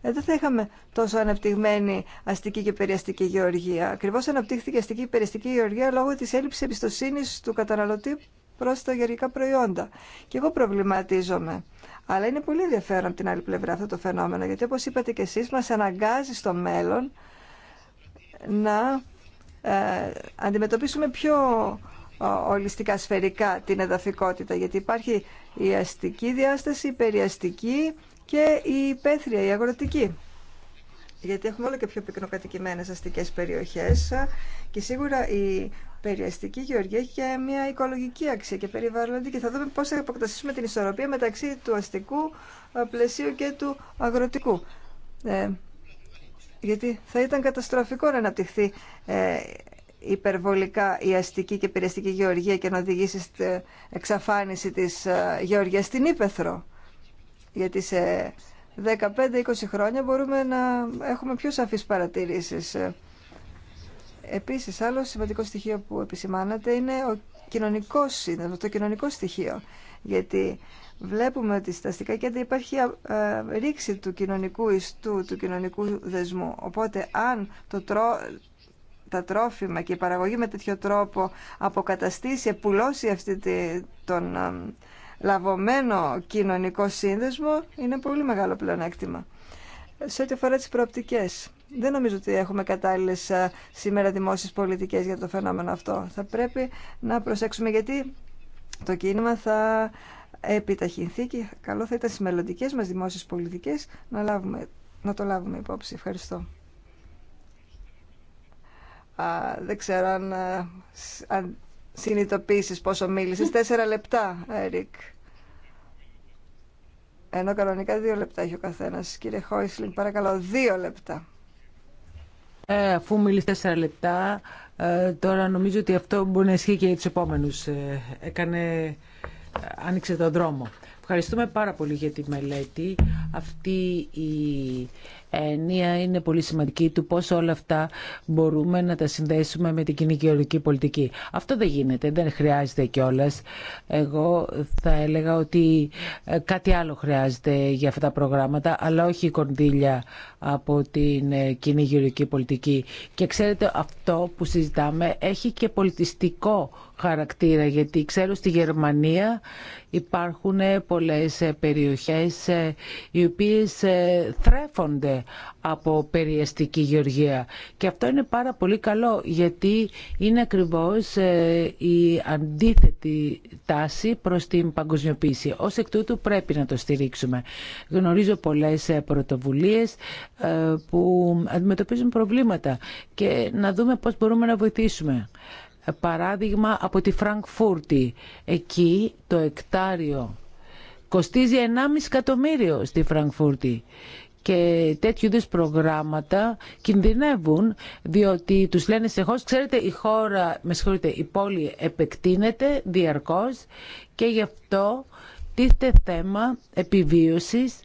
ε, δεν θα είχαμε τόσο αναπτυγμένη αστική και περιαστική γεωργία. Ακριβώ αναπτύχθηκε η αστική και περιαστική γεωργία λόγω τη έλλειψη εμπιστοσύνη του καταναλωτή προ τα γεωργικά προϊόντα. Και εγώ προβληματίζομαι αλλά είναι πολύ ενδιαφέρον από την άλλη πλευρά αυτό το φαινόμενο, γιατί όπως είπατε και εσείς, μας αναγκάζει στο μέλλον να ε, αντιμετωπίσουμε πιο ολιστικά σφαιρικά την εδαφικότητα, γιατί υπάρχει η αστική διάσταση, η περιαστική και η υπαίθρια, η αγροτική. Γιατί έχουμε όλο και πιο πυκνοκατοικημένες αστικές περιοχές και σίγουρα η περιαστική γεωργία έχει και μια οικολογική αξία και περιβαλλοντική. Θα δούμε πώ θα αποκτασίσουμε την ισορροπία μεταξύ του αστικού ε, πλαισίου και του αγροτικού. Ε, γιατί θα ήταν καταστροφικό να αναπτυχθεί ε, υπερβολικά η αστική και περιεστική γεωργία και να οδηγήσει στην εξαφάνιση της ε, γεωργίας στην Ήπεθρο. Γιατί σε 15-20 χρόνια μπορούμε να έχουμε πιο σαφείς παρατηρήσεις ε. Επίσης, άλλο σημαντικό στοιχείο που επισημάνατε είναι ο κοινωνικός σύνδεσμος, το κοινωνικό στοιχείο. Γιατί βλέπουμε ότι στα αστικά κέντρα υπάρχει ρήξη του κοινωνικού ιστού, του κοινωνικού δεσμού. Οπότε, αν το τρώ, τα τρόφιμα και η παραγωγή με τέτοιο τρόπο αποκαταστήσει, επουλώσει αυτή τον λαβωμένο κοινωνικό σύνδεσμο, είναι πολύ μεγάλο πλεονέκτημα. Σε ό,τι αφορά τις προοπτικές, δεν νομίζω ότι έχουμε κατάλληλε ε, σήμερα δημόσιες πολιτικές για το φαινόμενο αυτό. Θα πρέπει να προσέξουμε γιατί το κίνημα θα επιταχυνθεί και καλό θα ήταν στι μελλοντικέ μας δημόσιες πολιτικές να, λάβουμε, να το λάβουμε υπόψη. Ευχαριστώ. Α, δεν ξέρω αν, ε, αν συνειδητοποίησες πόσο μίλησες. Τέσσερα λεπτά, Ερικ. Ενώ κανονικά δύο λεπτά έχει ο καθένας. Κύριε Χόισλινγκ, παρακαλώ, δύο λεπτά. Ε, αφού μιλήσει τέσσερα λεπτά, ε, τώρα νομίζω ότι αυτό μπορεί να ισχύει και για τους επόμενους. Ε, έκανε, άνοιξε τον δρόμο. Ευχαριστούμε πάρα πολύ για τη μελέτη. Αυτή η ενία είναι πολύ σημαντική του πώς όλα αυτά μπορούμε να τα συνδέσουμε με την κοινή ορική πολιτική. Αυτό δεν γίνεται, δεν χρειάζεται κιόλα. Εγώ θα έλεγα ότι κάτι άλλο χρειάζεται για αυτά τα προγράμματα, αλλά όχι η κονδύλια από την ε, κοινή γεωργική πολιτική. Και ξέρετε αυτό που συζητάμε έχει και πολιτιστικό χαρακτήρα γιατί ξέρω στη Γερμανία υπάρχουν ε, πολλές ε, περιοχές οι οποίες θρέφονται από περιεστική γεωργία και αυτό είναι πάρα πολύ καλό γιατί είναι ακριβώς η αντίθετη τάση προς την παγκοσμιοποίηση. Ως εκ τούτου πρέπει να το στηρίξουμε. Γνωρίζω πολλές πρωτοβουλίες ε, που αντιμετωπίζουν προβλήματα και να δούμε πώς μπορούμε να βοηθήσουμε. Ε, παράδειγμα από τη Φραγκφούρτη. Εκεί το εκτάριο κοστίζει 1,5 εκατομμύριο στη Φραγκφούρτη και τέτοιου είδου προγράμματα κινδυνεύουν διότι τους λένε συνεχώ, ξέρετε η χώρα, με συγχωρείτε, η πόλη επεκτείνεται διαρκώς και γι' αυτό τίθεται θέμα επιβίωσης.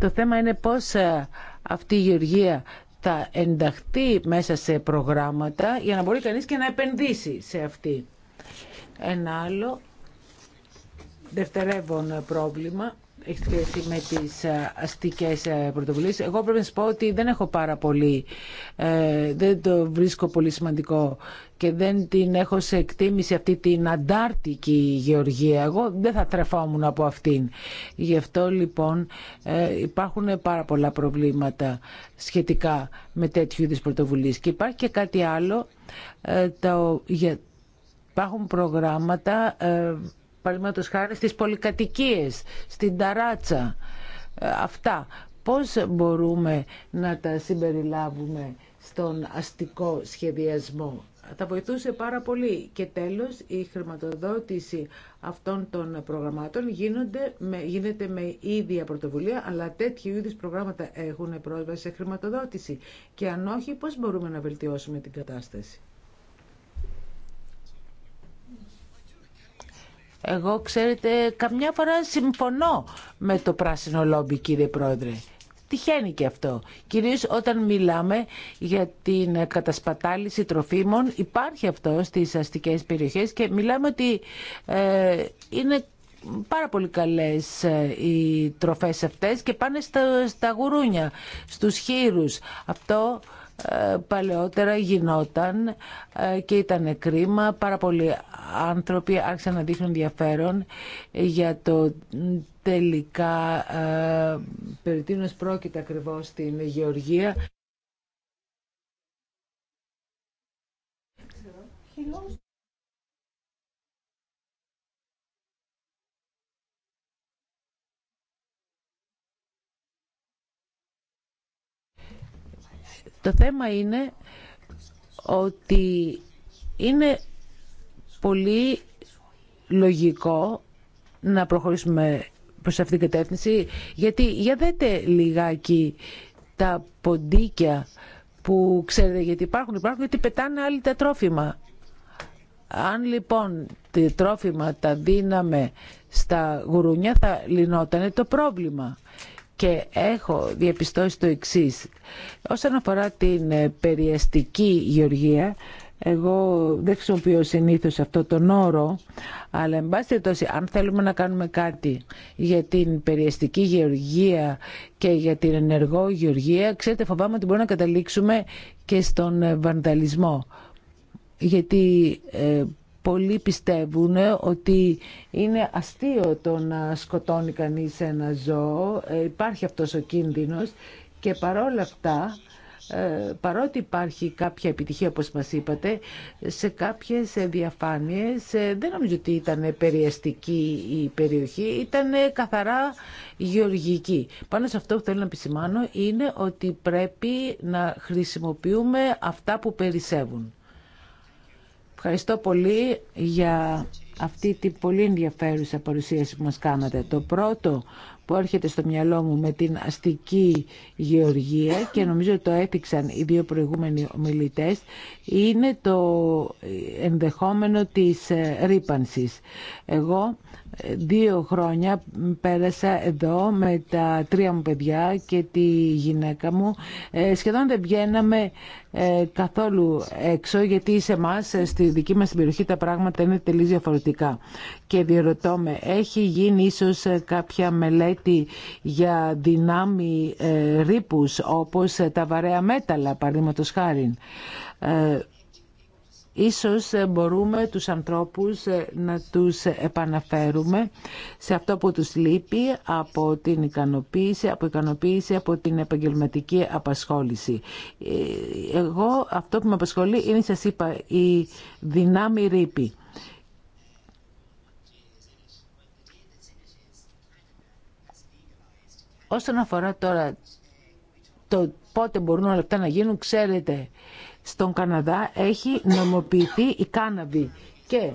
Το θέμα είναι πώς ε, αυτή η γεωργία θα ενταχθεί μέσα σε προγράμματα για να μπορεί κανείς και να επενδύσει σε αυτή. Ένα άλλο δευτερεύον πρόβλημα έχει σχέση με τι ε, αστικές ε, πρωτοβουλίε. Εγώ πρέπει να σα πω ότι δεν έχω πάρα πολύ, ε, δεν το βρίσκω πολύ σημαντικό και δεν την έχω σε εκτίμηση αυτή την αντάρτικη γεωργία. Εγώ δεν θα τρεφόμουν από αυτήν. Γι' αυτό λοιπόν υπάρχουν πάρα πολλά προβλήματα σχετικά με τέτοιου είδους πρωτοβουλίες. Και υπάρχει και κάτι άλλο, υπάρχουν προγράμματα παραδείγματος χάρη στις πολυκατοικίες, στην ταράτσα. Ε, αυτά πώς μπορούμε να τα συμπεριλάβουμε στον αστικό σχεδιασμό. Θα βοηθούσε πάρα πολύ. Και τέλος, η χρηματοδότηση αυτών των προγραμμάτων γίνονται γίνεται με ίδια πρωτοβουλία, αλλά τέτοιου είδου προγράμματα έχουν πρόσβαση σε χρηματοδότηση. Και αν όχι, πώς μπορούμε να βελτιώσουμε την κατάσταση. Εγώ, ξέρετε, καμιά φορά συμφωνώ με το πράσινο λόμπι, κύριε Πρόεδρε. Τυχαίνει και αυτό. Κυρίως όταν μιλάμε για την κατασπατάληση τροφίμων, υπάρχει αυτό στις αστικές περιοχές και μιλάμε ότι ε, είναι πάρα πολύ καλές ε, οι τροφές αυτές και πάνε στα, στα γουρούνια, στους χείρους. Αυτό ε, παλαιότερα γινόταν ε, και ήταν κρίμα. Πάρα πολλοί άνθρωποι άρχισαν να δείχνουν ενδιαφέρον για το τελικά ε, περί τίνος πρόκειται ακριβώς στην Γεωργία. Το θέμα είναι ότι είναι πολύ λογικό να προχωρήσουμε προς αυτήν την κατεύθυνση, γιατί για δέτε λιγάκι τα ποντίκια που ξέρετε γιατί υπάρχουν, υπάρχουν γιατί πετάνε άλλοι τα τρόφιμα. Αν λοιπόν τα τρόφιμα τα δίναμε στα γουρούνια θα λυνόταν το πρόβλημα και έχω διαπιστώσει το εξή. Όσον αφορά την ε, περιαστική γεωργία, εγώ δεν χρησιμοποιώ συνήθω αυτό τον όρο, αλλά εν πάση περιπτώσει, αν θέλουμε να κάνουμε κάτι για την περιεστική γεωργία και για την ενεργό γεωργία, ξέρετε φοβάμαι ότι μπορεί να καταλήξουμε και στον ε, βανδαλισμό. Γιατί ε, πολλοί πιστεύουν ότι είναι αστείο το να σκοτώνει κανείς ένα ζώο. Ε, υπάρχει αυτός ο κίνδυνος και παρόλα αυτά ε, παρότι υπάρχει κάποια επιτυχία όπως μας είπατε σε κάποιες διαφάνειες ε, δεν νομίζω ότι ήταν περιεστική η περιοχή ήταν καθαρά γεωργική πάνω σε αυτό που θέλω να επισημάνω είναι ότι πρέπει να χρησιμοποιούμε αυτά που περισσεύουν Ευχαριστώ πολύ για αυτή την πολύ ενδιαφέρουσα παρουσίαση που μας κάνατε. Το πρώτο που έρχεται στο μυαλό μου με την αστική γεωργία και νομίζω το έπηξαν οι δύο προηγούμενοι ομιλητές είναι το ενδεχόμενο της ε, ρήπανσης. Εγώ ε, δύο χρόνια πέρασα εδώ με τα τρία μου παιδιά και τη γυναίκα μου. Ε, σχεδόν δεν βγαίναμε καθόλου έξω γιατί σε εμά στη δική μας περιοχή τα πράγματα είναι τελείως διαφορετικά. Και διερωτώ με, έχει γίνει ίσως κάποια μελέτη για δυνάμει ρήπους όπως τα βαρέα μέταλλα παραδείγματος χάρη. Ίσως ε, μπορούμε τους ανθρώπους ε, να τους επαναφέρουμε σε αυτό που τους λείπει από την ικανοποίηση, από ικανοποίηση από την επαγγελματική απασχόληση. Ε, εγώ αυτό που με απασχολεί είναι, σας είπα, η δυνάμη ρήπη. Όσον αφορά τώρα το πότε μπορούν όλα αυτά να γίνουν, ξέρετε, στον Καναδά έχει νομοποιηθεί η κάναβη και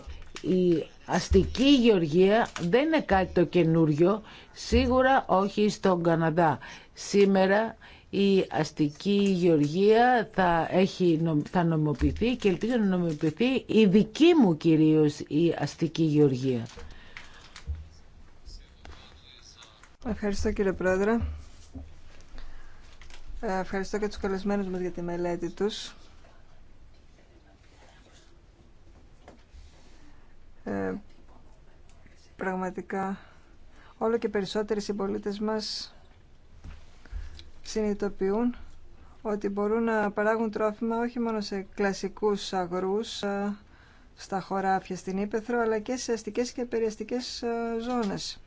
η αστική γεωργία δεν είναι κάτι το καινούριο, σίγουρα όχι στον Καναδά. Σήμερα η αστική γεωργία θα, έχει, θα νομοποιηθεί και ελπίζω να νομοποιηθεί η δική μου κυρίως η αστική γεωργία. Ευχαριστώ κύριε Πρόεδρε. Ε, ευχαριστώ και τους καλεσμένους μας για τη μελέτη τους. Ε, πραγματικά όλο και περισσότεροι συμπολίτες μας συνειδητοποιούν ότι μπορούν να παράγουν τρόφιμα όχι μόνο σε κλασικούς αγρούς, ε, στα χωράφια στην Ήπεθρο, αλλά και σε αστικές και περιαστικές ε, ζώνες.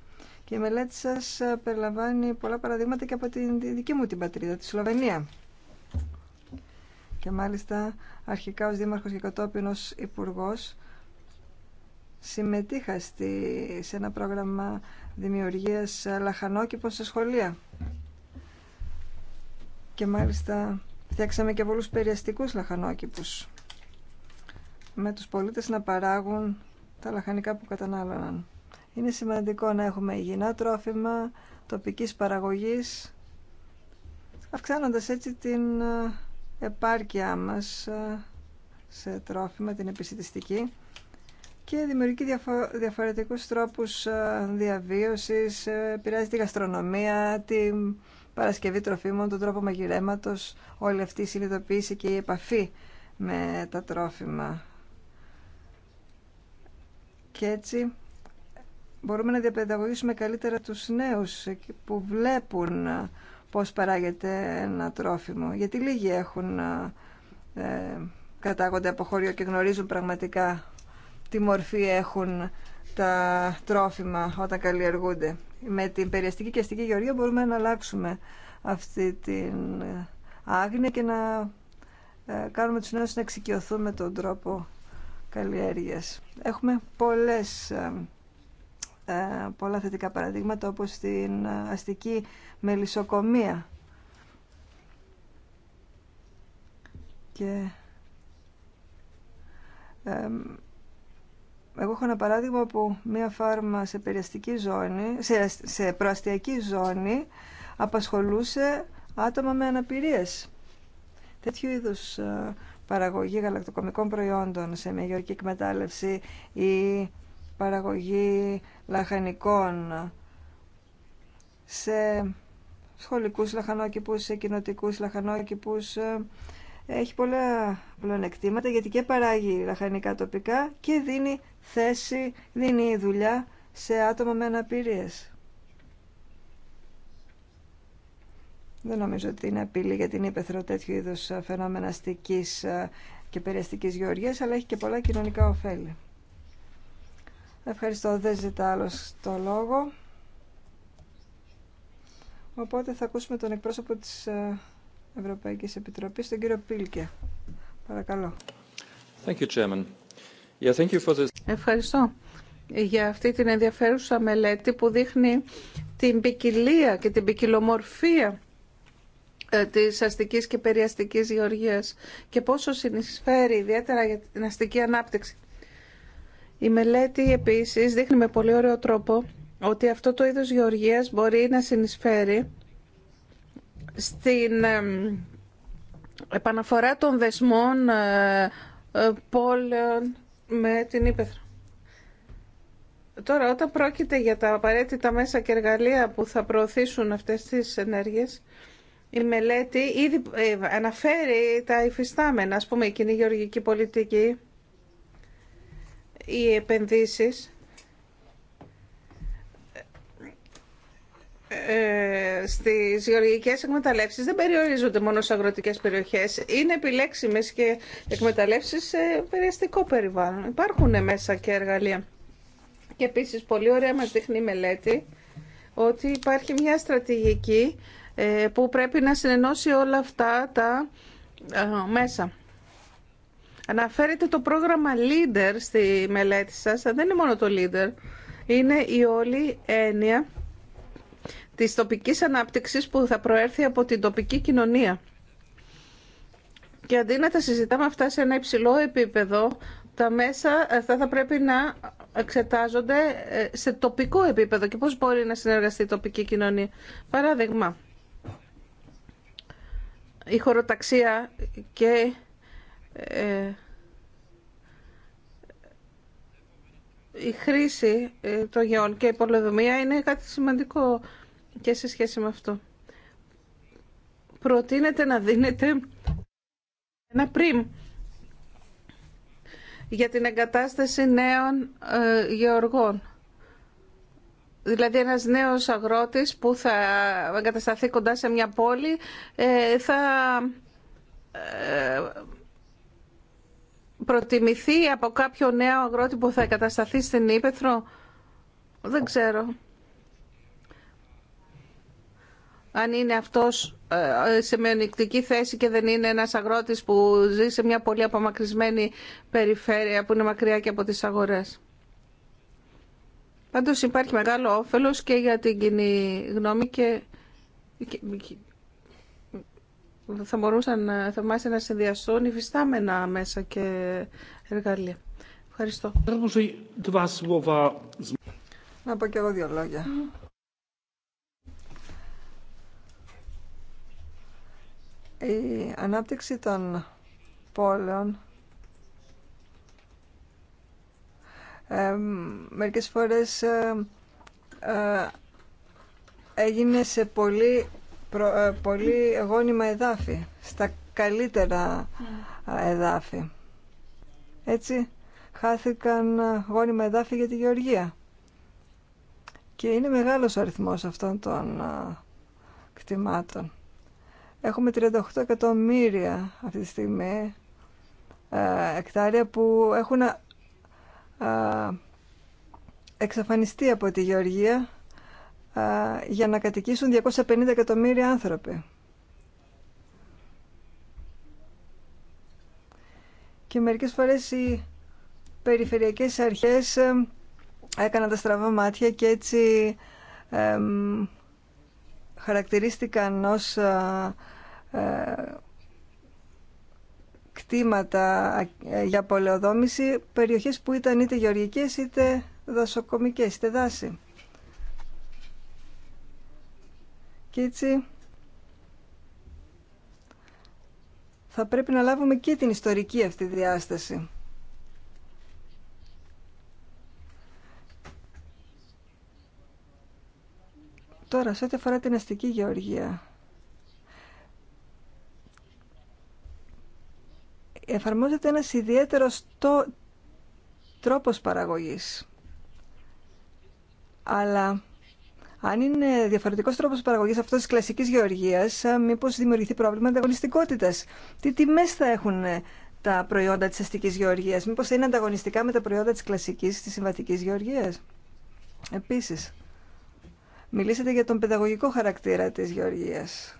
Και η μελέτη σας περιλαμβάνει πολλά παραδείγματα και από τη δική μου την πατρίδα, τη Σλοβενία. Και μάλιστα αρχικά ως δήμαρχος και κατόπιν ως υπουργός συμμετείχα στη, σε ένα πρόγραμμα δημιουργίας λαχανόκηπων σε σχολεία. Και μάλιστα φτιάξαμε και πολλούς περιαστικούς λαχανόκηπους με τους πολίτες να παράγουν τα λαχανικά που κατανάλωναν. Είναι σημαντικό να έχουμε υγιεινά τρόφιμα τοπικής παραγωγής, αυξάνοντας έτσι την ε, επάρκειά μας ε, σε τρόφιμα, την επιστημιστική και δημιουργεί διαφορετικούς τρόπους ε, διαβίωσης, ε, Πειράζει τη γαστρονομία, την παρασκευή τροφίμων, τον τρόπο μαγειρέματος, όλη αυτή η συνειδητοποίηση και η επαφή με τα τρόφιμα. Και έτσι μπορούμε να διαπαιδαγωγήσουμε καλύτερα τους νέους που βλέπουν ε, πώς παράγεται ένα τρόφιμο. Γιατί λίγοι έχουν, ε, κατάγονται από χωριό και γνωρίζουν πραγματικά τι μορφή έχουν τα τρόφιμα όταν καλλιεργούνται. Με την περιαστική και αστική γεωργία μπορούμε να αλλάξουμε αυτή την ε, άγνοια και να ε, κάνουμε τους νέους να εξοικειωθούν με τον τρόπο καλλιέργειας. Έχουμε πολλές, ε, πολλά θετικά παραδείγματα όπως την αστική μελισσοκομεία και εγώ έχω ένα παράδειγμα που μία φάρμα σε, περιαστική ζώνη, σε, σε προαστιακή ζώνη απασχολούσε άτομα με αναπηρίες. Τέτοιου είδους ε, παραγωγή γαλακτοκομικών προϊόντων σε μια εκμετάλλευση ή παραγωγή λαχανικών σε σχολικούς λαχανόκηπους, σε κοινοτικούς λαχανόκηπους, ε, έχει πολλά πλονεκτήματα γιατί και παράγει λαχανικά τοπικά και δίνει θέση, δίνει δουλειά σε άτομα με αναπηρίες. Δεν νομίζω ότι είναι απειλή για την ύπεθρο τέτοιου είδους φαινόμενα αστικής ε, και περιαστικής γεωργίας, αλλά έχει και πολλά κοινωνικά ωφέλη. Ευχαριστώ. Δεν ζητά άλλο το λόγο. Οπότε θα ακούσουμε τον εκπρόσωπο της ε, Ευρωπαϊκής Επιτροπής, τον κύριο Πίλκε. Παρακαλώ. Thank you, Chairman. Ευχαριστώ για αυτή την ενδιαφέρουσα μελέτη που δείχνει την ποικιλία και την ποικιλομορφία ε, της αστικής και περιαστικής γεωργίας και πόσο συνεισφέρει ιδιαίτερα για την αστική ανάπτυξη. Η μελέτη επίσης δείχνει με πολύ ωραίο τρόπο ότι αυτό το είδος γεωργίας μπορεί να συνεισφέρει στην επαναφορά των δεσμών ε, ε, πόλεων με την Ήπεθρο. Τώρα, όταν πρόκειται για τα απαραίτητα μέσα και εργαλεία που θα προωθήσουν αυτές τις ενέργειες, η μελέτη ήδη ε, αναφέρει τα υφιστάμενα, ας πούμε, η κοινή γεωργική πολιτική, οι επενδύσεις Ε, στις γεωργικές εκμεταλλεύσεις δεν περιορίζονται μόνο σε αγροτικές περιοχές. Είναι επιλέξιμες και εκμεταλλεύσεις σε περιαστικό περιβάλλον. Υπάρχουν μέσα και εργαλεία. Και επίσης πολύ ωραία μας δείχνει η μελέτη ότι υπάρχει μια στρατηγική ε, που πρέπει να συνενώσει όλα αυτά τα ε, μέσα. Αναφέρετε το πρόγραμμα Leader στη μελέτη σας. Δεν είναι μόνο το Leader. Είναι η όλη έννοια της τοπικής ανάπτυξης που θα προέρθει από την τοπική κοινωνία. Και αντί να τα συζητάμε αυτά σε ένα υψηλό επίπεδο, τα μέσα αυτά θα πρέπει να εξετάζονται ε, σε τοπικό επίπεδο και πώς μπορεί να συνεργαστεί η τοπική κοινωνία. Παράδειγμα, η χωροταξία και ε, η χρήση ε, των γεών και η πολεοδομία είναι κάτι σημαντικό και σε σχέση με αυτό. Προτείνεται να δίνεται ένα πριμ για την εγκατάσταση νέων ε, γεωργών. Δηλαδή ένας νέος αγρότης που θα εγκατασταθεί κοντά σε μια πόλη ε, θα ε, προτιμηθεί από κάποιο νέο αγρότη που θα εγκατασταθεί στην Ήπεθρο. Δεν ξέρω. αν είναι αυτός ε, σε μειονεκτική θέση και δεν είναι ένας αγρότης που ζει σε μια πολύ απομακρυσμένη περιφέρεια που είναι μακριά και από τις αγορές. Πάντως υπάρχει μεγάλο όφελος και για την κοινή γνώμη και θα μπορούσαν θαυμάσια να συνδυαστούν υφιστάμενα μέσα και εργαλεία. Ευχαριστώ. Να πω και εγώ δύο λόγια. Η ανάπτυξη των πόλεων ε, μερικές φορές ε, ε, έγινε σε πολύ, προ, ε, πολύ γόνιμα εδάφη, στα καλύτερα ε, εδάφη. Έτσι χάθηκαν γόνιμα εδάφη για τη Γεωργία. Και είναι μεγάλος ο αριθμός αυτών των κτημάτων. Έχουμε 38 εκατομμύρια αυτή τη στιγμή ε, εκτάρια που έχουν ε, εξαφανιστεί από τη Γεωργία ε, για να κατοικήσουν 250 εκατομμύρια άνθρωποι. Και μερικές φορές οι περιφερειακές αρχές έκαναν τα στραβά μάτια και έτσι χαρακτηρίστηκαν ως ε, κτήματα ε, για πολεοδόμηση, περιοχές που ήταν είτε γεωργικές είτε δασοκομικές, είτε δάση. Και έτσι θα πρέπει να λάβουμε και την ιστορική αυτή διάσταση. Τώρα, σε ό,τι αφορά την αστική γεωργία, εφαρμόζεται ένας ιδιαίτερος το... τρόπος παραγωγής. Αλλά αν είναι διαφορετικός τρόπος παραγωγής αυτός της κλασικής γεωργίας, μήπως δημιουργηθεί πρόβλημα ανταγωνιστικότητας. Τι τιμές θα έχουν ε, τα προϊόντα της αστικής γεωργίας, μήπως θα είναι ανταγωνιστικά με τα προϊόντα της κλασικής, της συμβατικής γεωργίας. Επίσης, μιλήσατε για τον παιδαγωγικό χαρακτήρα της γεωργίας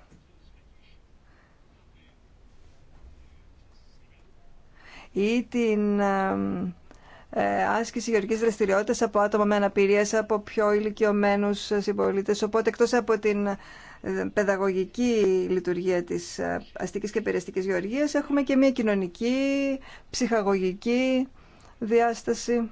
ή την ε, άσκηση γεωργικής δραστηριότητας από άτομα με αναπηρία από πιο ηλικιωμένους ε, συμπολίτες. Οπότε εκτός από την ε, παιδαγωγική λειτουργία της αστικής και περιαστικής γεωργίας έχουμε και μια κοινωνική, ψυχαγωγική διάσταση.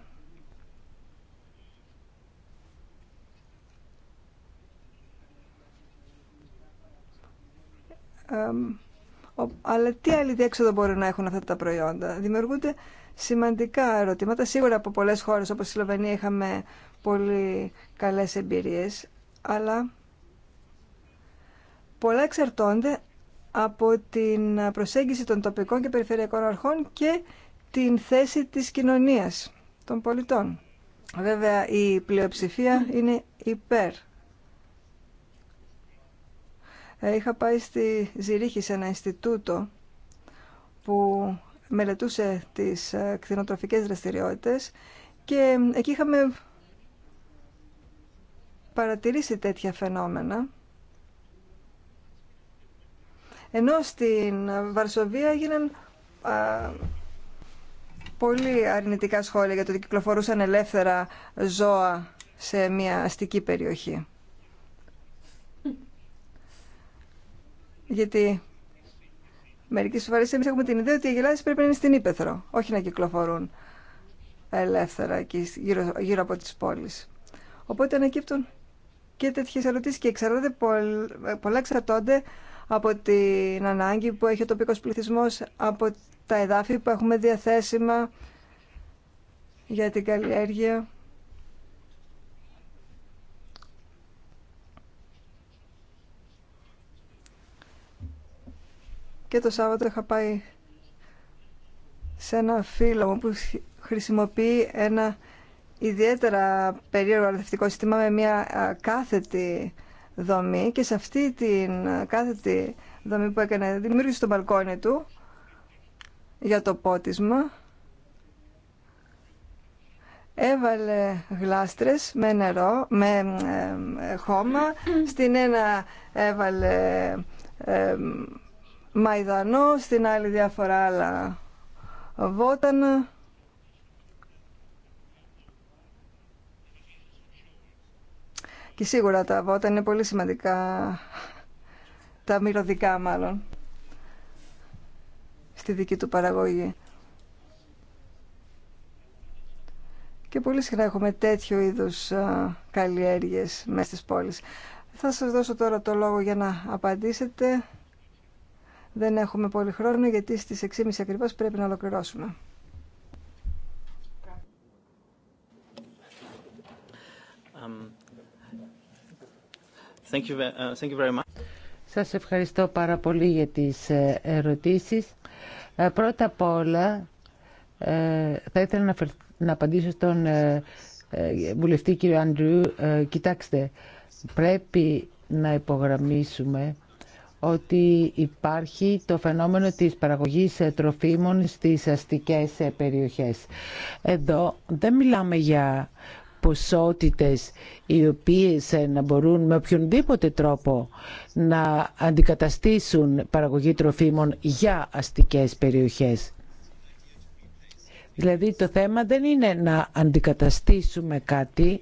Αλλά τι άλλη διέξοδο μπορούν να έχουν αυτά τα προϊόντα. Δημιουργούνται σημαντικά ερωτήματα. Σίγουρα από πολλές χώρες όπως η Σλοβενία είχαμε πολύ καλές εμπειρίες, αλλά πολλά εξαρτώνται από την προσέγγιση των τοπικών και περιφερειακών αρχών και την θέση της κοινωνίας των πολιτών. Βέβαια η πλειοψηφία είναι υπέρ ε, είχα πάει στη Ζηρίχη σε ένα Ινστιτούτο που μελετούσε τις ε, κτηνοτροφικές δραστηριότητες και εκεί είχαμε παρατηρήσει τέτοια φαινόμενα. Ενώ στην Βαρσοβία έγιναν πολύ αρνητικά σχόλια για το ότι κυκλοφορούσαν ελεύθερα ζώα σε μια αστική περιοχή. Γιατί μερικέ φορέ εμεί έχουμε την ιδέα ότι οι αγελάδε πρέπει να είναι στην ύπεθρο, όχι να κυκλοφορούν ελεύθερα και γύρω, γύρω από τι πόλει. Οπότε ανακύπτουν και τέτοιε ερωτήσει και εξαρτάται πολλά εξαρτώνται από την ανάγκη που έχει ο τοπικό πληθυσμό, από τα εδάφη που έχουμε διαθέσιμα για την καλλιέργεια. Και το Σάββατο είχα πάει σε ένα φίλο μου που χρησιμοποιεί ένα ιδιαίτερα περίεργο σύστημα με μια κάθετη δομή και σε αυτή την κάθετη δομή που έκανε δημιούργησε το μπαλκόνι του για το πότισμα έβαλε γλάστρες με νερό, με ε, χώμα στην ένα έβαλε ε, μαϊδανό, στην άλλη διάφορα άλλα βότανα. Και σίγουρα τα βότανα είναι πολύ σημαντικά, τα μυρωδικά μάλλον, στη δική του παραγωγή. Και πολύ συχνά έχουμε τέτοιου είδους καλλιέργειες μέσα στις πόλεις. Θα σας δώσω τώρα το λόγο για να απαντήσετε δεν έχουμε πολύ χρόνο γιατί στις 6.30 ακριβώς πρέπει να ολοκληρώσουμε. Um, thank uh, Σας ευχαριστώ πάρα πολύ για τις ε, ερωτήσεις. Ε, πρώτα απ' όλα ε, θα ήθελα να απαντήσω στον βουλευτή κύριο Άντριου. Κοιτάξτε, πρέπει να υπογραμμίσουμε ότι υπάρχει το φαινόμενο της παραγωγής ε, τροφίμων στις αστικές ε, περιοχές. Εδώ δεν μιλάμε για ποσότητες οι οποίες ε, να μπορούν με οποιονδήποτε τρόπο να αντικαταστήσουν παραγωγή τροφίμων για αστικές περιοχές. Δηλαδή το θέμα δεν είναι να αντικαταστήσουμε κάτι,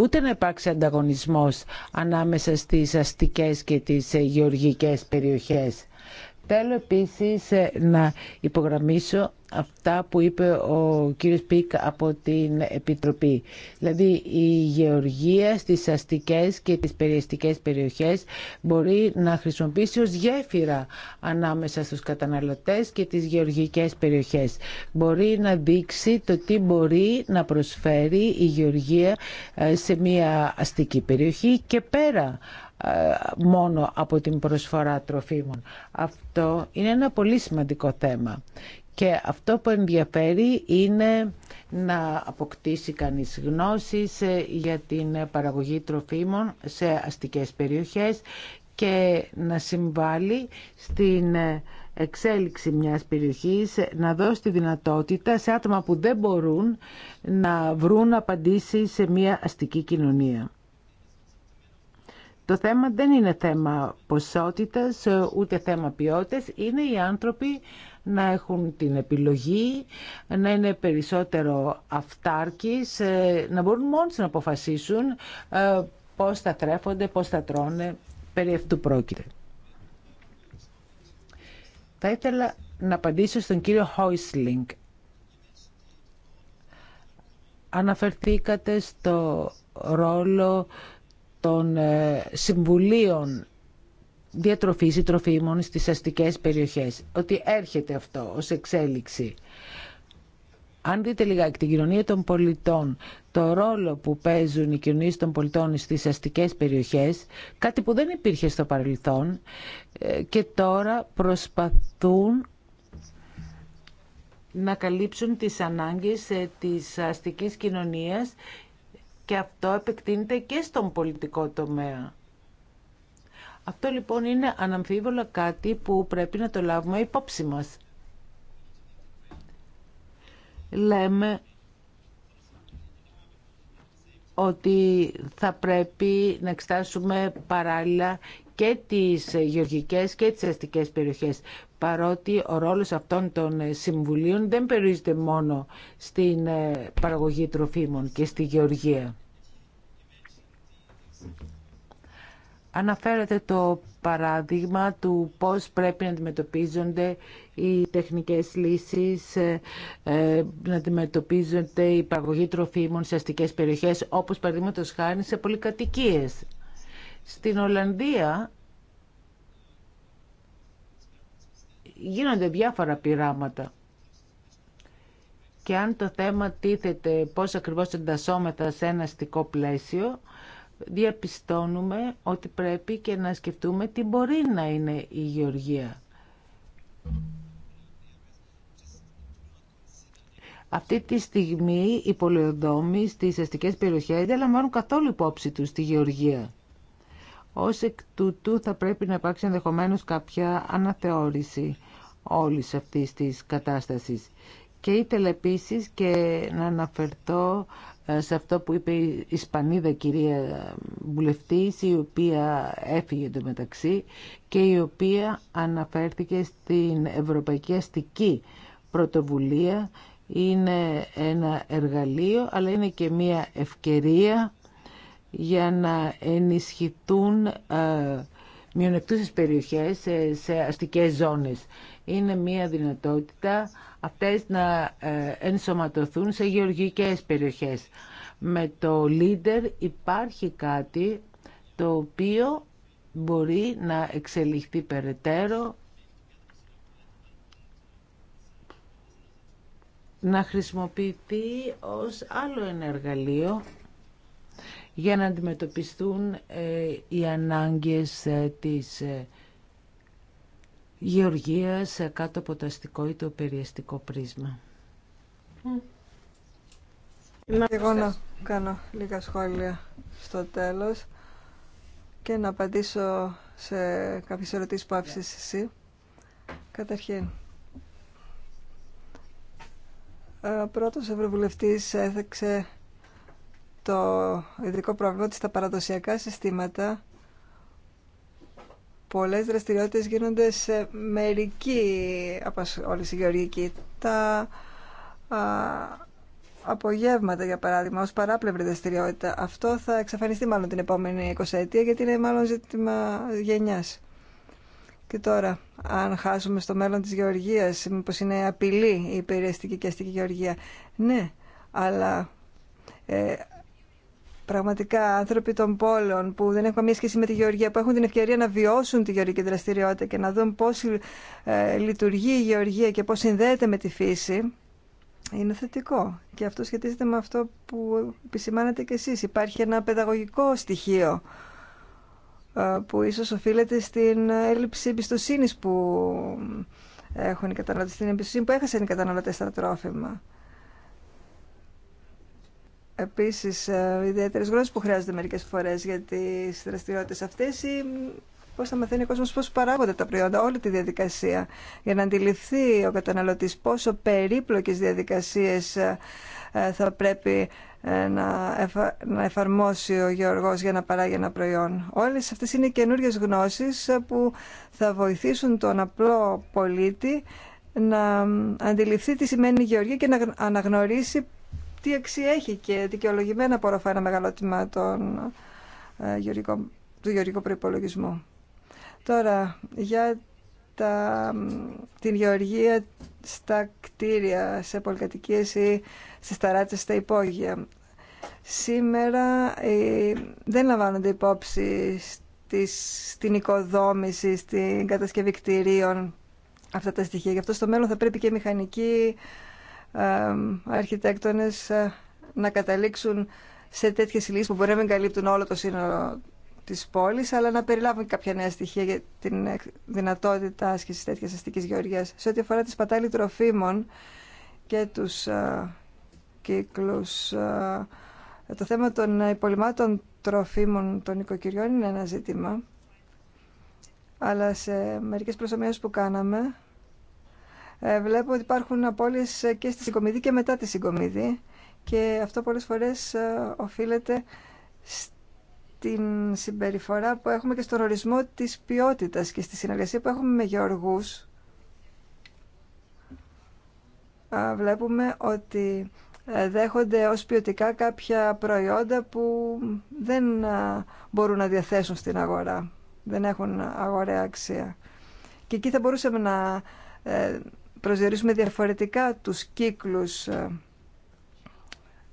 ούτε να υπάρξει ανταγωνισμός ανάμεσα στις αστικές και τις γεωργικές περιοχές. Θέλω επίσης να υπογραμμίσω αυτά που είπε ο κύριος Πίκ από την Επιτροπή. Δηλαδή η γεωργία στις αστικές και τις περιεστικές περιοχές μπορεί να χρησιμοποιήσει ως γέφυρα ανάμεσα στους καταναλωτές και τις γεωργικές περιοχές. Μπορεί να δείξει το τι μπορεί να προσφέρει η γεωργία ε, σε μια αστική περιοχή και πέρα ε, μόνο από την προσφορά τροφίμων. Αυτό είναι ένα πολύ σημαντικό θέμα. Και αυτό που ενδιαφέρει είναι να αποκτήσει κανείς γνώσεις ε, για την παραγωγή τροφίμων σε αστικές περιοχές και να συμβάλλει στην ε, εξέλιξη μιας περιοχής, να δώσει τη δυνατότητα σε άτομα που δεν μπορούν να βρουν απαντήσεις σε μια αστική κοινωνία. Το θέμα δεν είναι θέμα ποσότητας, ε, ούτε θέμα ποιότητας, είναι οι άνθρωποι να έχουν την επιλογή, να είναι περισσότερο αυτάρκης, ε, να μπορούν μόνοι να αποφασίσουν ε, πώς θα τρέφονται, πώς θα τρώνε, περί αυτού πρόκειται. Θα ήθελα να απαντήσω στον κύριο Χόισλινγκ. Αναφερθήκατε στο ρόλο των ε, συμβουλίων Διατροφή ή τροφίμων στις αστικές περιοχές. Ότι έρχεται αυτό ω εξέλιξη. Αν δείτε λιγάκι την κοινωνία των πολιτών, το ρόλο που παίζουν οι κοινωνίε των πολιτών στις αστικές περιοχές, κάτι που δεν υπήρχε στο παρελθόν ε, και τώρα προσπαθούν να καλύψουν τις ανάγκες ε, της αστικής κοινωνίας και αυτό επεκτείνεται και στον πολιτικό τομέα. Αυτό λοιπόν είναι αναμφίβολα κάτι που πρέπει να το λάβουμε υπόψη μας. Λέμε ότι θα πρέπει να εξτάσουμε παράλληλα και τις γεωργικές και τις αστικές περιοχές παρότι ο ρόλος αυτών των συμβουλίων δεν περιορίζεται μόνο στην ε, παραγωγή τροφίμων και στη γεωργία. Αναφέρατε το παράδειγμα του πώς πρέπει να αντιμετωπίζονται οι τεχνικές λύσεις, ε, ε, να αντιμετωπίζονται η παραγωγή τροφίμων σε αστικές περιοχές, όπως παραδείγματο χάρη σε πολυκατοικίες. Στην Ολλανδία γίνονται διάφορα πειράματα και αν το θέμα τίθεται πώς ακριβώς εντασσόμεθα σε ένα αστικό πλαίσιο, διαπιστώνουμε ότι πρέπει και να σκεφτούμε τι μπορεί να είναι η γεωργία. Αυτή τη στιγμή οι πολεοδόμοι στις αστικές περιοχές δεν λαμβάνουν καθόλου υπόψη τους τη γεωργία. Ως εκ τούτου θα πρέπει να υπάρξει ενδεχομένω κάποια αναθεώρηση όλης αυτής της κατάστασης. Και ήθελα επίση και να αναφερθώ ε, σε αυτό που είπε η Ισπανίδα κυρία βουλευτή, η οποία έφυγε το μεταξύ και η οποία αναφέρθηκε στην Ευρωπαϊκή Αστική Πρωτοβουλία. Είναι ένα εργαλείο, αλλά είναι και μια ευκαιρία για να ενισχυθούν ε, μειονεκτούσες περιοχές ε, σε αστικές ζώνες. Είναι μια δυνατότητα αυτές να ε, ενσωματωθούν σε γεωργικές περιοχές. Με το leader υπάρχει κάτι το οποίο μπορεί να εξελιχθεί περαιτέρω να χρησιμοποιηθεί ως άλλο ένα εργαλείο για να αντιμετωπιστούν ε, οι ανάγκες ε, της σε κάτω από το αστικό ή το περιεστικό πρίσμα. Mm. εγώ να κάνω λίγα σχόλια στο τέλος και να απαντήσω σε κάποιες ερωτήσεις που άφησες ναι. εσύ. Καταρχήν, ο ε, πρώτος ευρωβουλευτής έθεξε το ειδικό πρόβλημα ότι στα παραδοσιακά συστήματα πολλές δραστηριότητες γίνονται σε μερική απασχόληση γεωργική. Τα απογεύματα, για παράδειγμα, ως παράπλευρη δραστηριότητα. Αυτό θα εξαφανιστεί μάλλον την επόμενη 20 γιατί είναι μάλλον ζήτημα γενιάς. Και τώρα, αν χάσουμε στο μέλλον της γεωργίας, μήπως είναι απειλή η περιεστική και αστική γεωργία. Ναι, αλλά ε, πραγματικά άνθρωποι των πόλεων που δεν έχουν καμία σχέση με τη γεωργία, που έχουν την ευκαιρία να βιώσουν τη γεωργική δραστηριότητα και να δουν πώς ε, λειτουργεί η γεωργία και πώς συνδέεται με τη φύση, είναι θετικό. Και αυτό σχετίζεται με αυτό που επισημάνατε και εσείς. Υπάρχει ένα παιδαγωγικό στοιχείο ε, που ίσως οφείλεται στην έλλειψη εμπιστοσύνη που έχουν οι καταναλωτέ, στην εμπιστοσύνη που έχασαν οι καταναλωτέ στα τρόφιμα επίση ε, ιδιαίτερε γνώσεις που χρειάζονται μερικέ φορέ για τι δραστηριότητε. Αυτέ ή πώς θα μαθαίνει ο κόσμο πώ παράγονται τα προϊόντα, όλη τη διαδικασία για να αντιληφθεί ο καταναλωτή πόσο περίπλοκες διαδικασίε ε, ε, θα πρέπει να, να εφαρμόσει ο γεωργός για να παράγει ένα προϊόν. Όλες αυτές είναι καινούριε γνώσεις που θα βοηθήσουν τον απλό πολίτη να αντιληφθεί τι σημαίνει η γεωργία και να αναγνωρίσει τι αξία έχει και δικαιολογημένα απορροφά ένα μεγάλο τιμά των, ε, του γεωργικού προπολογισμού. Τώρα, για τα, την γεωργία στα κτίρια, σε πολυκατοικίες ή στις ταράτσες στα υπόγεια. Σήμερα ε, δεν λαμβάνονται υπόψη στην οικοδόμηση, στην κατασκευή κτηρίων αυτά τα στοιχεία. Γι' αυτό στο μέλλον θα πρέπει και η μηχανικοί ε, αρχιτέκτονες ε, να καταλήξουν σε τέτοιες λύσεις που μπορεί να μην καλύπτουν όλο το σύνολο της πόλης, αλλά να περιλάβουν και κάποια νέα στοιχεία για την δυνατότητα άσκησης τέτοιας αστικής γεωργίας. Σε ό,τι αφορά τη σπατάλη τροφίμων και τους ε, κύκλους, το θέμα των υπολοιμάτων τροφίμων των οικοκυριών είναι ένα ζήτημα, αλλά σε μερικές προσωμιώσεις που κάναμε ε, βλέπω ότι υπάρχουν απώλειες και στη συγκομιδή και μετά τη συγκομιδή και αυτό πολλές φορές ε, οφείλεται στην συμπεριφορά που έχουμε και στον ορισμό της ποιότητας και στη συνεργασία που έχουμε με γεωργούς ε, βλέπουμε ότι δέχονται ως ποιοτικά κάποια προϊόντα που δεν μπορούν να διαθέσουν στην αγορά, δεν έχουν αγοραία αξία. Και εκεί θα μπορούσαμε να προσδιορίσουμε διαφορετικά τους κύκλους ε,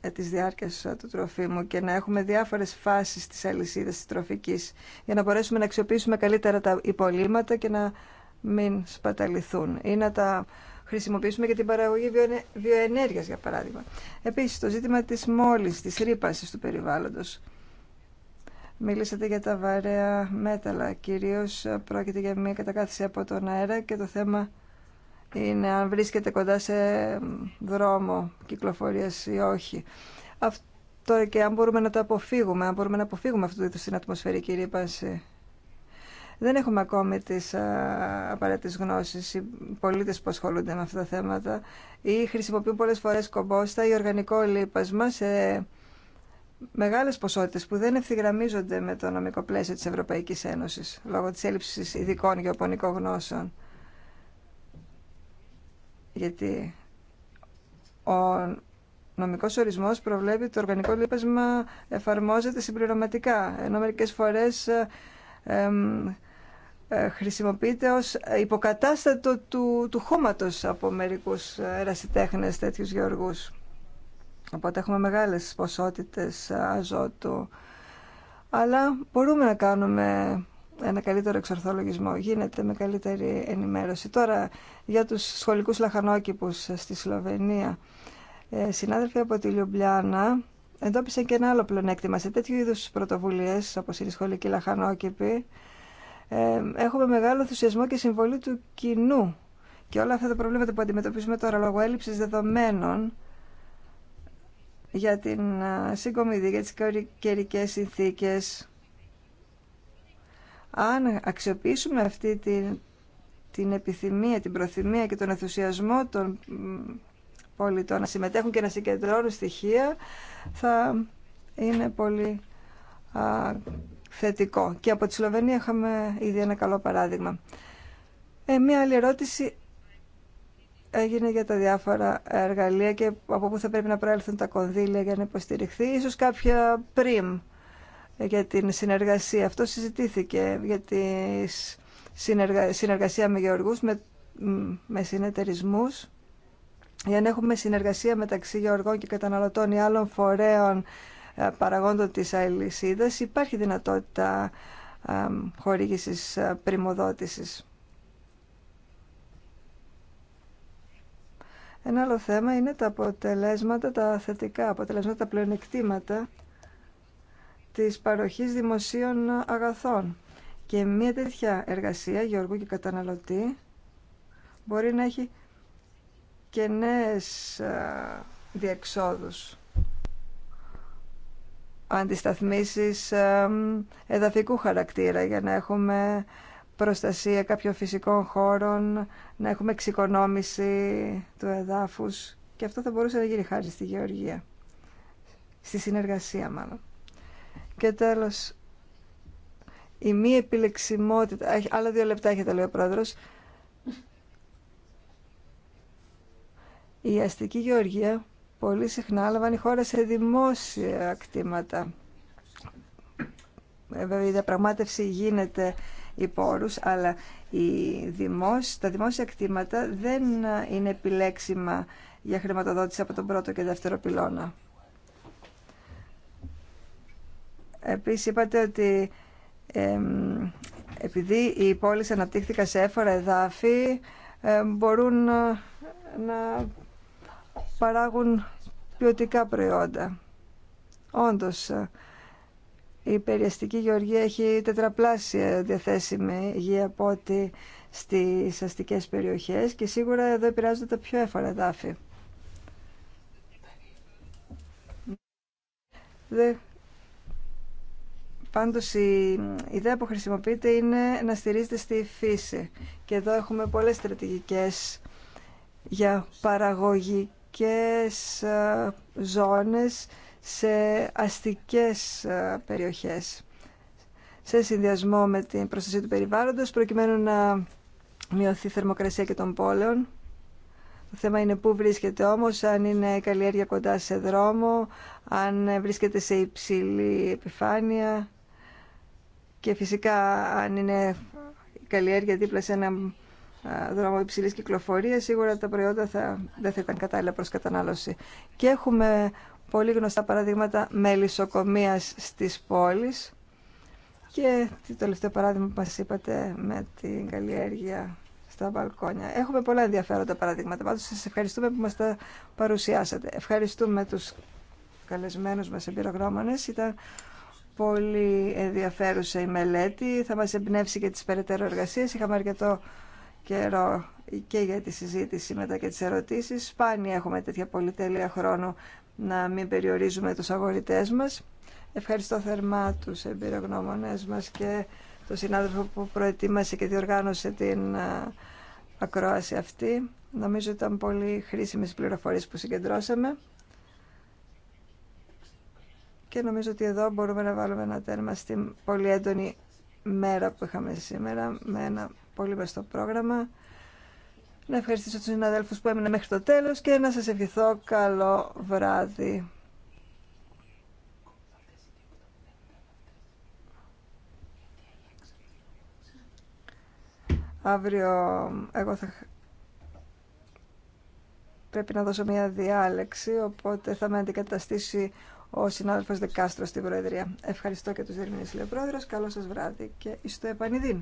ε, της διάρκειας ε, του τροφίμου και να έχουμε διάφορες φάσεις της αλυσίδας της τροφικής για να μπορέσουμε να αξιοποιήσουμε καλύτερα τα υπολείμματα και να μην σπαταληθούν ή να τα χρησιμοποιήσουμε για την παραγωγή βιοενέργειας για παράδειγμα. Επίσης το ζήτημα της μόλης, της ρήπασης του περιβάλλοντος. Μίλησατε για τα βαρέα μέταλλα, κυρίως πρόκειται για μια κατακάθιση από τον αέρα και το θέμα είναι αν βρίσκεται κοντά σε δρόμο κυκλοφορίας ή όχι. Αυτό και αν μπορούμε να το αποφύγουμε, αν μπορούμε να αποφύγουμε αυτού του είδους την ατμοσφαιρική ρήπανση. Δεν έχουμε ακόμη τις απαραίτητες γνώσεις, οι πολίτες που ασχολούνται με αυτά τα θέματα ή χρησιμοποιούν πολλές φορές κομπόστα ή οργανικό λίπασμα σε μεγάλες ποσότητες που δεν ευθυγραμμίζονται με το νομικό πλαίσιο της Ευρωπαϊκής Ένωσης λόγω της έλλειψης ειδικών γεωπονικών γνώσεων γιατί ο νομικός ορισμός προβλέπει ότι το οργανικό λίπασμα εφαρμόζεται συμπληρωματικά, ενώ μερικές φορές ε, ε, χρησιμοποιείται ως υποκατάστατο του, του χώματος από μερικούς ερασιτέχνες τέτοιους γεωργούς. Οπότε έχουμε μεγάλες ποσότητες αζότου. Αλλά μπορούμε να κάνουμε ένα καλύτερο εξορθολογισμό. Γίνεται με καλύτερη ενημέρωση. Τώρα για τους σχολικούς λαχανόκηπους στη Σλοβενία. Ε, συνάδελφοι από τη Λιουμπλιάνα εντόπισαν και ένα άλλο πλονέκτημα. Σε τέτοιου είδους πρωτοβουλίες όπως είναι οι σχολικοί λαχανόκηποι ε, έχουμε μεγάλο ενθουσιασμό και συμβολή του κοινού. Και όλα αυτά τα προβλήματα που αντιμετωπίζουμε τώρα λόγω έλλειψης δεδομένων για την ε, σύγκομιδή, για τις καιρικέ συνθήκες, αν αξιοποιήσουμε αυτή την, την επιθυμία, την προθυμία και τον ενθουσιασμό των πολιτών να συμμετέχουν και να συγκεντρώνουν στοιχεία, θα είναι πολύ α, θετικό. Και από τη Σλοβενία είχαμε ήδη ένα καλό παράδειγμα. Ε, μία άλλη ερώτηση έγινε για τα διάφορα εργαλεία και από πού θα πρέπει να προέλθουν τα κονδύλια για να υποστηριχθεί. Ίσως κάποια πριμ για την συνεργασία. Αυτό συζητήθηκε για τη συνεργασία με γεωργούς, με, με συνεταιρισμούς, για να έχουμε συνεργασία μεταξύ γεωργών και καταναλωτών ή άλλων φορέων ε, παραγόντων της αλυσίδας. Υπάρχει δυνατότητα ε, χορήγησης ε, πρημοδότησης. Ένα άλλο θέμα είναι τα αποτελέσματα, τα θετικά αποτελέσματα, τα πλεονεκτήματα της παροχής δημοσίων αγαθών. Και μια τέτοια εργασία, γεωργού και καταναλωτή, μπορεί να έχει και νέες διεξόδους. Αντισταθμίσεις εδαφικού χαρακτήρα για να έχουμε προστασία κάποιων φυσικών χώρων, να έχουμε εξοικονόμηση του εδάφους και αυτό θα μπορούσε να γίνει χάρη στη Γεωργία, στη συνεργασία μάλλον. Και τέλος, η μη επιλεξιμότητα, άλλα δύο λεπτά έχετε λέει ο πρόεδρος, η αστική γεωργία πολύ συχνά λαμβάνει η χώρα σε δημόσια κτήματα. Ε, βέβαια η διαπραγμάτευση γίνεται υπό όρους, αλλά η δημόσ, τα δημόσια κτήματα δεν είναι επιλέξιμα για χρηματοδότηση από τον πρώτο και δεύτερο πυλώνα. Επίσης είπατε ότι επειδή οι πόλεις αναπτύχθηκαν σε έφορα εδάφη μπορούν ε, να παράγουν ποιοτικά προϊόντα. Όντως, ε, η περιαστική γεωργία έχει τετραπλάσια διαθέσιμη γη από ό,τι στις αστικές περιοχές και σίγουρα εδώ επηρεάζονται τα πιο έφορα εδάφη. Πάντως η ιδέα που χρησιμοποιείται είναι να στηρίζεται στη φύση. Και εδώ έχουμε πολλές στρατηγικές για παραγωγικές ε, ζώνες σε αστικές ε, περιοχές. Σε συνδυασμό με την προστασία του περιβάλλοντος, προκειμένου να μειωθεί η θερμοκρασία και των πόλεων. Το θέμα είναι πού βρίσκεται όμως, αν είναι καλλιέργεια κοντά σε δρόμο, αν βρίσκεται σε υψηλή επιφάνεια και φυσικά αν είναι η καλλιέργεια δίπλα σε έναν δρόμο υψηλής κυκλοφορίας, σίγουρα τα προϊόντα θα, δεν θα ήταν κατάλληλα προς κατανάλωση. Και έχουμε πολύ γνωστά παραδείγματα μελισσοκομείας στις πόλεις και το τελευταίο παράδειγμα που μας είπατε με την καλλιέργεια στα μπαλκόνια. Έχουμε πολλά ενδιαφέροντα παραδείγματα. Πάντως σας ευχαριστούμε που μας τα παρουσιάσατε. Ευχαριστούμε τους καλεσμένους μας εμπειρογνώμονες. Ήταν πολύ ενδιαφέρουσα η μελέτη. Θα μας εμπνεύσει και τις περαιτέρω εργασίες. Είχαμε αρκετό καιρό και για τη συζήτηση μετά και τις ερωτήσεις. Σπάνια έχουμε τέτοια πολυτέλεια χρόνου να μην περιορίζουμε τους αγορητές μας. Ευχαριστώ θερμά τους εμπειρογνώμονες μας και τον συνάδελφο που προετοίμασε και διοργάνωσε την ακρόαση αυτή. Νομίζω ήταν πολύ χρήσιμες πληροφορίες που συγκεντρώσαμε και νομίζω ότι εδώ μπορούμε να βάλουμε ένα τέρμα στην πολύ έντονη μέρα που είχαμε σήμερα με ένα πολύ βαστό πρόγραμμα. Να ευχαριστήσω τους συναδέλφους που έμειναν μέχρι το τέλος και να σας ευχηθώ καλό βράδυ. Αύριο εγώ θα πρέπει να δώσω μια διάλεξη, οπότε θα με αντικαταστήσει ο συνάδελφος Δεκάστρο στην Προεδρία. Ευχαριστώ και τους Δερμηνείς Λεπρόεδρος. Καλό σας βράδυ και το επανειδήν.